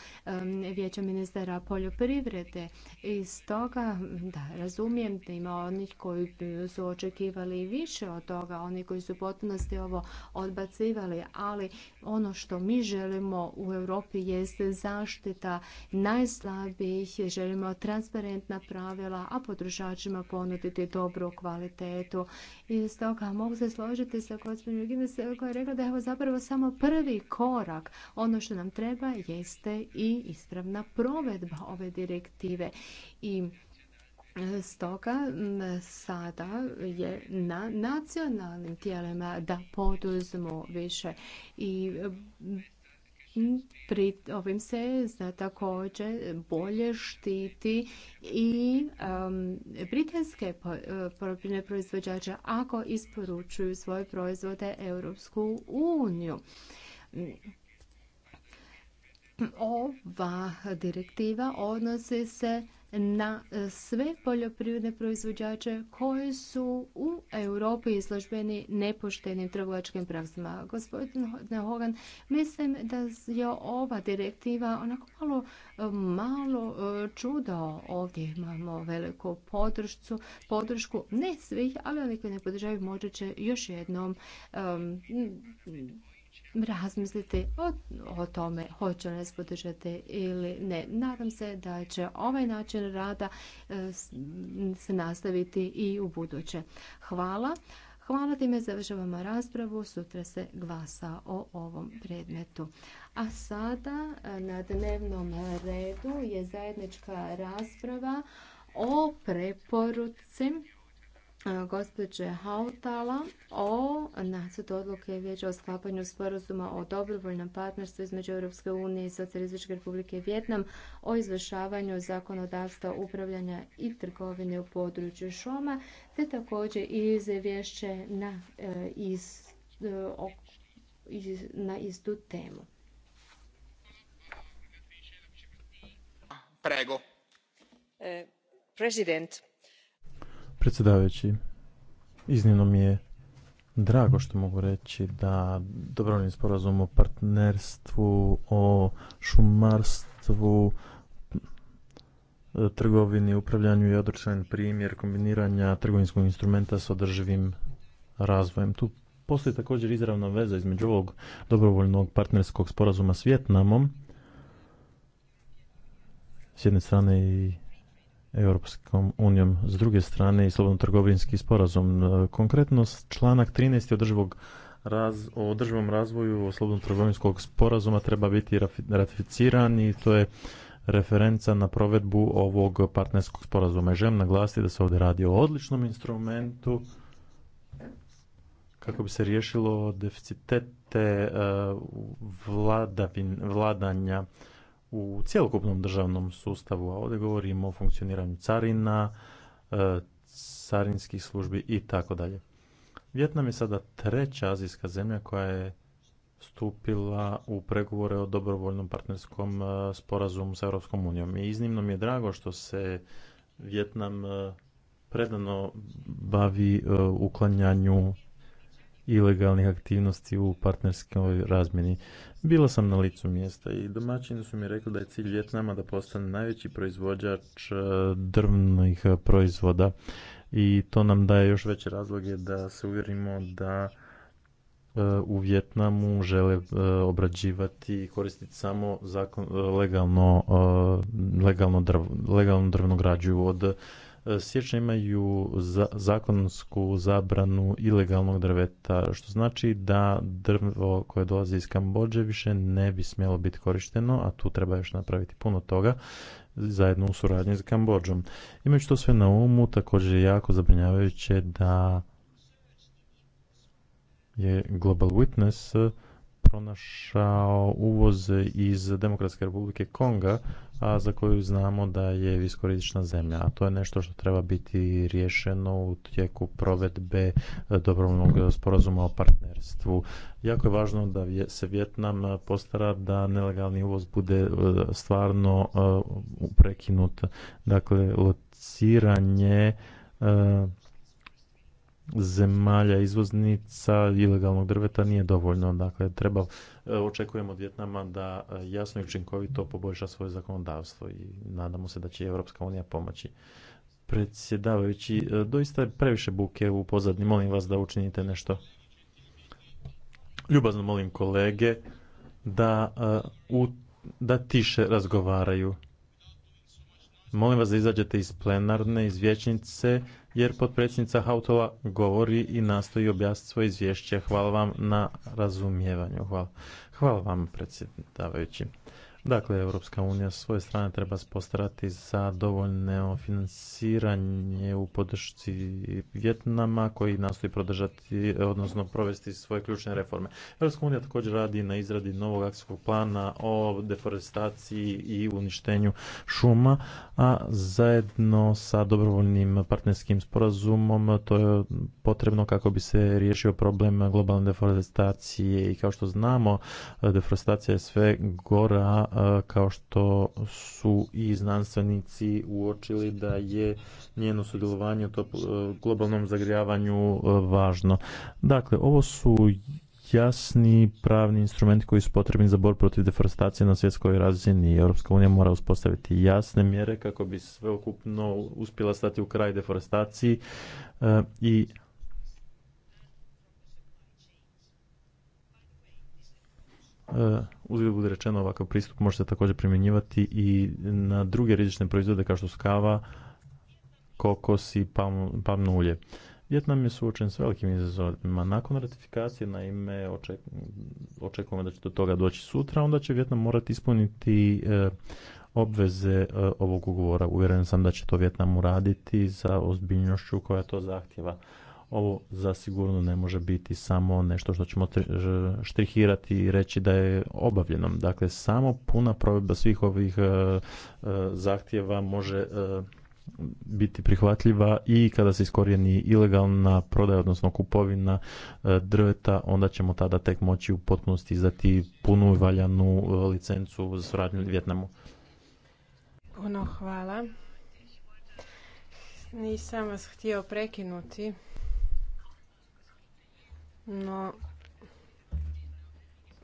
Vijeća ministara poljoprivrede i stoga da razumijem da ima onih koji su očekivali više od toga, oni koji su u potpunosti ovo odbacivali, ali ono što mi želimo u Europi jeste zaštita najslabijih, želimo transparentna prava a potrošačima ponuditi dobru kvalitetu. I stoga mogu se složiti sa gospođom Gimes koja je rekla da je ovo zapravo samo prvi korak. Ono što nam treba jeste i ispravna provedba ove direktive. I e, Stoga sada je na nacionalnim tijelima da poduzmu više i ovim se zna također bolje štiti i um, britanske uh, poljoprivredne proizvođače ako isporučuju svoje proizvode Europsku uniju. Ova direktiva odnosi se na e, sve poljoprivredne proizvođače koji su u Europi izložbeni nepoštenim trgovačkim praksama. Gospodine Hogan, mislim da je ova direktiva onako malo, e, malo e, čudo. Ovdje imamo veliku podršku, podršku ne svih, ali oni koji ne podržavaju možda će još jednom razmisliti o, o tome hoće nas podržati ili ne. Nadam se da će ovaj način rada e, se nastaviti i u buduće. Hvala. Hvala time završavamo raspravu. Sutra se glasa o ovom predmetu. A sada e, na dnevnom redu je zajednička rasprava o preporuci E, gospođe Hautala o nacrtu odluke vijeća o sklapanju sporazuma o dobrovoljnom partnerstvu između Europske unije i Socijalističke republike Vjetnam o izvršavanju zakonodavstva upravljanja i trgovine u području šoma, te također i izvješće na, e, e, istu temu. Prego. Predsjedavajući, iznimno mi je drago što mogu reći da dobrovoljni sporazum o partnerstvu, o šumarstvu, trgovini, upravljanju i odličan primjer kombiniranja trgovinskog instrumenta s održivim razvojem. Tu postoji također izravna veza između ovog dobrovoljnog partnerskog sporazuma s Vjetnamom, s jedne strane i Europskom unijom. S druge strane i slobodno trgovinski sporazum. E, konkretno članak 13. održivog raz, o održivom razvoju slobodno trgovinskog sporazuma treba biti ratificiran i to je referenca na provedbu ovog partnerskog sporazuma. I želim naglasiti da se ovdje radi o odličnom instrumentu kako bi se riješilo deficitete e, vladavin, vladanja u cjelokupnom državnom sustavu, a ovdje govorimo o funkcioniranju carina, e, carinskih službi i tako dalje. Vjetnam je sada treća azijska zemlja koja je stupila u pregovore o dobrovoljnom partnerskom e, sporazumu sa Europskom unijom. I iznimno mi je drago što se Vjetnam e, predano bavi uklanjanju ilegalnih aktivnosti u partnerskoj razmjeni. Bila sam na licu mjesta i domaćini su mi rekli da je cilj Vjetnama da postane najveći proizvođač e, drvnih proizvoda i to nam daje još veće razloge da se uvjerimo da e, u Vjetnamu žele e, obrađivati i koristiti samo legalno, legalno, legalno građu od siječnja imaju za, zakonsku zabranu ilegalnog drveta, što znači da drvo koje dolazi iz Kambođe više ne bi smjelo biti korišteno, a tu treba još napraviti puno toga zajedno u suradnji s Kambodžom. Imajući to sve na umu, također je jako zabrinjavajuće da je Global Witness pronašao uvoz iz Demokratske republike Konga a za koju znamo da je viskorizična zemlja. A to je nešto što treba biti riješeno u tijeku provedbe e, dobrovnog sporazuma o partnerstvu. Jako je važno da se Vjetnam e, postara da nelegalni uvoz bude e, stvarno prekinut. Dakle, lociranje zemalja izvoznica ilegalnog drveta nije dovoljno. Dakle, treba, e, očekujemo od Vjetnama da e, jasno i učinkovito poboljša svoje zakonodavstvo i nadamo se da će Evropska unija pomoći. Predsjedavajući, e, doista je previše buke u pozadnji. Molim vas da učinite nešto. Ljubazno molim kolege da, da tiše razgovaraju. Molim vas da izađete iz plenarne, iz vječnice, jer potpredsjednica Hautova govori i nastoji objasniti svoje izvješće. Hvala vam na razumijevanju. Hvala, Hvala vam predsjedavajući. Dakle, Europska unija s svoje strane treba postarati za dovoljne financiranje u podršci Vjetnama koji nastoji prodržati, odnosno provesti svoje ključne reforme. Europska unija također radi na izradi novog akcijskog plana o deforestaciji i uništenju šuma, a zajedno sa dobrovoljnim partnerskim sporazumom to je potrebno kako bi se riješio problem globalne deforestacije i kao što znamo deforestacija je sve gora kao što su i znanstvenici uočili da je njeno sudjelovanje u e, globalnom zagrijavanju e, važno. Dakle, ovo su jasni pravni instrumenti koji su potrebni za bor protiv deforestacije na svjetskoj razini. Europska unija mora uspostaviti jasne mjere kako bi sveukupno uspjela stati u kraj deforestaciji e, i E, Uzgled bude rečeno ovakav pristup može se također primjenjivati i na druge rizične proizvode kao što su kava, kokos i pam, ulje. Vjetnam je suočen s velikim izazovima. Nakon ratifikacije, naime, očekujemo da će do toga doći sutra, onda će Vjetnam morati ispuniti e, obveze e, ovog ugovora. Uvjeren sam da će to Vjetnam uraditi za ozbiljnošću koja to zahtjeva. Ovo zasigurno ne može biti samo nešto što ćemo štrihirati i reći da je obavljeno. Dakle, samo puna provedba svih ovih e, e, zahtjeva može e, biti prihvatljiva i kada se iskorijeni ilegalna prodaja, odnosno kupovina drveta, onda ćemo tada tek moći u potpunosti izdati punu i valjanu licencu za suradnju Vjetnamu. Puno hvala. Nisam vas htio prekinuti no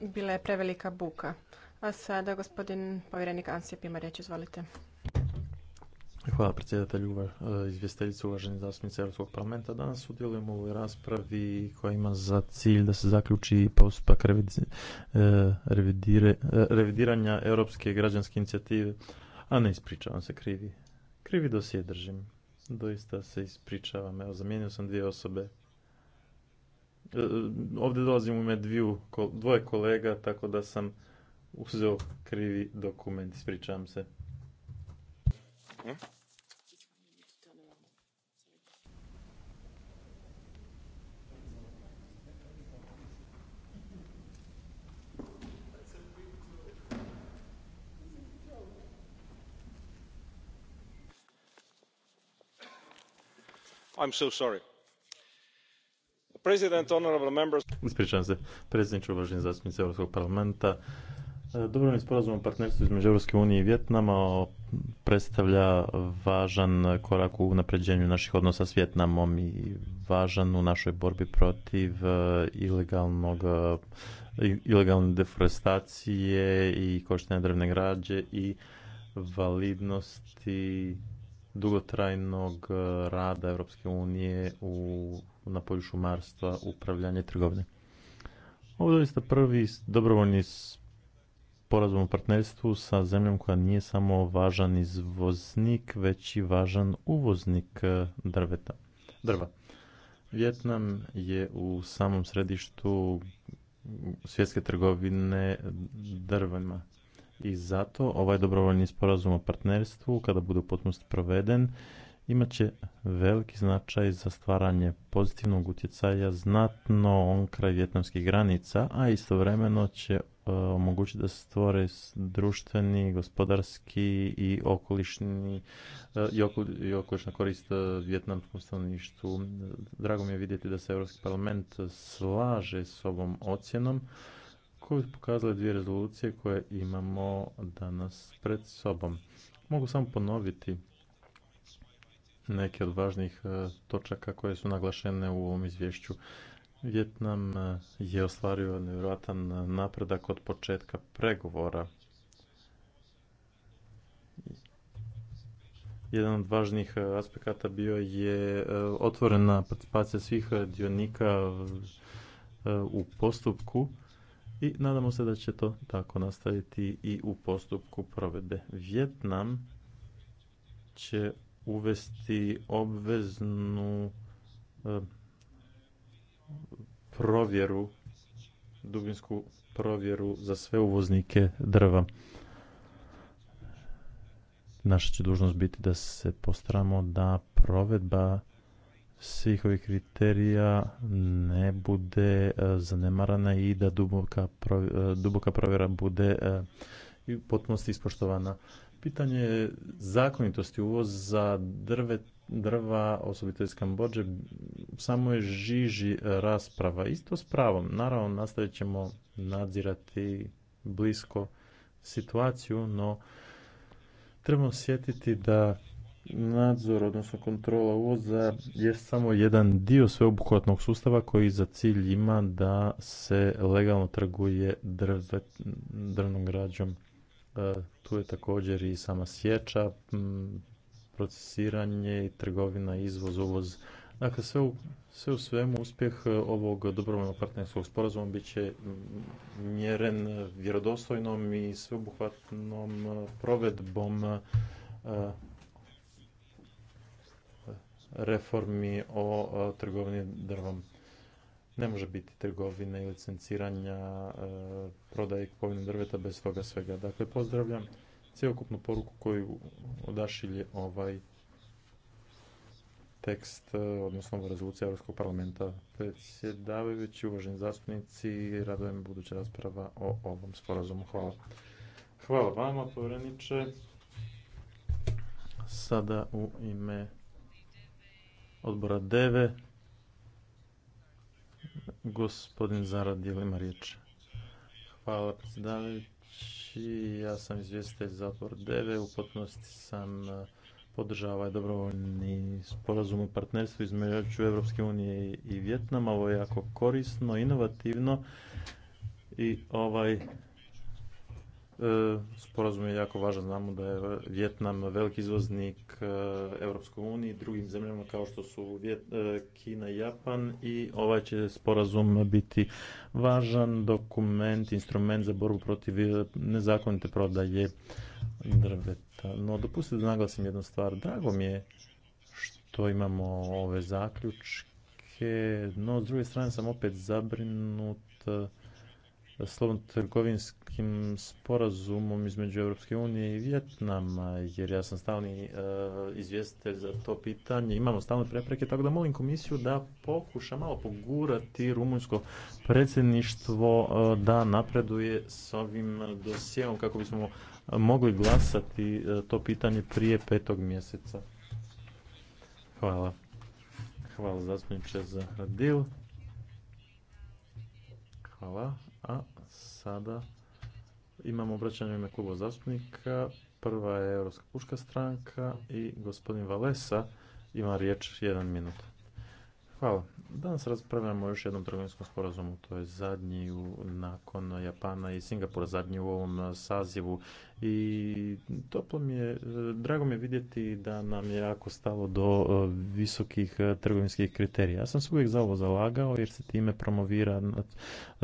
bila je prevelika buka. A sada gospodin povjerenik Ansip ima riječ, izvolite. Hvala predsjedatelju, e, izvjestiteljice uvaženi zastupnici Europskog parlamenta. Danas udjelujemo u ovoj raspravi koja ima za cilj da se zaključi postupak e, e, revidiranja Europske građanske inicijative. A ne ispričavam se, krivi. Krivi dosje držim. Doista se ispričavam. Evo, zamijenio sam dvije osobe E, ovdje dolazim u medviju dvoje kolega, tako da sam uzeo krivi dokument, ispričavam se. I'm so sorry. Ispričavam se, predsjedniče uvaženi zastupnici Europskog parlamenta. E, Dobrovni sporazum o partnerstvu između Europske unije i Vjetnama predstavlja važan korak u napređenju naših odnosa s Vjetnamom i važan u našoj borbi protiv e, ilegalnog e, ilegalne deforestacije i korištenja drvne građe i validnosti dugotrajnog e, rada Europske unije u, na polju šumarstva, upravljanje trgovine. Ovo je doista prvi dobrovoljni porazum o partnerstvu sa zemljom koja nije samo važan izvoznik, već i važan uvoznik e, drveta, drva. Vjetnam je u samom središtu svjetske trgovine drvima i zato ovaj dobrovoljni sporazum o partnerstvu, kada bude u potpunosti proveden, imat će veliki značaj za stvaranje pozitivnog utjecaja znatno on kraj vjetnamskih granica, a istovremeno će e, omogućiti da se stvore društveni, gospodarski i okolišni e, i, i okolišna korist e, vjetnamskom stanovništvu. Drago mi je vidjeti da se Europski parlament slaže s ovom ocjenom kako dvije rezolucije koje imamo danas pred sobom. Mogu samo ponoviti neke od važnih e, točaka koje su naglašene u ovom izvješću. Vjetnam e, je ostvario nevjerojatan napredak od početka pregovora. Jedan od važnih e, aspekata bio je otvorena participacija svih dionika u postupku i nadamo se da će to tako nastaviti i u postupku provedbe. Vjetnam će uvesti obveznu e, provjeru, dubinsku provjeru za sve uvoznike drva. Naša će dužnost biti da se postramo da provedba svih ovih kriterija ne bude e, zanemarana i da duboka, e, duboka provjera bude e, i u potpunosti ispoštovana. Pitanje zakonitosti uvoza drve, drva, osobito iz Kambođe, samo je žiži rasprava. Isto s pravom. Naravno, nastavit ćemo nadzirati blisko situaciju, no trebamo sjetiti da nadzor, odnosno kontrola uvoza je samo jedan dio sveobuhvatnog sustava koji za cilj ima da se legalno trguje drvnom građom. E, tu je također i sama sjeća, procesiranje i trgovina, izvoz, uvoz. Dakle, sve u, svemu uspjeh e, ovog dobrovoljnog partnerskog sporazuma bit će mjeren vjerodostojnom i sveobuhvatnom e, provedbom reformi o trgovini drvom. Ne može biti trgovine i licenciranja e, prodaje kupovine drveta bez toga svega. Dakle, pozdravljam cijelokupnu poruku koju odašilje ovaj tekst, e, odnosno rezolucija Europskog parlamenta. Predsjedavajući, uvaženi zastupnici, radujem buduća rasprava o ovom sporazumu. Hvala. Hvala vama, povjereniče. Sada u ime odbora DEVE. Gospodin Zarad ima riječ. Hvala predsjedavajući. Ja sam izvjestitelj za odbor DEVE. U potpunosti sam e, podržao ovaj dobrovoljni sporazum o partnerstvu između Europske unije i Vjetnama. Ovo je jako korisno, inovativno i ovaj E, sporazum je jako važan. Znamo da je Vjetnam veliki izvoznik e, Europskoj uniji, drugim zemljama kao što su e, Kina i Japan i ovaj će sporazum biti važan dokument, instrument za borbu protiv nezakonite prodaje drveta. No, dopustite da naglasim jednu stvar. Drago mi je što imamo ove zaključke, no s druge strane sam opet zabrinut slobodno-trgovinskim sporazumom između Europske unije i Vjetnama, jer ja sam stalni e, izvjestitelj za to pitanje. Imamo stalne prepreke, tako da molim komisiju da pokuša malo pogurati rumunjsko predsjedništvo e, da napreduje s ovim dosijevom kako bismo mogli glasati e, to pitanje prije petog mjeseca. Hvala. Hvala zastupniče za Radil. Hvala. A sada imamo obraćanje u ime kluba zastupnika. Prva je Europska puška stranka i gospodin Valesa ima riječ jedan minut. Hvala. Danas raspravljamo još jednom trgovinskom sporazumu, to je zadnji nakon Japana i Singapura, zadnji u ovom e, sazivu. I toplo mi je, e, drago mi je vidjeti da nam je jako stalo do e, visokih trgovinskih kriterija. Ja sam se uvijek za ovo zalagao jer se time promovira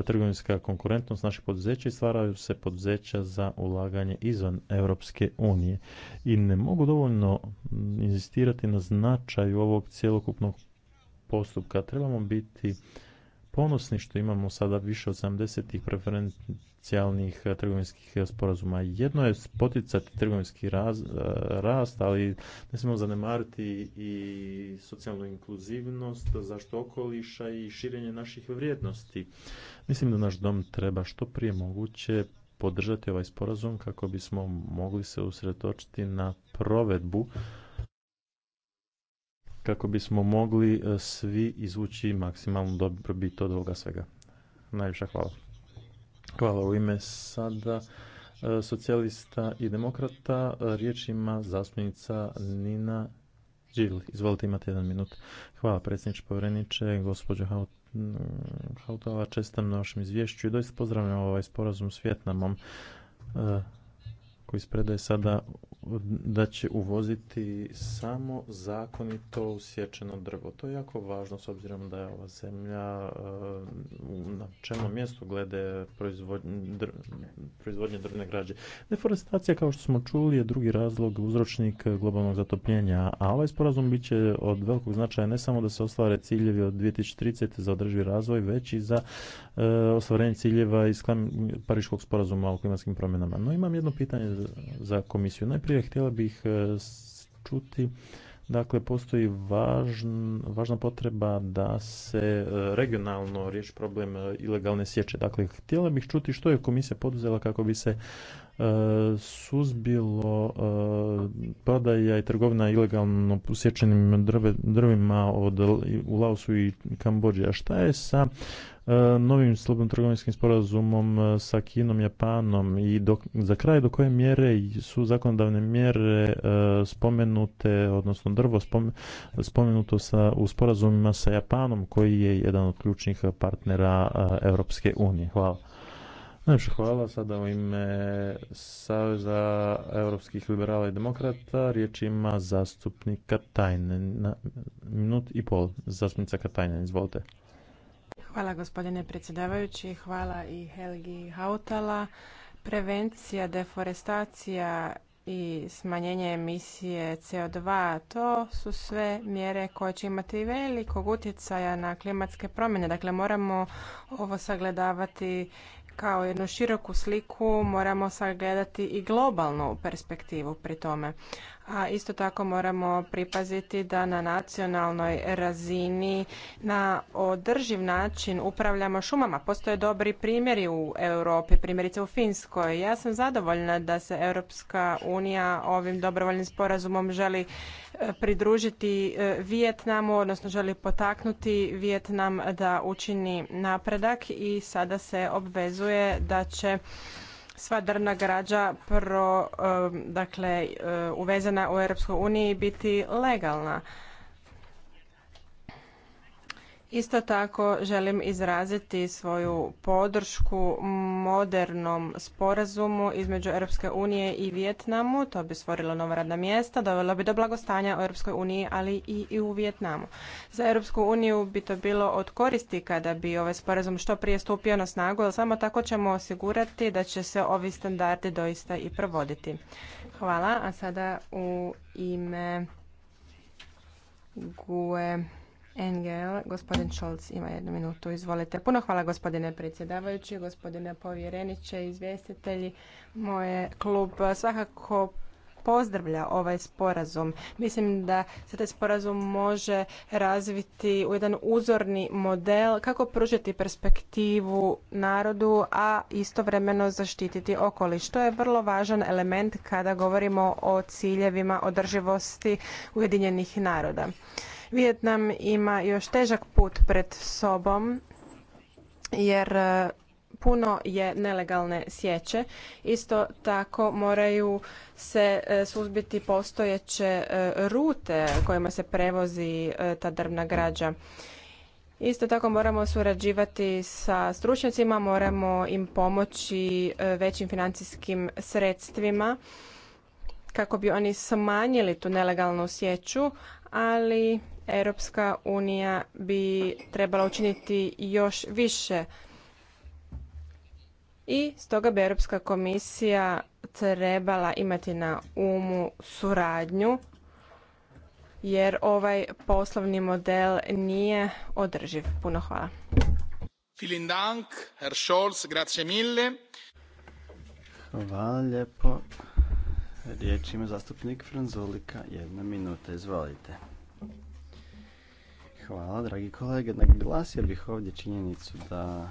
trgovinska konkurentnost naših poduzeća i stvaraju se poduzeća za ulaganje izvan Europske unije. I ne mogu dovoljno inzistirati na značaju ovog cjelokupnog postupka. Trebamo biti ponosni što imamo sada više od 70 preferencijalnih eh, trgovinskih sporazuma. Jedno je poticati trgovinski eh, rast, ali ne smijemo zanemariti i socijalnu inkluzivnost, zašto okoliša i širenje naših vrijednosti. Mislim da naš dom treba što prije moguće podržati ovaj sporazum kako bismo mogli se usredotočiti na provedbu kako bismo mogli e, svi izvući maksimalnu dobrobit od ovoga svega. Najviše hvala. Hvala u ime sada e, socijalista i demokrata. E, riječ ima zastupnica Nina Đil. Izvolite, imate jedan minut. Hvala predsjedniče povjereniče, gospođo Haut. Mm, Hautova, čestam na vašem izvješću i doista pozdravljam ovaj sporazum s Vjetnamom koji spredaje sada da će uvoziti samo zakonito usječeno drvo. To je jako važno s obzirom da je ova zemlja e, na čemu mjestu glede proizvodnje drvne građe. Deforestacija, kao što smo čuli, je drugi razlog, uzročnik globalnog zatopljenja, a ovaj sporazum bit će od velikog značaja ne samo da se ostvare ciljevi od 2030. za održivi razvoj, već i za e, ostvarenje ciljeva iz Pariškog sporazuma o klimatskim promjenama. No imam jedno pitanje za komisiju. Najprije htjela bih e, čuti Dakle, postoji važna potreba da se e, regionalno riješi problem e, ilegalne sječe. Dakle, htjela bih čuti što je komisija poduzela kako bi se suzbilo prodaja i trgovina ilegalno sječenim drvima od, u Laosu i Kambođi. A šta je sa E, novim slobodnim trgovinskim sporazumom e, sa Kinom, Japanom i do, za kraj do koje mjere su zakonodavne mjere e, spomenute, odnosno drvo spomenuto sa, u sporazumima sa Japanom koji je jedan od ključnih partnera Europske unije. Hvala. hvala. Sada u ime Saveza europskih liberala i demokrata riječ ima zastupnika tajne. minut i pol zastupnica Katajne, izvolite. Hvala gospodine predsjedavajući, hvala i Helgi Hautala. Prevencija, deforestacija i smanjenje emisije CO2, to su sve mjere koje će imati velikog utjecaja na klimatske promjene. Dakle, moramo ovo sagledavati kao jednu široku sliku moramo sagledati i globalnu perspektivu pri tome a isto tako moramo pripaziti da na nacionalnoj razini na održiv način upravljamo šumama. Postoje dobri primjeri u Europi, primjerice u Finskoj. Ja sam zadovoljna da se Europska unija ovim dobrovoljnim sporazumom želi e, pridružiti e, Vijetnamu, odnosno želi potaknuti Vijetnam da učini napredak i sada se obvezuje da će sva drvna građa pro, dakle, uvezena u Europskoj uniji biti legalna. Isto tako želim izraziti svoju podršku modernom sporazumu između Europske unije i Vijetnamu. To bi stvorilo nova radna mjesta, dovelo bi do blagostanja u Europskoj uniji, ali i u Vijetnamu. Za Europsku uniju bi to bilo od koristi kada bi ovaj sporazum što prije stupio na snagu, jer samo tako ćemo osigurati da će se ovi standardi doista i provoditi. Hvala, a sada u ime GUE NGL. Gospodin Šolc ima jednu minutu. Izvolite. Puno hvala gospodine predsjedavajući, gospodine povjereniče, izvjestitelji. Moje klub svakako pozdravlja ovaj sporazum. Mislim da se taj sporazum može razviti u jedan uzorni model kako pružiti perspektivu narodu, a istovremeno zaštititi okoliš. To je vrlo važan element kada govorimo o ciljevima održivosti Ujedinjenih naroda. Vijetnam ima još težak put pred sobom jer e, puno je nelegalne sječe. Isto tako moraju se e, suzbiti postojeće e, rute kojima se prevozi ta drvna građa. Isto tako moramo surađivati sa stručnjacima, moramo im pomoći većim financijskim sredstvima kako bi oni smanjili tu nelegalnu sjeću, ali Europska unija bi trebala učiniti još više i stoga bi Europska komisija trebala imati na umu suradnju jer ovaj poslovni model nije održiv. Puno hvala. Hvala lijepo. Riječ ima zastupnik Franzolika. Jedna minuta, izvolite. Hvala, dragi kolege. Naglasio bih ovdje činjenicu da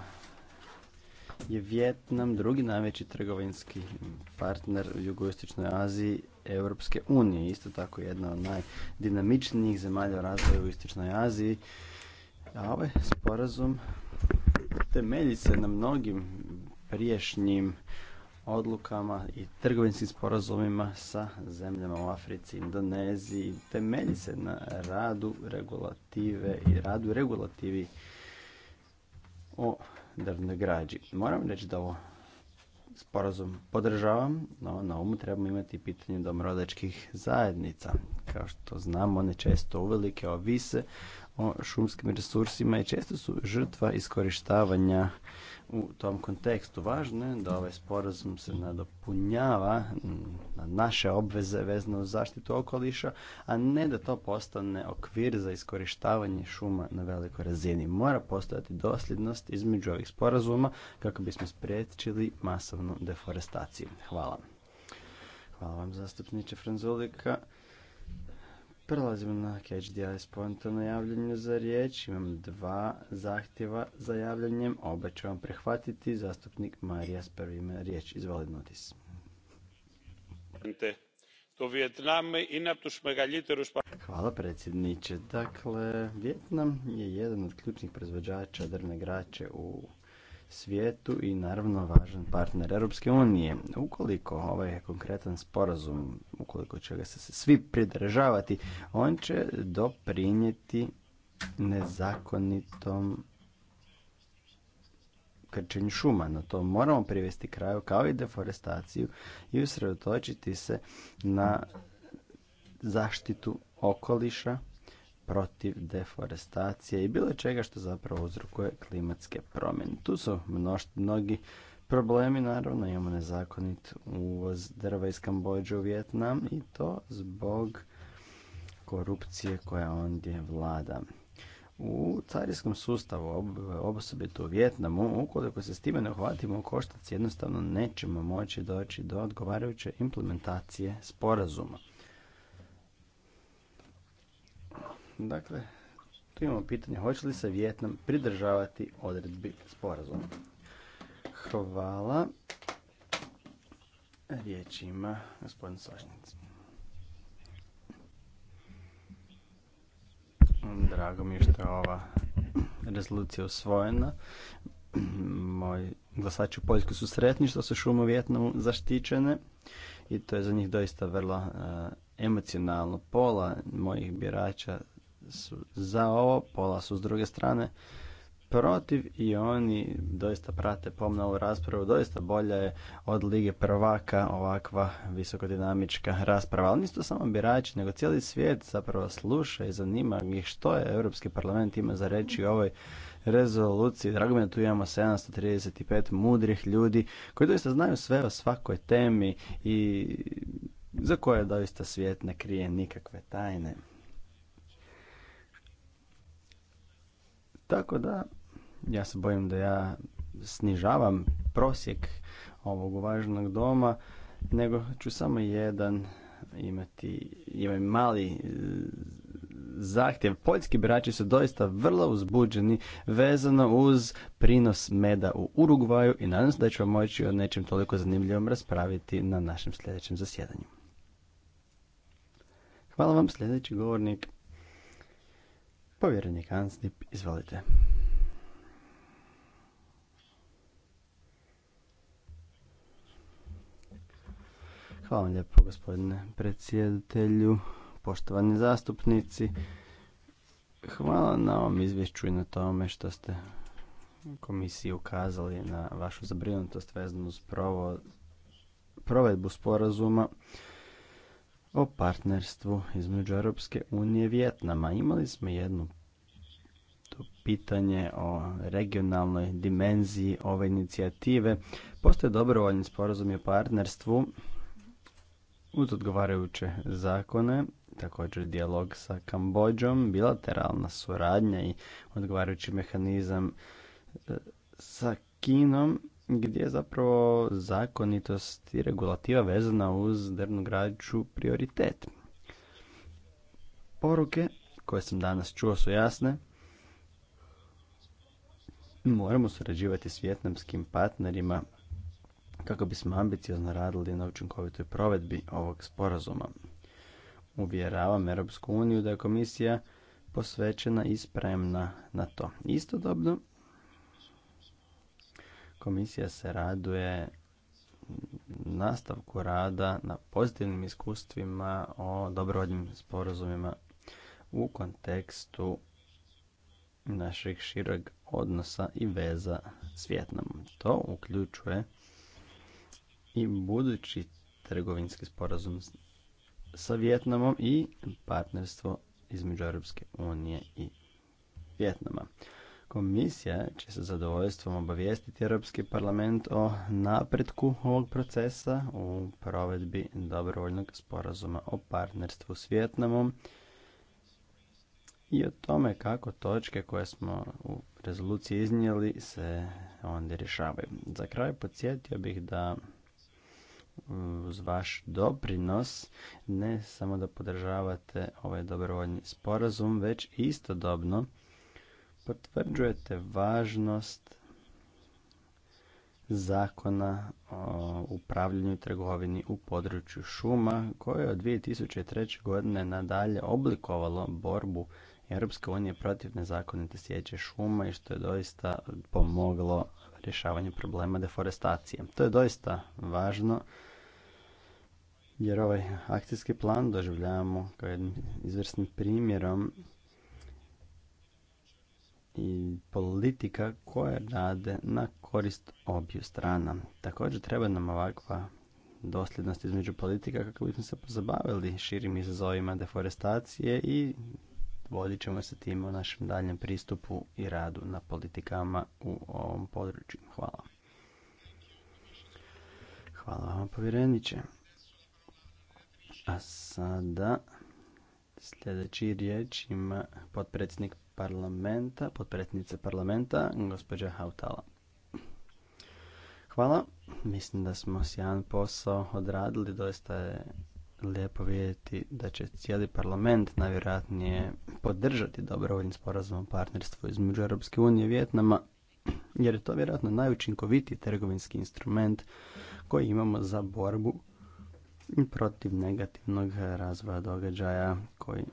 je Vjetnam drugi najveći trgovinski partner u jugoistočnoj Aziji Europske unije. Isto tako jedna od najdinamičnijih zemalja razvoja u istočnoj Aziji. A ovaj sporazum temelji se na mnogim priješnjim odlukama i trgovinskim sporazumima sa zemljama u Africi, i Indoneziji. Temelji se na radu regulative i radu regulativi o drvnoj građi. Moram reći da ovo sporazum podržavam, no na umu trebamo imati pitanje domrodečkih zajednica. Kao što znamo, one često uvelike ovise o šumskim resursima i često su žrtva iskorištavanja u tom kontekstu važno je da ovaj sporazum se nadopunjava mm, na naše obveze vezano uz zaštitu okoliša, a ne da to postane okvir za iskorištavanje šuma na velikoj razini. Mora postojati dosljednost između ovih sporazuma kako bismo spriječili masovnu deforestaciju. Hvala. Hvala vam zastupniče Franzulika. Prelazimo na Catch the spontano javljanje za riječ. Imam dva zahtjeva za javljanjem. Oba ću vam prihvatiti. Zastupnik Marija s prvim riječ. Izvoli notis. Hvala predsjedniče. Dakle, Vjetnam je jedan od ključnih proizvođača drvne graće u svijetu i naravno važan partner Europske unije. Ukoliko ovaj konkretan sporazum koliko će ga se svi pridržavati, on će doprinijeti nezakonitom krčenju šuma. No to moramo privesti kraju kao i deforestaciju i usredotočiti se na zaštitu okoliša protiv deforestacije i bilo čega što zapravo uzrokuje klimatske promjene. Tu su mnogi problemi, naravno imamo nezakonit uvoz drva iz Kambođe u Vjetnam i to zbog korupcije koja ondje vlada. U carinskom sustavu, osobito u Vjetnamu, ukoliko se s time ne uhvatimo u koštac, jednostavno nećemo moći doći do odgovarajuće implementacije sporazuma. Dakle, tu imamo pitanje hoće li se Vjetnam pridržavati odredbi sporazuma. Hvala. Riječ ima gospodin Sošnic. Drago mi je što je ova rezolucija usvojena. Moji glasači u Poljskoj su sretni što su šume u zaštićene i to je za njih doista vrlo e, emocionalno. Pola mojih birača su za ovo, pola su s druge strane protiv i oni doista prate pomno ovu raspravu. Doista bolja je od Lige prvaka ovakva visokodinamička rasprava. Ali nisu samo birači, nego cijeli svijet zapravo sluša i zanima ih što je Europski parlament ima za reći o ovoj rezoluciji. Drago mi je tu imamo 735 mudrih ljudi koji doista znaju sve o svakoj temi i za koje doista svijet ne krije nikakve tajne. Tako da, ja se bojim da ja snižavam prosjek ovog važnog doma, nego ću samo jedan imati, mali e, zahtjev. Poljski birači su doista vrlo uzbuđeni vezano uz prinos meda u Urugvaju i nadam se da vam moći o nečem toliko zanimljivom raspraviti na našem sljedećem zasjedanju. Hvala vam sljedeći govornik Povjerenik Ansnip, izvolite. Hvala vam lijepo gospodine predsjedatelju, poštovani zastupnici. Hvala na ovom izvješću i na tome što ste komisiji ukazali na vašu zabrinutost vezanu uz provedbu sporazuma o partnerstvu između Europske unije i Vjetnama. Imali smo jednu to pitanje o regionalnoj dimenziji ove inicijative. Postoje dobrovoljni sporazum o partnerstvu uz odgovarajuće zakone, također dijalog sa Kambođom, bilateralna suradnja i odgovarajući mehanizam e, sa Kinom gdje je zapravo zakonitost i regulativa vezana uz drvnu građu prioritet. Poruke koje sam danas čuo su jasne. Moramo surađivati s vjetnamskim partnerima kako bismo ambiciozno radili na učinkovitoj provedbi ovog sporazuma. Uvjeravam Europsku uniju da je komisija posvećena i spremna na to. Istodobno Komisija se raduje nastavku rada na pozitivnim iskustvima o dobrovoljnim sporazumima u kontekstu našeg širog odnosa i veza s Vjetnamom. To uključuje i budući trgovinski sporazum sa Vjetnamom i partnerstvo između Europske unije i Vjetnama. Komisija će sa zadovoljstvom obavijestiti Europski parlament o napretku ovog procesa u provedbi dobrovoljnog sporazuma o partnerstvu s Vjetnamom i o tome kako točke koje smo u rezoluciji iznijeli se onda rješavaju. Za kraj podsjetio bih da uz vaš doprinos ne samo da podržavate ovaj dobrovoljni sporazum, već istodobno potvrđujete važnost zakona o upravljanju trgovini u području šuma koje je od 2003. godine nadalje oblikovalo borbu Europske unije protiv nezakonite sjeće šuma i što je doista pomoglo rješavanju problema deforestacije. To je doista važno jer ovaj akcijski plan doživljavamo kao jednim izvrsnim primjerom i politika koje rade na korist obiju strana. Također treba nam ovakva dosljednost između politika kako bismo se pozabavili širim izazovima deforestacije i vodit ćemo se tim u našem daljem pristupu i radu na politikama u ovom području. Hvala. Hvala vam povjereniče. A sada sljedeći riječ ima potpredsjednik parlamenta, potpretnice parlamenta, gospođa Hautala. Hvala. Mislim da smo sjajan posao odradili. Doista je lijepo vidjeti da će cijeli parlament najvjerojatnije podržati dobrovoljni sporazum o partnerstvu između Europske unije i Vjetnama, jer je to vjerojatno najučinkovitiji trgovinski instrument koji imamo za borbu protiv negativnog razvoja događaja koji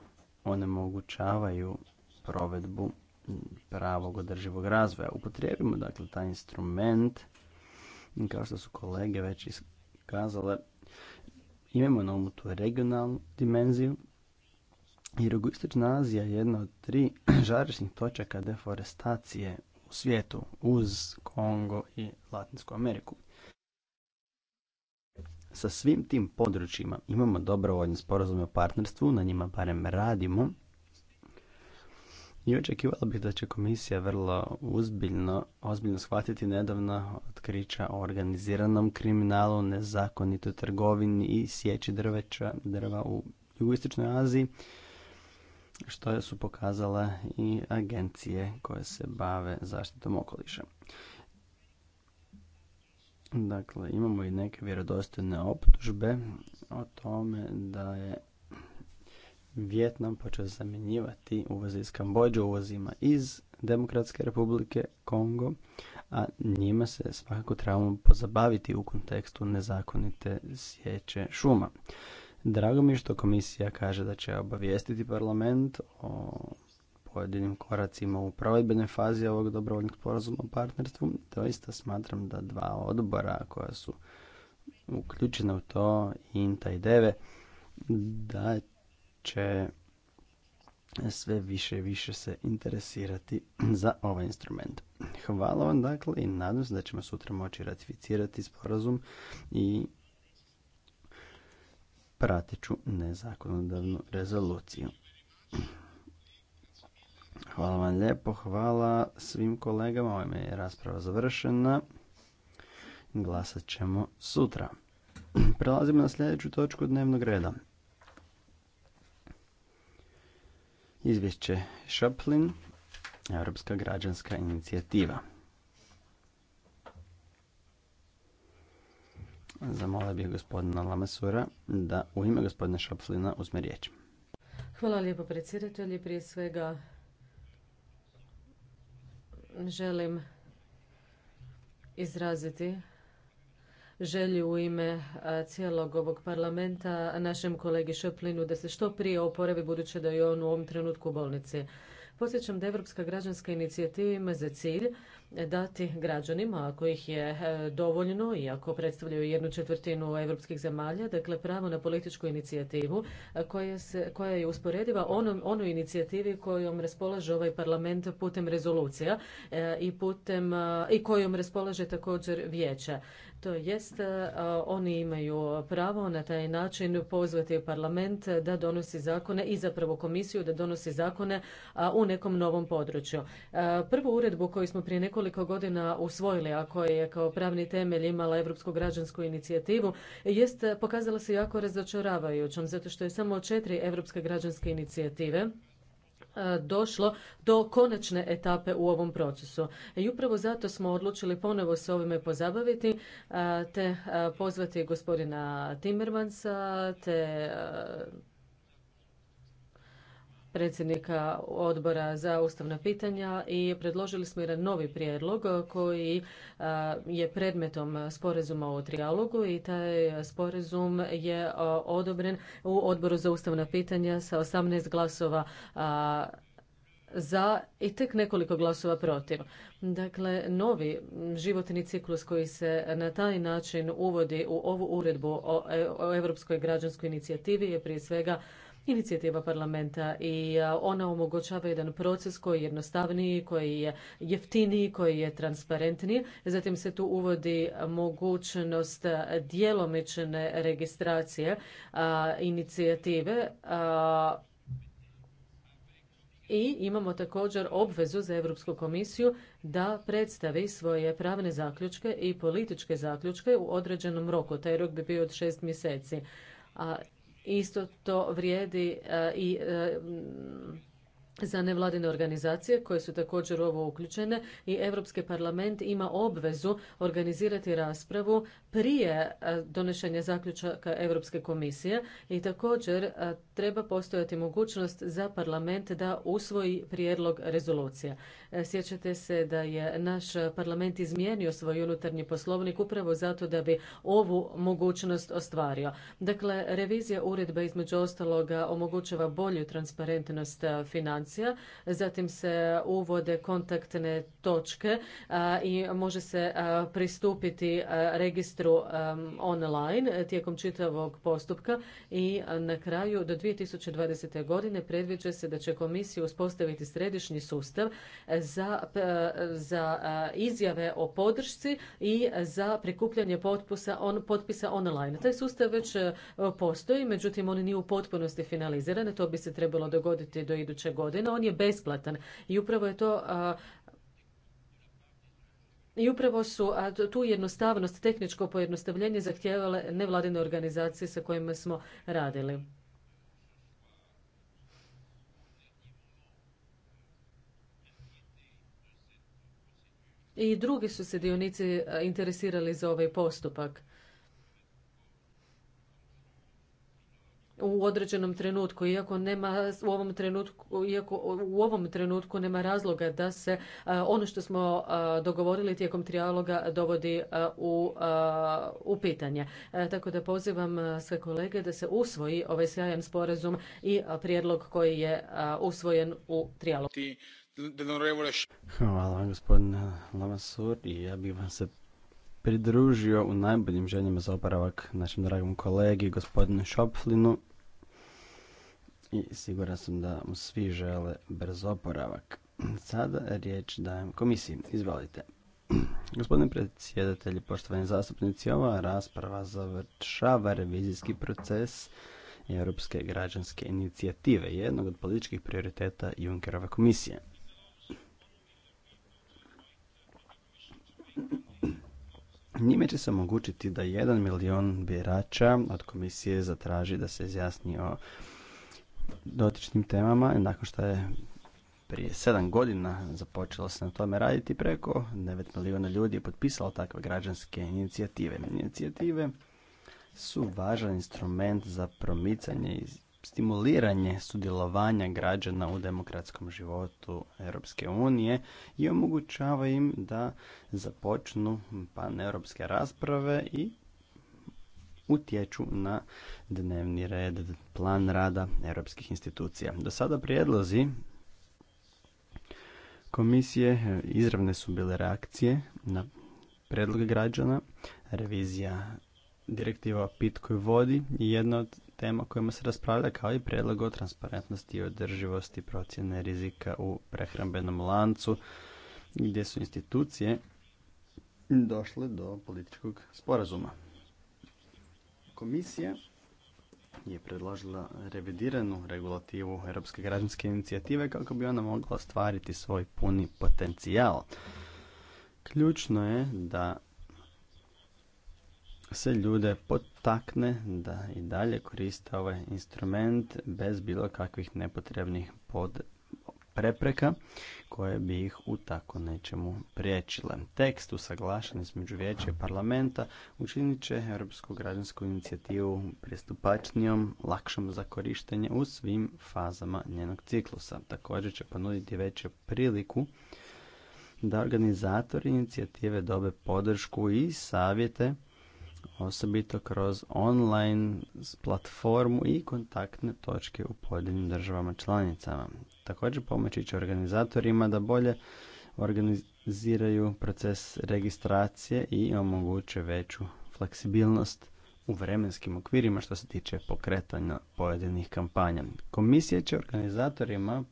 onemogućavaju provedbu pravog održivog razvoja. Upotrijebimo dakle taj instrument, kao što su kolege već iskazale, imamo na umu tu regionalnu dimenziju. Jugoistočna Azija je jedna od tri žarišnih točaka deforestacije u svijetu uz Kongo i Latinsku Ameriku. Sa svim tim područjima imamo dobrovoljne sporazume o partnerstvu, na njima barem radimo, i očekivala bih da će komisija vrlo uzbiljno, ozbiljno shvatiti nedavna otkrića o organiziranom kriminalu, nezakonitoj trgovini i sjeći drveća, drva u jugoistočnoj Aziji, što su pokazale i agencije koje se bave zaštitom okoliša. Dakle, imamo i neke vjerodostojne optužbe o tome da je Vjetnam počeo zamjenjivati uvoze iz Kambođe uvozima iz Demokratske republike Kongo, a njima se svakako trebamo pozabaviti u kontekstu nezakonite sjeće šuma. Drago mi je što komisija kaže da će obavijestiti parlament o pojedinim koracima u provedbenoj fazi ovog dobrovoljnog sporazuma o partnerstvu. Doista smatram da dva odbora koja su uključena u to, INTA i DEVE, da će sve više i više se interesirati za ovaj instrument. Hvala vam dakle i nadam se da ćemo sutra moći ratificirati sporazum i pratit ću nezakonodavnu rezoluciju. Hvala vam lijepo, hvala svim kolegama, me je rasprava završena. Glasat ćemo sutra. Prelazimo na sljedeću točku dnevnog reda. Izvješće Šaplin, Europska građanska inicijativa. Zamolio bih gospodina Lamasura da u ime gospodina Šoplina uzme riječ. Hvala lijepo predsjedatelji. Prije svega želim izraziti Želju u ime cijelog ovog parlamenta našem kolegi Šeplinu da se što prije oporavi budući da je on u ovom trenutku u bolnici. Podsjećam da Evropska građanska inicijativa ima za cilj e, dati građanima, ako ih je e, dovoljno i ako predstavljaju jednu četvrtinu evropskih zemalja, dakle pravo na političku inicijativu koja, se, koja je usporediva onom, onoj inicijativi kojom raspolaže ovaj parlament putem rezolucija e, i, putem, i kojom raspolaže također vijeće. To jest, e, oni imaju pravo na taj način pozvati parlament da donosi zakone i zapravo komisiju da donosi zakone u nekom novom području. E, prvu uredbu koju smo prije nekoliko godina usvojili, a koja je kao pravni temelj imala Europsku građansku inicijativu, jest e, pokazala se jako razočaravajućom, zato što je samo četiri Europske građanske inicijative E, došlo do konačne etape u ovom procesu. I upravo zato smo odlučili ponovo se ovime pozabaviti e, te e, pozvati gospodina Timmermansa te predsjednika odbora za ustavna pitanja i predložili smo jedan novi prijedlog koji je predmetom sporazuma o trijalogu i taj sporazum je odobren u odboru za ustavna pitanja sa 18 glasova za i tek nekoliko glasova protiv. Dakle, novi životni ciklus koji se na taj način uvodi u ovu uredbu o e, Europskoj građanskoj inicijativi je prije svega inicijativa parlamenta i ona omogućava jedan proces koji je jednostavniji, koji je jeftiniji, koji je transparentniji. Zatim se tu uvodi mogućnost djelomične registracije inicijative i imamo također obvezu za Europsku komisiju da predstavi svoje pravne zaključke i političke zaključke u određenom roku. Taj rok bi bio od šest mjeseci. A Isto to vrijedi e, i e, za nevladine organizacije koje su također ovo uključene i Europski parlament ima obvezu organizirati raspravu prije e, donošenja zaključaka Europske komisije i također e, treba postojati mogućnost za parlament da usvoji prijedlog rezolucija. E, sjećate se da je naš parlament izmijenio svoj unutarnji poslovnik upravo zato da bi ovu mogućnost ostvario. Dakle, revizija uredbe između ostaloga omogućava bolju transparentnost financija informacija, zatim se uvode kontaktne točke i može se pristupiti registru online tijekom čitavog postupka i na kraju do 2020. godine predviđa se da će komisija uspostaviti središnji sustav za, za izjave o podršci i za prikupljanje potpisa, on, potpisa online. Taj sustav već postoji, međutim on nije u potpunosti finaliziran, to bi se trebalo dogoditi do iduće godine on je besplatan. I upravo je to i upravo su a, tu jednostavnost, tehničko pojednostavljenje zahtijevale nevladine organizacije sa kojima smo radili. I drugi su se dionici interesirali za ovaj postupak. u određenom trenutku iako nema u ovom trenutku iako u ovom trenutku nema razloga da se ono što smo dogovorili tijekom trijaloga dovodi u, u pitanje. Tako da pozivam sve kolege da se usvoji ovaj sjajan sporazum i prijedlog koji je usvojen u trijalogu. Hvala vam gospodine Lamasur i ja bih vam se pridružio u najboljim željama za oporavak našem dragom kolegi gospodinu Šopflinu i siguran sam da mu svi žele brz oporavak. Sada riječ dajem komisiji. Izvolite. Gospodine predsjedatelji, poštovani zastupnici, ova rasprava završava revizijski proces Europske građanske inicijative, jednog od političkih prioriteta Junckerove komisije. Njime će se omogućiti da jedan milion birača od komisije zatraži da se izjasni o dotičnim temama nakon što je prije sedam godina započelo se na tome raditi preko 9 milijuna ljudi je potpisalo takve građanske inicijative. Inicijative su važan instrument za promicanje i stimuliranje sudjelovanja građana u demokratskom životu Europske unije i omogućava im da započnu paneuropske rasprave i utječu na dnevni red, plan rada europskih institucija. Do sada prijedlozi komisije izravne su bile reakcije na predloge građana, revizija direktiva o pitkoj vodi i jedna od tema kojima se raspravlja kao i predlog o transparentnosti i održivosti procjene rizika u prehrambenom lancu gdje su institucije došle do političkog sporazuma. Komisija je predložila revidiranu regulativu Europske građanske inicijative kako bi ona mogla ostvariti svoj puni potencijal. Ključno je da se ljude potakne da i dalje koriste ovaj instrument bez bilo kakvih nepotrebnih pod prepreka koje bi ih u tako nečemu priječile. Tekst usaglašen između vijeća i parlamenta učinit će Europsku građansku inicijativu pristupačnijom, lakšom za korištenje u svim fazama njenog ciklusa. Također će ponuditi veću priliku da organizatori inicijative dobe podršku i savjete osobito kroz online platformu i kontaktne točke u pojedinim državama članicama. Također pomoći će organizatorima da bolje organiziraju proces registracije i omoguće veću fleksibilnost u vremenskim okvirima što se tiče pokretanja pojedinih kampanja. Komisija će organizatorima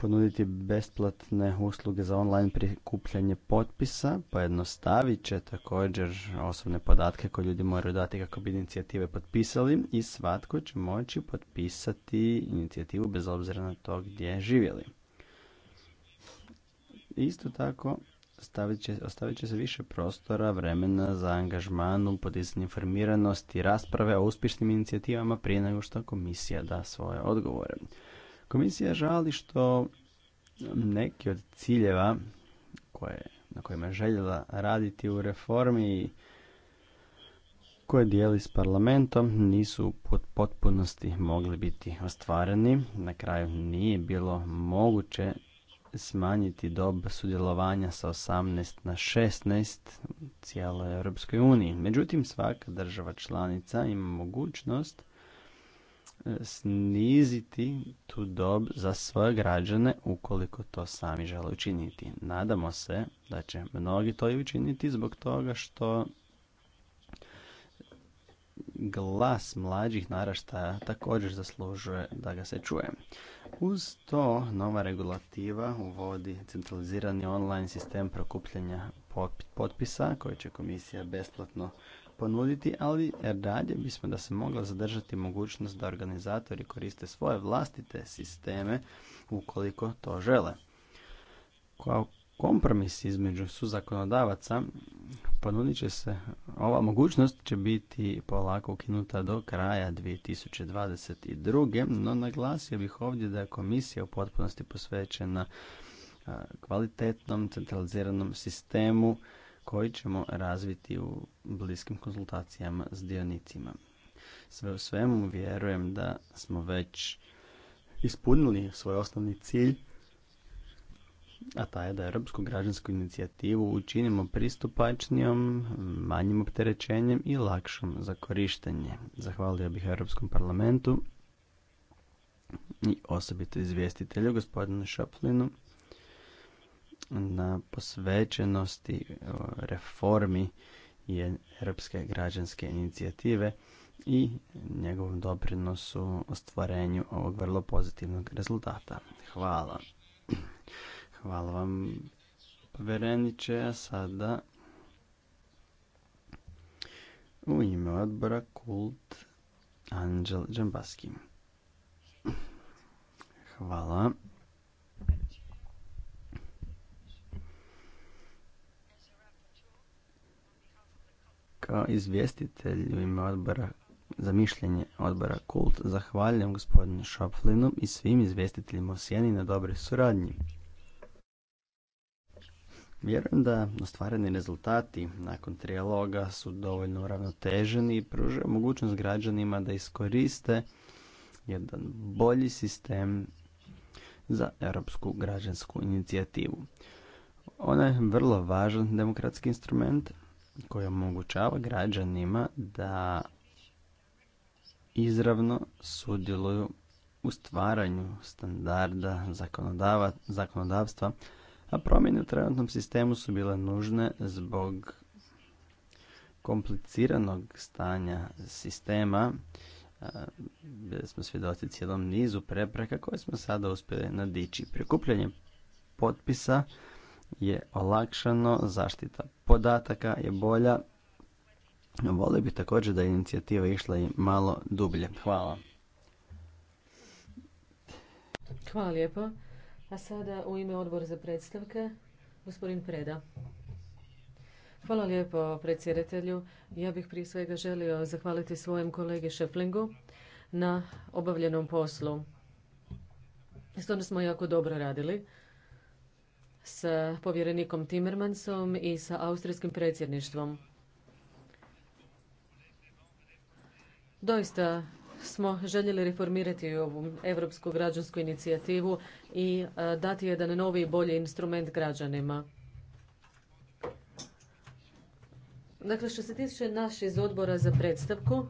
ponuditi besplatne usluge za online prikupljanje potpisa, pojednostavit će također osobne podatke koje ljudi moraju dati kako bi inicijative potpisali i svatko će moći potpisati inicijativu bez obzira na to gdje živjeli. Isto tako, stavit ostavit će se više prostora, vremena za angažman u podizanju informiranosti, rasprave o uspješnim inicijativama prije nego što komisija da svoje odgovore. Komisija žali što neki od ciljeva koje, na kojima je željela raditi u reformi koje dijeli s parlamentom nisu u potpunosti mogli biti ostvareni. Na kraju nije bilo moguće smanjiti dob sudjelovanja sa 18 na 16 u cijeloj Europskoj uniji. Međutim, svaka država članica ima mogućnost sniziti tu dob za svoje građane ukoliko to sami žele učiniti. Nadamo se da će mnogi to i učiniti zbog toga što glas mlađih naraštaja također zaslužuje da ga se čuje. Uz to nova regulativa uvodi centralizirani online sistem prokupljanja potpisa koji će komisija besplatno ponuditi, ali radije er bismo da se mogla zadržati mogućnost da organizatori koriste svoje vlastite sisteme ukoliko to žele. Kao kompromis između suzakonodavaca ponudit će se, ova mogućnost će biti polako ukinuta do kraja 2022. No naglasio bih ovdje da je komisija u potpunosti posvećena kvalitetnom centraliziranom sistemu koji ćemo razviti u bliskim konzultacijama s dionicima. Sve u svemu vjerujem da smo već ispunili svoj osnovni cilj, a taj je da Europsku građansku inicijativu učinimo pristupačnijom, manjim opterećenjem i lakšom za korištenje. Zahvalio bih Europskom parlamentu i osobito izvjestitelju gospodinu Šaplinu na posvećenosti e, reformi Europske građanske inicijative i njegovom doprinosu ostvarenju ovog vrlo pozitivnog rezultata. Hvala. Hvala vam, Verenice. a sada u ime odbora Kult Anđel Džambaski. Hvala. kao izvjestitelj u ime odbora za mišljenje odbora Kult zahvaljujem gospodinu Šoplinu i svim izvjestiteljima u Sjeni na dobroj suradnji. Vjerujem da ostvareni rezultati nakon trijaloga su dovoljno uravnoteženi i pružaju mogućnost građanima da iskoriste jedan bolji sistem za europsku građansku inicijativu. Ona je vrlo važan demokratski instrument koji omogućava građanima da izravno sudjeluju u stvaranju standarda zakonodavstva, a promjene u trenutnom sistemu su bile nužne zbog kompliciranog stanja sistema. Bili smo svjedoci cijelom nizu prepreka koje smo sada uspjeli nadići. Prikupljanje potpisa je olakšano, zaštita podataka je bolja. Volio bi također da je inicijativa išla i malo dublje. Hvala. Hvala lijepo. A sada u ime odbora za predstavke, gospodin Preda. Hvala lijepo predsjedatelju. Ja bih prije svega želio zahvaliti svojem kolegi Šeflingu na obavljenom poslu. Stvarno smo jako dobro radili s povjerenikom Timmermansom i sa austrijskim predsjedništvom. Doista smo željeli reformirati ovu europsku građansku inicijativu i dati jedan novi i bolji instrument građanima. Dakle, što se tiče naš iz odbora za predstavku,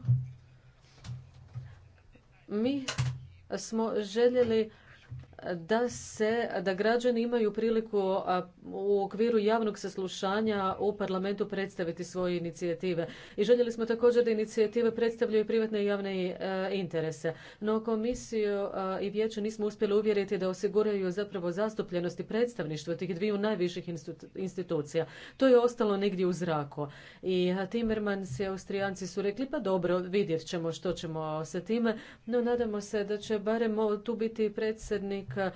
mi smo željeli da se, da građani imaju priliku u okviru javnog saslušanja u parlamentu predstaviti svoje inicijative. I željeli smo također da inicijative predstavljaju privatne i javne e, interese. No komisiju i vijeće nismo uspjeli uvjeriti da osiguraju zapravo zastupljenost i predstavništvo tih dviju najviših institucija. To je ostalo negdje u zraku. I Timmermans i Austrijanci su rekli pa dobro, vidjet ćemo što ćemo sa time, no nadamo se da će barem tu biti predsjednik Eh,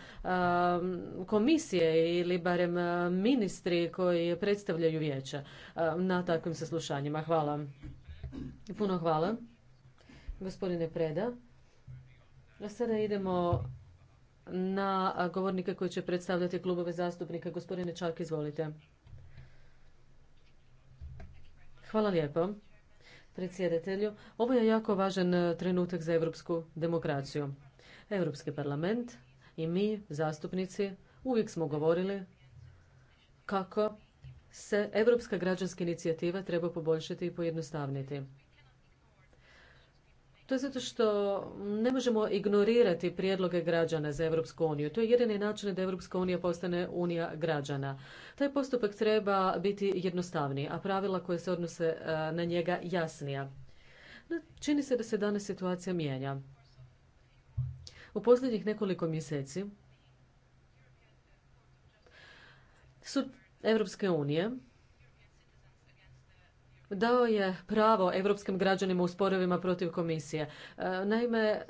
komisije ili barem eh, ministri koji predstavljaju vijeća eh, na takvim saslušanjima. Hvala. Puno hvala. Gospodine Preda. A sada idemo na govornike koji će predstavljati klubove zastupnika. Gospodine Čak, izvolite. Hvala lijepo predsjedatelju. Ovo je jako važan trenutak za europsku demokraciju. Europski parlament i mi, zastupnici, uvijek smo govorili kako se Europska građanska inicijativa treba poboljšati i pojednostavniti. To je zato što ne možemo ignorirati prijedloge građana za Europsku uniju. To je jedini način da Europska unija postane unija građana. Taj postupak treba biti jednostavniji, a pravila koje se odnose e, na njega jasnija. čini se da se danas situacija mijenja. U posljednjih nekoliko mjeseci sud Europske unije dao je pravo europskim građanima u sporovima protiv komisije. E, naime, e,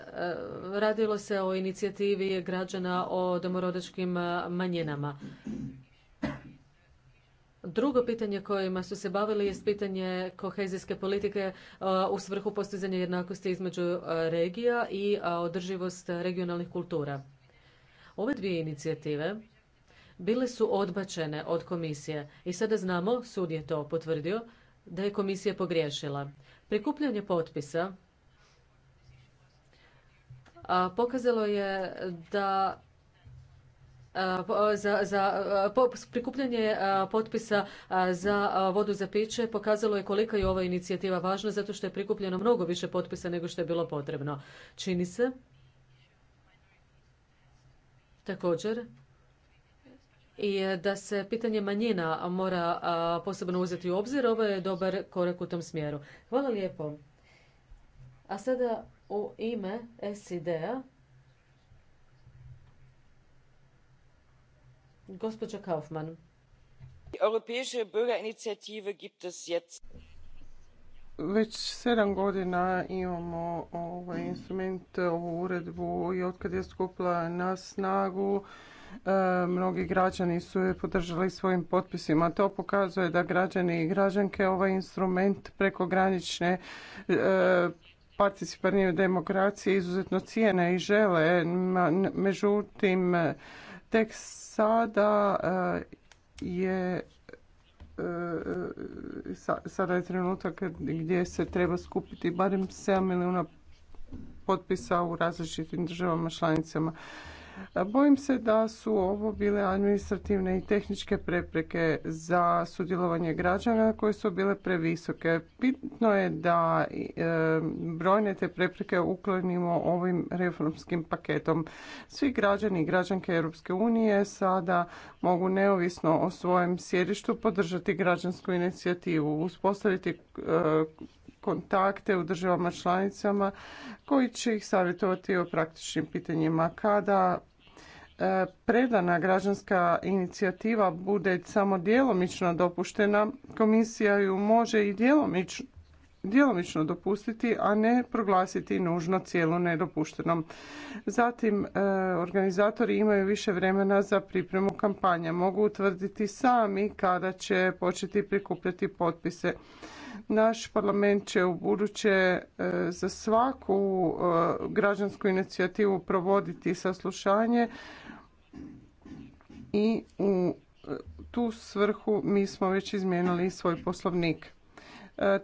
radilo se o inicijativi građana o domorodačkim manjinama. Drugo pitanje kojima su se bavili je pitanje kohezijske politike e, u svrhu postizanja jednakosti između e, regija i e, održivost regionalnih kultura. Ove dvije inicijative bile su odbačene od komisije i sada znamo, sud je to potvrdio, da je komisija pogriješila. Prikupljanje potpisa pokazalo je da za, za prikupljanje potpisa za vodu za piće pokazalo je kolika je ova inicijativa važna zato što je prikupljeno mnogo više potpisa nego što je bilo potrebno. Čini se također i e, da se pitanje manjina mora posebno uzeti u obzir. Ovo je dobar korak u tom smjeru. Hvala lijepo. A sada u ime SID-a Gospođa Kaufmann. Bürgerinitiative gibt es jetzt već sedam godina imamo ovaj instrument, ovu uredbu i otkad je skupila na snagu, e, mnogi građani su je podržali svojim potpisima. To pokazuje da građani i građanke ovaj instrument prekogranične e, participarnije demokracije izuzetno cijene i žele. Međutim, tekst sada e, je e, sada je trenutak gdje se treba skupiti barem 7 milijuna potpisa u različitim državama članicama. Bojim se da su ovo bile administrativne i tehničke prepreke za sudjelovanje građana koje su bile previsoke. Bitno je da e, brojne te prepreke uklonimo ovim reformskim paketom. Svi građani i građanke Europske unije sada mogu neovisno o svojem sjedištu podržati građansku inicijativu, uspostaviti e, kontakte u državama članicama koji će ih savjetovati o praktičnim pitanjima. Kada e, predana građanska inicijativa bude samo djelomično dopuštena, komisija ju može i djelomično djelomično dopustiti, a ne proglasiti nužno cijelu nedopuštenom. Zatim, e, organizatori imaju više vremena za pripremu kampanje. Mogu utvrditi sami kada će početi prikupljati potpise. Naš parlament će buduće e, za svaku e, građansku inicijativu provoditi saslušanje i u e, tu svrhu mi smo već izmijenili svoj poslovnik.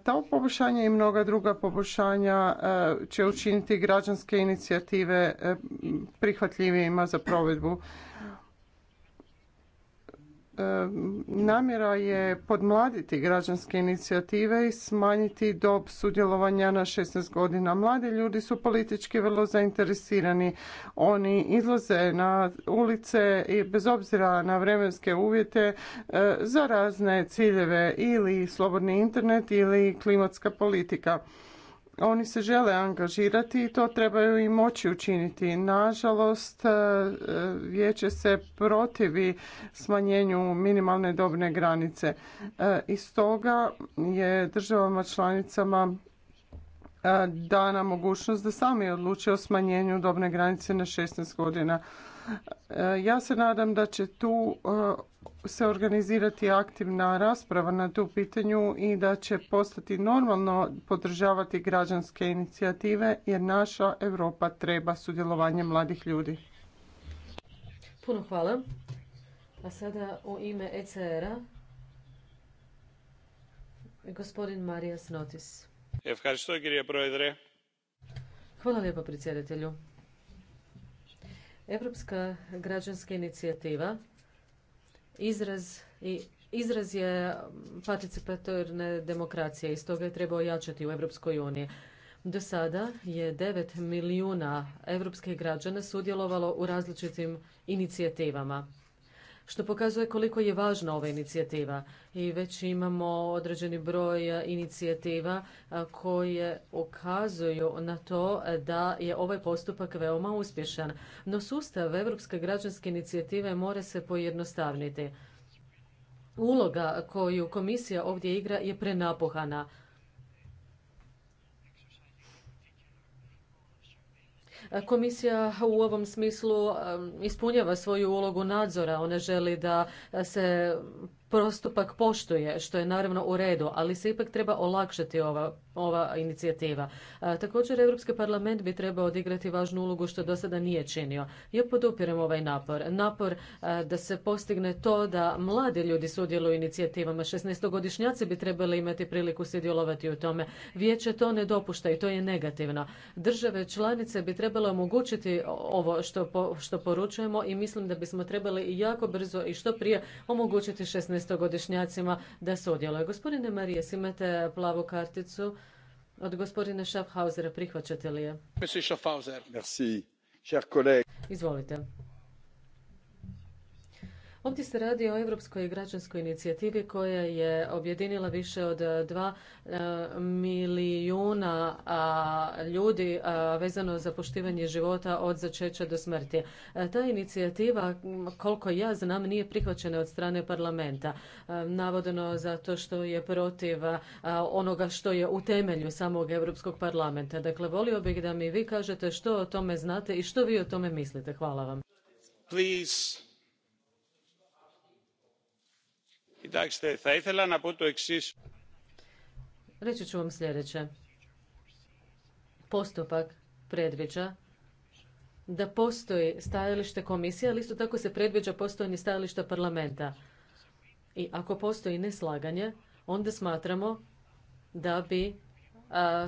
Ta poboljšanja i mnoga druga poboljšanja će učiniti građanske inicijative prihvatljivijima za provedbu. E, namjera je podmladiti građanske inicijative i smanjiti dob sudjelovanja na 16 godina. Mladi ljudi su politički vrlo zainteresirani. Oni izlaze na ulice i bez obzira na vremenske uvjete e, za razne ciljeve ili slobodni internet ili klimatska politika oni se žele angažirati i to trebaju i moći učiniti. Nažalost, e, vijeće se protivi smanjenju minimalne dobne granice. E, I stoga je državama članicama e, dana mogućnost da sami odluče o smanjenju dobne granice na 16 godina. E, ja se nadam da će tu e, se organizirati aktivna rasprava na tu pitanju i da će postati normalno podržavati građanske inicijative jer naša Europa treba sudjelovanje mladih ljudi. Puno hvala. A sada u ime ECR-a gospodin Marijas Notis. Hvala lijepo predsjedatelju. Evropska građanska inicijativa izraz i Izraz je participatorne demokracije i stoga je trebao jačati u Europskoj uniji. Do sada je 9 milijuna europskih građana sudjelovalo u različitim inicijativama što pokazuje koliko je važna ova inicijativa. I već imamo određeni broj inicijativa koje ukazuju na to da je ovaj postupak veoma uspješan. No sustav Europske građanske inicijative mora se pojednostavniti. Uloga koju komisija ovdje igra je prenapuhana. Komisija u ovom smislu ispunjava svoju ulogu nadzora. Ona želi da se postupak poštuje, što je naravno u redu, ali se ipak treba olakšati ova, ova inicijativa. također, Europski parlament bi trebao odigrati važnu ulogu što do sada nije činio. Ja podupirem ovaj napor. Napor da se postigne to da mladi ljudi sudjeluju inicijativama. 16-godišnjaci bi trebali imati priliku sudjelovati u tome. Vijeće to ne dopušta i to je negativno. Države članice bi trebale omogućiti ovo što, po, što poručujemo i mislim da bismo trebali jako brzo i što prije omogućiti 16 15-godišnjacima da sudjeluje. Gospodine si imate plavu karticu od gospodina Schaffhausera. Prihvaćate li je? Izvolite. Ovdje se radi o Europskoj građanskoj inicijativi koja je objedinila više od dva e, milijuna ljudi vezano za poštivanje života od začeća do smrti. E, ta inicijativa, koliko ja znam, nije prihvaćena od strane parlamenta. E, navodno zato što je protiv onoga što je u temelju samog Europskog parlamenta. Dakle, volio bih da mi vi kažete što o tome znate i što vi o tome mislite. Hvala vam. Please Reći ću vam sljedeće. Postupak predviđa da postoji stajalište komisije, ali isto tako se predviđa postojanje stajališta parlamenta. I ako postoji neslaganje, onda smatramo da bi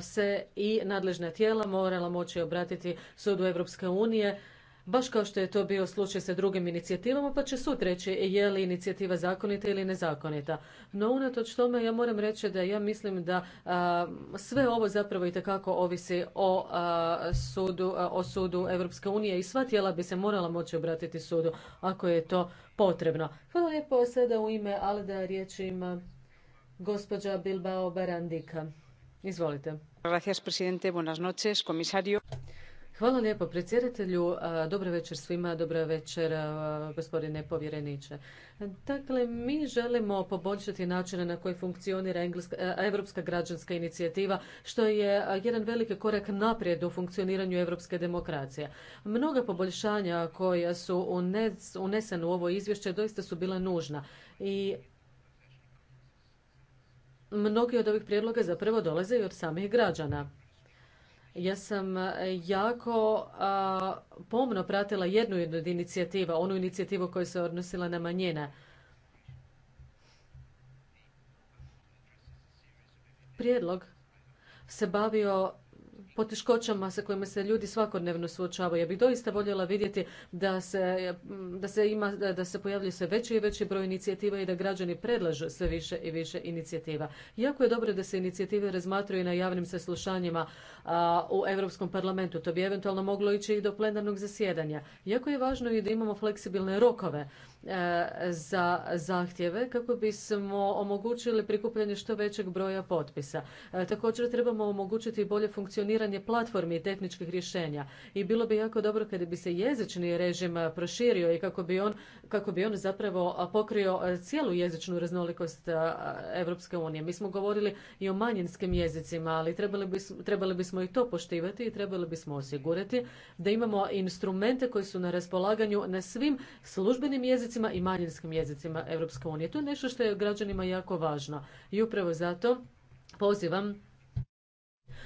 se i nadležna tijela morala moći obratiti sudu Europske unije baš kao što je to bio slučaj sa drugim inicijativama, pa će sud reći je li inicijativa zakonita ili nezakonita. No, unatoč tome, ja moram reći da ja mislim da sve ovo zapravo itekako ovisi o sudu, a, o sudu unije i sva tijela bi se morala moći obratiti sudu ako je to potrebno. Hvala lijepo sada u ime Alda riječ ima gospođa Bilbao Barandika. Izvolite. Gracias, presidente. Buenas noches, comisario. Hvala lijepo predsjedatelju. Dobro večer svima, dobro večer gospodine povjereniče. Dakle, mi želimo poboljšati načine na koji funkcionira Europska građanska inicijativa, što je jedan veliki korak naprijed u funkcioniranju europske demokracije. Mnoga poboljšanja koja su unesena u ovo izvješće doista su bila nužna i mnogi od ovih prijedloga zapravo dolaze i od samih građana. Ja sam e, jako pomno pratila jednu od inicijativa, onu inicijativu koja se odnosila na manjine. Prijedlog se bavio poteškoćama sa kojima se ljudi svakodnevno suočavaju. Ja bih doista voljela vidjeti da se, da se, ima, da se pojavljuje sve veći i veći broj inicijativa i da građani predlažu sve više i više inicijativa. Jako je dobro da se inicijative razmatruju na javnim saslušanjima u Europskom parlamentu. To bi eventualno moglo ići i do plenarnog zasjedanja. Jako je važno i da imamo fleksibilne rokove E, za zahtjeve kako bismo omogućili prikupljanje što većeg broja potpisa. E, također trebamo omogućiti bolje funkcioniranje platformi i tehničkih rješenja i bilo bi jako dobro kada bi se jezični režim proširio i kako bi on, kako bi on zapravo pokrio cijelu jezičnu raznolikost Europske unije. Mi smo govorili i o manjinskim jezicima, ali trebali, trebali bismo i to poštivati i trebali bismo osigurati da imamo instrumente koji su na raspolaganju na svim službenim jezicima jezicima i manjinskim jezicima Europske unije. To je nešto što je građanima jako važno i upravo zato pozivam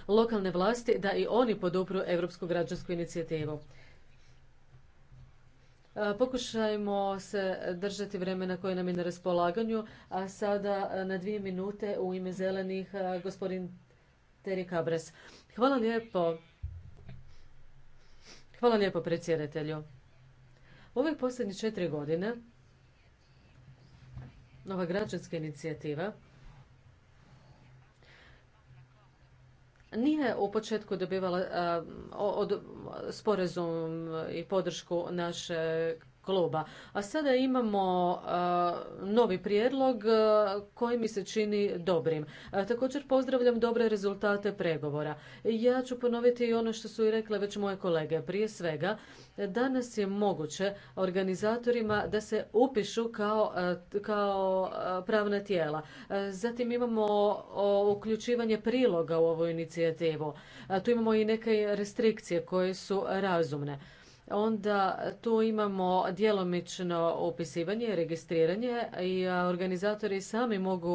lokalne vlasti da i oni podupru Europsku građansku inicijativu. Pokušajmo se držati vremena koje nam je na raspolaganju, a sada na dvije minute u ime zelenih gospodin Teri Kabres. Hvala lijepo. Hvala lijepo predsjedatelju. Ove posljednje četiri godine Nova građanska inicijativa nije u početku dobivala sporazum i podršku naše kluba. A sada imamo e, novi prijedlog e, koji mi se čini dobrim. E, također pozdravljam dobre rezultate pregovora. Ja ću ponoviti i ono što su i rekle već moje kolege. Prije svega, danas je moguće organizatorima da se upišu kao, kao pravna tijela. Zatim imamo uključivanje priloga u ovu inicijativu. Tu imamo i neke restrikcije koje su razumne onda tu imamo djelomično opisivanje, registriranje i organizatori sami mogu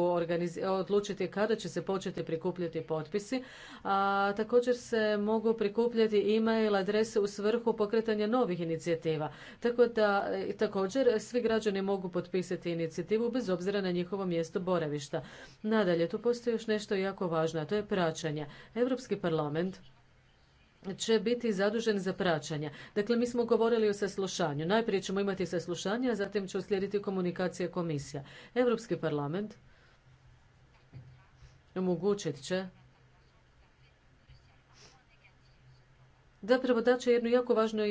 odlučiti kada će se početi prikupljati potpisi. A, također se mogu prikupljati e-mail adrese u svrhu pokretanja novih inicijativa. Tako da e, također svi građani mogu potpisati inicijativu bez obzira na njihovo mjesto boravišta. Nadalje, tu postoji još nešto jako važno, a to je praćanje. Europski parlament će biti zadužen za praćanje. Dakle, mi smo govorili o saslušanju. Najprije ćemo imati saslušanje, a zatim će uslijediti komunikacija komisija. Europski parlament omogućit će zapravo daće jednu jako važnu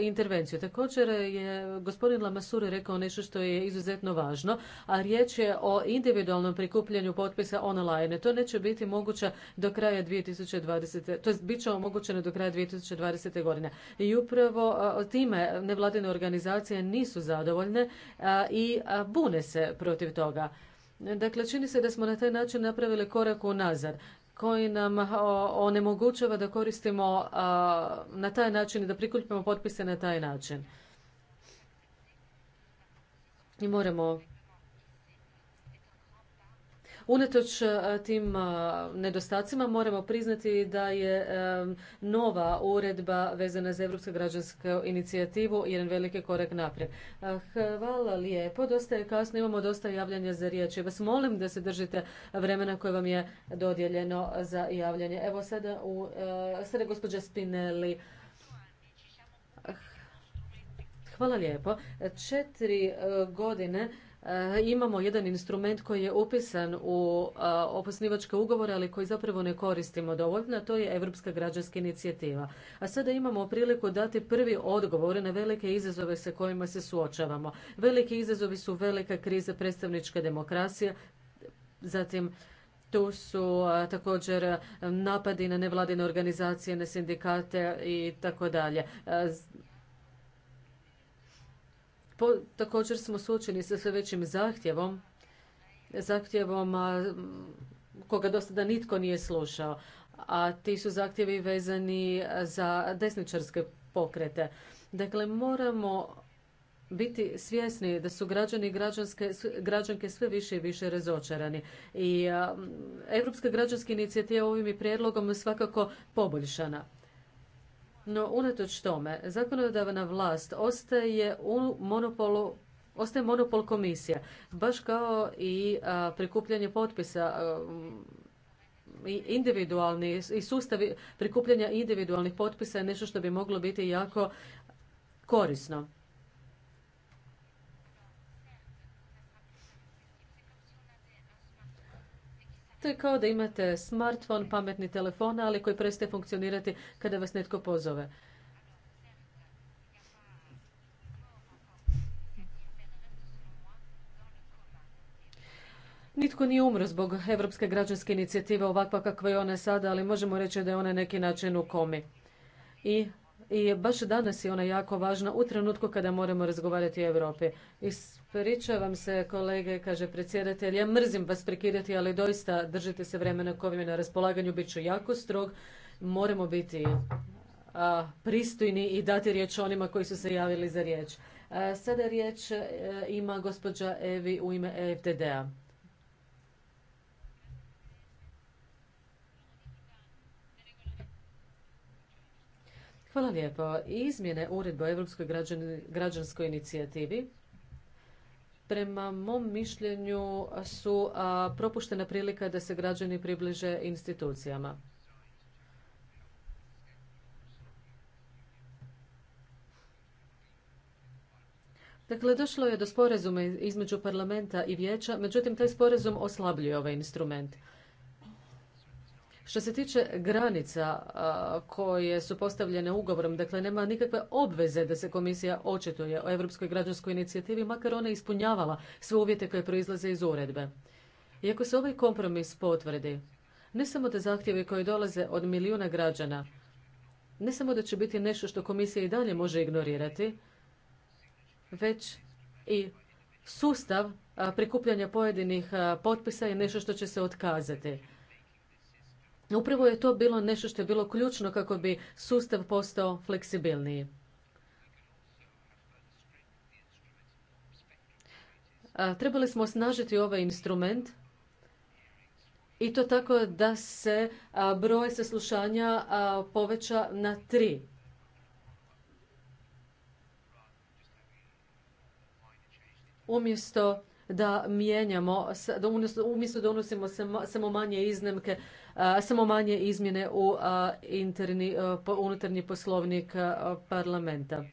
intervenciju. Također je gospodin Lamasur rekao nešto što je izuzetno važno, a riječ je o individualnom prikupljanju potpisa online. To neće biti moguće do kraja 2020. To je bit će omogućeno do kraja 2020. godine. I upravo time nevladine organizacije nisu zadovoljne i bune se protiv toga. Dakle, čini se da smo na taj način napravili korak unazad koji nam onemogućava da koristimo na taj način i da prikupimo potpise na taj način. I moramo Unatoč e, tim e, nedostacima moramo priznati da je e, nova uredba vezana za Europsku građansku inicijativu jedan veliki korak naprijed. Hvala lijepo. Dosta je kasno, imamo dosta javljanja za riječ. vas molim da se držite vremena koje vam je dodijeljeno za javljanje. Evo sada, u, sada gospođa Spinelli. Hvala lijepo. Četiri godine E, imamo jedan instrument koji je upisan u e, oposnivačke ugovore, ali koji zapravo ne koristimo dovoljno, a to je Europska građanska inicijativa. A sada imamo priliku dati prvi odgovor na velike izazove sa kojima se suočavamo. Veliki izazovi su velika kriza predstavničke demokracije, zatim tu su e, također napadi na nevladine organizacije, na sindikate i tako dalje također smo suočeni sa sve većim zahtjevom, zahtjevom a, koga dosta da nitko nije slušao, a ti su zahtjevi vezani za desničarske pokrete. Dakle, moramo biti svjesni da su građani i građanke sve više i više razočarani. I Europska građanska inicijativa ovim je svakako poboljšana. No, unatoč tome, zakonodavna vlast ostaje u monopolu Ostaje monopol komisija, baš kao i prikupljanje potpisa i individualni i sustavi prikupljanja individualnih potpisa je nešto što bi moglo biti jako korisno. kao da imate smartfon, pametni telefon, ali koji prestaje funkcionirati kada vas netko pozove. Nitko nije umro zbog Europske građanske inicijative ovakva kakva je ona sada, ali možemo reći da je ona neki način u komi. I i baš danas je ona jako važna u trenutku kada moramo razgovarati o Europi. Ispričavam se kolege, kaže predsjedatelj, ja mrzim vas prekidati, ali doista držite se vremena kojim je na raspolaganju, bit ću jako strog. Moramo biti pristojni i dati riječ onima koji su se javili za riječ. sada riječ e, ima gospođa Evi u ime eftd Hvala lijepo. Izmjene uredbe o Europskoj građanskoj inicijativi prema mom mišljenju su propuštena prilika da se građani približe institucijama. Dakle, došlo je do sporazuma između parlamenta i vijeća, međutim, taj sporazum oslabljuje ovaj instrument. Što se tiče granica koje su postavljene ugovorom, dakle nema nikakve obveze da se komisija očituje o Europskoj građanskoj inicijativi, makar ona ispunjavala sve uvjete koje proizlaze iz uredbe. Iako se ovaj kompromis potvrdi, ne samo da zahtjevi koji dolaze od milijuna građana, ne samo da će biti nešto što komisija i dalje može ignorirati, već i sustav prikupljanja pojedinih potpisa je nešto što će se otkazati. Upravo je to bilo nešto što je bilo ključno kako bi sustav postao fleksibilniji. Trebali smo osnažiti ovaj instrument i to tako da se broj saslušanja poveća na tri. Umjesto da mijenjamo, da umjesto da unosimo samo manje iznemke, samo manje izmjene u unutarnji poslovnik parlamenta.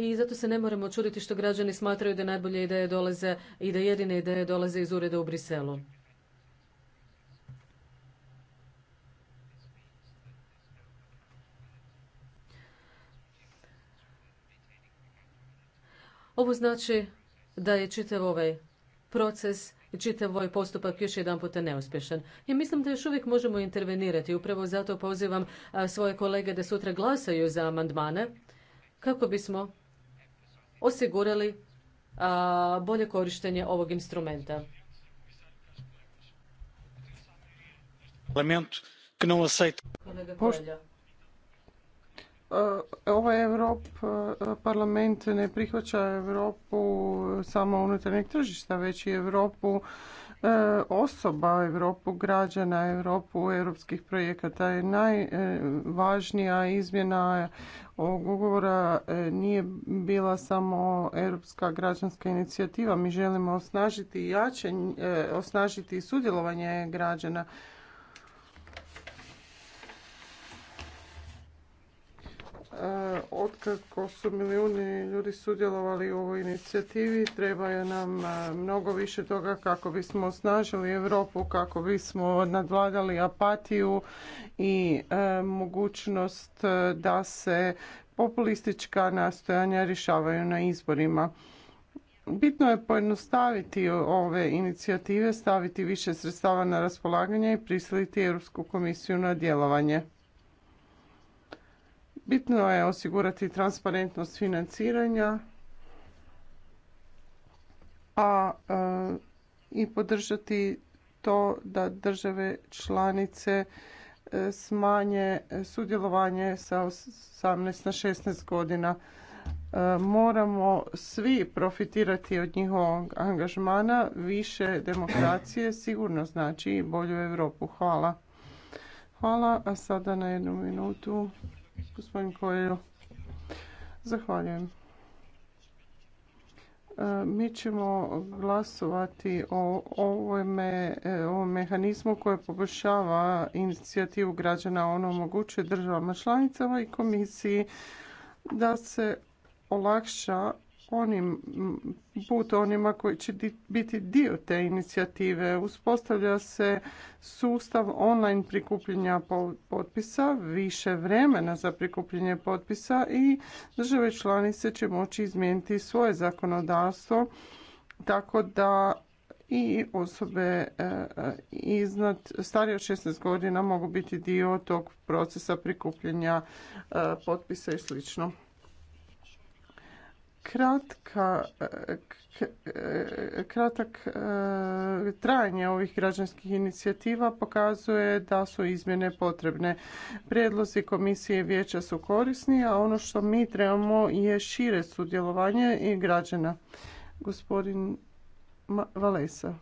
I zato se ne moramo čuditi što građani smatraju da najbolje ideje dolaze i da jedine ideje dolaze iz ureda u Briselu. Ovo znači da je čitav ovaj proces i čitav ovaj postupak još jedan puta neuspješan. I mislim da još uvijek možemo intervenirati. Upravo zato pozivam svoje kolege da sutra glasaju za amandmane kako bismo osigurali bolje korištenje ovog instrumenta. Kolega E, ovaj Europ e, parlament ne prihvaća Europu samo unutarnjeg tržišta, već i Europu e, osoba, Europu građana, Europu europskih projekata. Je najvažnija izmjena ovog ugovora nije bila samo europska građanska inicijativa. Mi želimo osnažiti jačanje, osnažiti sudjelovanje građana otkako su milijuni ljudi sudjelovali u ovoj inicijativi, je nam e, mnogo više toga kako bismo osnažili Europu, kako bismo nadvladali apatiju i e, mogućnost e, da se populistička nastojanja rješavaju na izborima. Bitno je pojednostaviti ove inicijative, staviti više sredstava na raspolaganje i prisiliti Europsku komisiju na djelovanje. Bitno je osigurati transparentnost financiranja, a e, i podržati to da države članice e, smanje sudjelovanje sa 18 na 16 godina. E, moramo svi profitirati od njihovog angažmana. Više demokracije sigurno znači bolju Europu. Hvala. Hvala, a sada na jednu minutu Gospodin Kojo. Zahvaljujem. E, mi ćemo glasovati o e, ovom mehanizmu koji poboljšava inicijativu građana. Ono omogućuje državama članicama i komisiji da se olakša onim put onima koji će biti dio te inicijative. Uspostavlja se sustav online prikupljanja potpisa, više vremena za prikupljanje potpisa i države članice će moći izmijeniti svoje zakonodavstvo tako da i osobe e, e, iznad starije od 16 godina mogu biti dio tog procesa prikupljanja e, potpisa i slično kratka, eh, eh, kratak eh, trajanje ovih građanskih inicijativa pokazuje da su izmjene potrebne. Prijedlozi komisije i vijeća su korisni, a ono što mi trebamo je šire sudjelovanje i građana. Gospodin Valesa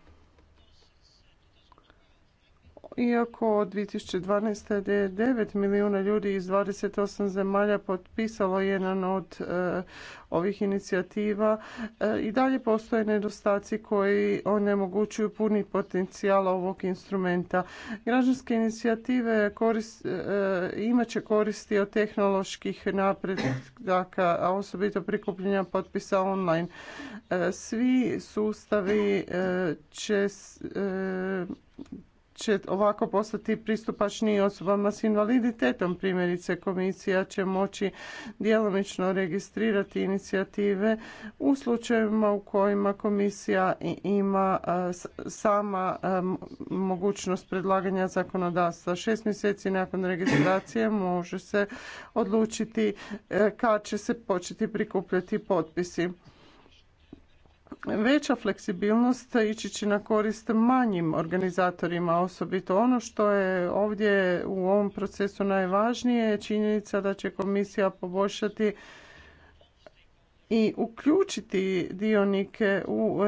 iako od 2012. je 9 milijuna ljudi iz 28 zemalja potpisalo jedan od e, ovih inicijativa e, i dalje postoje nedostaci koji onemogućuju puni potencijal ovog instrumenta. Građanske inicijative korist, e, imat će koristi od tehnoloških napredaka, a osobito prikupljenja potpisa online. Svi sustavi će će ovako postati pristupačniji osobama s invaliditetom. Primjerice, komisija će moći djelomično registrirati inicijative u slučajevima u kojima komisija ima sama mogućnost predlaganja zakonodavstva. Šest mjeseci nakon registracije može se odlučiti e, kad će se početi prikupljati potpisi veća fleksibilnost ići će na korist manjim organizatorima osobito. Ono što je ovdje u ovom procesu najvažnije je činjenica da će komisija poboljšati i uključiti dionike u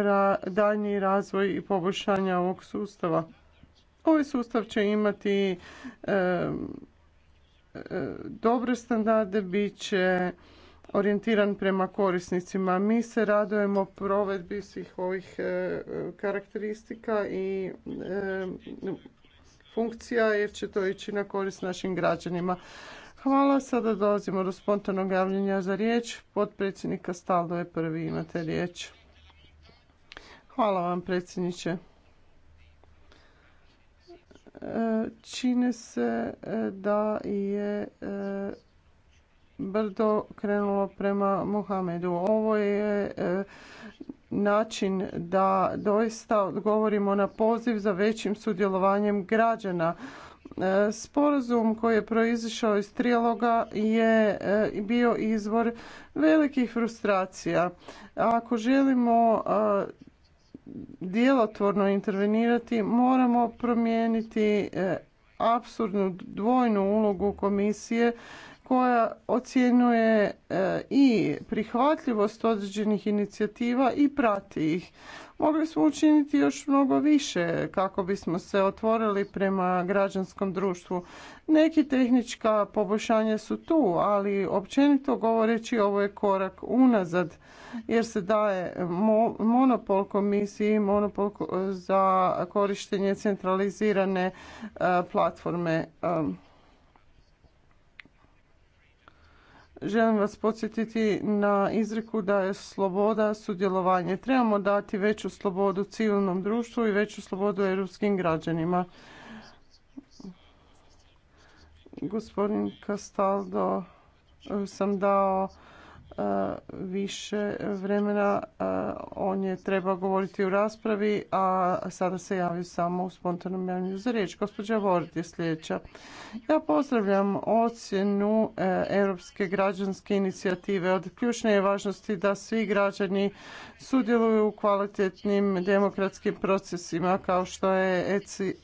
daljnji razvoj i poboljšanja ovog sustava. Ovaj sustav će imati e, dobre standarde, bit će orijentiran prema korisnicima. Mi se radujemo provedbi svih ovih e, karakteristika i e, funkcija jer će to ići na korist našim građanima. Hvala, sada dolazimo do spontanog javljanja za riječ. Potpredsjednika Staldo je prvi, imate riječ. Hvala vam predsjedniče. E, Čine se da je brdo krenulo prema Muhamedu. Ovo je e, način da doista odgovorimo na poziv za većim sudjelovanjem građana. E, sporazum koji je proizišao iz trijaloga je e, bio izvor velikih frustracija. Ako želimo djelotvorno intervenirati, moramo promijeniti apsurdnu dvojnu ulogu komisije koja ocjenjuje e, i prihvatljivost određenih inicijativa i prati ih. Mogli smo učiniti još mnogo više kako bismo se otvorili prema građanskom društvu. Neki tehnička poboljšanja su tu, ali općenito govoreći ovo je korak unazad jer se daje monopol komisiji, monopol za korištenje centralizirane e, platforme. E, želim vas podsjetiti na izreku da je sloboda sudjelovanje. Trebamo dati veću slobodu civilnom društvu i veću slobodu europskim građanima. Gospodin Castaldo eh, sam dao E, više vremena. E, on je trebao govoriti u raspravi, a sada se javio samo u spontanom javnju za riječ. Gospođa Vorit je sljedeća. Ja pozdravljam ocjenu e, Europske građanske inicijative. Od ključne je važnosti da svi građani sudjeluju u kvalitetnim demokratskim procesima kao što je ECI.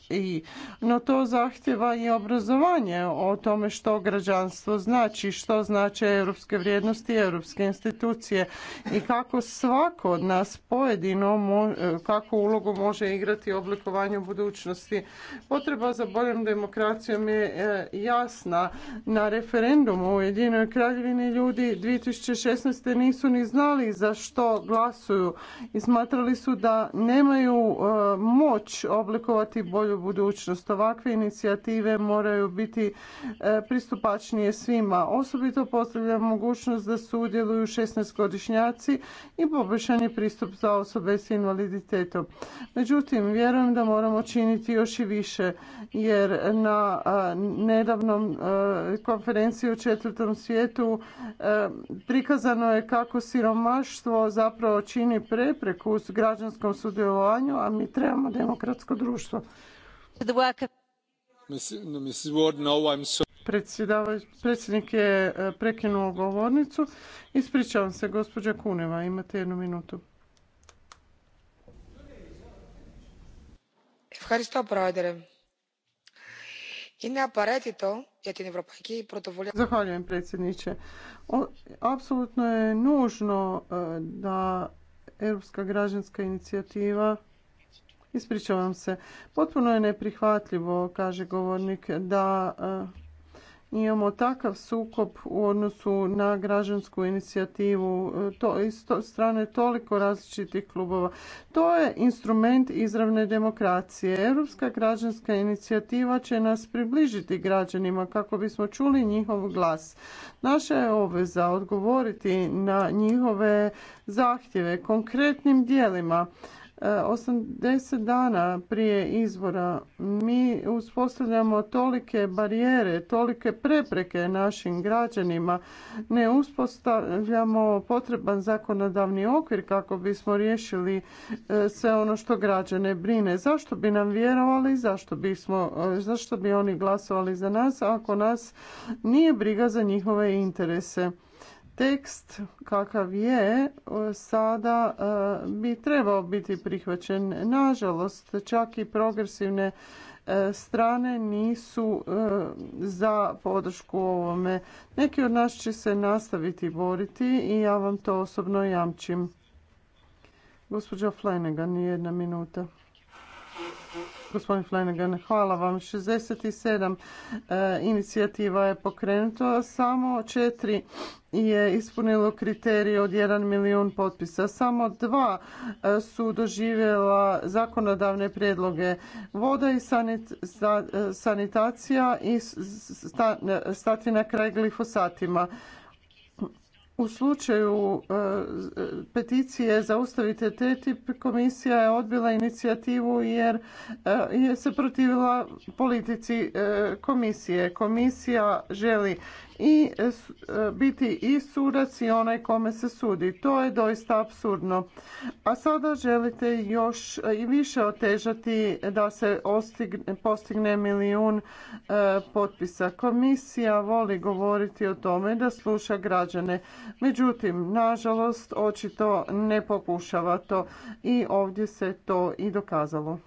No to zahtjeva i obrazovanje o tome što građanstvo znači, što znače europske vrijednosti i europske institucije i kako svako od nas pojedino, e, kakvu ulogu može igrati u oblikovanju budućnosti. Potreba za boljom demokracijom je e, jasna. Na referendumu u Jedinoj kraljevini ljudi 2016. nisu ni znali za što glasuju i smatrali su da nemaju e, moć oblikovati bolju budućnost. Ovakve inicijative moraju biti pristupačnije svima. Osobito pozdravljam mogućnost da sud sudjeluju 16-godišnjaci i poboljšan je pristup za osobe s invaliditetom. Međutim, vjerujem da moramo činiti još i više jer na nedavnom konferenciji u četvrtom svijetu prikazano je kako siromaštvo zapravo čini prepreku u građanskom sudjelovanju, a mi trebamo demokratsko društvo. Predsjednik je e, prekinuo govornicu. Ispričavam se, gospođa Kuneva, imate jednu minutu. Zahvaljujem predsjedniče. Apsolutno je nužno e, da Europska građanska inicijativa Ispričavam se. Potpuno je neprihvatljivo, kaže govornik, da e, imamo takav sukob u odnosu na građansku inicijativu e, to, isto strane toliko različitih klubova. To je instrument izravne demokracije. Europska građanska inicijativa će nas približiti građanima kako bismo čuli njihov glas. Naša je obveza odgovoriti na njihove zahtjeve konkretnim djelima. 80 dana prije izbora mi uspostavljamo tolike barijere, tolike prepreke našim građanima, ne uspostavljamo potreban zakonodavni okvir kako bismo riješili e, sve ono što građane brine. Zašto bi nam vjerovali, zašto, bismo, e, zašto bi oni glasovali za nas ako nas nije briga za njihove interese? tekst kakav je sada e, bi trebao biti prihvaćen. Nažalost, čak i progresivne e, strane nisu e, za podršku ovome. Neki od nas će se nastaviti boriti i ja vam to osobno jamčim. Gospođa Flanagan, jedna minuta gospodin Flanagan. Hvala vam. 67 e, inicijativa je pokrenuto, samo četiri je ispunilo kriterije od 1 milijun potpisa. Samo dva e, su doživjela zakonodavne prijedloge. Voda i e, sanitacija i stati na kraj glifosatima u slučaju e, peticije Zaustavite TTIP komisija je odbila inicijativu jer e, je se protivila politici e, komisije. Komisija želi i e, biti i sudac i onaj kome se sudi. To je doista apsurdno. A sada želite još i više otežati da se postigne milijun e, potpisa. Komisija voli govoriti o tome da sluša građane. Međutim, nažalost, očito ne pokušava to i ovdje se to i dokazalo.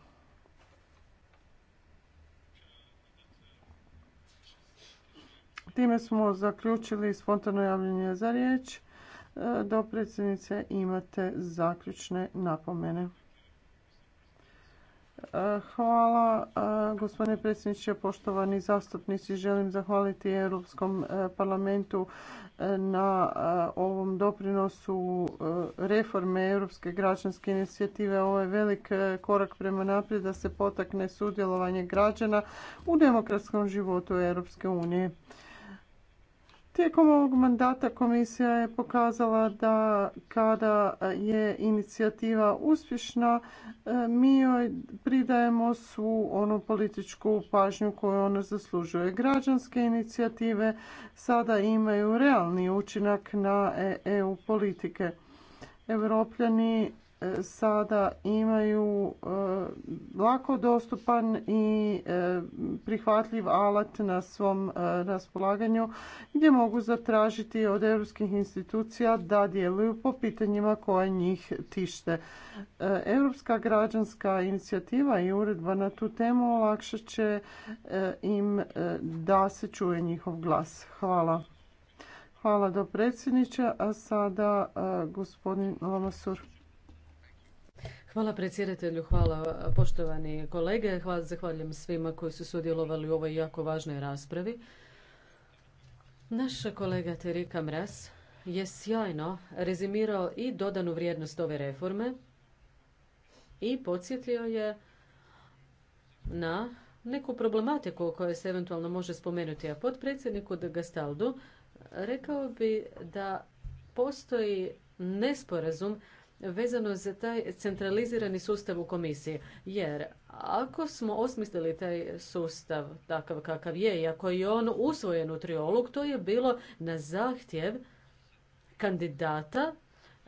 Time smo zaključili spontano javljanje za riječ. E, do predsjednice imate zaključne napomene. E, hvala e, gospodine predsjedniče, poštovani zastupnici. Želim zahvaliti Europskom parlamentu na ovom doprinosu reforme Europske građanske inicijative. Ovo je velik korak prema naprijed da se potakne sudjelovanje građana u demokratskom životu Europske unije. Tijekom ovog mandata komisija je pokazala da kada je inicijativa uspješna, e, mi joj pridajemo svu onu političku pažnju koju ona zaslužuje. Građanske inicijative sada imaju realni učinak na e, EU politike. Evropljani sada imaju e, lako dostupan i e, prihvatljiv alat na svom e, raspolaganju gdje mogu zatražiti od europskih institucija da djeluju po pitanjima koja njih tište. Europska građanska inicijativa i uredba na tu temu olakšat će im da se čuje njihov glas. Hvala. Hvala dopredsjedniče, a sada gospodin Lomasur. Hvala predsjedatelju, hvala poštovani kolege, hvala, zahvaljujem svima koji su sudjelovali u ovoj jako važnoj raspravi. Naša kolega Terika Mraz je sjajno rezimirao i dodanu vrijednost ove reforme i podsjetio je na neku problematiku koja se eventualno može spomenuti. A potpredsjedniku de Gastaldu rekao bi da postoji nesporazum vezano za taj centralizirani sustav u komisiji. Jer ako smo osmislili taj sustav takav kakav je i ako je on usvojen u triolog, to je bilo na zahtjev kandidata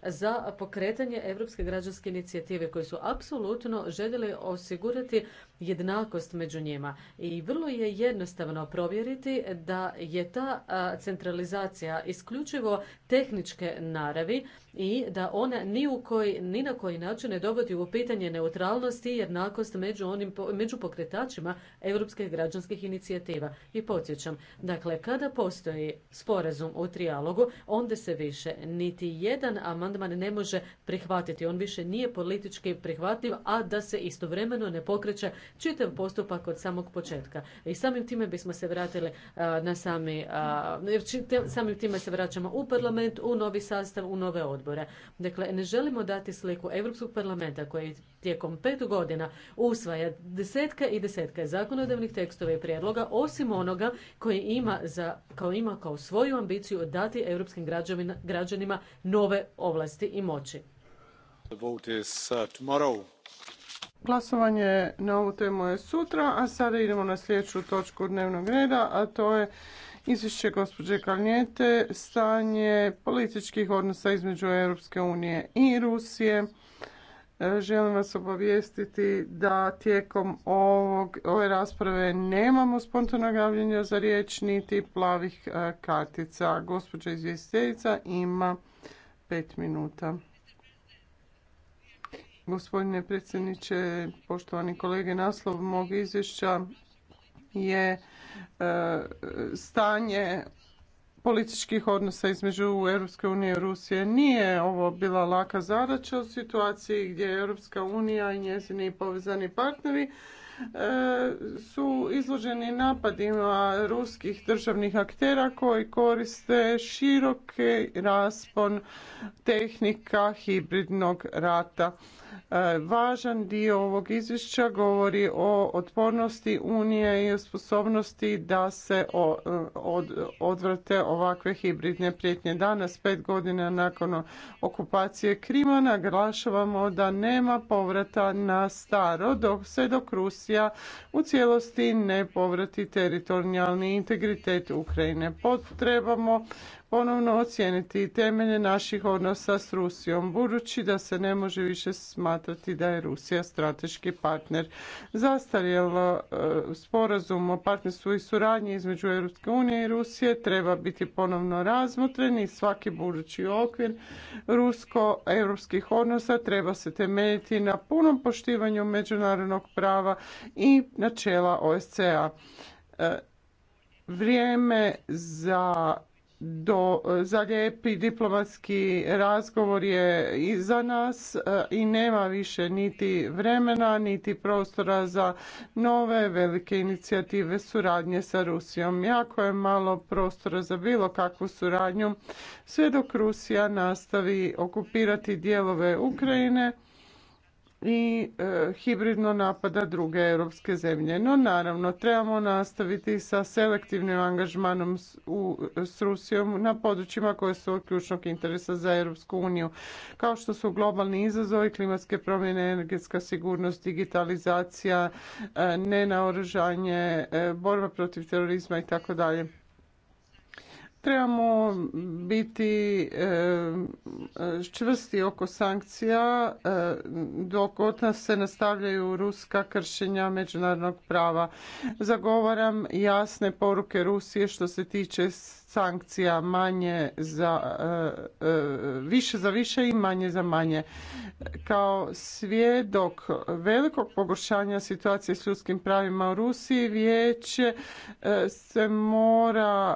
za pokretanje Europske građanske inicijative koji su apsolutno željeli osigurati jednakost među njima. I vrlo je jednostavno provjeriti da je ta centralizacija isključivo tehničke naravi i da ona ni, u koji, ni na koji način ne dovodi u pitanje neutralnosti i jednakost među, onim, među pokretačima europskih građanskih inicijativa. I podsjećam, dakle, kada postoji sporazum u trijalogu, onda se više niti jedan amandman ne može prihvatiti. On više nije politički prihvatljiv, a da se istovremeno ne pokreće čitav postupak od samog početka. I samim time bismo se vratili na sami, samim time se vraćamo u parlament, u novi sastav, u nove odbore. Dakle, ne želimo dati sliku Europskog parlamenta koji tijekom pet godina usvaja desetke i desetke zakonodavnih tekstova i prijedloga, osim onoga koji ima, za, kao, ima kao svoju ambiciju dati europskim građanima nove ovlasti i moći. vote is, uh, Glasovanje na ovu temu je sutra, a sada idemo na sljedeću točku dnevnog reda, a to je izvješće gospođe Kalnjete, stanje političkih odnosa između Europske unije i Rusije. E, želim vas obavijestiti da tijekom ovog, ove rasprave nemamo spontanog javljanja za riječ niti plavih e, kartica. Gospođa izvjestiteljica ima pet minuta. Gospodine predsjedniče, poštovani kolege, naslov mog izvješća je e, stanje političkih odnosa između Europske unije i Rusije. Nije ovo bila laka zadaća u situaciji gdje Europska unija i njezini povezani partneri e, su izloženi napadima ruskih državnih aktera koji koriste široki raspon tehnika hibridnog rata E, važan dio ovog izvješća govori o otpornosti Unije i o sposobnosti da se e, odvrate ovakve hibridne prijetnje. Danas, pet godina nakon okupacije Krima, naglašavamo da nema povrata na staro, dok se dok Rusija u cijelosti ne povrati teritorijalni integritet Ukrajine. Potrebamo ponovno ocijeniti temelje naših odnosa s Rusijom, budući da se ne može više smatrati da je Rusija strateški partner. zastarjelo e, sporazum o partnerstvu i suradnji između Europske unije i Rusije treba biti ponovno razmotren i svaki budući okvir rusko-europskih odnosa treba se temeljiti na punom poštivanju međunarodnog prava i načela OSCE-a. E, vrijeme za do za lijepi diplomatski razgovor je iza nas e, i nema više niti vremena niti prostora za nove velike inicijative suradnje sa Rusijom. Jako je malo prostora za bilo kakvu suradnju sve dok Rusija nastavi okupirati dijelove Ukrajine i e, hibridno napada druge europske zemlje. No naravno, trebamo nastaviti sa selektivnim angažmanom s Rusijom na područjima koje su od ključnog interesa za Europsku uniju, kao što su globalni izazovi, klimatske promjene, energetska sigurnost, digitalizacija, e, nenaoružanje, e, borba protiv terorizma i tako dalje. Trebamo biti e, čvrsti oko sankcija e, dok od nas se nastavljaju ruska kršenja međunarodnog prava. Zagovaram jasne poruke Rusije što se tiče sankcija manje za e, e, više za više i manje za manje. Kao svjedok velikog pogoršanja situacije s ljudskim pravima u Rusiji vijeće e, se mora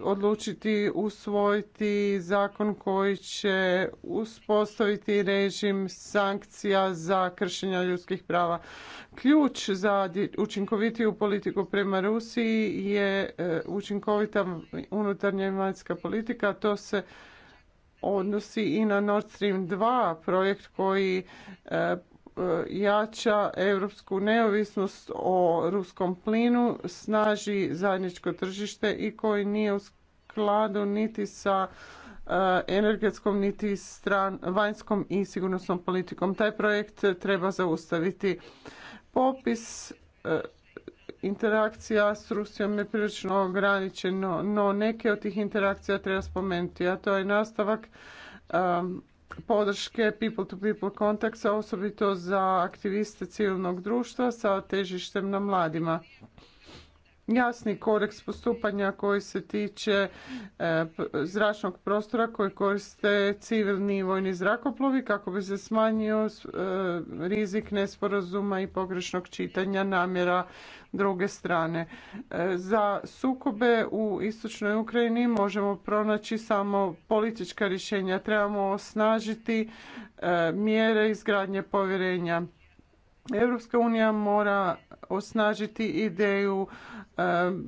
odlučiti usvojiti zakon koji će uspostaviti režim sankcija za kršenja ljudskih prava. Ključ za učinkovitiju politiku prema Rusiji je e, učinkovita unutarnja i vanjska politika. To se odnosi i na Nord Stream 2 projekt koji e, e, jača europsku neovisnost o ruskom plinu, snaži zajedničko tržište i koji nije u skladu niti sa energetskom niti stran, vanjskom i sigurnosnom politikom. Taj projekt treba zaustaviti. Popis e, interakcija s Rusijom je prilično ograničeno, no neke od tih interakcija treba spomenuti, a to je nastavak podrške people-to-people -people kontakta, osobito za aktiviste civilnog društva sa težištem na mladima jasni koreks postupanja koji se tiče e, zračnog prostora koji koriste civilni i vojni zrakoplovi kako bi se smanjio e, rizik nesporazuma i pogrešnog čitanja namjera druge strane. E, za sukobe u istočnoj Ukrajini možemo pronaći samo politička rješenja. Trebamo osnažiti mjere izgradnje povjerenja Europska unija mora osnažiti ideju e,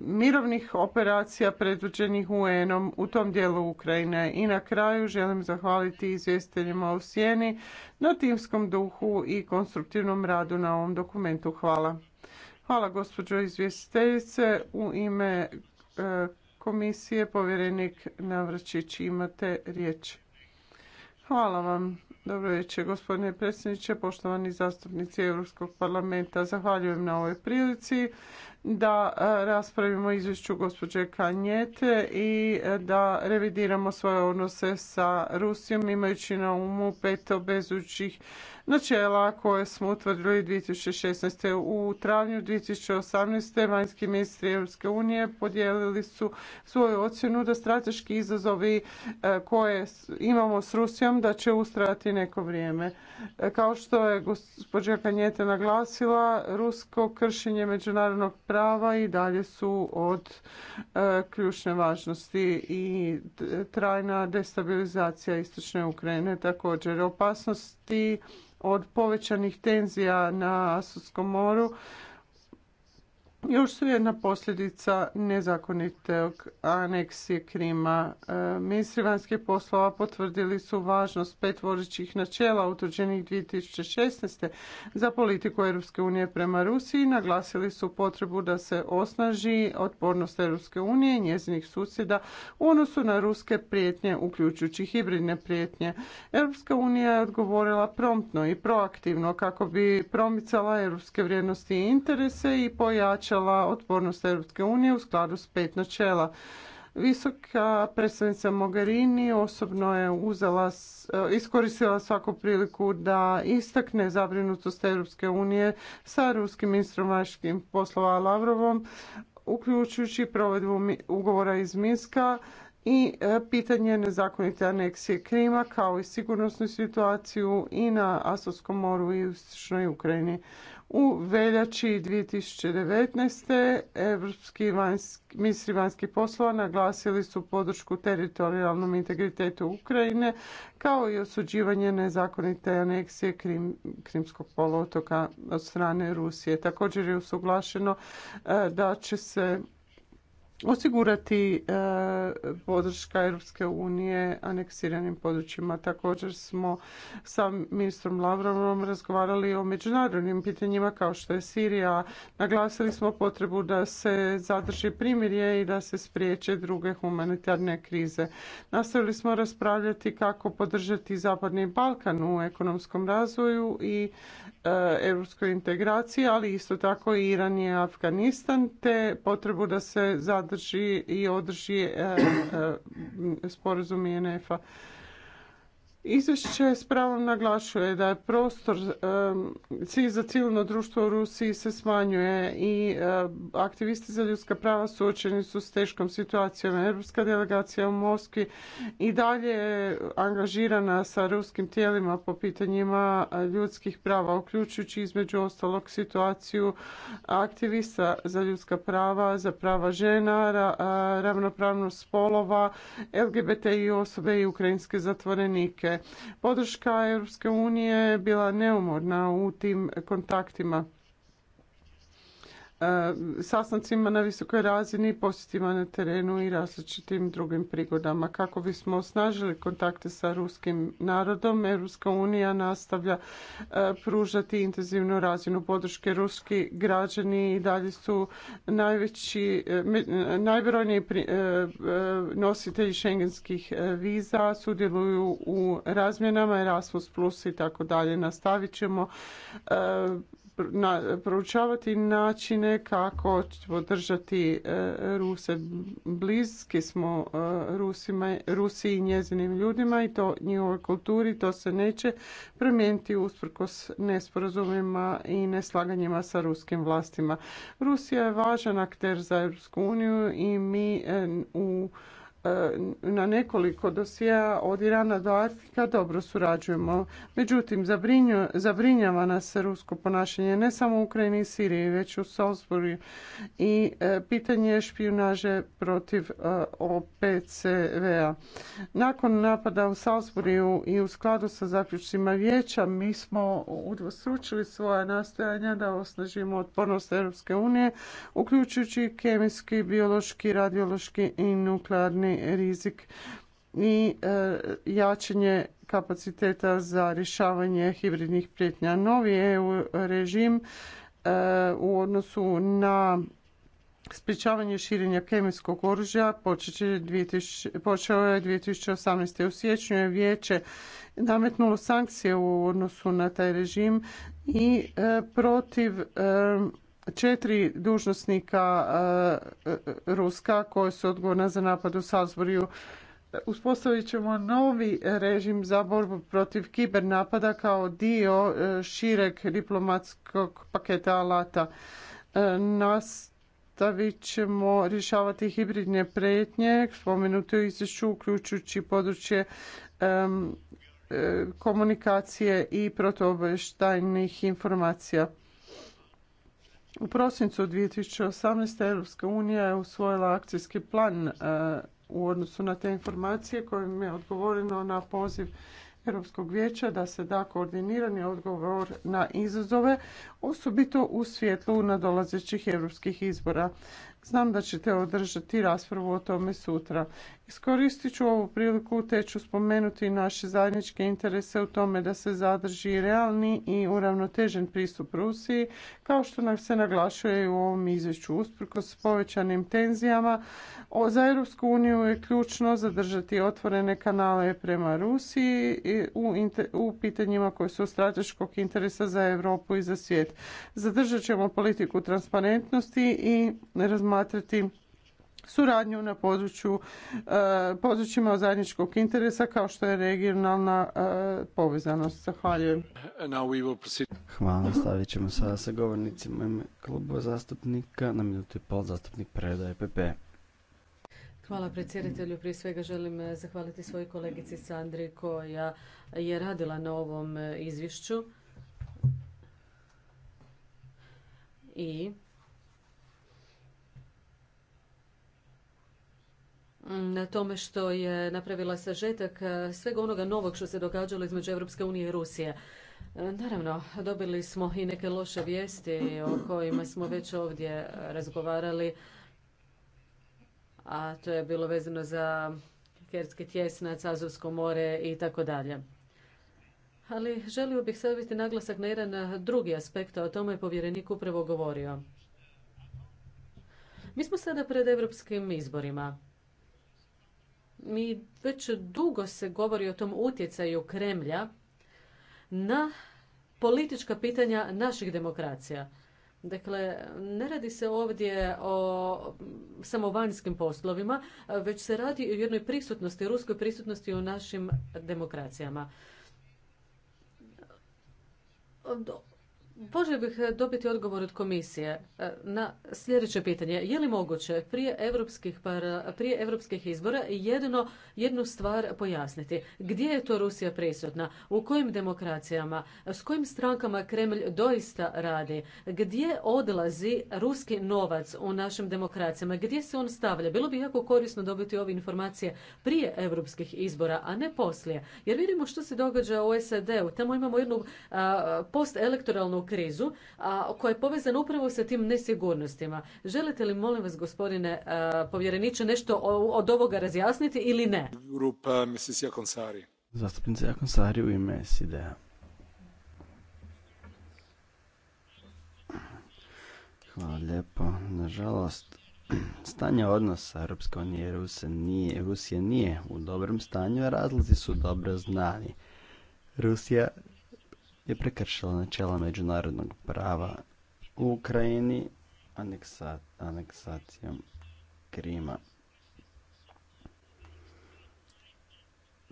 mirovnih operacija predviđenih UN-om u tom dijelu Ukrajine. I na kraju želim zahvaliti izvjestiteljima u Sjeni na timskom duhu i konstruktivnom radu na ovom dokumentu. Hvala. Hvala gospođo izvjestiteljice. U ime e, komisije povjerenik navrčić imate riječ. Hvala vam. Dobro večer, gospodine predsjedniče, poštovani zastupnici Europskog parlamenta. Zahvaljujem na ovoj prilici da e, raspravimo izvješću gospođe Kanjete i e, da revidiramo svoje odnose sa Rusijom imajući na umu pet obezućih načela koje smo utvrdili 2016. U travnju 2018. vanjski ministri Europske unije podijelili su svoju ocjenu da strateški izazovi e, koje imamo s Rusijom da će ustrajati neko vrijeme. Kao što je gospođa Kanjete naglasila, rusko kršenje međunarodnog prava i dalje su od e, ključne važnosti i trajna destabilizacija istočne Ukrajine također opasnosti od povećanih tenzija na Asuskom moru još su jedna posljedica nezakonitog aneksije Krima. E, ministri vanjskih poslova potvrdili su važnost pet vodećih načela utvrđenih 2016. za politiku Europske unije prema Rusiji. Naglasili su potrebu da se osnaži otpornost Europske unije i njezinih susjeda u odnosu na ruske prijetnje, uključujući hibridne prijetnje. Europska unija je odgovorila promptno i proaktivno kako bi promicala europske vrijednosti i interese i pojačala načela otpornost Europske unije u skladu s pet načela. Visoka predstavnica Mogherini osobno je uzela, e, iskoristila svaku priliku da istakne zabrinutost Europske unije sa ruskim ministrom vanjskih poslova Lavrovom, uključujući provedbu ugovora iz Minska i e, pitanje nezakonite aneksije Krima kao i sigurnosnu situaciju i na Asovskom moru i u Istočnoj Ukrajini. U veljači 2019. evropski vanjski, ministri vanjskih poslova naglasili su podršku teritorijalnom integritetu Ukrajine kao i osuđivanje nezakonite aneksije Krimskog polotoka od strane Rusije. Također je usuglašeno e, da će se osigurati e, podrška Europske unije aneksiranim područjima. Također smo sa ministrom Lavrovom razgovarali o međunarodnim pitanjima kao što je Sirija. Naglasili smo potrebu da se zadrži primirje i da se spriječe druge humanitarne krize. Nastavili smo raspravljati kako podržati Zapadni Balkan u ekonomskom razvoju i e, europskoj integraciji, ali isto tako i Iran i Afganistan, te potrebu da se zadrži održi i održi e, e, sporazum INF-a. Izvješće s pravom naglašuje da je prostor za civilno društvo u Rusiji se smanjuje i aktivisti za ljudska prava suočeni su s teškom situacijom. Europska delegacija u Moskvi i dalje je angažirana sa ruskim tijelima po pitanjima ljudskih prava, uključujući između ostalog situaciju aktivista za ljudska prava, za prava žena, ravnopravnost spolova, i osobe i ukrajinske zatvorenike Podrška Europske unije je bila neumorna u tim kontaktima. E, sastancima na visokoj razini, posjetima na terenu i različitim drugim prigodama. Kako bismo osnažili kontakte sa ruskim narodom, Europska unija nastavlja e, pružati intenzivnu razinu podrške. Ruski građani i dalje su najveći, e, najbrojniji nositelji šengenskih viza, sudjeluju u razmjenama Erasmus Plus i tako dalje. Nastavit ćemo proučavati načine kako podržati e, Ruse. Bliski smo e, Rusima, Rusiji i njezinim ljudima i to njihovoj kulturi. To se neće promijeniti usprkos nesporazumima i neslaganjima sa ruskim vlastima. Rusija je važan akter za Europsku uniju i mi e, u E, na nekoliko dosija od Irana do Arktika dobro surađujemo. Međutim, zabrinjava nas rusko ponašanje ne samo u Ukrajini i Siriji, već u Salzburgu i e, pitanje špijunaže protiv e, OPCV-a. Nakon napada u Salzburgu i u skladu sa zaključcima vijeća mi smo udvostručili svoja nastojanja da osnažimo otpornost Europske unije, uključujući kemijski, biološki, radiološki i nuklearni rizik i e, jačanje kapaciteta za rješavanje hibridnih prijetnja. Novi EU režim e, u odnosu na sprječavanje širenja kemijskog oružja počeo je 2018. U siječnju je vijeće nametnulo sankcije u odnosu na taj režim i e, protiv četiri dužnosnika e, e, Ruska koje su odgovorna za napad u Salzburju. Uspostavit ćemo novi režim za borbu protiv kibernapada kao dio e, šireg diplomatskog paketa alata. Nastavit ćemo rješavati hibridne prijetnje, spomenuto u izvješću, uključujući područje komunikacije i protuobavještajnih informacija. U prosincu 2018. Europska unija je usvojila akcijski plan e, u odnosu na te informacije kojim je odgovoreno na poziv Europskog vijeća da se da koordinirani odgovor na izazove, osobito u svjetlu nadolazećih europskih izbora. Znam da ćete održati raspravu o tome sutra. Iskoristit ću ovu priliku te ću spomenuti naše zajedničke interese u tome da se zadrži realni i uravnotežen pristup Rusiji, kao što nam se naglašuje u ovom izvješću. Usprkos povećanim tenzijama, za Europsku uniju je ključno zadržati otvorene kanale prema Rusiji u pitanjima koje su strateškog interesa za Europu i za svijet. Zadržat ćemo politiku transparentnosti i razmatrati suradnju na području, eh, područjima od zajedničkog interesa kao što je regionalna eh, povezanost. Zahvaljujem. Hvala, stavit ćemo sada sa govornicima ime kluba zastupnika na minutu je pol zastupnik preda EPP. Hvala predsjedatelju. Prije svega želim eh, zahvaliti svojoj kolegici Sandri koja je radila na ovom izvješću. I na tome što je napravila sažetak eh, svega onoga novog što se događalo između Europske unije i Rusije. Eh, naravno, dobili smo i neke loše vijesti o kojima smo već ovdje razgovarali, a to je bilo vezano za Kerski tjesnac, Azovsko more i tako dalje. Ali želio bih staviti naglasak na jedan eh, drugi aspekt, a o tome je povjerenik upravo govorio. Mi smo sada pred europskim izborima. Mi već dugo se govori o tom utjecaju Kremlja na politička pitanja naših demokracija. Dakle, ne radi se ovdje o samo vanjskim poslovima, već se radi o jednoj prisutnosti, ruskoj prisutnosti u našim demokracijama. Poželj bih e, dobiti odgovor od komisije e, na sljedeće pitanje. Je li moguće prije europskih, prije europskih izbora jedno, jednu stvar pojasniti? Gdje je to Rusija prisutna? U kojim demokracijama? S kojim strankama Kremlj doista radi? Gdje odlazi ruski novac u našim demokracijama? Gdje se on stavlja? Bilo bi jako korisno dobiti ove informacije prije europskih izbora, a ne poslije. Jer vidimo što se događa u SAD-u. Tamo imamo jednu postelektoralnu krizu a, koja je povezana upravo sa tim nesigurnostima. Želite li, molim vas, gospodine povjereniče, nešto od ovoga razjasniti ili ne? Grupa Mrs. Zastupnica Jakonsari u ime SIDEA. Hvala lijepo. Nažalost, stanje odnosa Europske unije i Rusije nije, Rusija nije u dobrom stanju, a razlozi su dobro znani. Rusija je prekršila načela međunarodnog prava u Ukrajini aneksacijom Krima.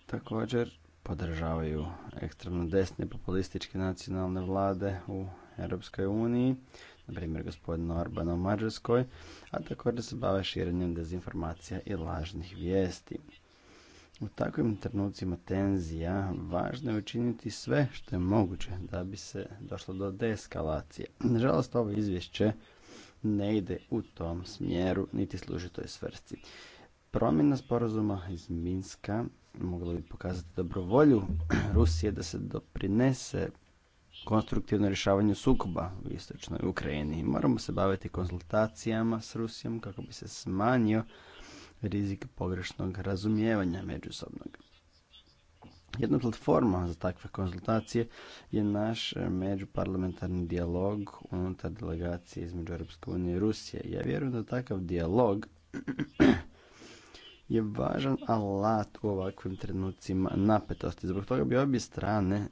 Također podržavaju ekstremno desne populističke nacionalne vlade u Europskoj uniji, na primjer gospodin Orbana u Mađarskoj, a također se bave širenjem dezinformacija i lažnih vijesti. U takvim trenucima tenzija važno je učiniti sve što je moguće da bi se došlo do deeskalacije. Nažalost, ovo izvješće ne ide u tom smjeru, niti služi toj svrci. Promjena sporazuma iz Minska mogla bi pokazati dobrovolju Rusije da se doprinese konstruktivno rješavanju sukoba u istočnoj Ukrajini. Moramo se baviti konzultacijama s Rusijom kako bi se smanjio rizik pogrešnog razumijevanja međusobnog. Jedna platforma za takve konzultacije je naš međuparlamentarni dijalog unutar delegacije između Europske unije i Rusije. Ja vjerujem da takav dijalog je važan alat u ovakvim trenucima napetosti. Zbog toga bi obje strane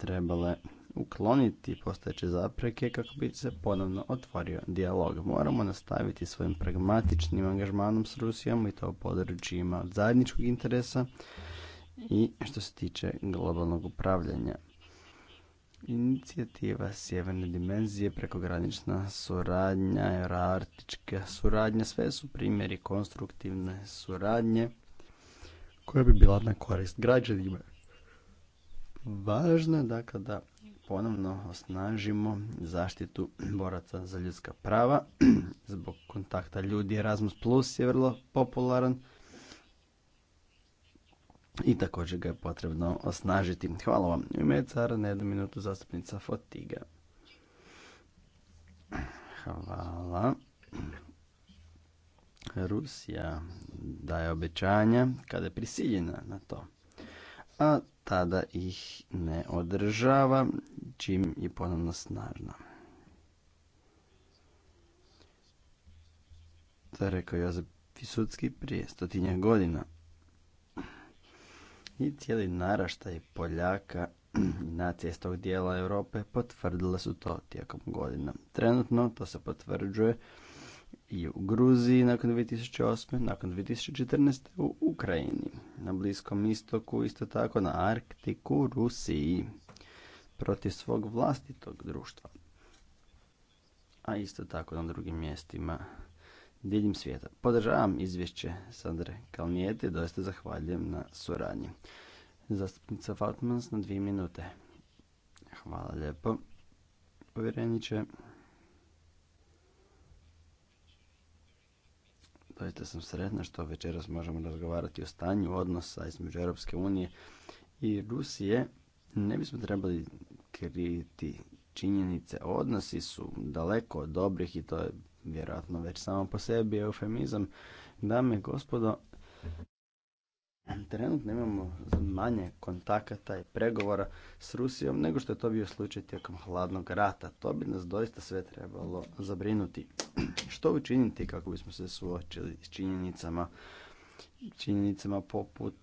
trebale ukloniti postojeće zapreke kako bi se ponovno otvorio dijalog. Moramo nastaviti svojim pragmatičnim angažmanom s Rusijom i to u područjima od zajedničkog interesa i što se tiče globalnog upravljanja. Inicijativa Sjeverne dimenzije, prekogranična suradnja, euroartička suradnja, sve su primjeri konstruktivne suradnje koja bi bila na korist građanima. Važno je dakle da ponovno osnažimo zaštitu boraca za ljudska prava. Zbog kontakta ljudi Erasmus Plus je vrlo popularan i također ga je potrebno osnažiti. Hvala vam. U ime cara na jednu minutu zastupnica Fotiga. Hvala. Rusija daje obećanja kada je prisiljena na to. A tada ih ne održava, čim je ponovno snažna. To je rekao Jozef Pisucki prije stotinja godina. I cijeli naraštaj Poljaka i nacije iz tog dijela Europe potvrdila su to tijekom godina. Trenutno to se potvrđuje i u Gruziji nakon 2008. nakon 2014. u Ukrajini, na Bliskom istoku, isto tako na Arktiku, Rusiji, protiv svog vlastitog društva. A isto tako na drugim mjestima diljem svijeta. Podržavam izvješće Sandre Kalnijete, doista zahvaljujem na suradnji. Zastupnica Fatmans na dvije minute. Hvala lijepo, povjereniče. Doista sam sretna što večeras možemo razgovarati o stanju odnosa između Europske unije i Rusije. Ne bismo trebali kriti činjenice. Odnosi su daleko od dobrih i to je vjerojatno već samo po sebi eufemizam. Dame i gospodo, Trenutno imamo manje kontakata i pregovora s Rusijom nego što je to bio slučaj tijekom hladnog rata. To bi nas doista sve trebalo zabrinuti. Što učiniti kako bismo se suočili s činjenicama, činjenicama poput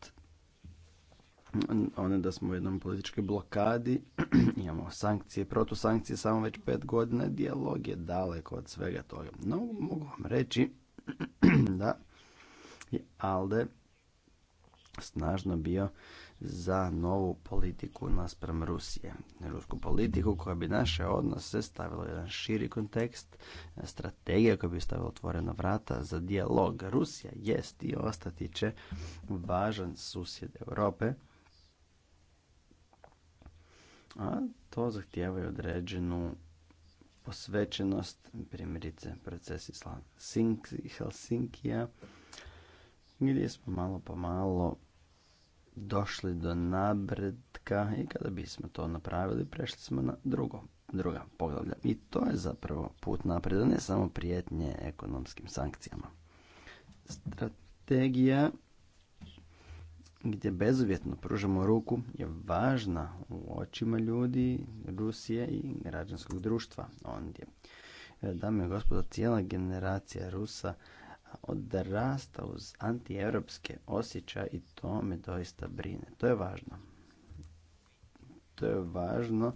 one da smo u jednom političkoj blokadi, imamo sankcije, protusankcije samo već pet godina, dijalog je daleko od svega toga. No, mogu vam reći da je ALDE snažno bio za novu politiku naspram Rusije. Rusku politiku koja bi naše odnose stavila u jedan širi kontekst, strategija koja bi stavila otvorena vrata za dijalog. Rusija jest i ostati će važan susjed Europe, a to zahtijeva i određenu posvećenost, primjerice procesi Helsinkija, gdje smo malo po malo došli do nabredka i kada bismo to napravili, prešli smo na drugo, druga poglavlja. I to je zapravo put napreda, ne samo prijetnje ekonomskim sankcijama. Strategija gdje bezuvjetno pružamo ruku je važna u očima ljudi, Rusije i građanskog društva ondje. E, dame i gospodo, cijela generacija Rusa odrasta uz antieuropske osjećaje i to me doista brine. To je važno. To je važno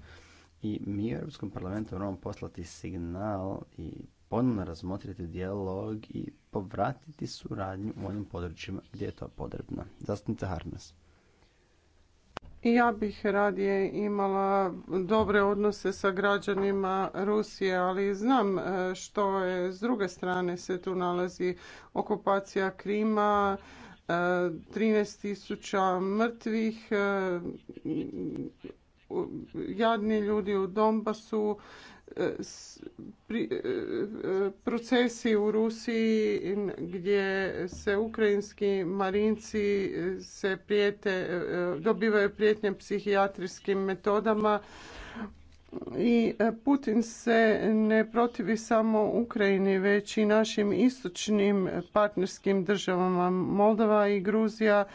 i mi u Europskom parlamentu moramo poslati signal i ponovno razmotriti dijalog i povratiti suradnju u onim područjima gdje je to potrebno. Zastupnica Harnas. Ja bih radije imala dobre odnose sa građanima Rusije, ali znam e, što je s druge strane se tu nalazi okupacija Krima, 13.000 e, mrtvih, e, jadni ljudi u Donbasu, E, e, e, procesi u Rusiji gdje se ukrajinski marinci se dobivaju prijetnje psihijatrijskim metodama i e, Putin se ne protivi samo Ukrajini, već i našim istočnim partnerskim državama. Moldova i Gruzija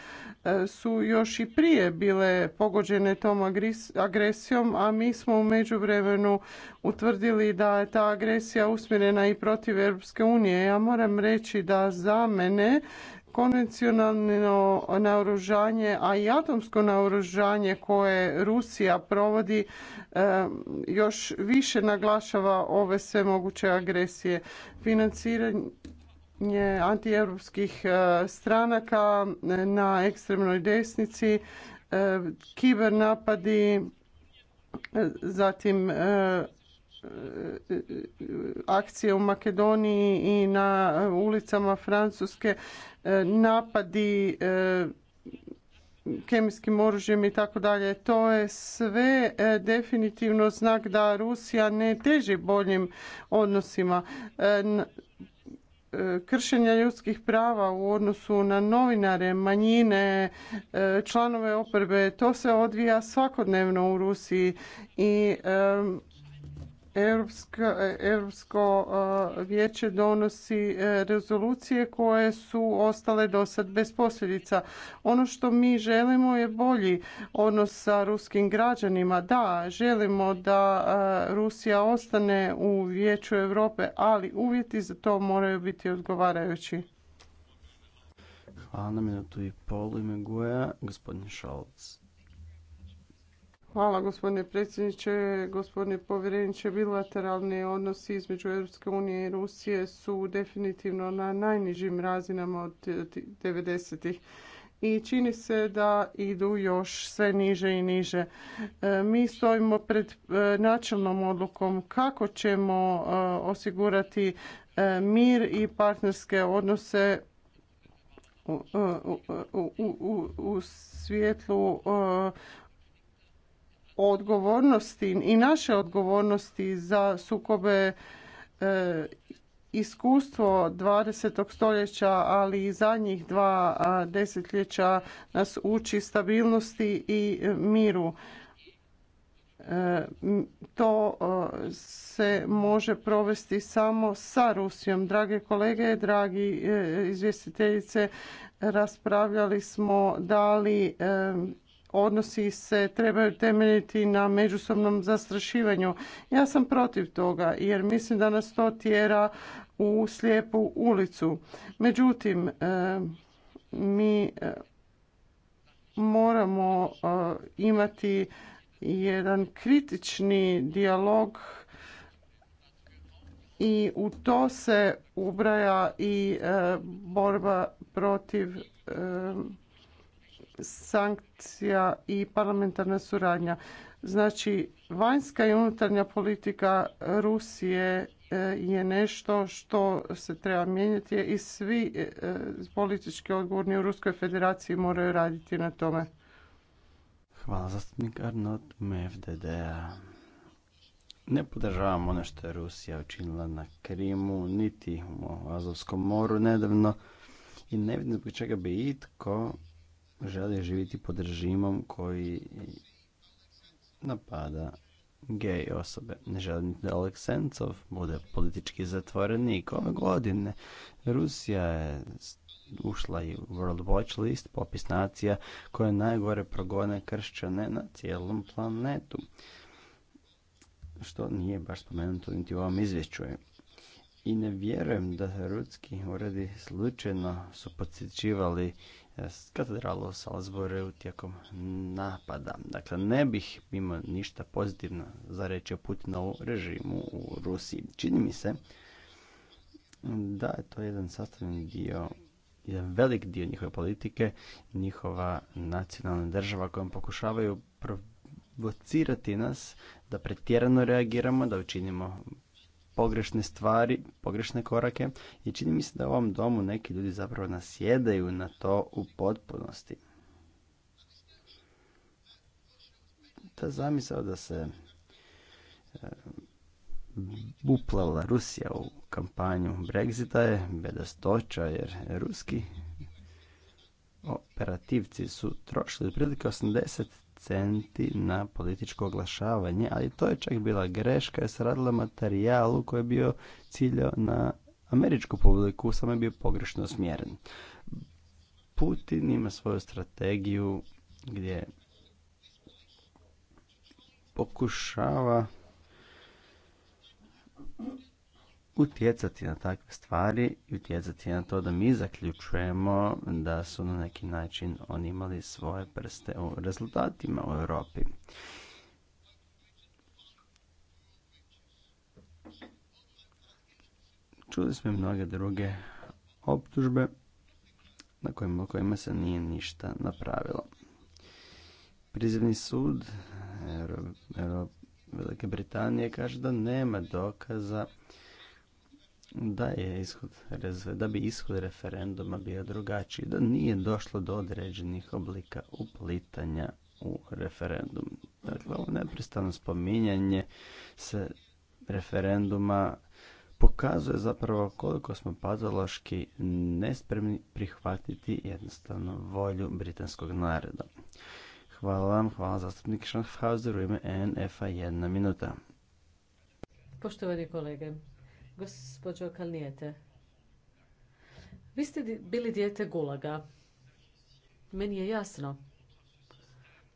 e, su još i prije bile pogođene tom agresijom, a mi smo u međuvremenu utvrdili da je ta agresija usmjerena i protiv Europske unije. Ja moram reći da za mene konvencionalno naoružanje, a i atomsko naoružanje koje Rusija provodi e, još više naglašava ove sve moguće agresije. Financiranje antijevropskih e, stranaka na ekstremnoj desnici, e, kibernapadi, napadi, zatim akcije u Makedoniji i na ulicama Francuske. E, napadi e, kemijskim oružjem i tako dalje. To je sve e, definitivno znak da Rusija ne teži boljim odnosima. Kršenja ljudskih prava u odnosu na novinare, manjine, članove oporbe, to se odvija svakodnevno u Rusiji i Europsko e, vijeće donosi e, rezolucije koje su ostale do sad bez posljedica. Ono što mi želimo je bolji odnos sa ruskim građanima. Da, želimo da e, Rusija ostane u vijeću Europe, ali uvjeti za to moraju biti odgovarajući. Hvala na minutu i pol ime Guja, gospodin Hvala gospodine predsjedniče, gospodine povjereniče. Bilateralni odnosi između Europske unije i Rusije su definitivno na najnižim razinama od 90-ih i čini se da idu još sve niže i niže. E, mi stojimo pred e, načelnom odlukom kako ćemo e, osigurati mir i partnerske odnose u, u, u odgovornosti i naše odgovornosti za sukobe e, iskustvo 20. stoljeća, ali i zadnjih dva desetljeća nas uči stabilnosti i miru. E, to se može provesti samo sa Rusijom. Drage kolege, dragi e, izvjestiteljice, raspravljali smo da li odnosi se trebaju temeljiti na međusobnom zastrašivanju. Ja sam protiv toga jer mislim da nas to tjera u slijepu ulicu. Međutim, e, mi e, moramo e, imati jedan kritični dijalog i u to se ubraja i borba protiv sankcija i parlamentarna suradnja. Znači, vanjska i unutarnja politika Rusije e, je nešto što se treba mijenjati i svi e, politički odgovorni u Ruskoj federaciji moraju raditi na tome. Hvala zastupnik Arnot mfdd Ne podržavam ono što je Rusija učinila na Krimu, niti u Azovskom moru nedavno i ne vidim zbog čega bi itko žele živjeti pod režimom koji napada gej osobe. Ne da Aleksencov bude politički zatvorenik. Ove godine Rusija je ušla i u World Watch List, popis nacija koje najgore progone kršćane na cijelom planetu. Što nije baš spomenuto niti u ovom izvješću. I ne vjerujem da ruski uredi slučajno su podsjećivali katedralu u tijekom napada. Dakle, ne bih imao ništa pozitivno za reći o Putinovu režimu u Rusiji. Čini mi se da je to jedan sastavni dio, jedan velik dio njihove politike, njihova nacionalna država kojom pokušavaju provocirati nas da pretjerano reagiramo, da učinimo pogrešne stvari, pogrešne korake i čini mi se da u ovom domu neki ljudi zapravo nasjedaju na to u potpunosti. Ta zamisao da se buplala e, Rusija u kampanju Brexita je bedastoća jer ruski operativci su trošili otprilike 80 centi na političko oglašavanje, ali to je čak bila greška je se radilo materijalu koji je bio ciljao na američku publiku, samo je bio pogrešno smjeren. Putin ima svoju strategiju gdje pokušava utjecati na takve stvari i utjecati na to da mi zaključujemo da su na neki način oni imali svoje prste u rezultatima u Europi. Čuli smo i mnoge druge optužbe na kojima, se nije ništa napravilo. Prizivni sud Velike Britanije kaže da nema dokaza da je ishod da bi ishod referenduma bio drugačiji, da nije došlo do određenih oblika uplitanja u referendum. Dakle, ovo neprestano spominjanje se referenduma pokazuje zapravo koliko smo patološki nespremni prihvatiti jednostavno volju britanskog naroda. Hvala vam, hvala zastupnik u ime NFA jedna minuta. Poštovani kolege, Gospođo Kalnijete, vi ste bili dijete gulaga. Meni je jasno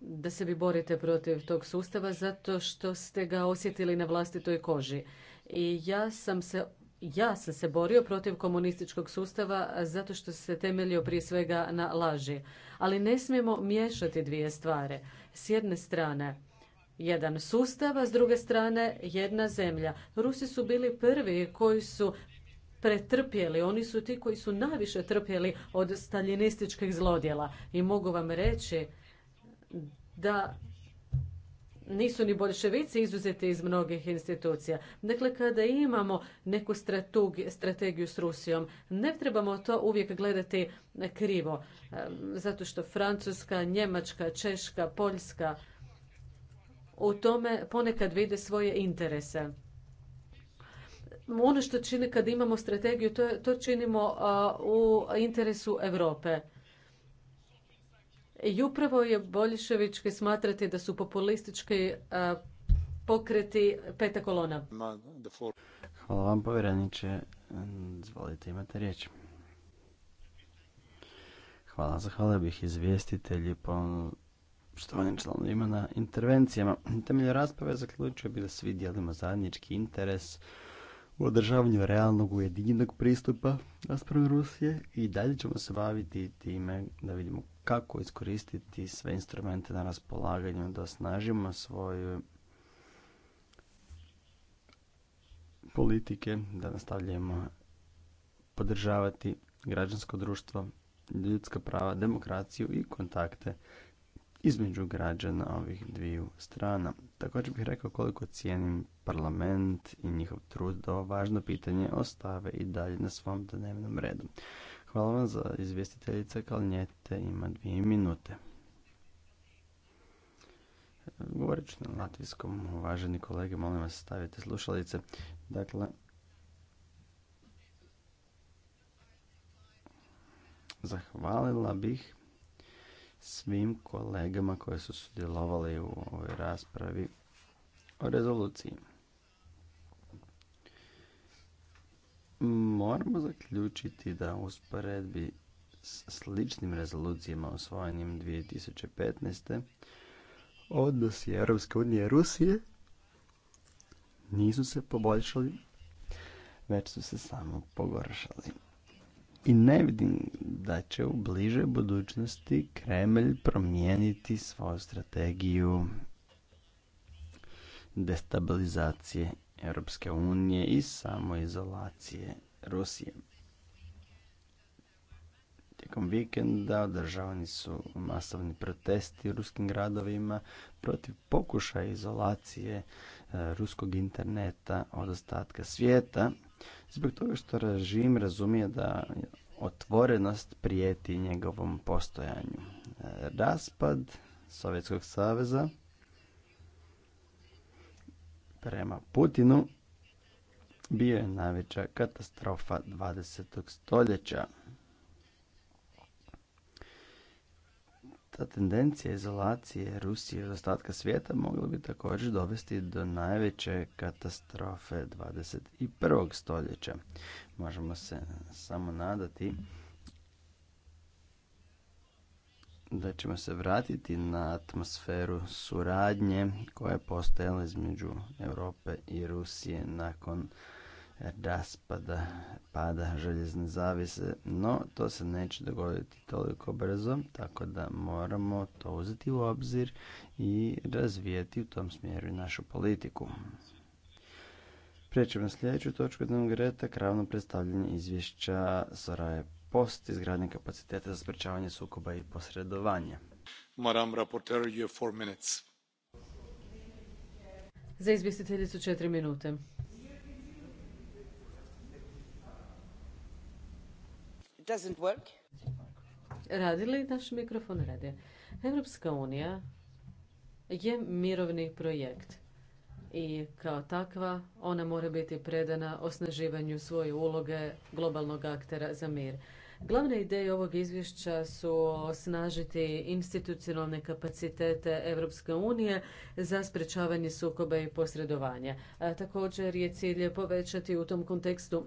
da se vi borite protiv tog sustava zato što ste ga osjetili na vlastitoj koži. I ja sam se ja sam se borio protiv komunističkog sustava zato što se temeljio prije svega na laži. Ali ne smijemo miješati dvije stvari. S jedne strane, jedan sustav, a s druge strane jedna zemlja. Rusi su bili prvi koji su pretrpjeli, oni su ti koji su najviše trpjeli od staljinističkih zlodjela. I mogu vam reći da nisu ni bolševici izuzeti iz mnogih institucija. Dakle, kada imamo neku strategiju s Rusijom, ne trebamo to uvijek gledati krivo. Ehm, zato što Francuska, Njemačka, Češka, Poljska, u tome ponekad vide svoje interese. Ono što čini kad imamo strategiju, to, to činimo u interesu Europe. I upravo je boljševički smatrati da su populistički pokreti peta kolona. Hvala vam, povjereniče. Zvolite, imate riječ. Hvala, zahvala bih izvjestitelji po poštovanje članovima na intervencijama. temelje rasprave zaključio bi da svi dijelimo zajednički interes u održavanju realnog ujedinjenog pristupa rasprave Rusije i dalje ćemo se baviti time da vidimo kako iskoristiti sve instrumente na raspolaganju, da osnažimo svoje politike, da nastavljamo podržavati građansko društvo, ljudska prava, demokraciju i kontakte između građana ovih dviju strana. Također bih rekao koliko cijenim parlament i njihov trud da ovo važno pitanje ostave i dalje na svom dnevnom redu. Hvala vam za izvjestiteljice Kalnjete, ima dvije minute. Govorit ću na latvijskom, uvaženi kolege, molim vas stavite slušalice. Dakle, zahvalila bih svim kolegama koje su sudjelovali u ovoj raspravi o rezoluciji. Moramo zaključiti da u usporedbi s sličnim rezolucijama osvojenim 2015. odnosi Europske unije i Rusije nisu se poboljšali, već su se samo pogoršali. I ne vidim da će u bliže budućnosti Kremlj promijeniti svoju strategiju destabilizacije Europske unije i samoizolacije Rusije. Tijekom vikenda održavani su masovni protesti u ruskim gradovima protiv pokušaja izolacije e, ruskog interneta od ostatka svijeta zbog toga što režim razumije da otvorenost prijeti njegovom postojanju. Raspad Sovjetskog saveza prema Putinu bio je najveća katastrofa 20. stoljeća. Ta tendencija izolacije Rusije od ostatka svijeta mogla bi također dovesti do najveće katastrofe 21. stoljeća. Možemo se samo nadati da ćemo se vratiti na atmosferu suradnje koja je postojala između Europe i Rusije nakon raspada, pada željezne zavise, no to se neće dogoditi toliko brzo, tako da moramo to uzeti u obzir i razvijeti u tom smjeru našu politiku. Prećemo na sljedeću točku dnevnog reda, kravno predstavljanje izvješća Soraje Post, izgradnje kapaciteta za sprečavanje sukoba i posredovanja. Madame Rapporteur, you have four minutes. Za četiri minute. doesn't work. Radi li naš mikrofon? Radi. Evropska unija je mirovni projekt i kao takva ona mora biti predana osnaživanju svoje uloge globalnog aktera za mir. Glavne ideje ovog izvješća su osnažiti institucionalne kapacitete Evropske unije za sprečavanje sukoba i posredovanja. također je cilj povećati u tom kontekstu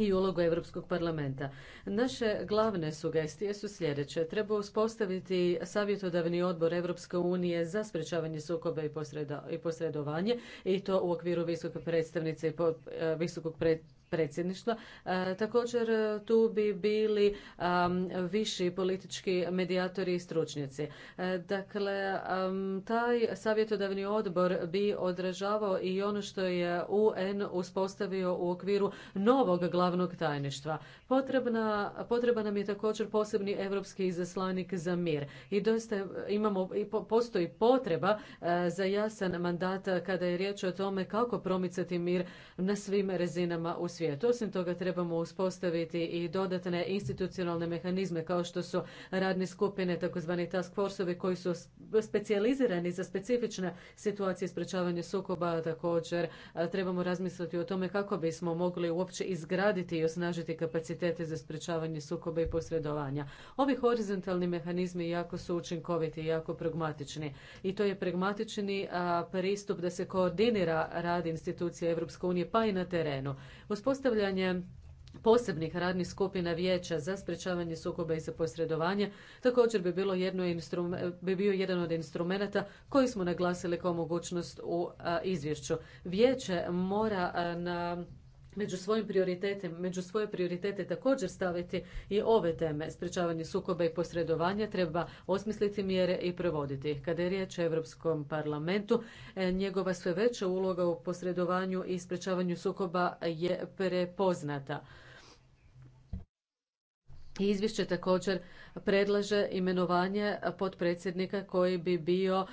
i ulogu Europskog parlamenta. Naše glavne sugestije su sljedeće. Treba uspostaviti savjetodavni odbor Europske unije za sprečavanje sukoba i posredovanje i to u okviru visoke predstavnice i e, visokog predstavnika predsjedništva. E, također e, tu bi bili viši politički medijatori i stručnjaci. E, dakle, taj savjetodavni odbor bi odražavao i ono što je UN uspostavio u okviru novog glavnog tajništva. Potrebna, potreba nam je također posebni europski izaslanik za mir. I doista imamo, postoji potreba za jasan mandat kada je riječ o tome kako promicati mir na svim rezinama u svijetu svijetu. Osim toga trebamo uspostaviti i dodatne institucionalne mehanizme kao što su radne skupine, takozvani task force koji su specijalizirani za specifične situacije sprečavanja sukoba. Također trebamo razmisliti o tome kako bismo mogli uopće izgraditi i osnažiti kapacitete za sprečavanje sukoba i posredovanja. Ovi horizontalni mehanizmi jako su učinkoviti i jako pragmatični. I to je pragmatični pristup da se koordinira rad institucija Europske unije pa i na terenu uspostavljanje posebnih radnih skupina vijeća za sprječavanje sukoba i za posredovanje također bi, bilo jedno bi bio jedan od instrumenata koji smo naglasili kao mogućnost u izvješću. Vijeće mora na među svojim prioritetima, među svoje prioritete također staviti i ove teme. Sprečavanje sukoba i posredovanja treba osmisliti mjere i provoditi ih. Kada je riječ o Europskom parlamentu, e, njegova sve veća uloga u posredovanju i sprečavanju sukoba je prepoznata. I izvješće također predlaže imenovanje potpredsjednika koji bi bio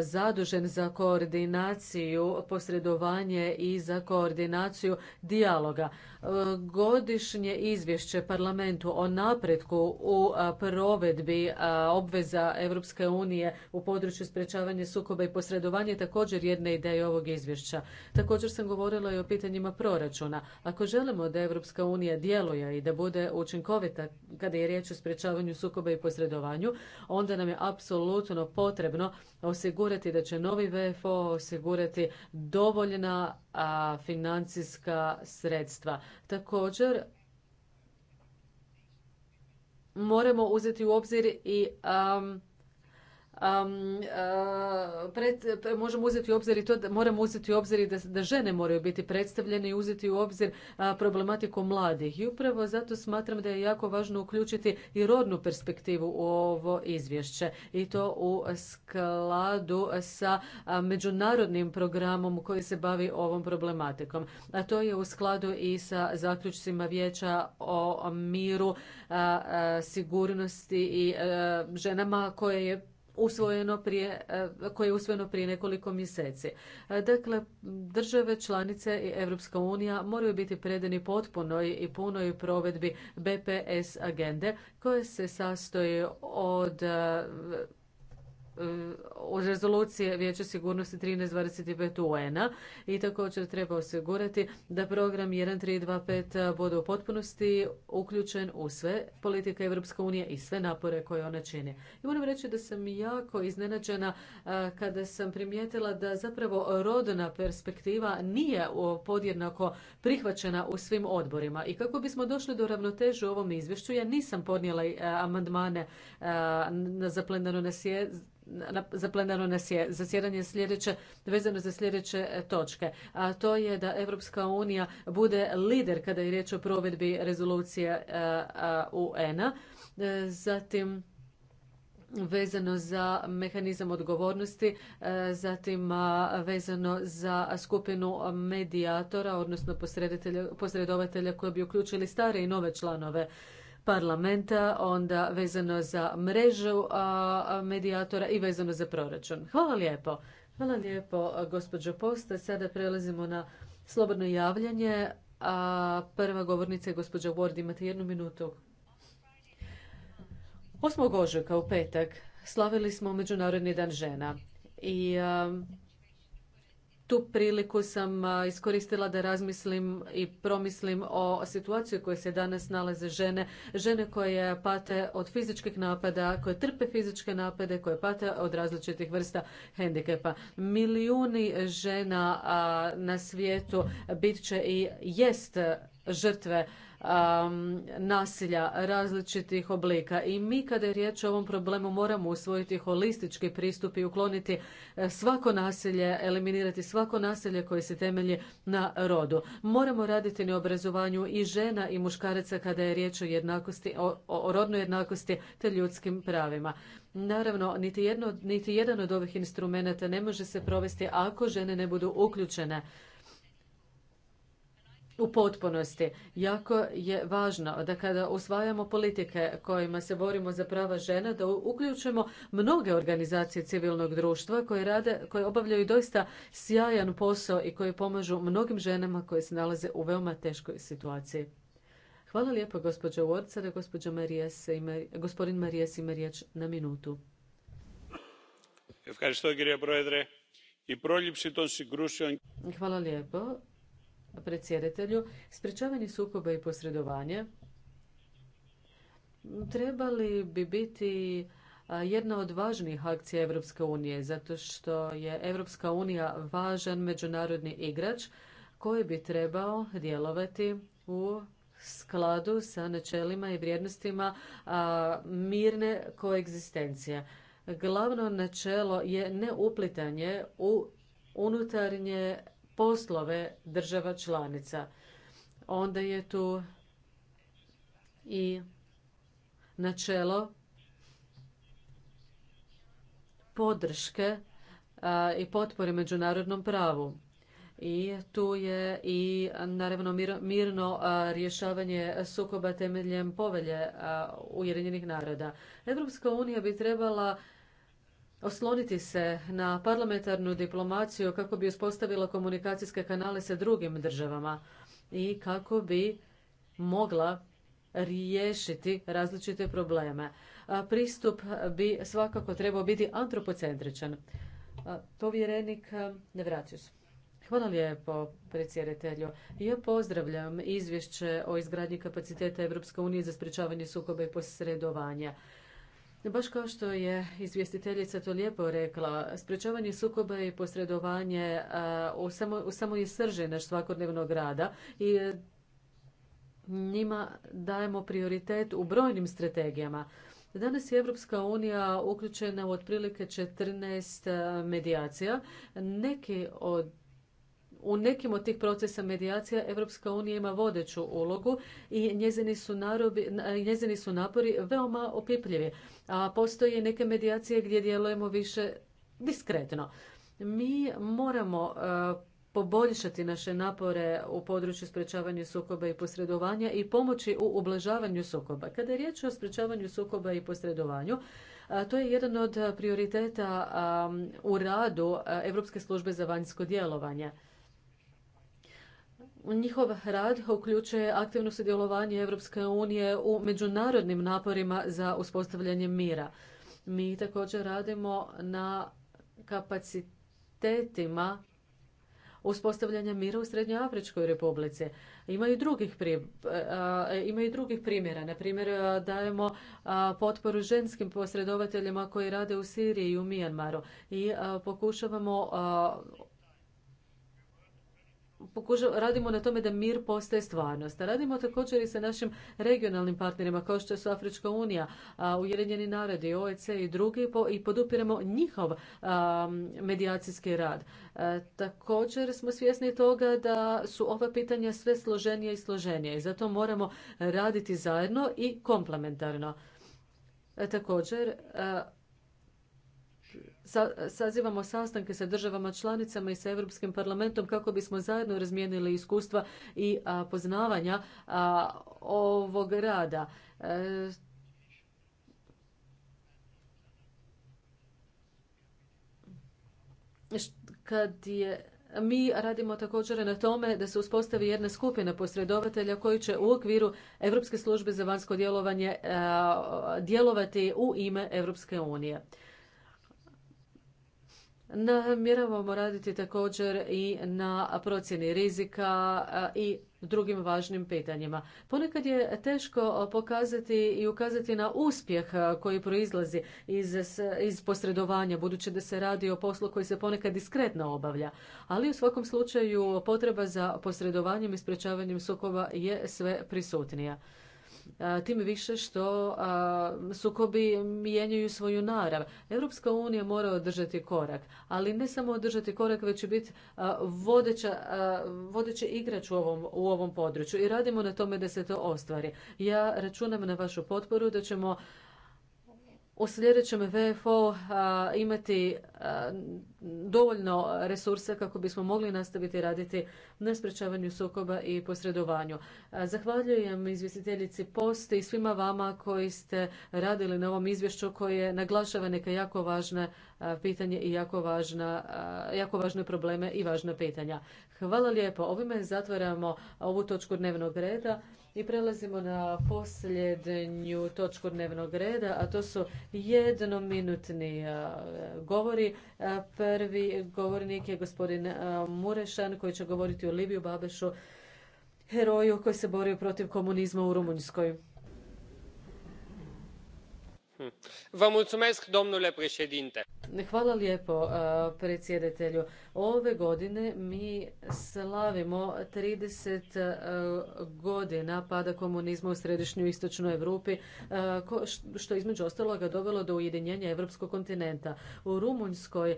zadužen za koordinaciju, posredovanje i za koordinaciju dijaloga. E, godišnje izvješće parlamentu o napretku u provedbi obveza Europske unije u području sprečavanja sukoba i posredovanja je također jedna ideja ovog izvješća. Također sam govorila i o pitanjima proračuna. Ako želimo da Europska unija djeluje i da bude učinkovita kada je riječ o sprečavanju sukoba i posredovanju, onda nam je apsolutno potrebno osigurati da će novi VFO osigurati dovoljna financijska sredstva. Također, moramo uzeti u obzir i Um, možemo uzeti u obzir i to da moramo uzeti u obzir i da, da žene moraju biti predstavljene i uzeti u obzir problematiku mladih. I upravo zato smatram da je jako važno uključiti i rodnu perspektivu u ovo izvješće i to u skladu sa međunarodnim programom koji se bavi ovom problematikom. A to je u skladu i sa zaključcima vijeća o miru, sigurnosti i e, ženama koje je usvojeno prije, eh, koje je usvojeno prije nekoliko mjeseci. Eh, dakle, države članice i Europska unija moraju biti predani potpunoj i punoj provedbi BPS agende koje se sastoji od eh, Eh, od rezolucije Vijeća sigurnosti 1325 UN-a i također treba osigurati da program 1325 bude u potpunosti uključen u sve politike Evropske unije i sve napore koje ona čini. I moram reći da sam jako iznenađena eh, kada sam primijetila da zapravo rodna perspektiva nije eh, podjednako prihvaćena u svim odborima. I kako bismo došli do ravnoteže u ovom izvješću, ja nisam podnijela amandmane za plenarno za plenarno zasjedanje sljedeće, vezano za sljedeće e, točke. A to je da Europska unija bude lider kada je riječ o provedbi rezolucije e, UN-a. E, zatim, vezano za mehanizam odgovornosti, zatim vezano za skupinu medijatora, odnosno posredovatelja koji bi uključili stare i nove članove parlamenta, onda vezano za mrežu medijatora i vezano za proračun. Hvala lijepo. Hvala lijepo, gospođo Posta. Sada prelazimo na slobodno javljanje. A prva govornica je gospođa Ward. Imate jednu minutu. 8. ožujka u petak slavili smo Međunarodni dan žena i tu priliku sam iskoristila da razmislim i promislim o situaciji u kojoj se danas nalaze žene. Žene koje pate od fizičkih napada, koje trpe fizičke napade, koje pate od različitih vrsta hendikepa. Milijuni žena na svijetu bit će i jest žrtve nasilja različitih oblika. I mi kada je riječ o ovom problemu moramo usvojiti holistički pristup i ukloniti e, svako nasilje, eliminirati svako nasilje koje se temelji na rodu. Moramo raditi na obrazovanju i žena i muškaraca kada je riječ o, jednakosti, o, rodnoj jednakosti te ljudskim pravima. Naravno, niti, jedno, niti jedan od ovih instrumenata ne može se provesti ako žene ne budu uključene u potpunosti. Jako je važno da kada usvajamo politike kojima se borimo za prava žena, da uključimo mnoge organizacije civilnog društva koje rade, koje obavljaju doista sjajan posao i koji pomažu mnogim ženama koje se nalaze u veoma teškoj situaciji. Hvala lijepo gospođa gospođa gospodin Marijes ima riječ na minutu. Hvala lijepo predsjedatelju, sprečavanje sukoba i posredovanje trebali bi biti jedna od važnijih akcija Europske unije, zato što je Europska unija važan međunarodni igrač koji bi trebao djelovati u skladu sa načelima i vrijednostima mirne koegzistencije. Glavno načelo je neuplitanje u unutarnje poslove država članica. Onda je tu i načelo podrške i potpore međunarodnom pravu. I tu je i naravno mirno rješavanje sukoba temeljem povelje Ujedinjenih naroda. Evropska unija bi trebala osloniti se na parlamentarnu diplomaciju kako bi uspostavila komunikacijske kanale sa drugim državama i kako bi mogla riješiti različite probleme. Pristup bi svakako trebao biti antropocentričan. Povjerenik Nevracius. Hvala lijepo, predsjedatelju. Ja pozdravljam izvješće o izgradnji kapaciteta Europske unije za sprječavanje sukoba i posredovanja. Baš kao što je izvjestiteljica to lijepo rekla, sprečavanje sukoba i posredovanje u samo, u srž naš svakodnevnog rada i e, njima dajemo prioritet u brojnim strategijama. Danas je Europska unija uključena u otprilike 14 e, medijacija. Neki od u nekim od tih procesa medijacija Europska unija ima vodeću ulogu i njezini su, narobi, njezini su napori veoma opipljivi. A postoje neke medijacije gdje djelujemo više diskretno. Mi moramo e, poboljšati naše napore u području sprečavanja sukoba i posredovanja i pomoći u ublažavanju sukoba. Kada je riječ o sprečavanju sukoba i posredovanju, to je jedan od prioriteta u radu Europske službe za vanjsko djelovanje. Njihov rad uključuje aktivno sudjelovanje Europske unije u međunarodnim naporima za uspostavljanje mira. Mi također radimo na kapacitetima uspostavljanja mira u Srednjoafričkoj republici. Ima drugih, ima i drugih primjera. Na primjer, dajemo potporu ženskim posredovateljima koji rade u Siriji i u Mijanmaru i pokušavamo radimo na tome da mir postaje stvarnost. Radimo također i sa našim regionalnim partnerima kao što su Afrička unija, Ujedinjeni narodi, OEC i drugi i podupiremo njihov medijacijski rad. Također smo svjesni toga da su ova pitanja sve složenija i složenija i zato moramo raditi zajedno i komplementarno. E, također, sazivamo sastanke sa državama članicama i sa Europskim parlamentom kako bismo zajedno razmijenili iskustva i poznavanja ovog rada. E, kad mi radimo također na tome da se uspostavi jedna skupina posredovatelja koji će u okviru Europske službe za vanjsko djelovanje djelovati u ime Europske unije. Namjeravamo raditi također i na procjeni rizika i drugim važnim pitanjima. Ponekad je teško pokazati i ukazati na uspjeh koji proizlazi iz, iz posredovanja, budući da se radi o poslu koji se ponekad diskretno obavlja. Ali u svakom slučaju potreba za posredovanjem i sprečavanjem sukoba je sve prisutnija tim više što sukobi mijenjaju svoju narav. Europska unija mora održati korak, ali ne samo održati korak, već i biti vodeći igrač u ovom, u ovom području i radimo na tome da se to ostvari. Ja računam na vašu potporu da ćemo u sljedećem VFO imati dovoljno resursa kako bismo mogli nastaviti raditi na sprečavanju sukoba i posredovanju. Zahvaljujem izvjestiteljici Post i svima vama koji ste radili na ovom izvješću koje naglašava neke jako važne pitanje i jako, važna, jako važne probleme i važna pitanja. Hvala lijepo. Ovime zatvaramo ovu točku dnevnog reda. I prelazimo na posljednju točku dnevnog reda, a to su jednominutni e, govori. E, prvi govornik je gospodin e, Murešan koji će govoriti o Libiju, Babešu, heroju koji se borio protiv komunizma u Rumunjskoj. Hm. Hvala lijepo predsjedatelju. Ove godine mi slavimo 30 e, godina pada komunizma u središnjoj istočnoj Europi, e, što između ostaloga dovelo do ujedinjenja europskog kontinenta. U Rumunjskoj, e,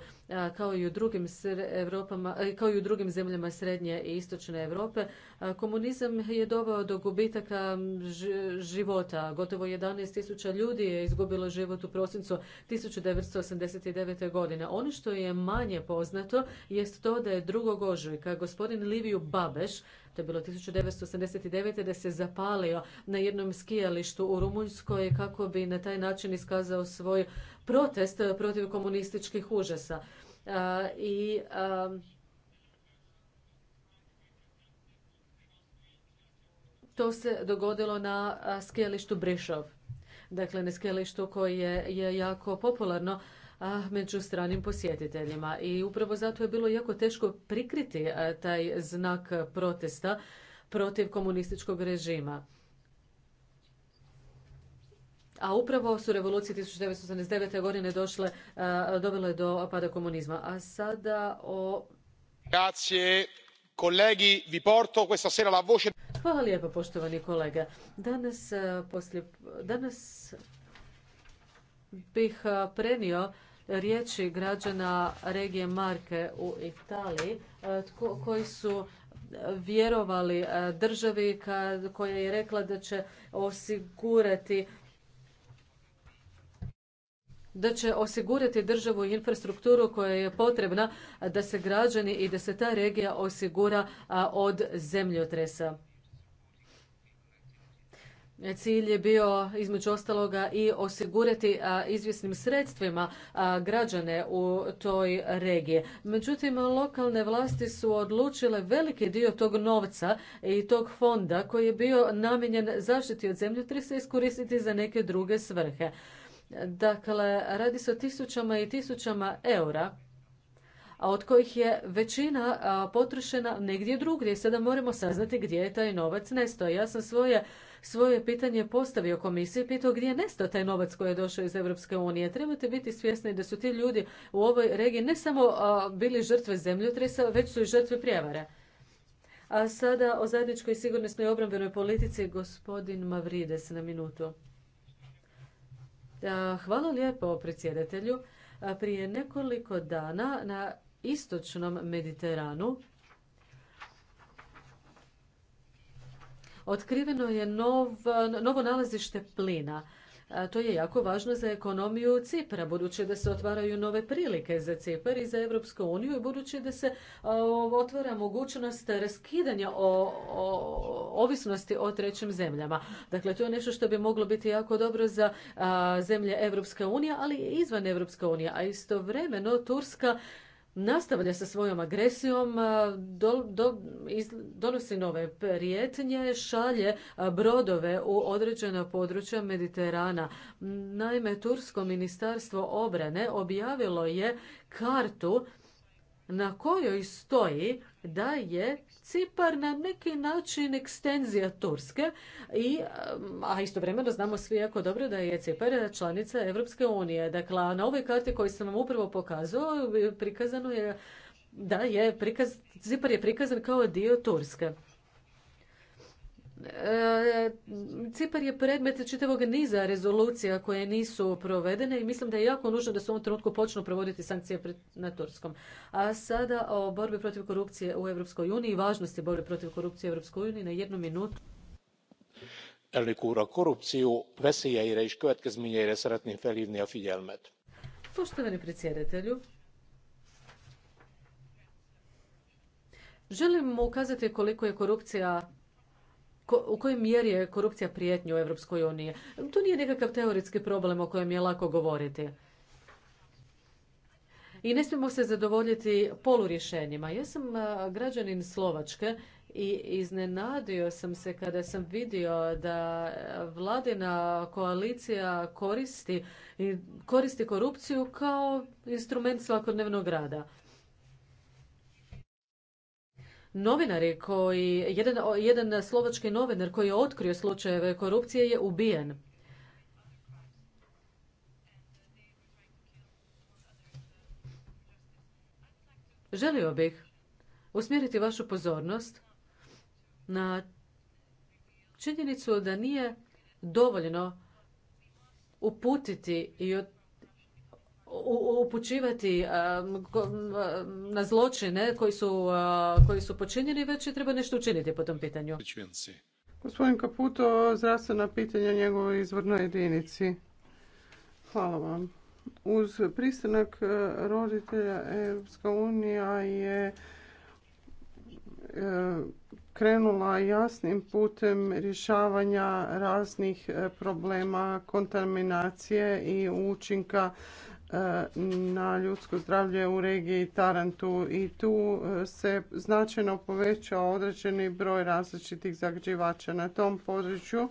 kao i u drugim, Evropama, kao i u drugim zemljama srednje i istočne Europe, komunizam je doveo do gubitaka života. Gotovo 11.000 ljudi je izgubilo život u prosincu 1989. godine. Ono što je manje poznato jest to da je 2. ožujka gospodin Liviju Babeš, to je bilo 1989. da se zapalio na jednom skijalištu u Rumunjskoj kako bi na taj način iskazao svoj protest protiv komunističkih užasa. I to se dogodilo na skijalištu Brišov. Dakle, na skijalištu koje je jako popularno među stranim posjetiteljima. I upravo zato je bilo jako teško prikriti taj znak protesta protiv komunističkog režima. A upravo su revolucije 1989. godine došle, dovele do pada komunizma. A sada o... Grazie, kolegi, vi porto questa sera la voce... Hvala lijepo, poštovani kolega. Danas, poslije, danas bih prenio riječi građana regije Marke u Italiji e, koji su vjerovali e, državi koja je rekla da će osigurati da će osigurati državu i infrastrukturu koja je potrebna da se građani i da se ta regija osigura od zemljotresa. Cilj je bio između ostaloga i osigurati izvjesnim sredstvima građane u toj regiji. Međutim, lokalne vlasti su odlučile veliki dio tog novca i tog fonda koji je bio namijenjen zaštiti od se iskoristiti za neke druge svrhe. Dakle, radi se o tisućama i tisućama eura a od kojih je većina potrošena negdje drugdje. Sada moramo saznati gdje je taj novac nestao. Ja sam svoje svoje pitanje postavio komisiji, pitao gdje je nestao taj novac koji je došao iz Europske unije. Trebate biti svjesni da su ti ljudi u ovoj regiji ne samo bili žrtve zemljotresa, već su i žrtve prijevara. A sada o zajedničkoj sigurnosnoj obrambenoj politici gospodin Mavrides na minutu. Hvala lijepo predsjedatelju. Prije nekoliko dana na istočnom Mediteranu Otkriveno je nov, novo nalazište plina. To je jako važno za ekonomiju Cipra, budući da se otvaraju nove prilike za Cipar i za Europsku uniju i budući da se otvara mogućnost raskidanja o, ovisnosti o trećim zemljama. Dakle, to je nešto što bi moglo biti jako dobro za zemlje Europske unije, ali i izvan Europske unije. A istovremeno Turska nastavlja sa svojom agresijom, do, donosi nove prijetnje, šalje brodove u određena područja Mediterana. Naime, Tursko ministarstvo obrane objavilo je kartu na kojoj stoji da je Cipar na neki način ekstenzija Turske, i, a istovremeno znamo svi jako dobro da je Cipar članica Europske unije. Dakle, na ovoj karti koju sam vam upravo pokazao prikazano je da je prikaz, Cipar je prikazan kao dio Turske. E, Cipar je predmet čitavog niza rezolucija koje nisu provedene i mislim da je jako nužno da se u ovom trenutku počnu provoditi sankcije na Turskom. A sada o borbi protiv korupcije u Europskoj uniji i važnosti borbe protiv korupcije u Europskoj uniji na jednu minutu. korupciju a korrupció veszélyeire és következményeire szeretném felhívni a figyelmet. Poštovani predsjedatelju, želim ukazati koliko je korupcija u kojoj mjeri je korupcija prijetnja u Europskoj uniji. To nije nekakav teoretski problem o kojem je lako govoriti. I ne smijemo se zadovoljiti polurješenjima. Ja sam građanin Slovačke i iznenadio sam se kada sam vidio da vladina koalicija koristi, koristi korupciju kao instrument svakodnevnog rada novinari koji, jedan, jedan slovački novinar koji je otkrio slučajeve korupcije je ubijen. Želio bih usmjeriti vašu pozornost na činjenicu da nije dovoljno uputiti i upućivati na zločine koji su, koji počinjeni, već treba nešto učiniti po tom pitanju. Gospodin Kaputo, zdravstvena pitanja njegovoj izvornoj jedinici. Hvala vam. Uz pristanak e, roditelja Europska unija je e, krenula jasnim putem rješavanja raznih e, problema kontaminacije i učinka na ljudsko zdravlje u regiji Tarantu i tu e, se značajno povećao određeni broj različitih zagađivača na tom području.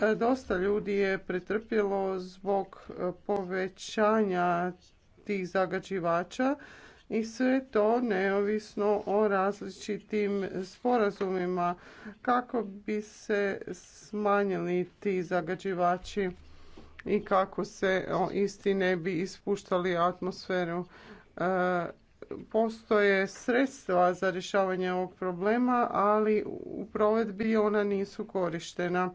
E, dosta ljudi je pretrpjelo zbog e, povećanja tih zagađivača i sve to neovisno o različitim sporazumima kako bi se smanjili ti zagađivači i kako se isti ne bi ispuštali atmosferu. E, postoje sredstva za rješavanje ovog problema, ali u provedbi ona nisu korištena.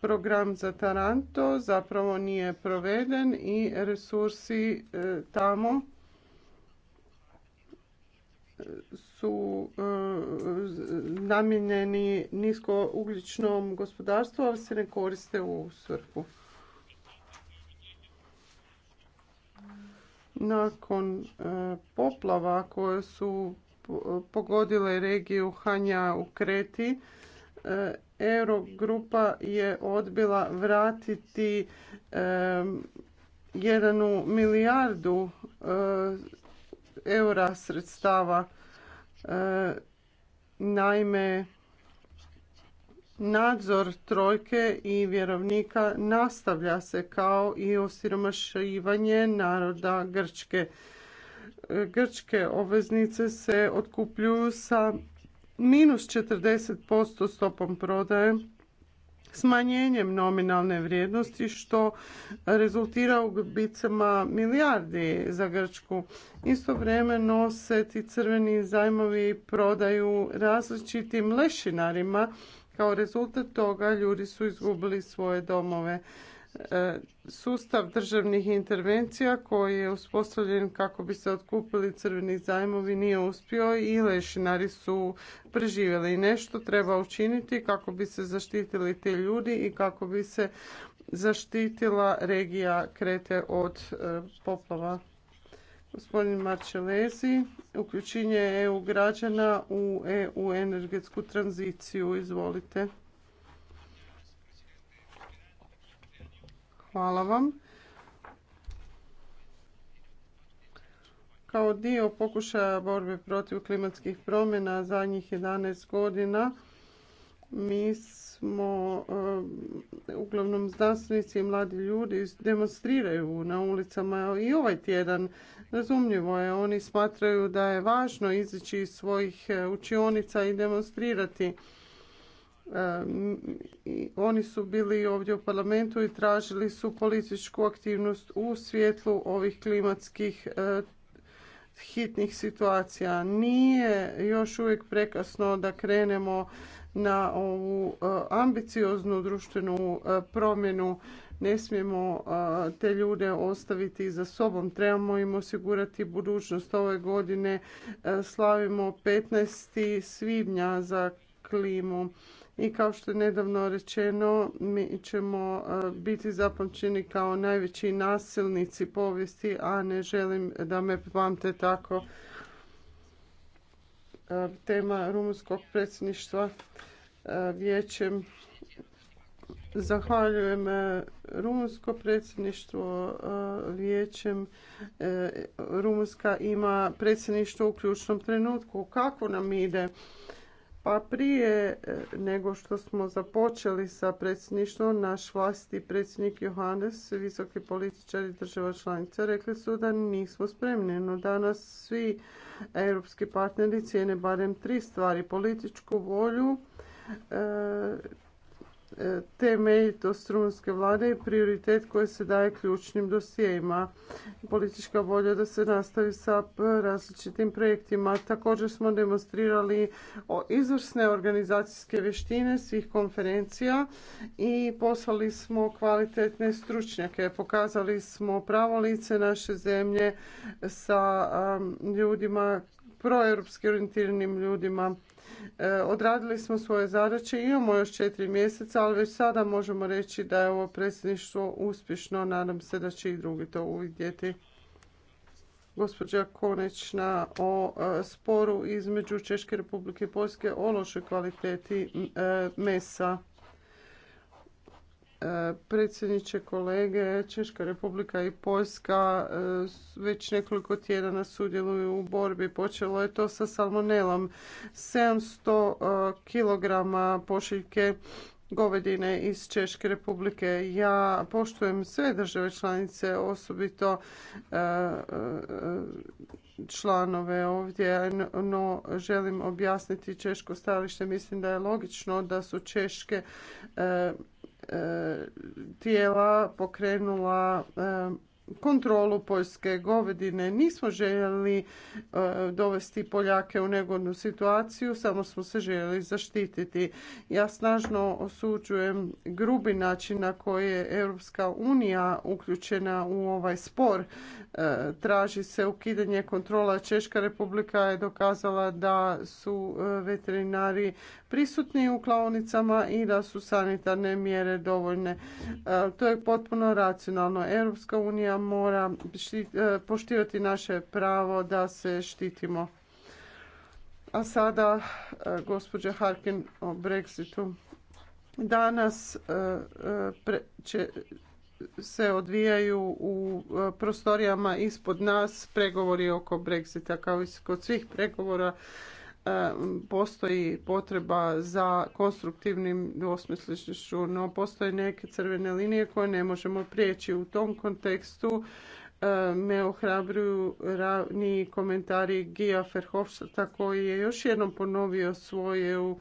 Program za Taranto zapravo nije proveden i resursi e, tamo su e, namijenjeni ugljičnom gospodarstvu, ali se ne koriste u svrhu. nakon e, poplava koje su pogodile regiju Hanja u Kreti, e, Eurogrupa je odbila vratiti e, jednu milijardu eura sredstava. Naime, nadzor trojke i vjerovnika nastavlja se kao i osiromašivanje naroda Grčke. Grčke obveznice se otkupljuju sa minus 40% stopom prodaje smanjenjem nominalne vrijednosti što rezultira u gubicama milijardi za Grčku. Istovremeno se ti crveni zajmovi prodaju različitim lešinarima kao rezultat toga ljudi su izgubili svoje domove. E, sustav državnih intervencija koji je uspostavljen kako bi se otkupili crveni zajmovi nije uspio i lešinari su preživjeli. I nešto treba učiniti kako bi se zaštitili ti ljudi i kako bi se zaštitila regija Krete od e, poplava. Gospodin Marčelezi, uključenje EU građana u EU energetsku tranziciju. Izvolite. Hvala vam. Kao dio pokušaja borbe protiv klimatskih promjena zadnjih 11 godina mi smo eh, uglavnom znanstvenici i mladi ljudi demonstriraju na ulicama i ovaj tjedan. Razumljivo je, oni smatraju da je važno izići iz svojih eh, učionica i demonstrirati. Eh, oni su bili ovdje u parlamentu i tražili su političku aktivnost u svjetlu ovih klimatskih hitnih situacija. Nije još uvijek prekasno da krenemo na ovu e, ambicioznu društvenu e, promjenu. Ne smijemo e, te ljude ostaviti za sobom. Trebamo im osigurati budućnost. Ove godine slavimo 15. svibnja za klimu. I kao što je nedavno rečeno, mi ćemo biti zapamćeni kao najveći nasilnici povijesti, a ne želim da me pamte tako tema rumunskog predsjedništva e, vijećem. Zahvaljujem e, rumunsko predsjedništvo e, vijećem. Rumunska ima predsjedništvo u ključnom trenutku. Kako nam ide? Pa prije e, nego što smo započeli sa predsjedništvom, naš vlasti predsjednik Johannes, visoki političari država članica, rekli su da nismo spremni. No danas svi europski partneri cijene barem tri stvari. Političku volju, e, E, temeljitost rumunske vlade i prioritet koji se daje ključnim dosijejima. Politička volja da se nastavi sa različitim projektima. Također smo demonstrirali izvrsne organizacijske vještine svih konferencija i poslali smo kvalitetne stručnjake. Pokazali smo pravo lice naše zemlje sa ljudima, proeuropski orijentiranim ljudima E, odradili smo svoje zadaće, imamo još četiri mjeseca, ali već sada možemo reći da je ovo predsjedništvo uspješno. Nadam se da će i drugi to uvidjeti. Gospođa Konečna o e, sporu između Češke republike i Poljske o lošoj kvaliteti e, mesa predsjedniče kolege Češka republika i Poljska e, već nekoliko tjedana sudjeluju u borbi. Počelo je to sa salmonelom. 700 e, kg pošiljke govedine iz Češke republike. Ja poštujem sve države članice, osobito e, članove ovdje, no želim objasniti češko stajalište. Mislim da je logično da su češke tijela pokrenula kontrolu poljske govedine. Nismo željeli e, dovesti Poljake u negodnu situaciju, samo smo se željeli zaštititi. Ja snažno osuđujem grubi način na koji je Europska unija uključena u ovaj spor. E, traži se ukidanje kontrola. Češka republika je dokazala da su e, veterinari prisutni u klaonicama i da su sanitarne mjere dovoljne. To je potpuno racionalno. Europska unija mora e, poštivati naše pravo da se štitimo. A sada e, gospođa Harkin o Brexitu. Danas e, će se odvijaju u prostorijama ispod nas pregovori oko Brexita kao i kod svih pregovora E, postoji potreba za konstruktivnim dvosmislišću, no postoje neke crvene linije koje ne možemo prijeći. U tom kontekstu e, me ohrabruju ravni komentari Gija Ferhofstata koji je još jednom ponovio svoju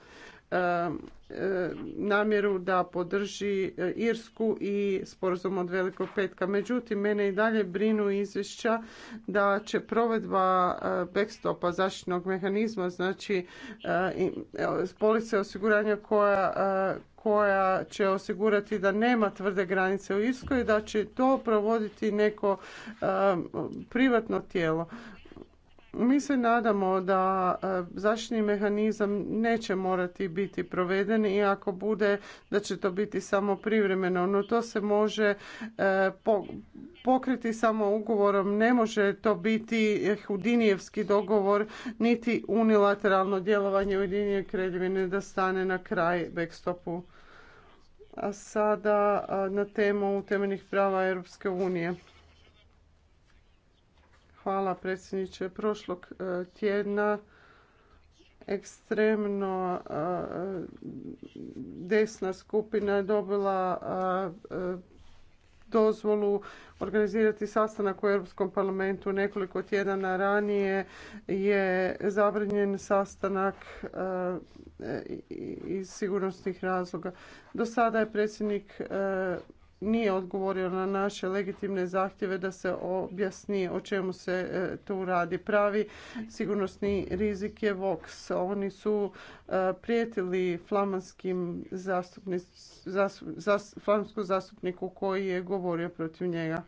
namjeru da podrži e, Irsku i sporazum od Velikog petka. Međutim, mene i dalje brinu izvješća da će provedba e, backstopa zaštitnog mehanizma, znači e, police osiguranja koja koja će osigurati da nema tvrde granice u Irskoj, da će to provoditi neko privatno tijelo. Mi se nadamo da e, zaštitni mehanizam neće morati biti proveden i ako bude da će to biti samo privremeno, no to se može e, pokriti samo ugovorom, ne može to biti Hudinijevski dogovor niti unilateralno djelovanje Ujedinjene kredivine da stane na kraj backstopu. A sada e, na temu temeljnih prava Europske unije. Hvala predsjedniče. Prošlog e, tjedna ekstremno e, desna skupina je dobila e, dozvolu organizirati sastanak u Europskom parlamentu nekoliko tjedana ranije je zabranjen sastanak iz sigurnosnih razloga. Do sada je predsjednik nije odgovorio na naše legitimne zahtjeve da se objasni o čemu se e, tu radi. Pravi sigurnosni rizik je Vox. Oni su e, prijetili flamanskim zastupniku koji je govorio protiv njega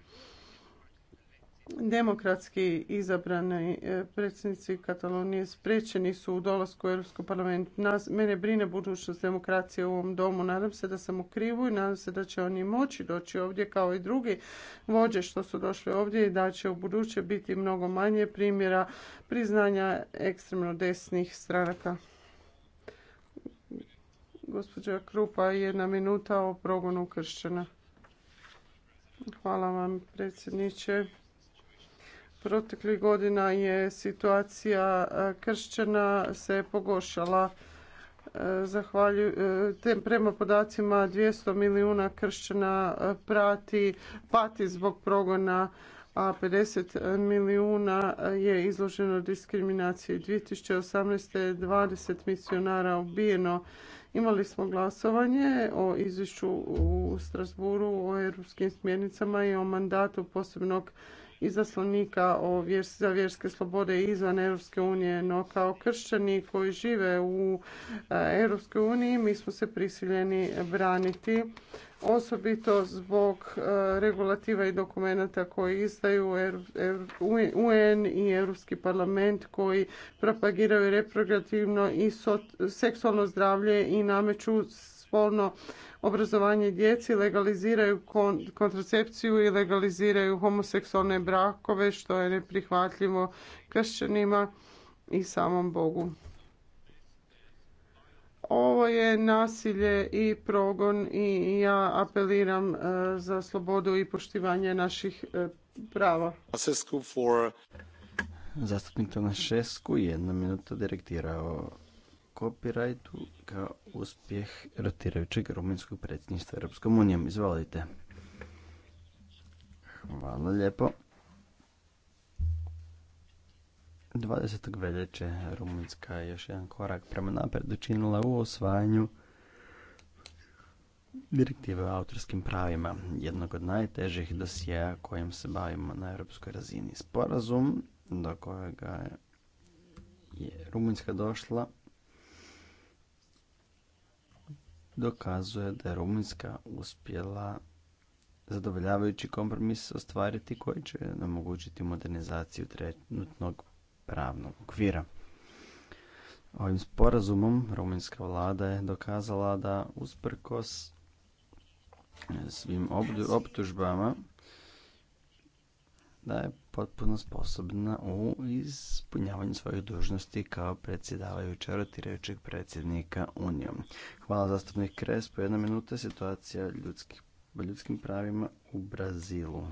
demokratski izabrani e, predsjednici Katalonije sprečeni su u dolasku u Europski parlament. Nas, mene brine budućnost demokracije u ovom domu. Nadam se da sam u krivu i nadam se da će oni moći doći ovdje kao i drugi vođe što su došli ovdje i da će u buduće biti mnogo manje primjera priznanja ekstremno desnih stranaka. Gospođa Krupa, jedna minuta o progonu kršćana. Hvala vam predsjedniče. Proteklih godina je situacija e, kršćana se pogoršala. E, zahvalju, e, prema podacima 200 milijuna kršćana prati, pati zbog progona a 50 milijuna je izloženo diskriminaciji. 2018. je 20 misionara ubijeno. Imali smo glasovanje o izvješću u Strasburu, o europskim smjernicama i o mandatu posebnog izaslanika zaslovnika za vjerske slobode izvan Europske unije, no kao kršćani koji žive u e, Europskoj uniji mi smo se prisiljeni braniti osobito zbog e, regulativa i dokumenata koji izdaju UN i Europski parlament koji propagiraju reprogativno i seksualno zdravlje i nameću spolno obrazovanje djeci, legaliziraju kontracepciju i legaliziraju homoseksualne brakove što je neprihvatljivo kršćanima i samom Bogu. Ovo je nasilje i progon i ja apeliram e, za slobodu i poštivanje naših e, prava. Zastupnik Tomašesku jedna minuta direktirao copyrightu kao uspjeh rotirajućeg rumunjskog predsjedništva Europskom unijom. Izvolite. Hvala lijepo. 20. veljače Rumunjska je još jedan korak prema naprijed učinila u osvajanju direktive o autorskim pravima, jednog od najtežih dosjeja kojim se bavimo na europskoj razini. Sporazum do kojega je Rumunjska došla dokazuje da je Rumunjska uspjela zadovoljavajući kompromis ostvariti koji će omogućiti modernizaciju trenutnog pravnog okvira. Ovim sporazumom rumunjska vlada je dokazala da usprkos svim optužbama da je potpuno sposobna u ispunjavanju svojih dužnosti kao predsjedavajuća rotirajućeg predsjednika Unijom. Hvala zastupnik Kres. Po jedna minuta situacija u ljudskim pravima u Brazilu.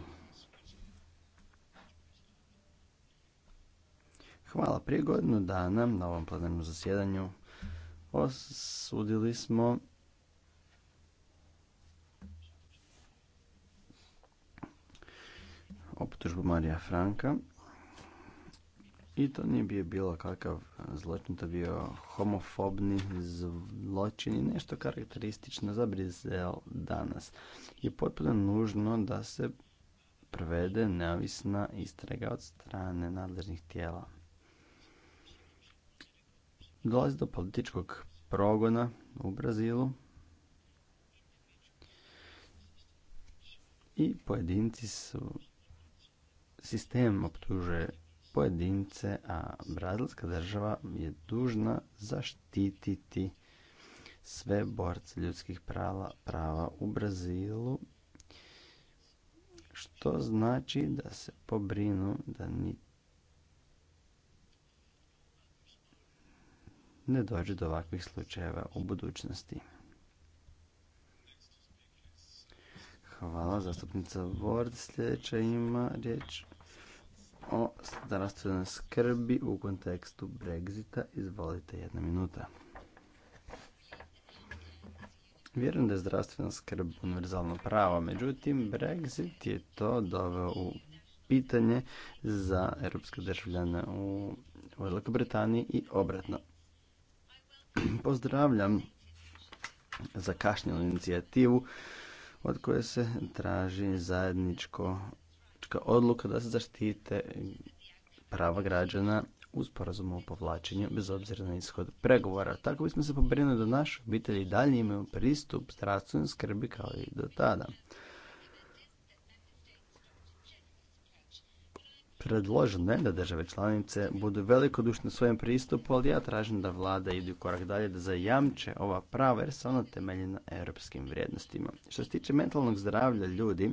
Hvala. Prije godinu dana na ovom plenarnom zasjedanju osudili smo optužbu Marija Franka i to nije bio bilo kakav zločin, to bio homofobni zločin i nešto karakteristično za Brizel danas. Je potpuno nužno da se prevede neovisna istraga od strane nadležnih tijela. Dolazi do političkog progona u Brazilu i pojedinci su sistem optužuje pojedince, a brazilska država je dužna zaštititi sve borce ljudskih prava, prava u Brazilu, što znači da se pobrinu da ne dođe do ovakvih slučajeva u budućnosti. Hvala, zastupnica Ward. Sljedeća ima riječ o zdravstvenoj skrbi u kontekstu Brexita. Izvolite jedna minuta. Vjerujem da je zdravstvena skrb univerzalno pravo, međutim Brexit je to doveo u pitanje za europske državljane u Velikoj Britaniji i obratno. Pozdravljam zakašnjelu inicijativu od koje se traži zajedničko politička odluka da se zaštite prava građana u sporazumu o povlačenju bez obzira na ishod pregovora. Tako bismo se pobrinuli da naše obitelji dalje imaju pristup zdravstvenoj skrbi kao i do tada. Predloženo je da države članice budu velikodušne u svojem pristupu, ali ja tražim da vlada ide korak dalje da zajamče ova prava jer se ona temelji na europskim vrijednostima. Što se tiče mentalnog zdravlja ljudi,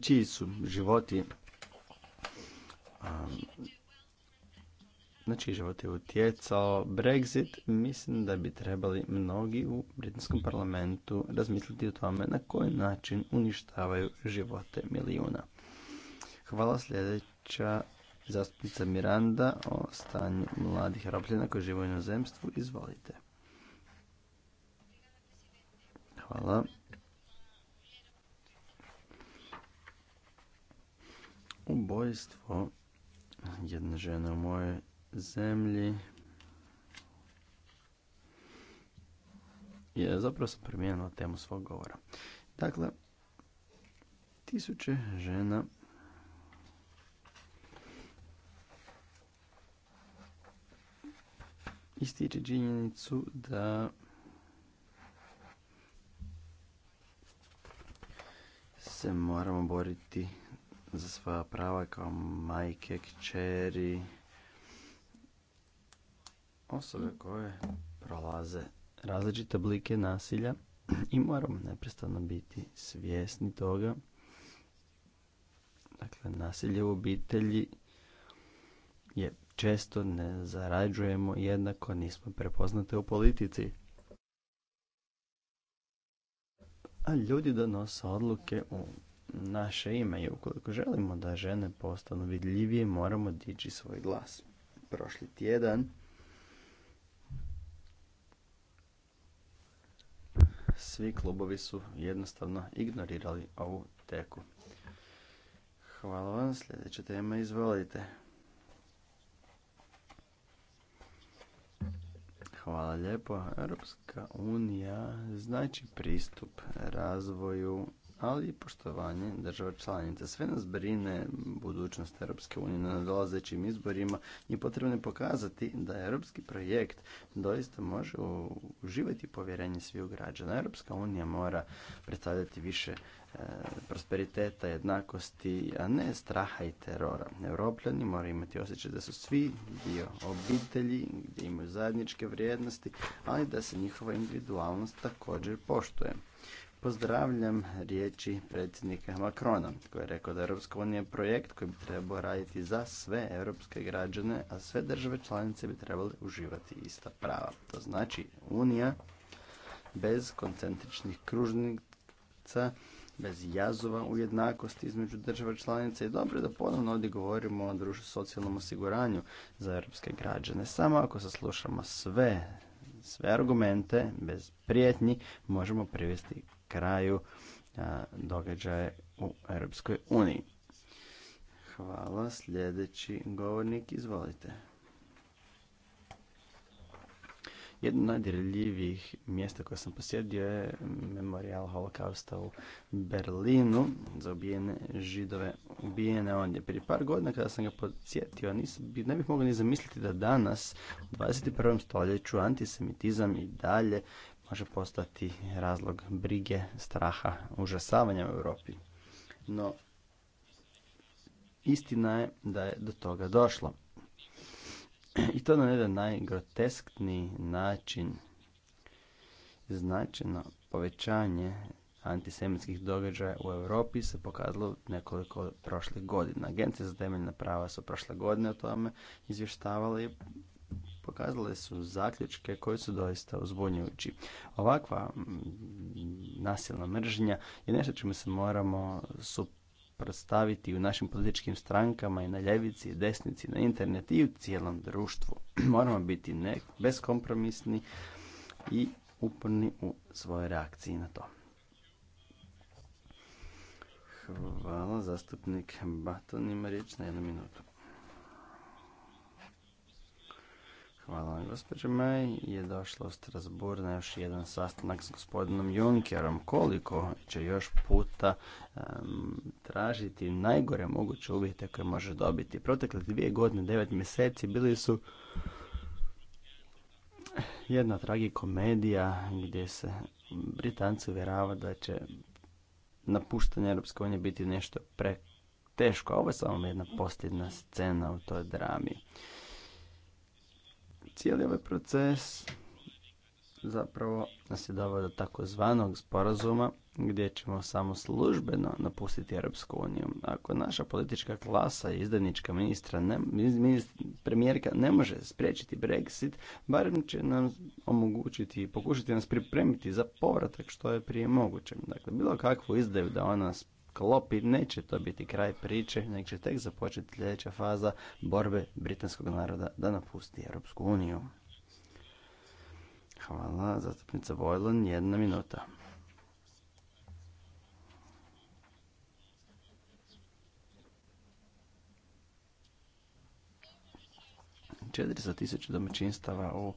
čiji su životi na čiji život je utjecao Brexit, mislim da bi trebali mnogi u Britanskom parlamentu razmisliti o tome na koji način uništavaju živote milijuna. Hvala sljedeća zastupnica Miranda o stanju mladih rabljena koji žive u inozemstvu. Izvolite. Hvala. ubojstvo jedne žene u mojoj zemlji je zapravo sam temu svog govora. Dakle, tisuće žena ističe činjenicu da se moramo boriti za svoja prava kao majke, kćeri, osobe koje prolaze različite oblike nasilja i moramo neprestano biti svjesni toga. Dakle, nasilje u obitelji je često ne zarađujemo jednako, nismo prepoznate u politici. A ljudi donose odluke u naše ime i ukoliko želimo da žene postanu vidljivije moramo dići svoj glas. Prošli tjedan svi klubovi su jednostavno ignorirali ovu teku. Hvala vam, sljedeća tema izvolite. Hvala lijepo. Europska unija znači pristup razvoju ali i poštovanje država članica. Sve nas brine budućnost Europske unije na nadolazećim izborima i potrebno je pokazati da europski projekt doista može uživati povjerenje svih građana. Europska unija mora predstavljati više e, prosperiteta, jednakosti, a ne straha i terora. Europljani moraju imati osjećaj da su svi dio obitelji, gdje imaju zajedničke vrijednosti, ali da se njihova individualnost također poštuje. Pozdravljam riječi predsjednika Makrona, koji je rekao da Europska unija je projekt koji bi trebao raditi za sve europske građane, a sve države članice bi trebale uživati ista prava. To znači unija bez koncentričnih kružnica, bez jazova u jednakosti između država članica i dobro da ponovno ovdje govorimo o društvu socijalnom osiguranju za europske građane. Samo ako saslušamo sve sve argumente bez prijetnji možemo privesti kraju događaje u Europskoj uniji. Hvala. Sljedeći govornik, izvolite. Jedno od najdirljivijih mjesta koje sam posjedio je memorial holokausta u Berlinu za ubijene židove, ubijene ondje. Prije par godina kada sam ga podsjetio, ne bih mogao ni zamisliti da danas u 21. stoljeću antisemitizam i dalje može postati razlog brige, straha, užasavanja u Europi. No, istina je da je do toga došlo. I to na jedan najgroteskniji način značajno povećanje antisemitskih događaja u Europi se pokazalo nekoliko prošlih godina. Agencije za temeljna prava su prošle godine o tome izvještavali pokazale su zaključke koji su doista uzbunjujući. Ovakva mm, nasilna mržnja je nešto čemu se moramo suprotstaviti u našim političkim strankama i na ljevici desnici, na internet i u cijelom društvu. moramo biti ne, beskompromisni i uporni u svojoj reakciji na to. Hvala, zastupnik Baton ima riječ na jednu minutu. Hvala vam, gospođo Maj. Je došla u Strasbourg na još jedan sastanak s gospodinom Junkerom. Koliko će još puta tražiti najgore moguće uvjete koje može dobiti? Protekle dvije godine, devet mjeseci, bili su jedna tragikomedija gdje se Britanci uvjerava da će napuštanje Europske unije biti nešto pre teško. Ovo je samo jedna posljedna scena u toj drami. Cijeli ovaj proces zapravo nas je doveo do takozvanog sporazuma gdje ćemo samo službeno napustiti Europsku uniju. Ako naša politička klasa i izdajnička ministra, premijerka ne može spriječiti Brexit, barem će nam omogućiti i pokušati nas pripremiti za povratak što je prije moguće. Dakle, bilo kakvu izdaju da ona sklopi, neće to biti kraj priče, nek će tek započeti sljedeća faza borbe britanskog naroda da napusti Europsku uniju. Hvala, zastupnica Vojlan, jedna minuta. 400 tisuća domaćinstava u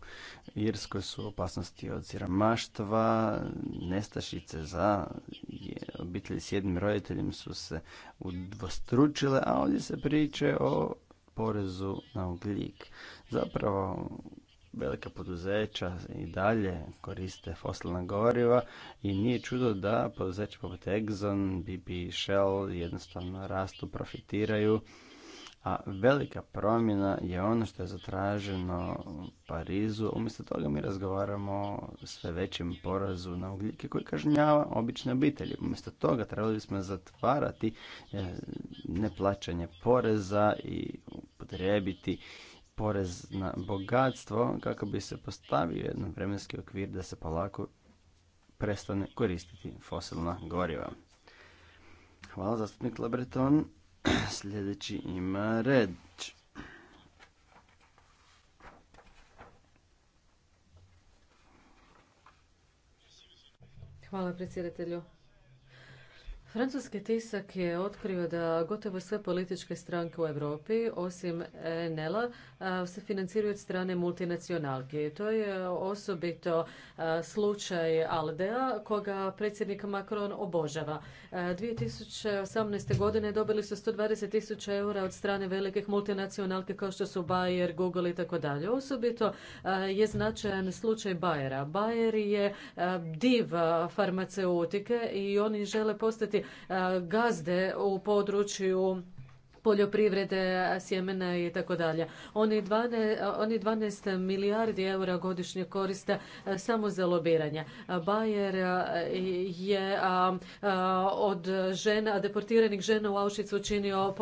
Irskoj su opasnosti od siromaštva, nestašice za obitelji s jednim roditeljem su se udvostručile, a ovdje se priče o porezu na ugljik. Zapravo, velika poduzeća i dalje koriste fosilna goriva i nije čudo da poduzeće poput Exxon, BP, Shell jednostavno rastu, profitiraju a velika promjena je ono što je zatraženo u Parizu. Umjesto toga mi razgovaramo o sve većem porazu na ugljike koji kažnjava obične obitelji. Umjesto toga trebali smo zatvarati e, neplaćanje poreza i upotrijebiti porez na bogatstvo kako bi se postavio jedan vremenski okvir da se polako prestane koristiti fosilna goriva. Hvala zastupnik Labreton. Sljedeći ima red. Hvala predsjedatelju. Francuski tisak je otkrio da gotovo sve političke stranke u Europi, osim Nela, se financiraju od strane multinacionalke. To je osobito slučaj Aldea, koga predsjednik Macron obožava. 2018. godine dobili su 120 tisuća eura od strane velikih multinacionalke kao što su Bayer, Google i tako dalje. Osobito je značajan slučaj Bayera. Bayer je div farmaceutike i oni žele postati E, gazde u području poljoprivrede, sjemena i tako dalje. Oni 12 milijardi eura godišnje koriste e, samo za lobiranje. Bayer e, je od žena, deportiranih žena u Auschwitzu učinio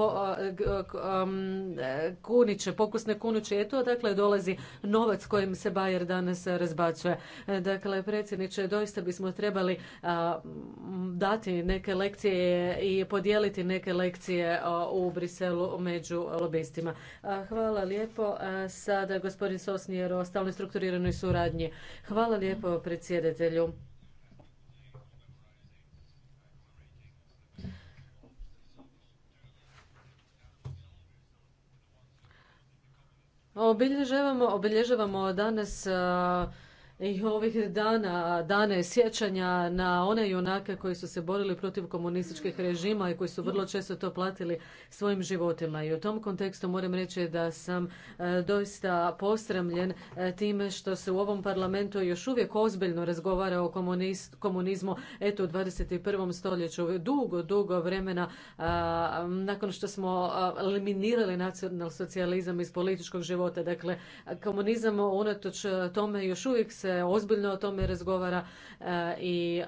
e, kuniće, pokusne kuniće. je to dakle dolazi novac kojim se Bayer danas razbacuje. Dakle, predsjedniče, doista bismo trebali dati neke lekcije i podijeliti neke lekcije u Briselu Briselu među lobistima. Hvala lijepo. Sada gospodin Sosnijer o stalnoj strukturiranoj suradnji. Hvala lijepo predsjedatelju. obilježavamo danas i ovih dana, dane sjećanja na one junake koji su se borili protiv komunističkih režima i koji su vrlo često to platili svojim životima. I u tom kontekstu moram reći da sam e, doista posramljen e, time što se u ovom parlamentu još uvijek ozbiljno razgovara o komunizmu eto u 21. stoljeću. Dugo, dugo vremena nakon što smo eliminirali nacional socijalizam iz političkog života. Dakle, komunizam unatoč tome još uvijek se se ozbiljno o tome razgovara e, i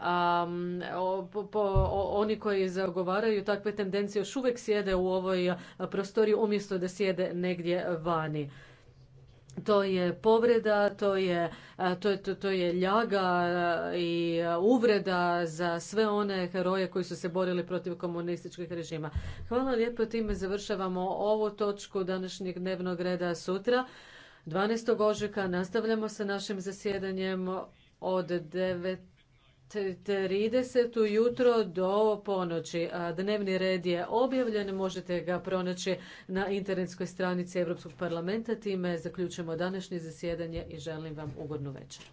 oni koji zagovaraju takve tendencije još uvijek sjede u ovoj prostoriji umjesto da sjede negdje vani. To je povreda, to je, e, to, to je ljaga e, i uvreda za sve one heroje koji su se borili protiv komunističkih režima. Hvala lijepo, time završavamo ovu točku današnjeg dnevnog reda sutra. 12. ožujka nastavljamo sa našim zasjedanjem od 9.30 ujutro do ponoći. Dnevni red je objavljen, možete ga pronaći na internetskoj stranici Europskog parlamenta. Time zaključujemo današnje zasjedanje i želim vam ugodnu večer.